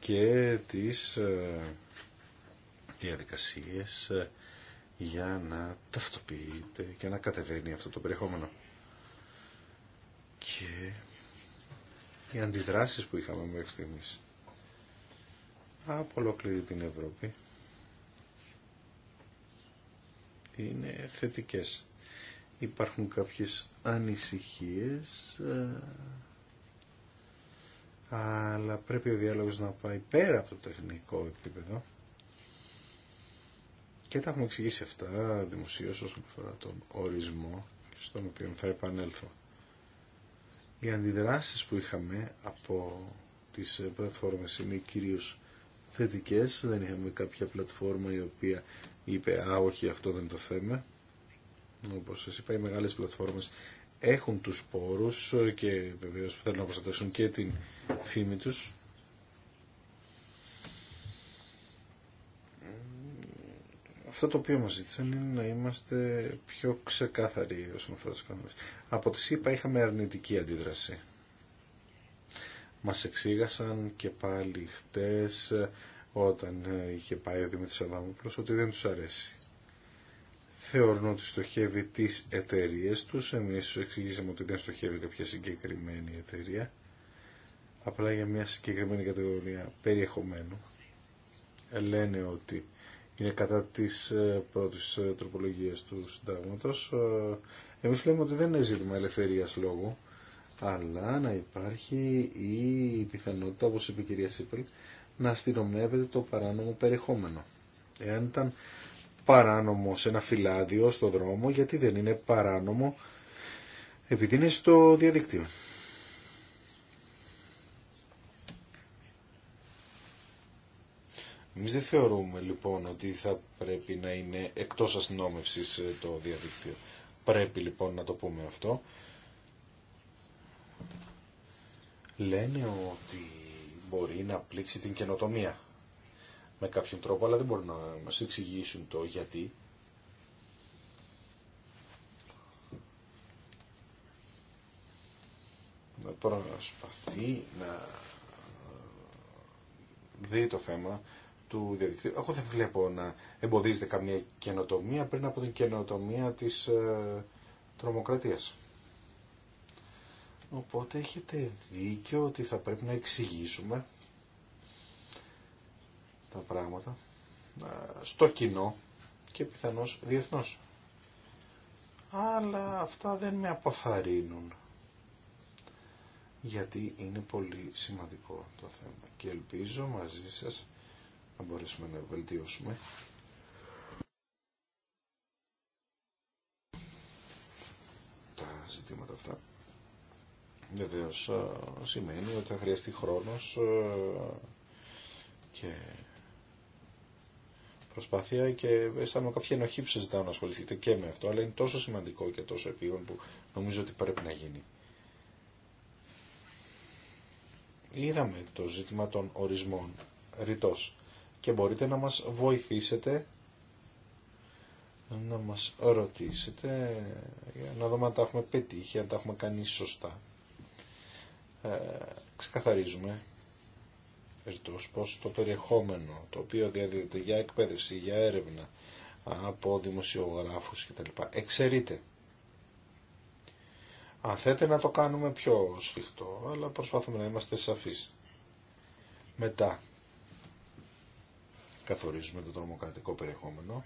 και τις ε, διαδικασίες ε, για να ταυτοποιείται και να κατεβαίνει αυτό το περιεχόμενο. Και οι αντιδράσεις που είχαμε μέχρι στιγμής από ολόκληρη την Ευρώπη είναι θετικές. Υπάρχουν κάποιες ανησυχίες, ε, αλλά πρέπει ο διάλογος να πάει πέρα από το τεχνικό επίπεδο. Και τα έχουμε εξηγήσει αυτά δημοσίως όσον αφορά τον ορισμό στον οποίο θα επανέλθω. Οι αντιδράσεις που είχαμε από τις πλατφόρμες είναι κυρίως θετικές. Δεν είχαμε κάποια πλατφόρμα η οποία είπε «Α, όχι, αυτό δεν το θέμα». Όπως σας είπα, οι μεγάλες πλατφόρμες έχουν τους πόρους και βεβαίως θέλουν να προστατεύσουν και την φήμη τους. Αυτό το οποίο μας ζήτησαν είναι να είμαστε πιο ξεκάθαροι όσον αφορά τι κανόνες. Από τη ΣΥΠΑ είχαμε αρνητική αντίδραση. Μας εξήγασαν και πάλι χτες όταν είχε πάει ο Δημήτρης Αδάμουπλος ότι δεν τους αρέσει. Θεωρούν ότι στοχεύει τις εταιρείε τους. Εμείς τους εξηγήσαμε ότι δεν στοχεύει κάποια συγκεκριμένη εταιρεία. Απλά για μια συγκεκριμένη κατηγορία περιεχομένου. Λένε ότι είναι κατά της ε, πρώτης ε, τροπολογίες του συντάγματος. Ε, εμείς λέμε ότι δεν είναι ζήτημα ελευθερίας λόγου αλλά να υπάρχει η πιθανότητα, όπως είπε η κυρία Σίπελ, να αστυνομεύεται το παράνομο περιεχόμενο. Εάν ήταν παράνομο σε ένα φυλάδιο στο δρόμο, γιατί δεν είναι παράνομο επειδή είναι στο διαδίκτυο. Εμεί δεν θεωρούμε λοιπόν ότι θα πρέπει να είναι εκτός αστυνόμευσης ε, το διαδίκτυο. Πρέπει λοιπόν να το πούμε αυτό λένε ότι μπορεί να πλήξει την καινοτομία με κάποιον τρόπο, αλλά δεν μπορούν να μας εξηγήσουν το γιατί. Να προσπαθεί να ε, δει το θέμα του διαδικτύου. Εγώ δεν βλέπω να εμποδίζεται καμία καινοτομία πριν από την καινοτομία της ε, τρομοκρατίας. Οπότε έχετε δίκιο ότι θα πρέπει να εξηγήσουμε τα πράγματα στο κοινό και πιθανώς διεθνώς. Αλλά αυτά δεν με αποθαρρύνουν. Γιατί είναι πολύ σημαντικό το θέμα και ελπίζω μαζί σας να μπορέσουμε να βελτιώσουμε. Τα ζητήματα αυτά. Βεβαίω ε, σημαίνει ότι θα χρειαστεί χρόνος ε, και προσπάθεια και αισθάνομαι κάποια ενοχή που συζητάω να ασχοληθείτε και με αυτό, αλλά είναι τόσο σημαντικό και τόσο επίγον που νομίζω ότι πρέπει να γίνει. Είδαμε το ζήτημα των ορισμών ρητός και μπορείτε να μας βοηθήσετε να μας ρωτήσετε για να δούμε αν τα έχουμε πετύχει, αν τα έχουμε κάνει σωστά. Ε, ξεκαθαρίζουμε ερτός πως το περιεχόμενο το οποίο διαδίδεται για εκπαίδευση, για έρευνα από δημοσιογράφους κτλ. Εξαιρείται. Αν θέτε να το κάνουμε πιο σφιχτό, αλλά προσπαθούμε να είμαστε σαφείς. Μετά καθορίζουμε το τρομοκρατικό περιεχόμενο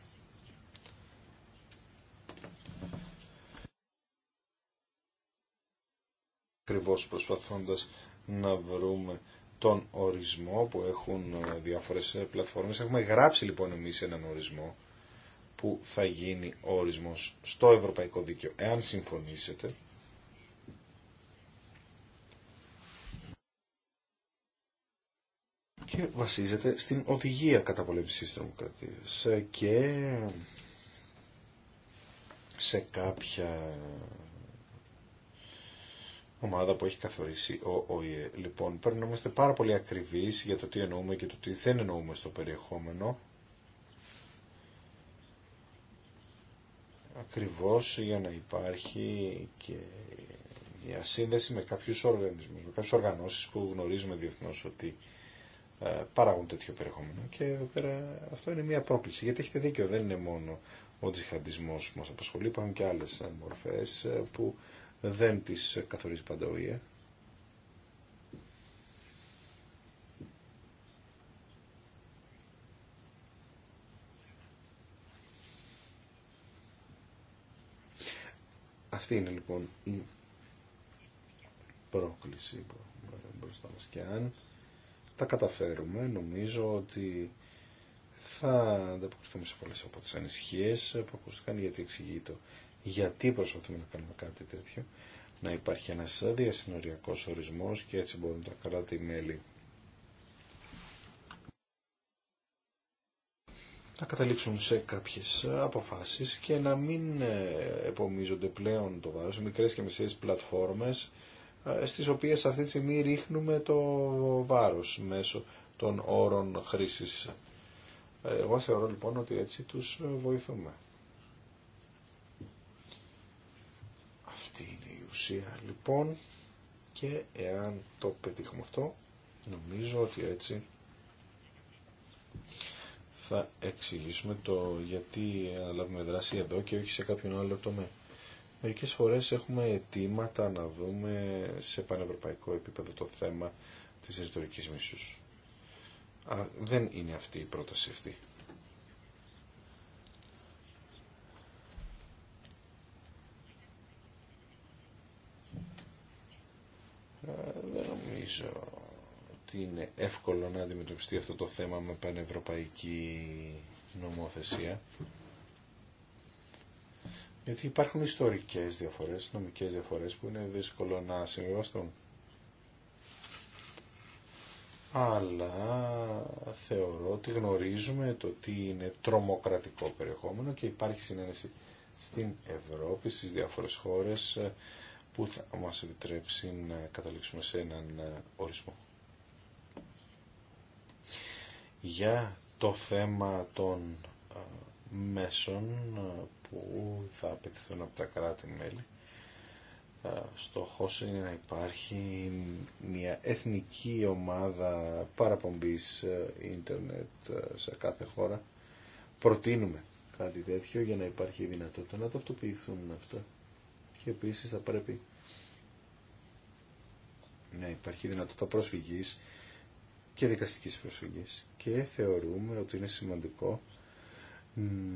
ακριβώς προσπαθώντας να βρούμε τον ορισμό που έχουν ε, διάφορες ε, πλατφόρμες. Έχουμε γράψει λοιπόν εμείς έναν ορισμό που θα γίνει ο ορισμός στο Ευρωπαϊκό Δίκαιο, εάν συμφωνήσετε. Και βασίζεται στην οδηγία καταπολέμησης τρομοκρατίας ε, και σε κάποια ομάδα που έχει καθορίσει ο ΟΗΕ. Λοιπόν, πρέπει να είμαστε πάρα πολύ ακριβείς για το τι εννοούμε και το τι δεν εννοούμε στο περιεχόμενο. Ακριβώς για να υπάρχει και μια σύνδεση με κάποιους οργανισμούς, με κάποιες οργανώσεις που γνωρίζουμε διεθνώς ότι ε, παράγουν τέτοιο περιεχόμενο. Και εδώ πέρα αυτό είναι μια πρόκληση, γιατί έχετε δίκιο, δεν είναι μόνο ο τζιχαντισμός που μας απασχολεί, υπάρχουν και άλλες μορφές ε, που δεν τις καθορίζει πάντα ο ΙΕ. Αυτή είναι λοιπόν η πρόκληση που έχουμε μπροστά μας και αν τα καταφέρουμε νομίζω ότι θα ανταποκριθούμε σε πολλές από τις ανησυχίες που ακούστηκαν γιατί εξηγεί το γιατί προσπαθούμε να κάνουμε κάτι τέτοιο, να υπάρχει ένας διασυνοριακός ορισμός και έτσι μπορούν τα κράτη-μέλη να καταλήξουν σε κάποιες αποφάσεις και να μην ε, επομίζονται πλέον το βάρος μικρές και μεσαίες πλατφόρμες ε, στις οποίες αυτή τη στιγμή ρίχνουμε το βάρος μέσω των όρων χρήσης. Ε, εγώ θεωρώ λοιπόν ότι έτσι τους βοηθούμε. λοιπόν και εάν το πετύχουμε αυτό νομίζω ότι έτσι θα εξηγήσουμε το γιατί αναλάβουμε δράση εδώ και όχι σε κάποιον άλλο τομέα. Μερικές φορές έχουμε αιτήματα να δούμε σε πανευρωπαϊκό επίπεδο το θέμα της ρητορικής μίσους. Α, δεν είναι αυτή η πρόταση αυτή. δεν νομίζω ότι είναι εύκολο να αντιμετωπιστεί αυτό το θέμα με πανευρωπαϊκή νομοθεσία. Γιατί υπάρχουν ιστορικές διαφορές, νομικές διαφορές που είναι δύσκολο να συμβιβαστούν. Αλλά θεωρώ ότι γνωρίζουμε το τι είναι τρομοκρατικό περιεχόμενο και υπάρχει συνένεση στην Ευρώπη, στις διάφορες χώρες που θα μας επιτρέψει να καταλήξουμε σε έναν ε, ορισμό. Για το θέμα των ε, μέσων ε, που θα απαιτηθούν από τα κράτη-μέλη, στόχος είναι να υπάρχει μια εθνική ομάδα παραπομπής ίντερνετ σε κάθε χώρα. Προτείνουμε κάτι τέτοιο για να υπάρχει δυνατότητα να αυτοποιηθούν αυτά και επίση θα πρέπει να υπάρχει δυνατότητα προσφυγή και δικαστικής προσφυγή και θεωρούμε ότι είναι σημαντικό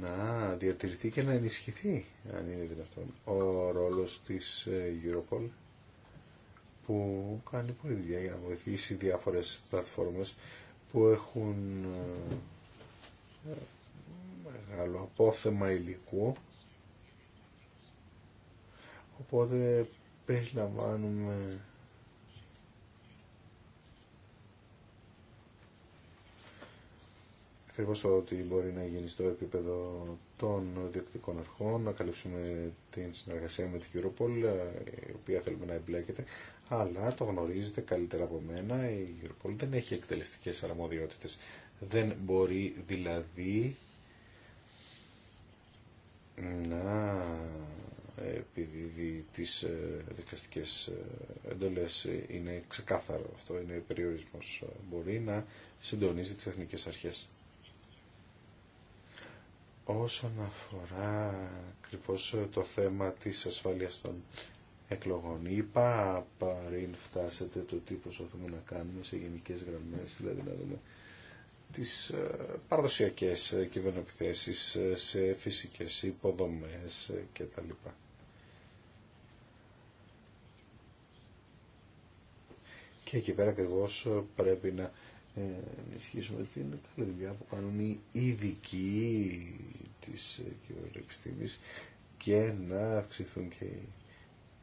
να διατηρηθεί και να ενισχυθεί αν είναι δυνατόν ο ρόλος της ε, Europol που κάνει πολλή δουλειά για να βοηθήσει διάφορες πλατφόρμες που έχουν ε, μεγάλο απόθεμα υλικού Οπότε περιλαμβάνουμε ακριβώ ότι μπορεί να γίνει στο επίπεδο των διεκτικών αρχών, να καλύψουμε την συνεργασία με την Europol, ε, η οποία θέλουμε να εμπλέκεται, αλλά το γνωρίζετε καλύτερα από μένα, η Europol δεν έχει εκτελεστικές αρμοδιότητες. Δεν μπορεί δηλαδή να επειδή της τις ε, δικαστικές ε, είναι ξεκάθαρο αυτό, είναι περιορισμός, ε, μπορεί να συντονίζει τις εθνικές αρχές. Όσον αφορά ακριβώ το θέμα της ασφάλειας των εκλογών, είπα πριν φτάσετε το τι προσπαθούμε να κάνουμε σε γενικές γραμμές, δηλαδή να δούμε τις παραδοσιακές κυβερνοεπιθέσεις σε φυσικές υποδομές κτλ. και εκεί πέρα ακριβώ πρέπει να ε, ενισχύσουμε την καλή δουλειά που κάνουν οι ειδικοί της ε, κυβερνοεπιστήμης και να αυξηθούν και οι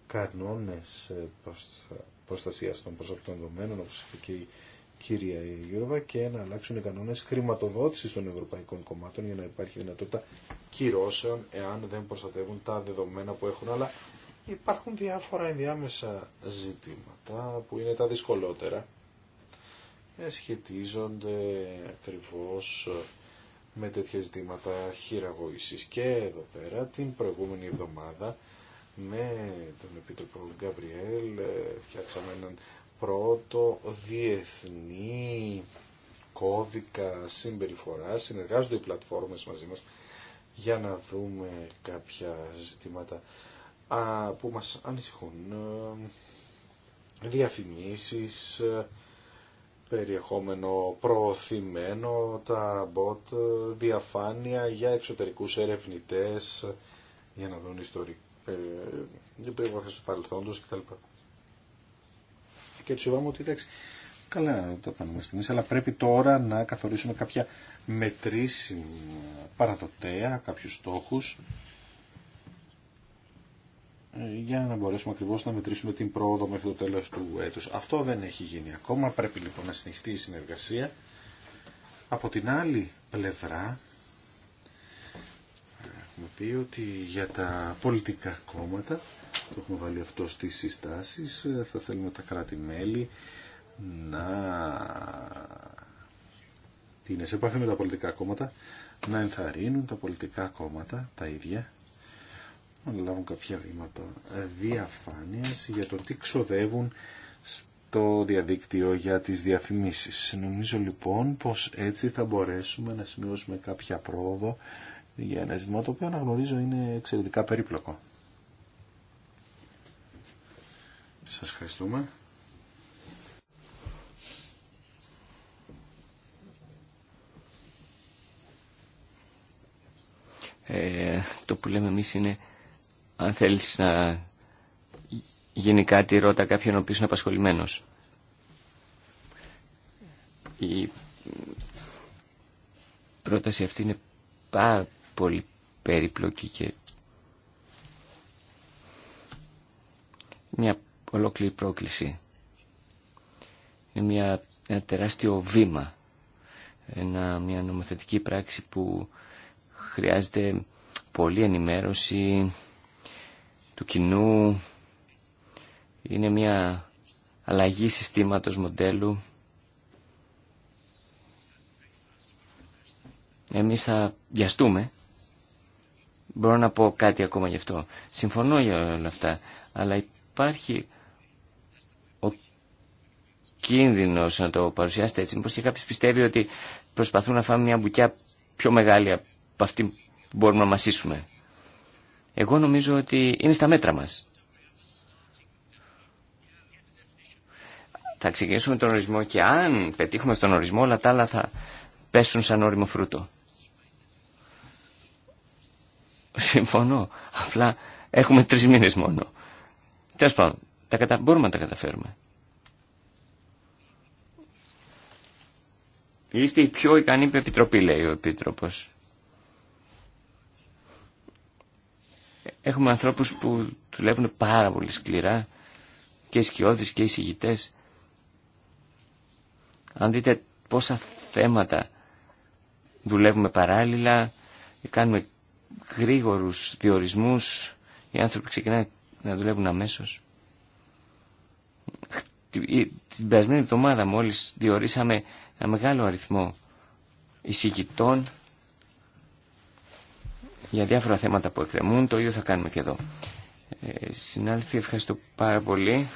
κανόνες ε, προστασίας των προσωπικών δεδομένων όπως είπε και η κυρία Γιώργα και να αλλάξουν οι κανόνες χρηματοδότησης των ευρωπαϊκών κομμάτων για να υπάρχει δυνατότητα κυρώσεων εάν δεν προστατεύουν τα δεδομένα που έχουν αλλά Υπάρχουν διάφορα ενδιάμεσα ζητήματα που είναι τα δυσκολότερα. Ε, σχετίζονται ακριβώς ε, με τέτοια ζητήματα χειραγωγήσεις. Και εδώ πέρα την προηγούμενη εβδομάδα με τον Επίτροπο Γκαμπριέλ ε, φτιάξαμε έναν πρώτο διεθνή κώδικα συμπεριφορά. Συνεργάζονται οι πλατφόρμες μαζί μας για να δούμε κάποια ζητήματα που μας ανησυχούν. Ε, διαφημίσεις, ε, περιεχόμενο προωθημένο, τα bot, ε, διαφάνεια για εξωτερικούς ερευνητές, για να δουν ιστορικά υπερβάθες του παρελθόντος κτλ. Και έτσι είπαμε ότι εντάξει, καλά το κάνουμε στιγμή, αλλά πρέπει τώρα να καθορίσουμε κάποια μετρήσιμα παραδοτέα, κάποιους στόχους, για να μπορέσουμε ακριβώς να μετρήσουμε την πρόοδο μέχρι το τέλος του έτους. Αυτό δεν έχει γίνει ακόμα, πρέπει λοιπόν να συνεχιστεί η συνεργασία. Από την άλλη πλευρά, έχουμε πει ότι για τα πολιτικά κόμματα, το έχουμε βάλει αυτό στις συστάσεις, θα θέλουμε τα κράτη-μέλη να είναι σε επαφή με τα πολιτικά κόμματα, να ενθαρρύνουν τα πολιτικά κόμματα τα ίδια να λάβουν κάποια βήματα διαφάνειας για το τι ξοδεύουν στο διαδίκτυο για τις διαφημίσεις. Νομίζω λοιπόν πως έτσι θα μπορέσουμε να σημειώσουμε κάποια πρόοδο για ένα ζήτημα το οποίο αναγνωρίζω είναι εξαιρετικά περίπλοκο. Σας ευχαριστούμε. Ε, το που λέμε εμείς είναι αν θέλεις να γίνει κάτι ρώτα κάποιον ο οποίος είναι απασχολημένος. Η πρόταση αυτή είναι πάρα πολύ περίπλοκη και μια ολόκληρη πρόκληση. Είναι μια, ένα τεράστιο βήμα, ένα, μια νομοθετική πράξη που χρειάζεται πολλή ενημέρωση, του κοινού είναι μια αλλαγή συστήματος μοντέλου. Εμείς θα βιαστούμε. Μπορώ να πω κάτι ακόμα γι' αυτό. Συμφωνώ για όλα αυτά, αλλά υπάρχει ο κίνδυνος να το παρουσιάσετε έτσι. Μήπως και κάποιος πιστεύει ότι προσπαθούν να φάμε μια μπουκιά πιο μεγάλη από αυτή που μπορούμε να μασίσουμε. Εγώ νομίζω ότι είναι στα μέτρα μας. Θα ξεκινήσουμε τον ορισμό και αν πετύχουμε στον ορισμό όλα τα άλλα θα πέσουν σαν όριμο φρούτο. Συμφωνώ. Απλά έχουμε τρεις μήνες μόνο. Τέλος πάντων, τα μπορούμε να τα καταφέρουμε. Είστε η πιο ικανή επιτροπή, λέει ο Επίτροπος. Έχουμε ανθρώπους που δουλεύουν πάρα πολύ σκληρά και οι και οι Αν δείτε πόσα θέματα δουλεύουμε παράλληλα, κάνουμε γρήγορους διορισμούς, οι άνθρωποι ξεκινάνε να δουλεύουν αμέσως. Την περασμένη εβδομάδα μόλις διορίσαμε ένα μεγάλο αριθμό εισηγητών για διάφορα θέματα που εκκρεμούν. Το ίδιο θα κάνουμε και εδώ. Ε, ευχαριστώ πάρα πολύ.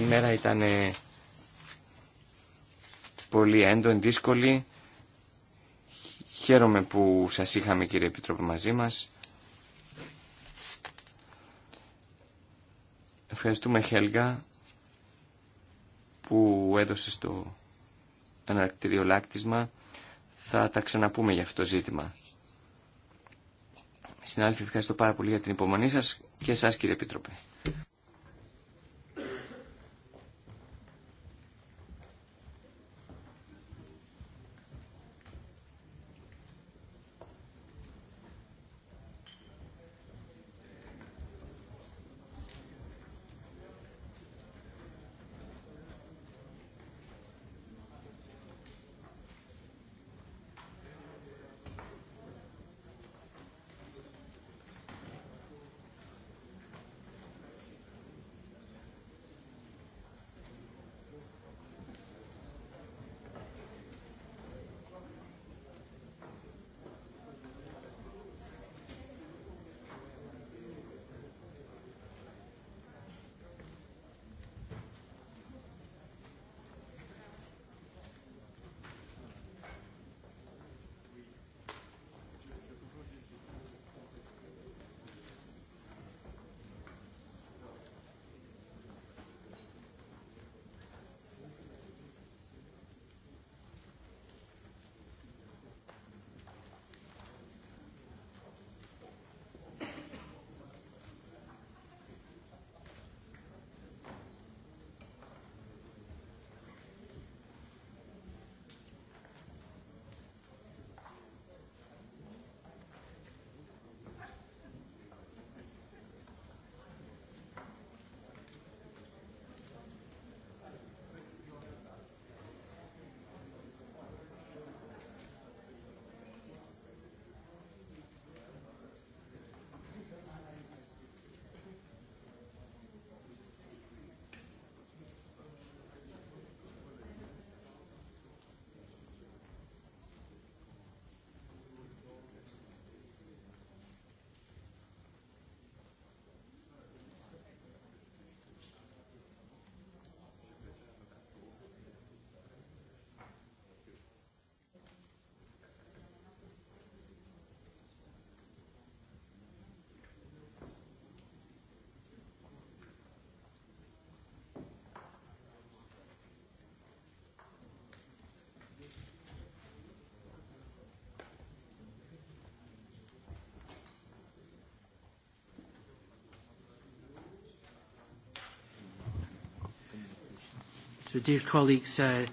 Η μέρα ήταν πολύ έντονη, δύσκολη. Χαίρομαι που σας είχαμε κύριε Επιτρόπο μαζί μας. Ευχαριστούμε Χέλγα που έδωσε το αναρκτήριο Θα τα ξαναπούμε για αυτό το ζήτημα. Συνάδελφοι, ευχαριστώ πάρα πολύ για την υπομονή σας και σας κύριε Επίτροπε. Uh,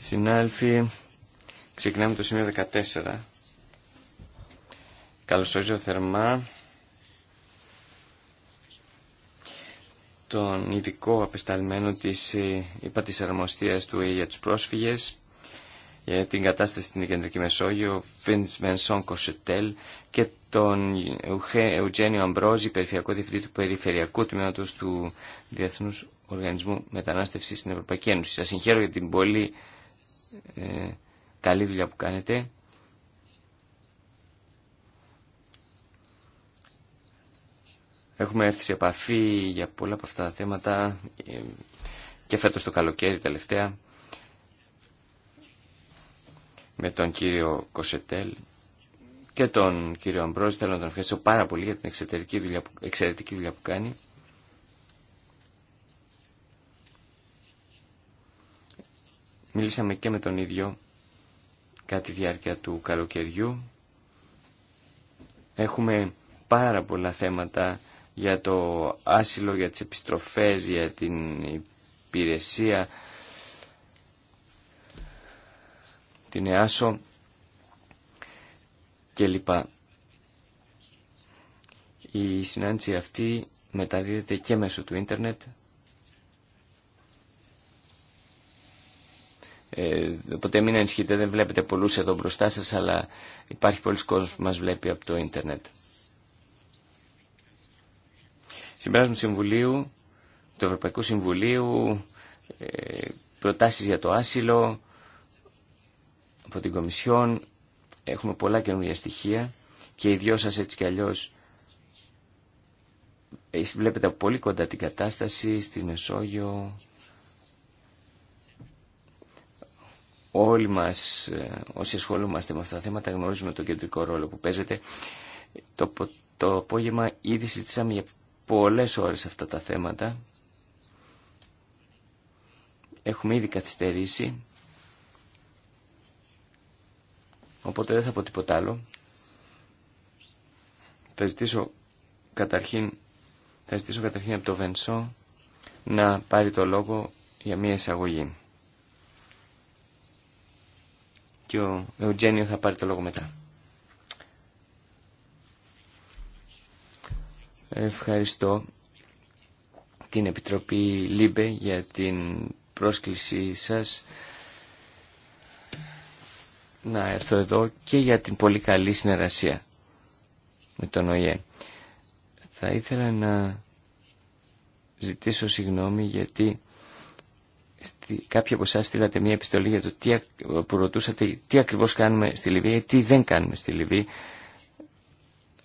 Συνάδελφοι, ξεκινάμε το σημείο 14. Καλωσορίζω θερμά τον ειδικό απεσταλμένο της ε, είπα της αρμοστίας του ΕΕ για τους πρόσφυγες για την κατάσταση στην Κεντρική Μεσόγειο, Vince Κοσετέλ και τον Ευγένιο Αμπρόζη, Περιφερειακό Διευθυντή του Περιφερειακού Τμήματος του Διεθνούς Οργανισμού Μετανάστευσης στην Ευρωπαϊκή Ένωση. Σας συγχαίρω για την πολύ ε, καλή δουλειά που κάνετε. Έχουμε έρθει σε επαφή για πολλά από αυτά τα θέματα ε, και φέτος το καλοκαίρι τελευταία με τον κύριο Κοσετέλ και τον κύριο Αμπρόζη. Θέλω να τον ευχαριστήσω πάρα πολύ για την εξαιρετική δουλειά που, εξαιρετική δουλειά που κάνει. Μιλήσαμε και με τον ίδιο κατά διάρκεια του καλοκαιριού. Έχουμε πάρα πολλά θέματα για το άσυλο, για τις επιστροφές, για την υπηρεσία, την ΕΑΣΟ κλπ. Η συνάντηση αυτή μεταδίδεται και μέσω του ίντερνετ. Ε, οπότε μην ανησυχείτε, δεν βλέπετε πολλούς εδώ μπροστά σας, αλλά υπάρχει πολλοί κόσμος που μας βλέπει από το ίντερνετ. Συμπέρασμα του Συμβουλίου, του Ευρωπαϊκού Συμβουλίου, ε, προτάσεις για το άσυλο από την Κομισιόν, Έχουμε πολλά καινούργια στοιχεία και οι δυο σας έτσι κι αλλιώς βλέπετε πολύ κοντά την κατάσταση στη Μεσόγειο. Όλοι μας, ε, όσοι ασχολούμαστε με αυτά τα θέματα, γνωρίζουμε τον κεντρικό ρόλο που παίζεται. Το, το απόγευμα ήδη συζητήσαμε για πολλές ώρες αυτά τα θέματα. Έχουμε ήδη καθυστερήσει Οπότε δεν θα πω τίποτα άλλο. Θα ζητήσω καταρχήν, θα καταρχήν από το Βενσό να πάρει το λόγο για μία εισαγωγή. Και ο Εουτζένιο θα πάρει το λόγο μετά. Ευχαριστώ την Επιτροπή ΛΥΜΠΕ για την πρόσκλησή σας να έρθω εδώ και για την πολύ καλή συνεργασία με τον ΟΗΕ. Θα ήθελα να ζητήσω συγγνώμη γιατί στη, κάποιοι από εσά στείλατε μια επιστολή για το τι, που ρωτούσατε τι ακριβώς κάνουμε στη Λιβύη ή τι δεν κάνουμε στη Λιβύη.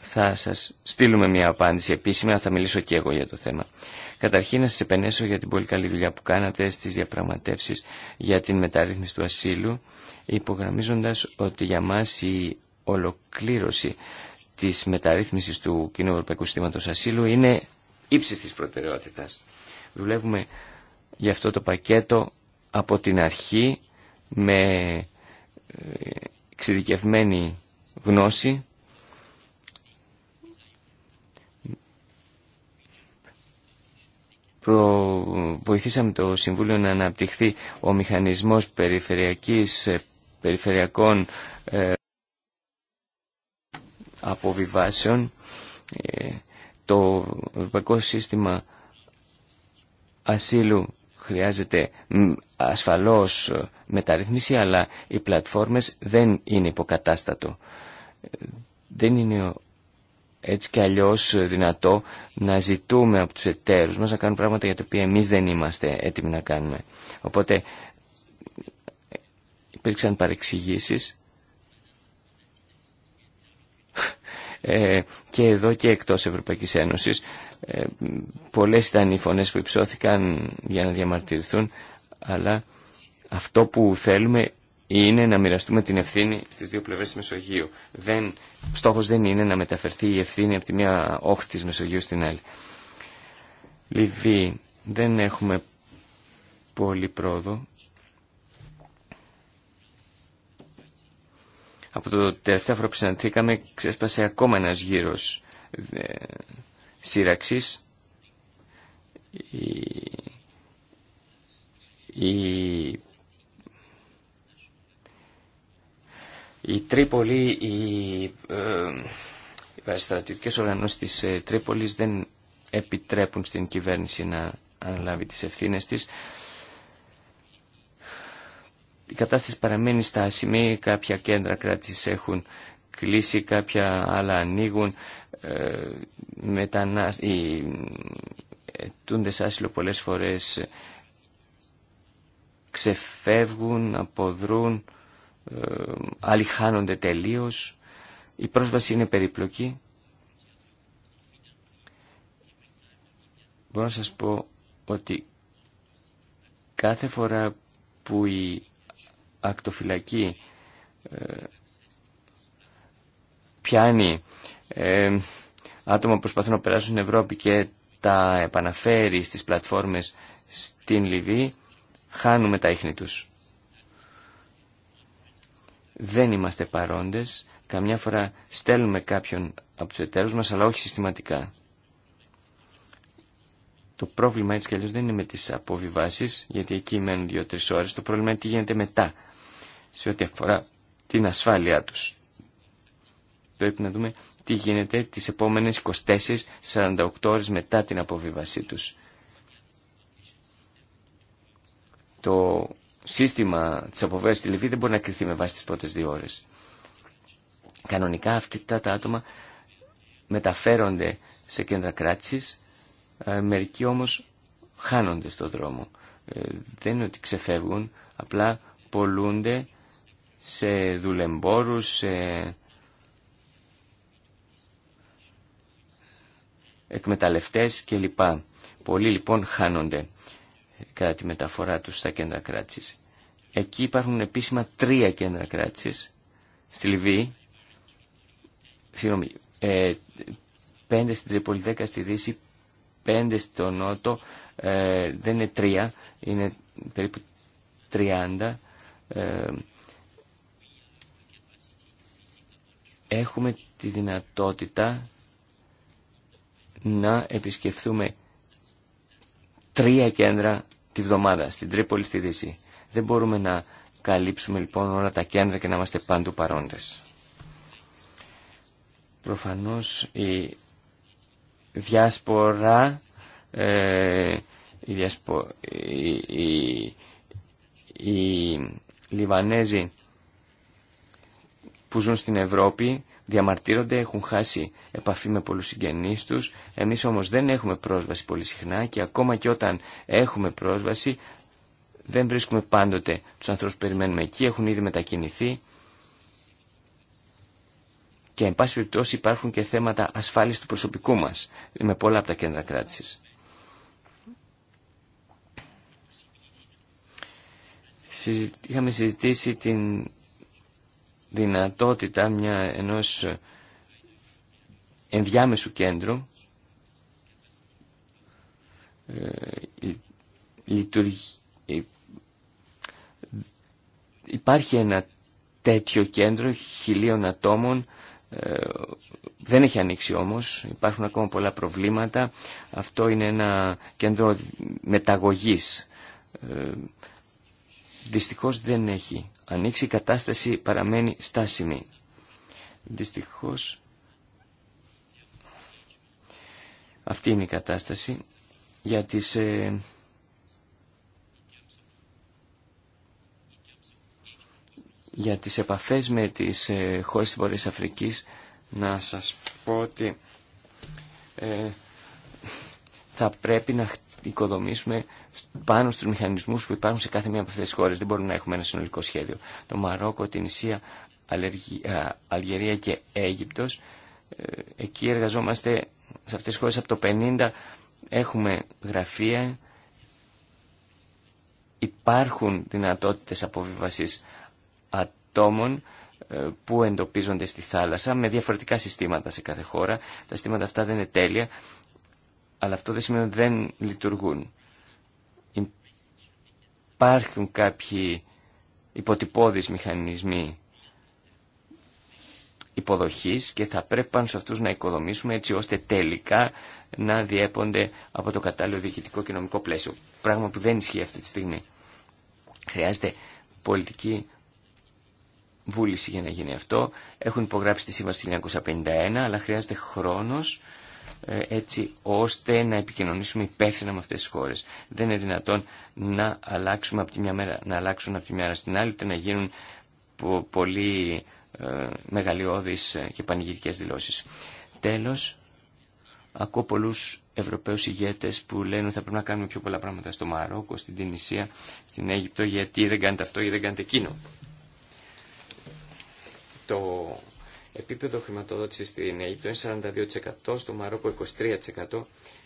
Θα σας στείλουμε μια απάντηση επίσημα, θα μιλήσω και εγώ για το θέμα. Καταρχήν να σας επενέσω για την πολύ καλή δουλειά που κάνατε στις διαπραγματεύσεις για την μεταρρύθμιση του ασύλου, υπογραμμίζοντας ότι για μας η ολοκλήρωση της μεταρρύθμισης του κοινού ευρωπαϊκού συστήματος ασύλου είναι ύψης της προτεραιότητας. Δουλεύουμε για αυτό το πακέτο από την αρχή με ε, εξειδικευμένη γνώση βοηθήσαμε το Συμβούλιο να αναπτυχθεί ο μηχανισμός περιφερειακής, ε, περιφερειακών ε, αποβιβάσεων, ε, το Ευρωπαϊκό Σύστημα Ασύλου χρειάζεται ασφαλώς ε, μεταρρύθμιση, αλλά οι πλατφόρμες δεν είναι υποκατάστατο. Δεν είναι έτσι κι αλλιώς ε, δυνατό να ζητούμε από τους εταίρους μας να κάνουν πράγματα για τα οποία εμείς δεν είμαστε έτοιμοι να κάνουμε. Οπότε υπήρξαν παρεξηγήσεις ε, και εδώ και εκτός Ευρωπαϊκής Ένωσης. Ε, πολλές ήταν οι φωνές που υψώθηκαν για να διαμαρτυρηθούν, αλλά αυτό που θέλουμε είναι να μοιραστούμε την ευθύνη στις δύο πλευρές τη Μεσογείου. Δεν, στόχος δεν είναι να μεταφερθεί η ευθύνη από τη μία όχθη τη Μεσογείου στην άλλη. Λιβύη, δεν έχουμε πολύ πρόοδο. Από το τελευταίο φορά που συναντήκαμε ξέσπασε ακόμα ένα γύρος ε, σύραξης. η Η Τρίπολη, οι, ε, οι οργανώσεις της ε, Τρίπολης δεν επιτρέπουν στην κυβέρνηση να αναλάβει τις ευθύνες της. Η κατάσταση παραμένει στα σημεία. κάποια κέντρα κράτησης έχουν κλείσει, κάποια άλλα ανοίγουν. Ε, μετανά, οι ετούντες άσυλο πολλές φορές ξεφεύγουν, αποδρούν ε, άλλοι χάνονται τελείως, η πρόσβαση είναι περιπλοκή. Μπορώ να σας πω ότι κάθε φορά που η ακτοφυλακή ε, πιάνει ε, άτομα που προσπαθούν να περάσουν στην Ευρώπη και τα επαναφέρει στις πλατφόρμες στην Λιβύη, χάνουμε τα ίχνη τους δεν είμαστε παρόντες. Καμιά φορά στέλνουμε κάποιον από τους εταίρους μας, αλλά όχι συστηματικά. Το πρόβλημα έτσι κι αλλιώς δεν είναι με τις αποβιβάσεις, γιατί εκεί μένουν δύο-τρεις ώρες. Το πρόβλημα είναι τι γίνεται μετά, σε ό,τι αφορά την ασφάλειά τους. Πρέπει να δούμε τι γίνεται τις επόμενες 24-48 ώρες μετά την αποβίβασή τους. Το σύστημα τη αποβέρσης στη Λιβύη δεν μπορεί να κρυθεί με βάση τις πρώτε δύο ώρες. Κανονικά αυτά τα άτομα μεταφέρονται σε κέντρα κράτηση, ε, μερικοί όμως χάνονται στο δρόμο. Ε, δεν είναι ότι ξεφεύγουν, απλά πολλούνται σε δουλεμπόρους, σε εκμεταλλευτές κλπ. Πολλοί λοιπόν χάνονται κατά τη μεταφορά τους στα κέντρα κράτησης. Εκεί υπάρχουν επίσημα τρία κέντρα κράτησης. Στη Λιβύη, συγγνώμη, ε, πέντε στην Τρίπολη, δέκα στη Δύση, πέντε στο Νότο, ε, δεν είναι τρία, είναι περίπου τριάντα. Ε, έχουμε τη δυνατότητα να επισκεφθούμε τρία κέντρα τη βδομάδα, στην Τρίπολη, στη Δύση. Δεν μπορούμε να καλύψουμε λοιπόν όλα τα κέντρα και να είμαστε πάντου παρόντες. Προφανώς η διάσπορα, ε, η, διασπο, η, η, οι Λιβανέζοι που ζουν στην Ευρώπη διαμαρτύρονται, έχουν χάσει επαφή με πολλούς συγγενείς τους. Εμείς όμως δεν έχουμε πρόσβαση πολύ συχνά και ακόμα και όταν έχουμε πρόσβαση δεν βρίσκουμε πάντοτε τους ανθρώπους που περιμένουμε εκεί, έχουν ήδη μετακινηθεί και εν πάση περιπτώσει υπάρχουν και θέματα ασφάλειας του προσωπικού μας με πολλά από τα κέντρα κράτησης. Είχαμε συζητήσει την δυνατότητα μια, ενός ενδιάμεσου κέντρου ε, Υπάρχει ένα τέτοιο κέντρο χιλίων ατόμων, ε, δεν έχει ανοίξει όμως, υπάρχουν ακόμα πολλά προβλήματα. Αυτό είναι ένα κέντρο μεταγωγής. Ε, δυστυχώς δεν έχει ανοίξει, η κατάσταση παραμένει στάσιμη. Δυστυχώς αυτή είναι η κατάσταση για τις ε, Για τις επαφές με τις ε, χώρες της Βορειάς Αφρικής να σας πω ότι ε, θα πρέπει να οικοδομήσουμε πάνω στους μηχανισμούς που υπάρχουν σε κάθε μία από αυτές τις χώρες. Δεν μπορούμε να έχουμε ένα συνολικό σχέδιο. Το Μαρόκο, την Ισία, Αλγερία και Αίγυπτος. Ε, εκεί εργαζόμαστε σε αυτές τις χώρες από το 50 έχουμε γραφεία. Υπάρχουν δυνατότητες αποβίβασης ατόμων ε, που εντοπίζονται στη θάλασσα με διαφορετικά συστήματα σε κάθε χώρα. Τα συστήματα αυτά δεν είναι τέλεια, αλλά αυτό δεν σημαίνει ότι δεν λειτουργούν. Υπάρχουν κάποιοι υποτυπώδεις μηχανισμοί υποδοχής και θα πρέπει πάνω σε αυτούς να οικοδομήσουμε έτσι ώστε τελικά να διέπονται από το κατάλληλο διοικητικό και νομικό πλαίσιο. Πράγμα που δεν ισχύει αυτή τη στιγμή. Χρειάζεται πολιτική βούληση για να γίνει αυτό. Έχουν υπογράψει τη σύμβαση του 1951, αλλά χρειάζεται χρόνος ε, έτσι ώστε να επικοινωνήσουμε υπεύθυνα με αυτές τις χώρες. Δεν είναι δυνατόν να, αλλάξουμε από τη μια μέρα, να αλλάξουν από τη μια μέρα στην άλλη, ούτε να γίνουν πολύ ε, μεγαλειώδεις ε, και πανηγυρικές δηλώσεις. Τέλος, ακούω πολλούς Ευρωπαίους ηγέτες που λένε ότι θα πρέπει να κάνουμε πιο πολλά πράγματα στο Μαρόκο, στην Τινησία, στην Αίγυπτο, γιατί δεν κάνετε αυτό ή δεν κάνετε εκείνο. Το επίπεδο χρηματοδότηση στην Αίγυπτο είναι 42%, στο Μαρόκο 23%,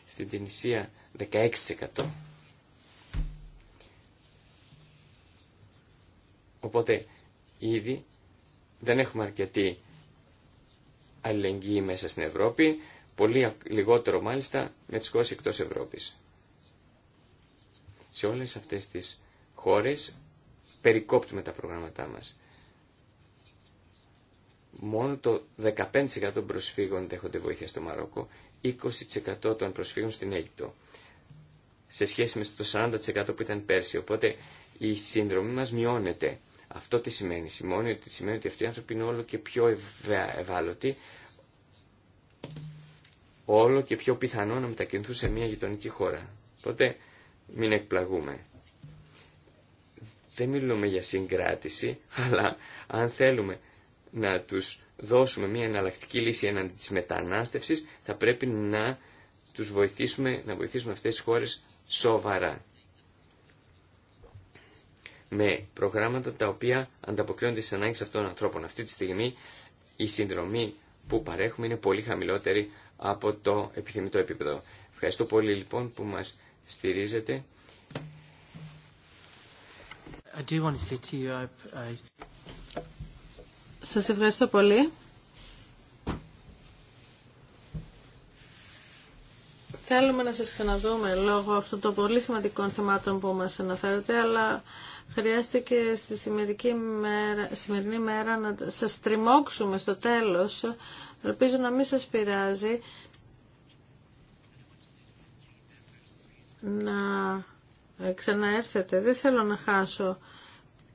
στην Τινησία 16%. Οπότε ήδη δεν έχουμε αρκετή αλληλεγγύη μέσα στην Ευρώπη, πολύ λιγότερο μάλιστα με τις χώρες εκτός Ευρώπης. Σε όλες αυτές τις χώρες περικόπτουμε τα προγράμματά μας μόνο το 15% των προσφύγων δέχονται βοήθεια στο Μαρόκο, 20% των προσφύγων στην Αίγυπτο, σε σχέση με το 40% που ήταν πέρσι. Οπότε η συνδρομή μας μειώνεται. Αυτό τι σημαίνει. Σημαίνει ότι, σημαίνει ότι αυτοί οι άνθρωποι είναι όλο και πιο ευάλωτοι, όλο και πιο πιθανό να μετακινηθούν σε μια γειτονική χώρα. Οπότε μην εκπλαγούμε. Δεν μιλούμε για συγκράτηση, (laughs) αλλά αν θέλουμε να τους δώσουμε μια εναλλακτική λύση έναντι της μετανάστευσης, θα πρέπει να τους βοηθήσουμε, να βοηθήσουμε αυτές τις χώρες σοβαρά. Με προγράμματα τα οποία ανταποκρίνονται στις ανάγκες αυτών των ανθρώπων. Αυτή τη στιγμή η συνδρομή που παρέχουμε είναι πολύ χαμηλότερη από το επιθυμητό επίπεδο. Ευχαριστώ πολύ λοιπόν που μας στηρίζετε. I do want to say to you, σας ευχαριστώ πολύ. Θέλουμε να σας ξαναδούμε λόγω αυτών των πολύ σημαντικών θεμάτων που μας αναφέρετε, αλλά χρειάστηκε στη σημερινή μέρα να σας τριμώξουμε στο τέλος. Ελπίζω να μην σας πειράζει να ξαναέρθετε. Δεν θέλω να χάσω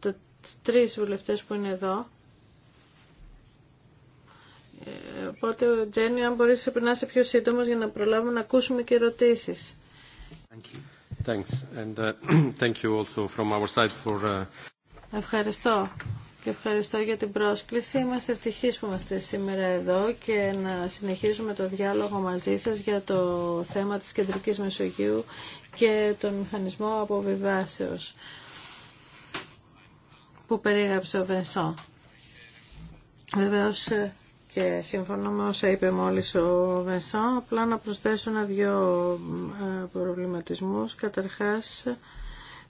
τους τρεις βουλευτές που είναι εδώ. Οπότε, Τζένι, αν μπορείς να είσαι πιο σύντομος για να προλάβουμε να ακούσουμε και ερωτήσεις. Ευχαριστώ και ευχαριστώ για την πρόσκληση. Είμαστε ευτυχείς που είμαστε σήμερα εδώ και να συνεχίζουμε το διάλογο μαζί σας για το θέμα της Κεντρικής Μεσογείου και τον μηχανισμό αποβιβάσεως που περίγραψε ο Βενσό. Βεβαίως, ε, και σύμφωνα με όσα είπε μόλις ο Μεσά. απλά να προσθέσω ένα-δυο ε, προβληματισμούς. Καταρχάς,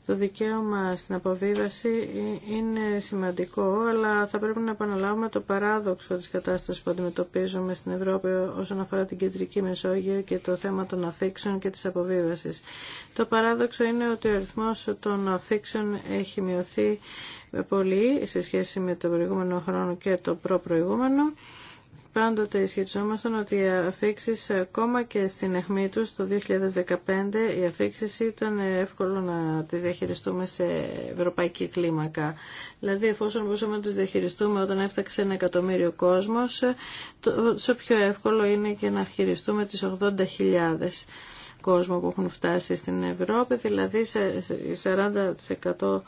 το δικαίωμα στην αποβίβαση ε, είναι σημαντικό, αλλά θα πρέπει να επαναλάβουμε το παράδοξο της κατάστασης που αντιμετωπίζουμε στην Ευρώπη όσον αφορά την κεντρική Μεσόγειο και το θέμα των αφήξεων και της αποβίβασης. Το παράδοξο είναι ότι ο αριθμός των αφήξεων έχει μειωθεί πολύ σε σχέση με τον προηγούμενο χρόνο και το προπροηγούμενο πάντοτε ισχυριζόμασταν ότι οι αφήξει ε, ακόμα και στην αιχμή του το 2015 η αφήξει ήταν εύκολο να τις διαχειριστούμε σε ευρωπαϊκή κλίμακα. Δηλαδή εφόσον μπορούσαμε να τι διαχειριστούμε όταν έφταξε ένα εκατομμύριο κόσμο, ε, τόσο πιο εύκολο είναι και να χειριστούμε τις 80.000 κόσμο που έχουν φτάσει στην Ευρώπη, δηλαδή σε 40%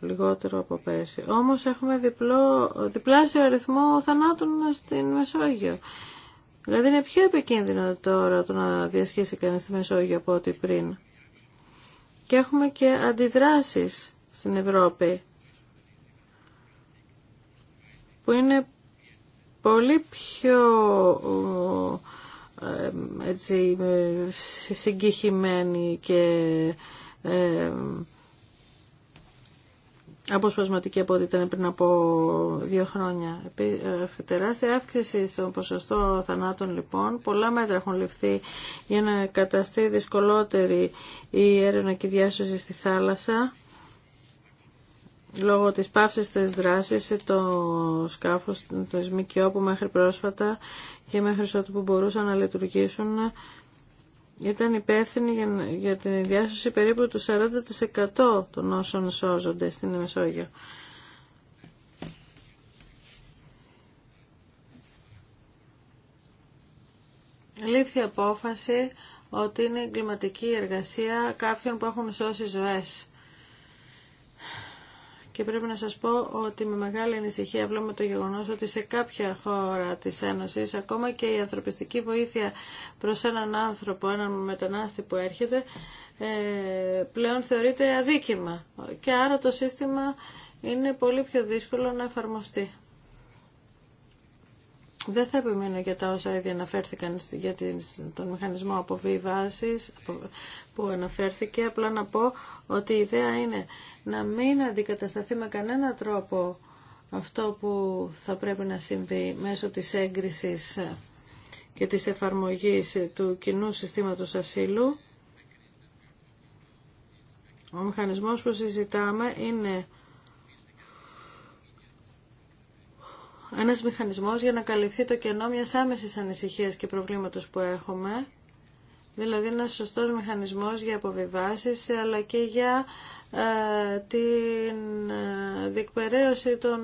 λιγότερο από πέρσι. Όμως έχουμε διπλό, διπλάσιο αριθμό θανάτων στην Μεσόγειο. Δηλαδή είναι πιο επικίνδυνο τώρα το να διασχίσει κανείς τη Μεσόγειο από ό,τι πριν. Και έχουμε και αντιδράσεις στην Ευρώπη που είναι πολύ πιο έτσι, και αποσπασματική από ό,τι ήταν πριν από δύο χρόνια. Ε, τεράστια αύξηση στο ποσοστό θανάτων λοιπόν. Πολλά μέτρα έχουν ληφθεί για να καταστεί δυσκολότερη η έρευνα και η διάσωση στη θάλασσα λόγω της πάυσης της δράσης το σκάφος του ΣΜΚΙΟ που μέχρι πρόσφατα και μέχρι ότου που μπορούσαν να λειτουργήσουν ήταν υπεύθυνη για την διάσωση περίπου του 40% των όσων σώζονται στην Μεσόγειο. Λήφθη απόφαση ότι είναι εγκληματική εργασία κάποιων που έχουν σώσει ζωές. Και πρέπει να σας πω ότι με μεγάλη ανησυχία βλέπουμε το γεγονός ότι σε κάποια χώρα της Ένωσης ακόμα και η ανθρωπιστική βοήθεια προς έναν άνθρωπο, έναν μετανάστη που έρχεται ε, πλέον θεωρείται αδίκημα. Και άρα το σύστημα είναι πολύ πιο δύσκολο να εφαρμοστεί. Δεν θα επιμείνω για τα όσα ήδη αναφέρθηκαν για τον μηχανισμό αποβίβασης που αναφέρθηκε. Απλά να πω ότι η ιδέα είναι να μην αντικατασταθεί με κανένα τρόπο αυτό που θα πρέπει να συμβεί μέσω της έγκρισης και της εφαρμογής του κοινού συστήματος ασύλου. Ο μηχανισμός που συζητάμε είναι ένας μηχανισμός για να καλυφθεί το κενό μιας άμεσης ανησυχίας και προβλήματος που έχουμε, δηλαδή ένας σωστός μηχανισμός για αποβιβάσεις, αλλά και για ε, την ε, διεκπαιρέωση των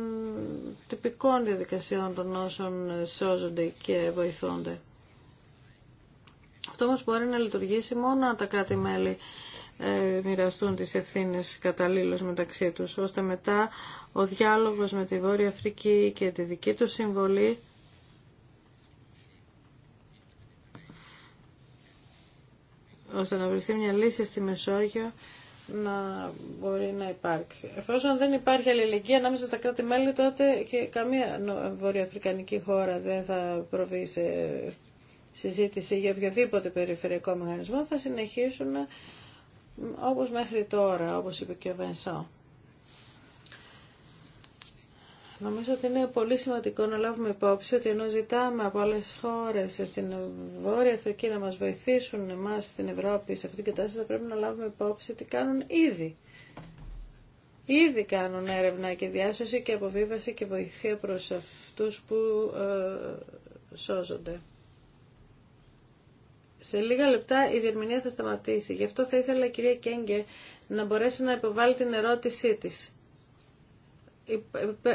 τυπικών διαδικασιών των όσων σώζονται και βοηθούνται. Αυτό όμως μπορεί να λειτουργήσει μόνο αν τα κράτη-μέλη ε, μοιραστούν τις ευθύνες καταλήλως μεταξύ τους, ώστε μετά ο διάλογος με τη Βόρεια Αφρική και τη δική του συμβολή ώστε να βρεθεί μια λύση στη Μεσόγειο να μπορεί να υπάρξει. Εφόσον δεν υπάρχει αλληλεγγύη ανάμεσα στα κράτη-μέλη, τότε και καμία βορειοαφρικανική χώρα δεν θα προβεί σε συζήτηση για οποιοδήποτε περιφερειακό μηχανισμό. Θα συνεχίσουν όπως μέχρι τώρα, όπως είπε και ο Βενσό. Νομίζω ότι είναι πολύ σημαντικό να λάβουμε υπόψη ότι ενώ ζητάμε από άλλε χώρε στην Βόρεια Αφρική να μα βοηθήσουν εμά στην Ευρώπη σε αυτήν την κατάσταση, θα πρέπει να λάβουμε υπόψη τι κάνουν ήδη. Ήδη κάνουν έρευνα και διάσωση και αποβίβαση και βοηθεία προς αυτού που ε, σώζονται. Σε λίγα λεπτά η διερμηνία θα σταματήσει. Γι' αυτό θα ήθελα η κυρία Κέγκε να μπορέσει να υποβάλει την ερώτησή της.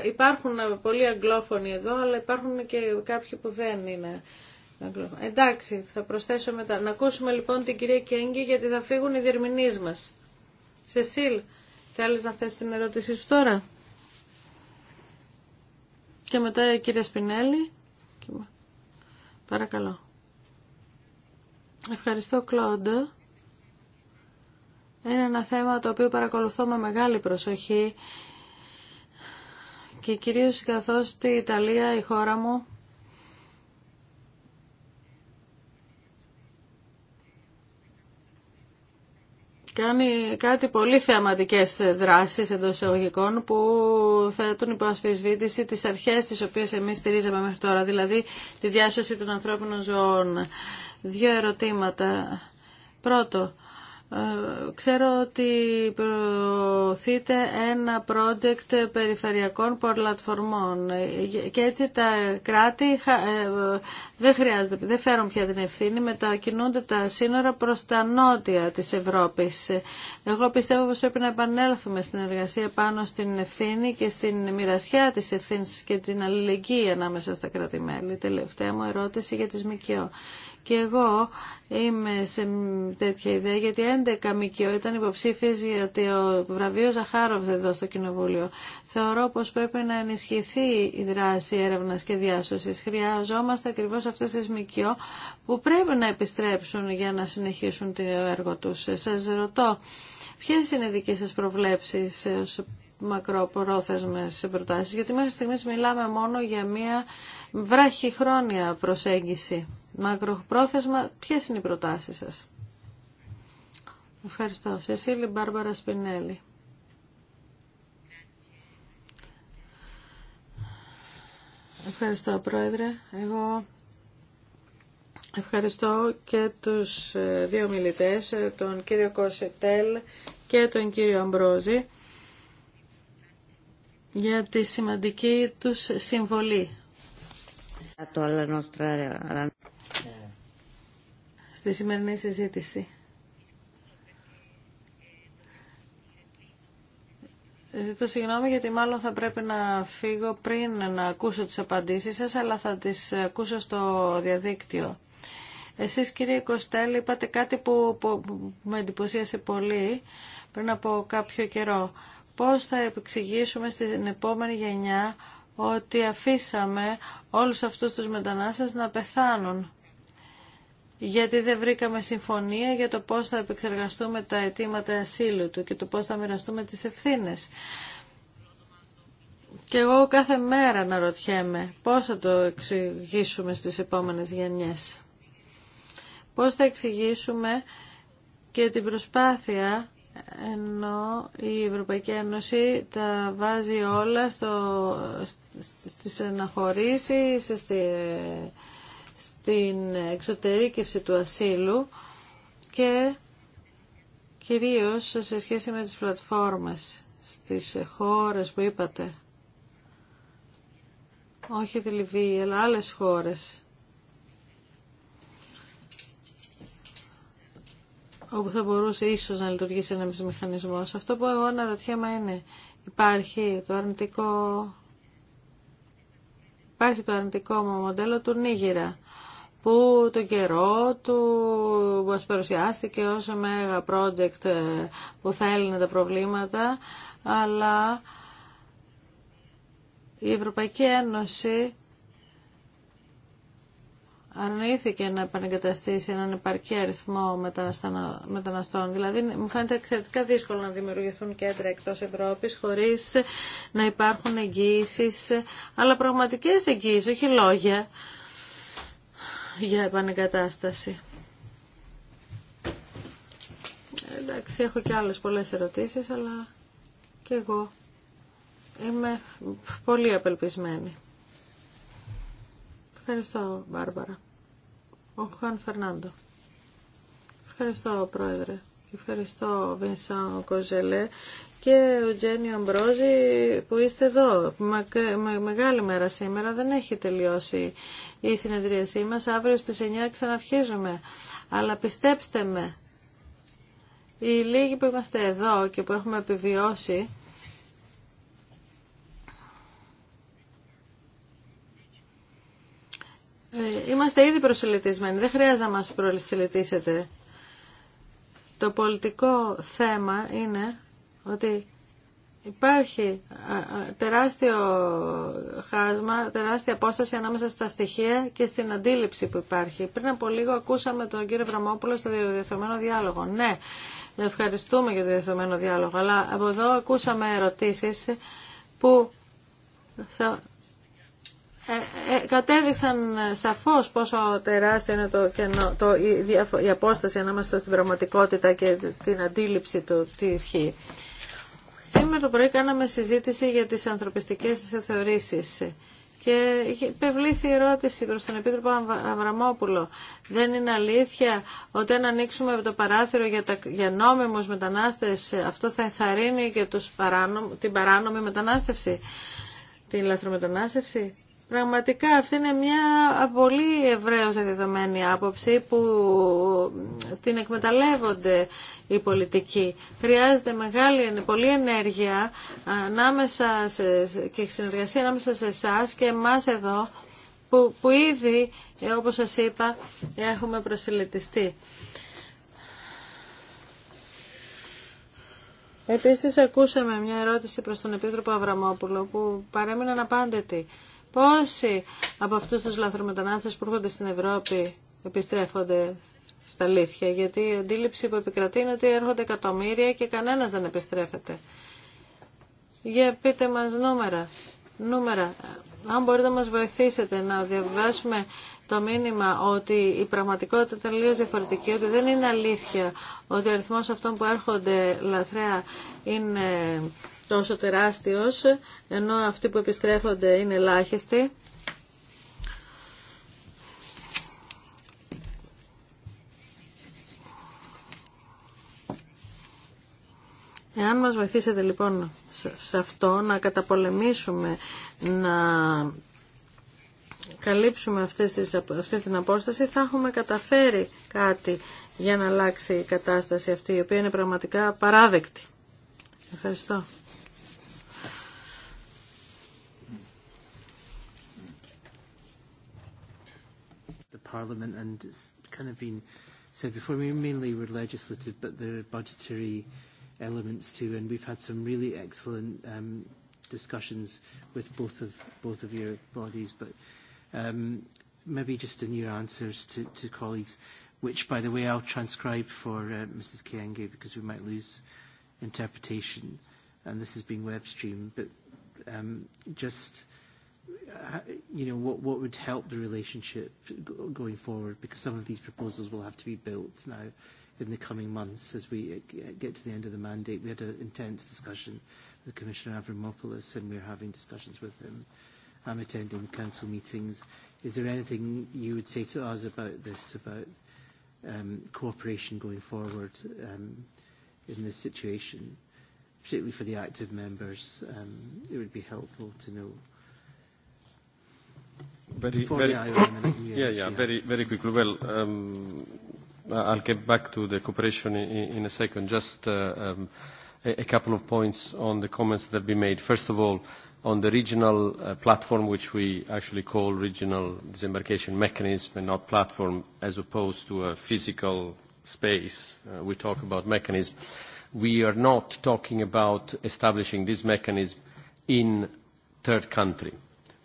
Υπάρχουν πολλοί αγγλόφωνοι εδώ, αλλά υπάρχουν και κάποιοι που δεν είναι αγγλόφωνοι. Εντάξει, θα προσθέσω μετά. Να ακούσουμε λοιπόν την κυρία Κέγκε γιατί θα φύγουν οι διερμηνείς μας. Σεσίλ, θέλεις να θέσει την ερώτησή σου τώρα. Και μετά η κυρία Σπινέλη. Παρακαλώ. Ευχαριστώ, Κλοντ. Είναι ένα θέμα το οποίο παρακολουθώ με μεγάλη προσοχή και κυρίως καθώς η Ιταλία, η χώρα μου, κάνει κάτι πολύ θεαματικές δράσεις εντό εισαγωγικών που θέτουν υπό ασφισβήτηση τις αρχές τις οποίες εμείς στηρίζαμε μέχρι τώρα, δηλαδή τη διάσωση των ανθρώπινων ζωών δύο ερωτήματα. Πρώτο, ε, ξέρω ότι προωθείτε ένα project περιφερειακών πλατφορμών και έτσι τα κράτη ε, δεν χρειάζεται, δεν φέρουν πια την ευθύνη, μετακινούνται τα σύνορα προς τα νότια της Ευρώπης. Εγώ πιστεύω πως πρέπει να επανέλθουμε στην εργασία πάνω στην ευθύνη και στην μοιρασιά της ευθύνης και την αλληλεγγύη ανάμεσα στα κράτη-μέλη. Τελευταία μου ερώτηση για τις ΜΚΟ. Και εγώ είμαι σε τέτοια ιδέα γιατί 11 ΜΚΟ ήταν υποψήφιες για ο βραβείο Ζαχάροβ εδώ στο Κοινοβούλιο. Θεωρώ πως πρέπει να ενισχυθεί η δράση έρευνας και διάσωσης. Χρειαζόμαστε ακριβώς αυτές τις ΜΚΟ που πρέπει να επιστρέψουν για να συνεχίσουν το έργο τους. Σας ρωτώ, Ποιε είναι οι δικές σας προβλέψεις μακροπρόθεσμες προτάσεις, γιατί μέχρι στιγμής μιλάμε μόνο για μια βράχη χρόνια προσέγγιση μακροπρόθεσμα, Ποιε είναι οι προτάσεις σας. Ευχαριστώ. Σεσίλη Μπάρμπαρα Σπινέλη. Ευχαριστώ, Πρόεδρε. Εγώ ευχαριστώ και τους ε, δύο μιλητές, ε, τον κύριο Κοσετέλ και τον κύριο Αμπρόζη, για τη σημαντική τους συμβολή στη σημερινή συζήτηση. Ζητώ συγγνώμη γιατί μάλλον θα πρέπει να φύγω πριν να ακούσω τις απαντήσεις σας, αλλά θα τις ακούσω στο διαδίκτυο. Εσείς κύριε Κοστέλη είπατε κάτι που, που, με εντυπωσίασε πολύ πριν από κάποιο καιρό. Πώς θα εξηγήσουμε στην επόμενη γενιά ότι αφήσαμε όλους αυτούς τους μετανάστες να πεθάνουν γιατί δεν βρήκαμε συμφωνία για το πώς θα επεξεργαστούμε τα αιτήματα ασύλου του και το πώς θα μοιραστούμε τις ευθύνες. Και εγώ κάθε μέρα να ρωτιέμαι πώς θα το εξηγήσουμε στις επόμενες γενιές. Πώς θα εξηγήσουμε και την προσπάθεια ενώ η Ευρωπαϊκή Ένωση τα βάζει όλα στο, στις αναχωρήσεις, την εξωτερήκευση του ασύλου και κυρίως σε σχέση με τις πλατφόρμες στις χώρες που είπατε. Όχι τη Λιβύη, αλλά άλλες χώρες. όπου θα μπορούσε ίσως να λειτουργήσει ένα μηχανισμός. Αυτό που εγώ αναρωτιέμαι είναι, υπάρχει το αρνητικό, υπάρχει το αρνητικό μοντέλο του Νίγηρα που το καιρό του μας παρουσιάστηκε ως μέγα project ε, που θα έλυνε τα προβλήματα, αλλά η Ευρωπαϊκή Ένωση αρνήθηκε να επανεγκαταστήσει έναν επαρκή αριθμό μεταναστών. Δηλαδή, μου φαίνεται εξαιρετικά δύσκολο να δημιουργηθούν κέντρα εκτός Ευρώπης χωρίς να υπάρχουν εγγύησεις, αλλά πραγματικές εγγύησεις, όχι λόγια για επανεγκατάσταση. Εντάξει, έχω και άλλες πολλές ερωτήσεις, αλλά και εγώ είμαι πολύ απελπισμένη. Ευχαριστώ, Μπάρμπαρα. Ο Χαν Φερνάντο. Ευχαριστώ, Πρόεδρε. Ευχαριστώ, Βινσάν Κοζελέ και ο Τζένι Αμπρόζη που είστε εδώ. μεγάλη μέρα σήμερα, δεν έχει τελειώσει η συνεδρίασή μας. Αύριο στις 9 ξαναρχίζουμε. Αλλά πιστέψτε με, οι λίγοι που είμαστε εδώ και που έχουμε επιβιώσει, ε, είμαστε ήδη προσελητισμένοι, δεν χρειάζεται να μας προσελητήσετε. Το πολιτικό θέμα είναι ότι υπάρχει τεράστιο χάσμα, τεράστια απόσταση ανάμεσα στα στοιχεία και στην αντίληψη που υπάρχει. Πριν από λίγο ακούσαμε τον κύριο Βραμόπουλο στο διευθυνμένο διάλογο. Ναι, ευχαριστούμε για το διευθυνμένο διάλογο, αλλά από εδώ ακούσαμε ερωτήσεις που ε, ε, κατέδειξαν ε, σαφώς πόσο τεράστιο είναι το, το, η, απόσταση ανάμεσα στην πραγματικότητα και την αντίληψη του τι ισχύει. Σήμερα το πρωί κάναμε συζήτηση για τις ανθρωπιστικές θεωρήσεις. Και υπευλήθη ερώτηση προς τον Επίτροπο Αβραμόπουλο. Δεν είναι αλήθεια ότι αν ανοίξουμε το παράθυρο για, τα, για νόμιμους μετανάστες, αυτό θα ενθαρρύνει και τους την παράνομη μετανάστευση, την λαθρομετανάστευση. Πραγματικά αυτή είναι μια πολύ ευρέως δεδομένη άποψη που την εκμεταλλεύονται οι πολιτικοί. Χρειάζεται μεγάλη, πολλή ενέργεια ανάμεσα σε, και συνεργασία ανάμεσα σε εσά και εμάς εδώ που, που ήδη, ε, όπως σας είπα, έχουμε προσελετιστεί. Επίσης ακούσαμε μια ερώτηση προς τον Επίτροπο Αβραμόπουλο που παρέμεινε αναπάντητη. Πόσοι από αυτούς τους λαθρομετανάστες που έρχονται στην Ευρώπη επιστρέφονται στα αλήθεια, γιατί η αντίληψη που επικρατεί είναι ότι έρχονται εκατομμύρια και κανένας δεν επιστρέφεται. Για πείτε μας νούμερα. Νούμερα. Αν μπορείτε να μας βοηθήσετε να διαβάσουμε το μήνυμα ότι η πραγματικότητα είναι λίγο διαφορετική, ότι δεν είναι αλήθεια ότι ο αριθμός αυτών που έρχονται λαθρέα είναι τόσο τεράστιος, ενώ αυτοί που επιστρέφονται είναι ελάχιστοι. Εάν μας βοηθήσετε λοιπόν σε αυτό να καταπολεμήσουμε, να καλύψουμε αυτές τις, αυτή την απόσταση, θα έχουμε καταφέρει κάτι για να αλλάξει η κατάσταση αυτή, η οποία είναι πραγματικά παράδεκτη. Ευχαριστώ. Parliament, and it's kind of been said before, we mainly were legislative, but there are budgetary elements too, and we've had some really excellent um, discussions with both of both of your bodies. But um, maybe just in your answers to, to colleagues, which, by the way, I'll transcribe for uh, Mrs. Kienge because we might lose interpretation, and this is being web streamed. But um, just you know, what, what would help the relationship going forward? Because some of these proposals will have to be built now in the coming months as we get to the end of the mandate. We had an intense discussion with Commissioner Avramopoulos and we're having discussions with him. I'm attending council meetings. Is there anything you would say to us about this, about um, cooperation going forward um, in this situation? Particularly for the active members, um, it would be helpful to know Very, very, yeah, yeah, very, very quickly. Well, um, I'll get back to the cooperation in a second. Just a couple of points on the comments that have been made. First of all, on the regional platform, which we actually call regional disembarkation mechanism and not platform, as opposed to a physical space. We talk about mechanism. We are not talking about establishing this mechanism in third country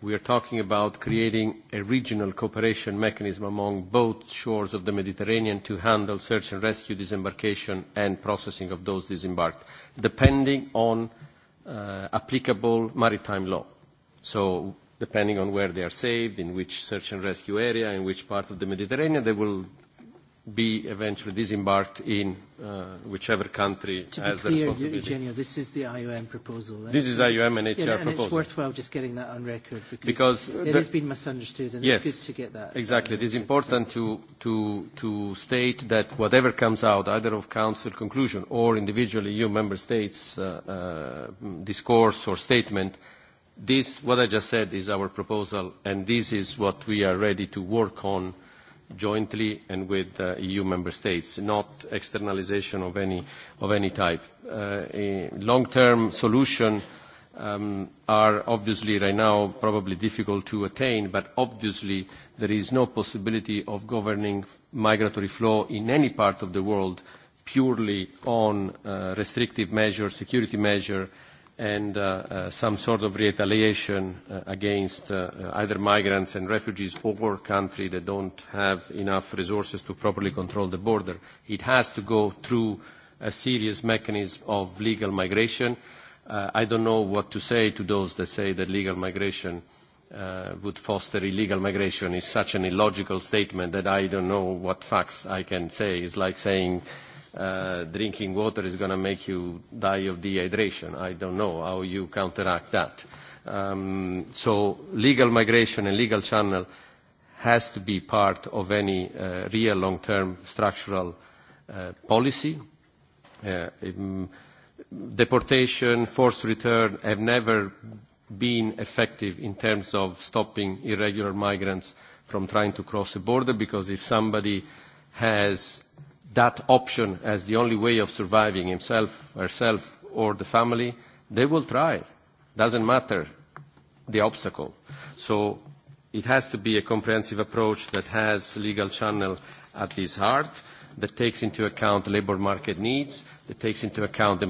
we are talking about creating a regional cooperation mechanism among both shores of the Mediterranean to handle search and rescue, disembarkation and processing of those disembarked, depending on applicable maritime law. So depending on where they are saved, in which search and rescue area, in which part of the Mediterranean, they will be eventually disembarked in whichever country has the responsibility. Eugenio this is the IOM proposal. This is IOM and yeah, proposal. And it's worthwhile just getting that on record because it has been misunderstood and it's good to get that. Exactly. It is important to to to state that whatever comes out, either of Council conclusion or individually EU member states' discourse or statement, this, what I just said, is our proposal and this is what we are ready to work on jointly and with EU member states, not externalisation of any type. A long-term solution are obviously right now probably difficult to attain, but obviously there is no possibility of governing migratory flow in any part of the world purely on restrictive measures, security measures, and some sort of retaliation against either migrants and refugees or countries that don't have enough resources to properly control the border. It has to go through a serious mechanism of legal migration. I don't know what to say to those that say that legal migration would foster illegal migration is such an illogical statement that I don't know what facts I can say. It's like saying drinking water is going to make you die of dehydration. I don't know how you counteract that. So legal migration and legal channel has to be part of any real long-term structural policy. Deportation, forced return have never been effective in terms of stopping irregular migrants from trying to cross the border because if somebody has that option as the only way of surviving himself, herself, or the family, they will try. Doesn't matter the obstacle. So it has to be a comprehensive approach that has legal channel at its heart, that takes into account labour market needs, that takes into account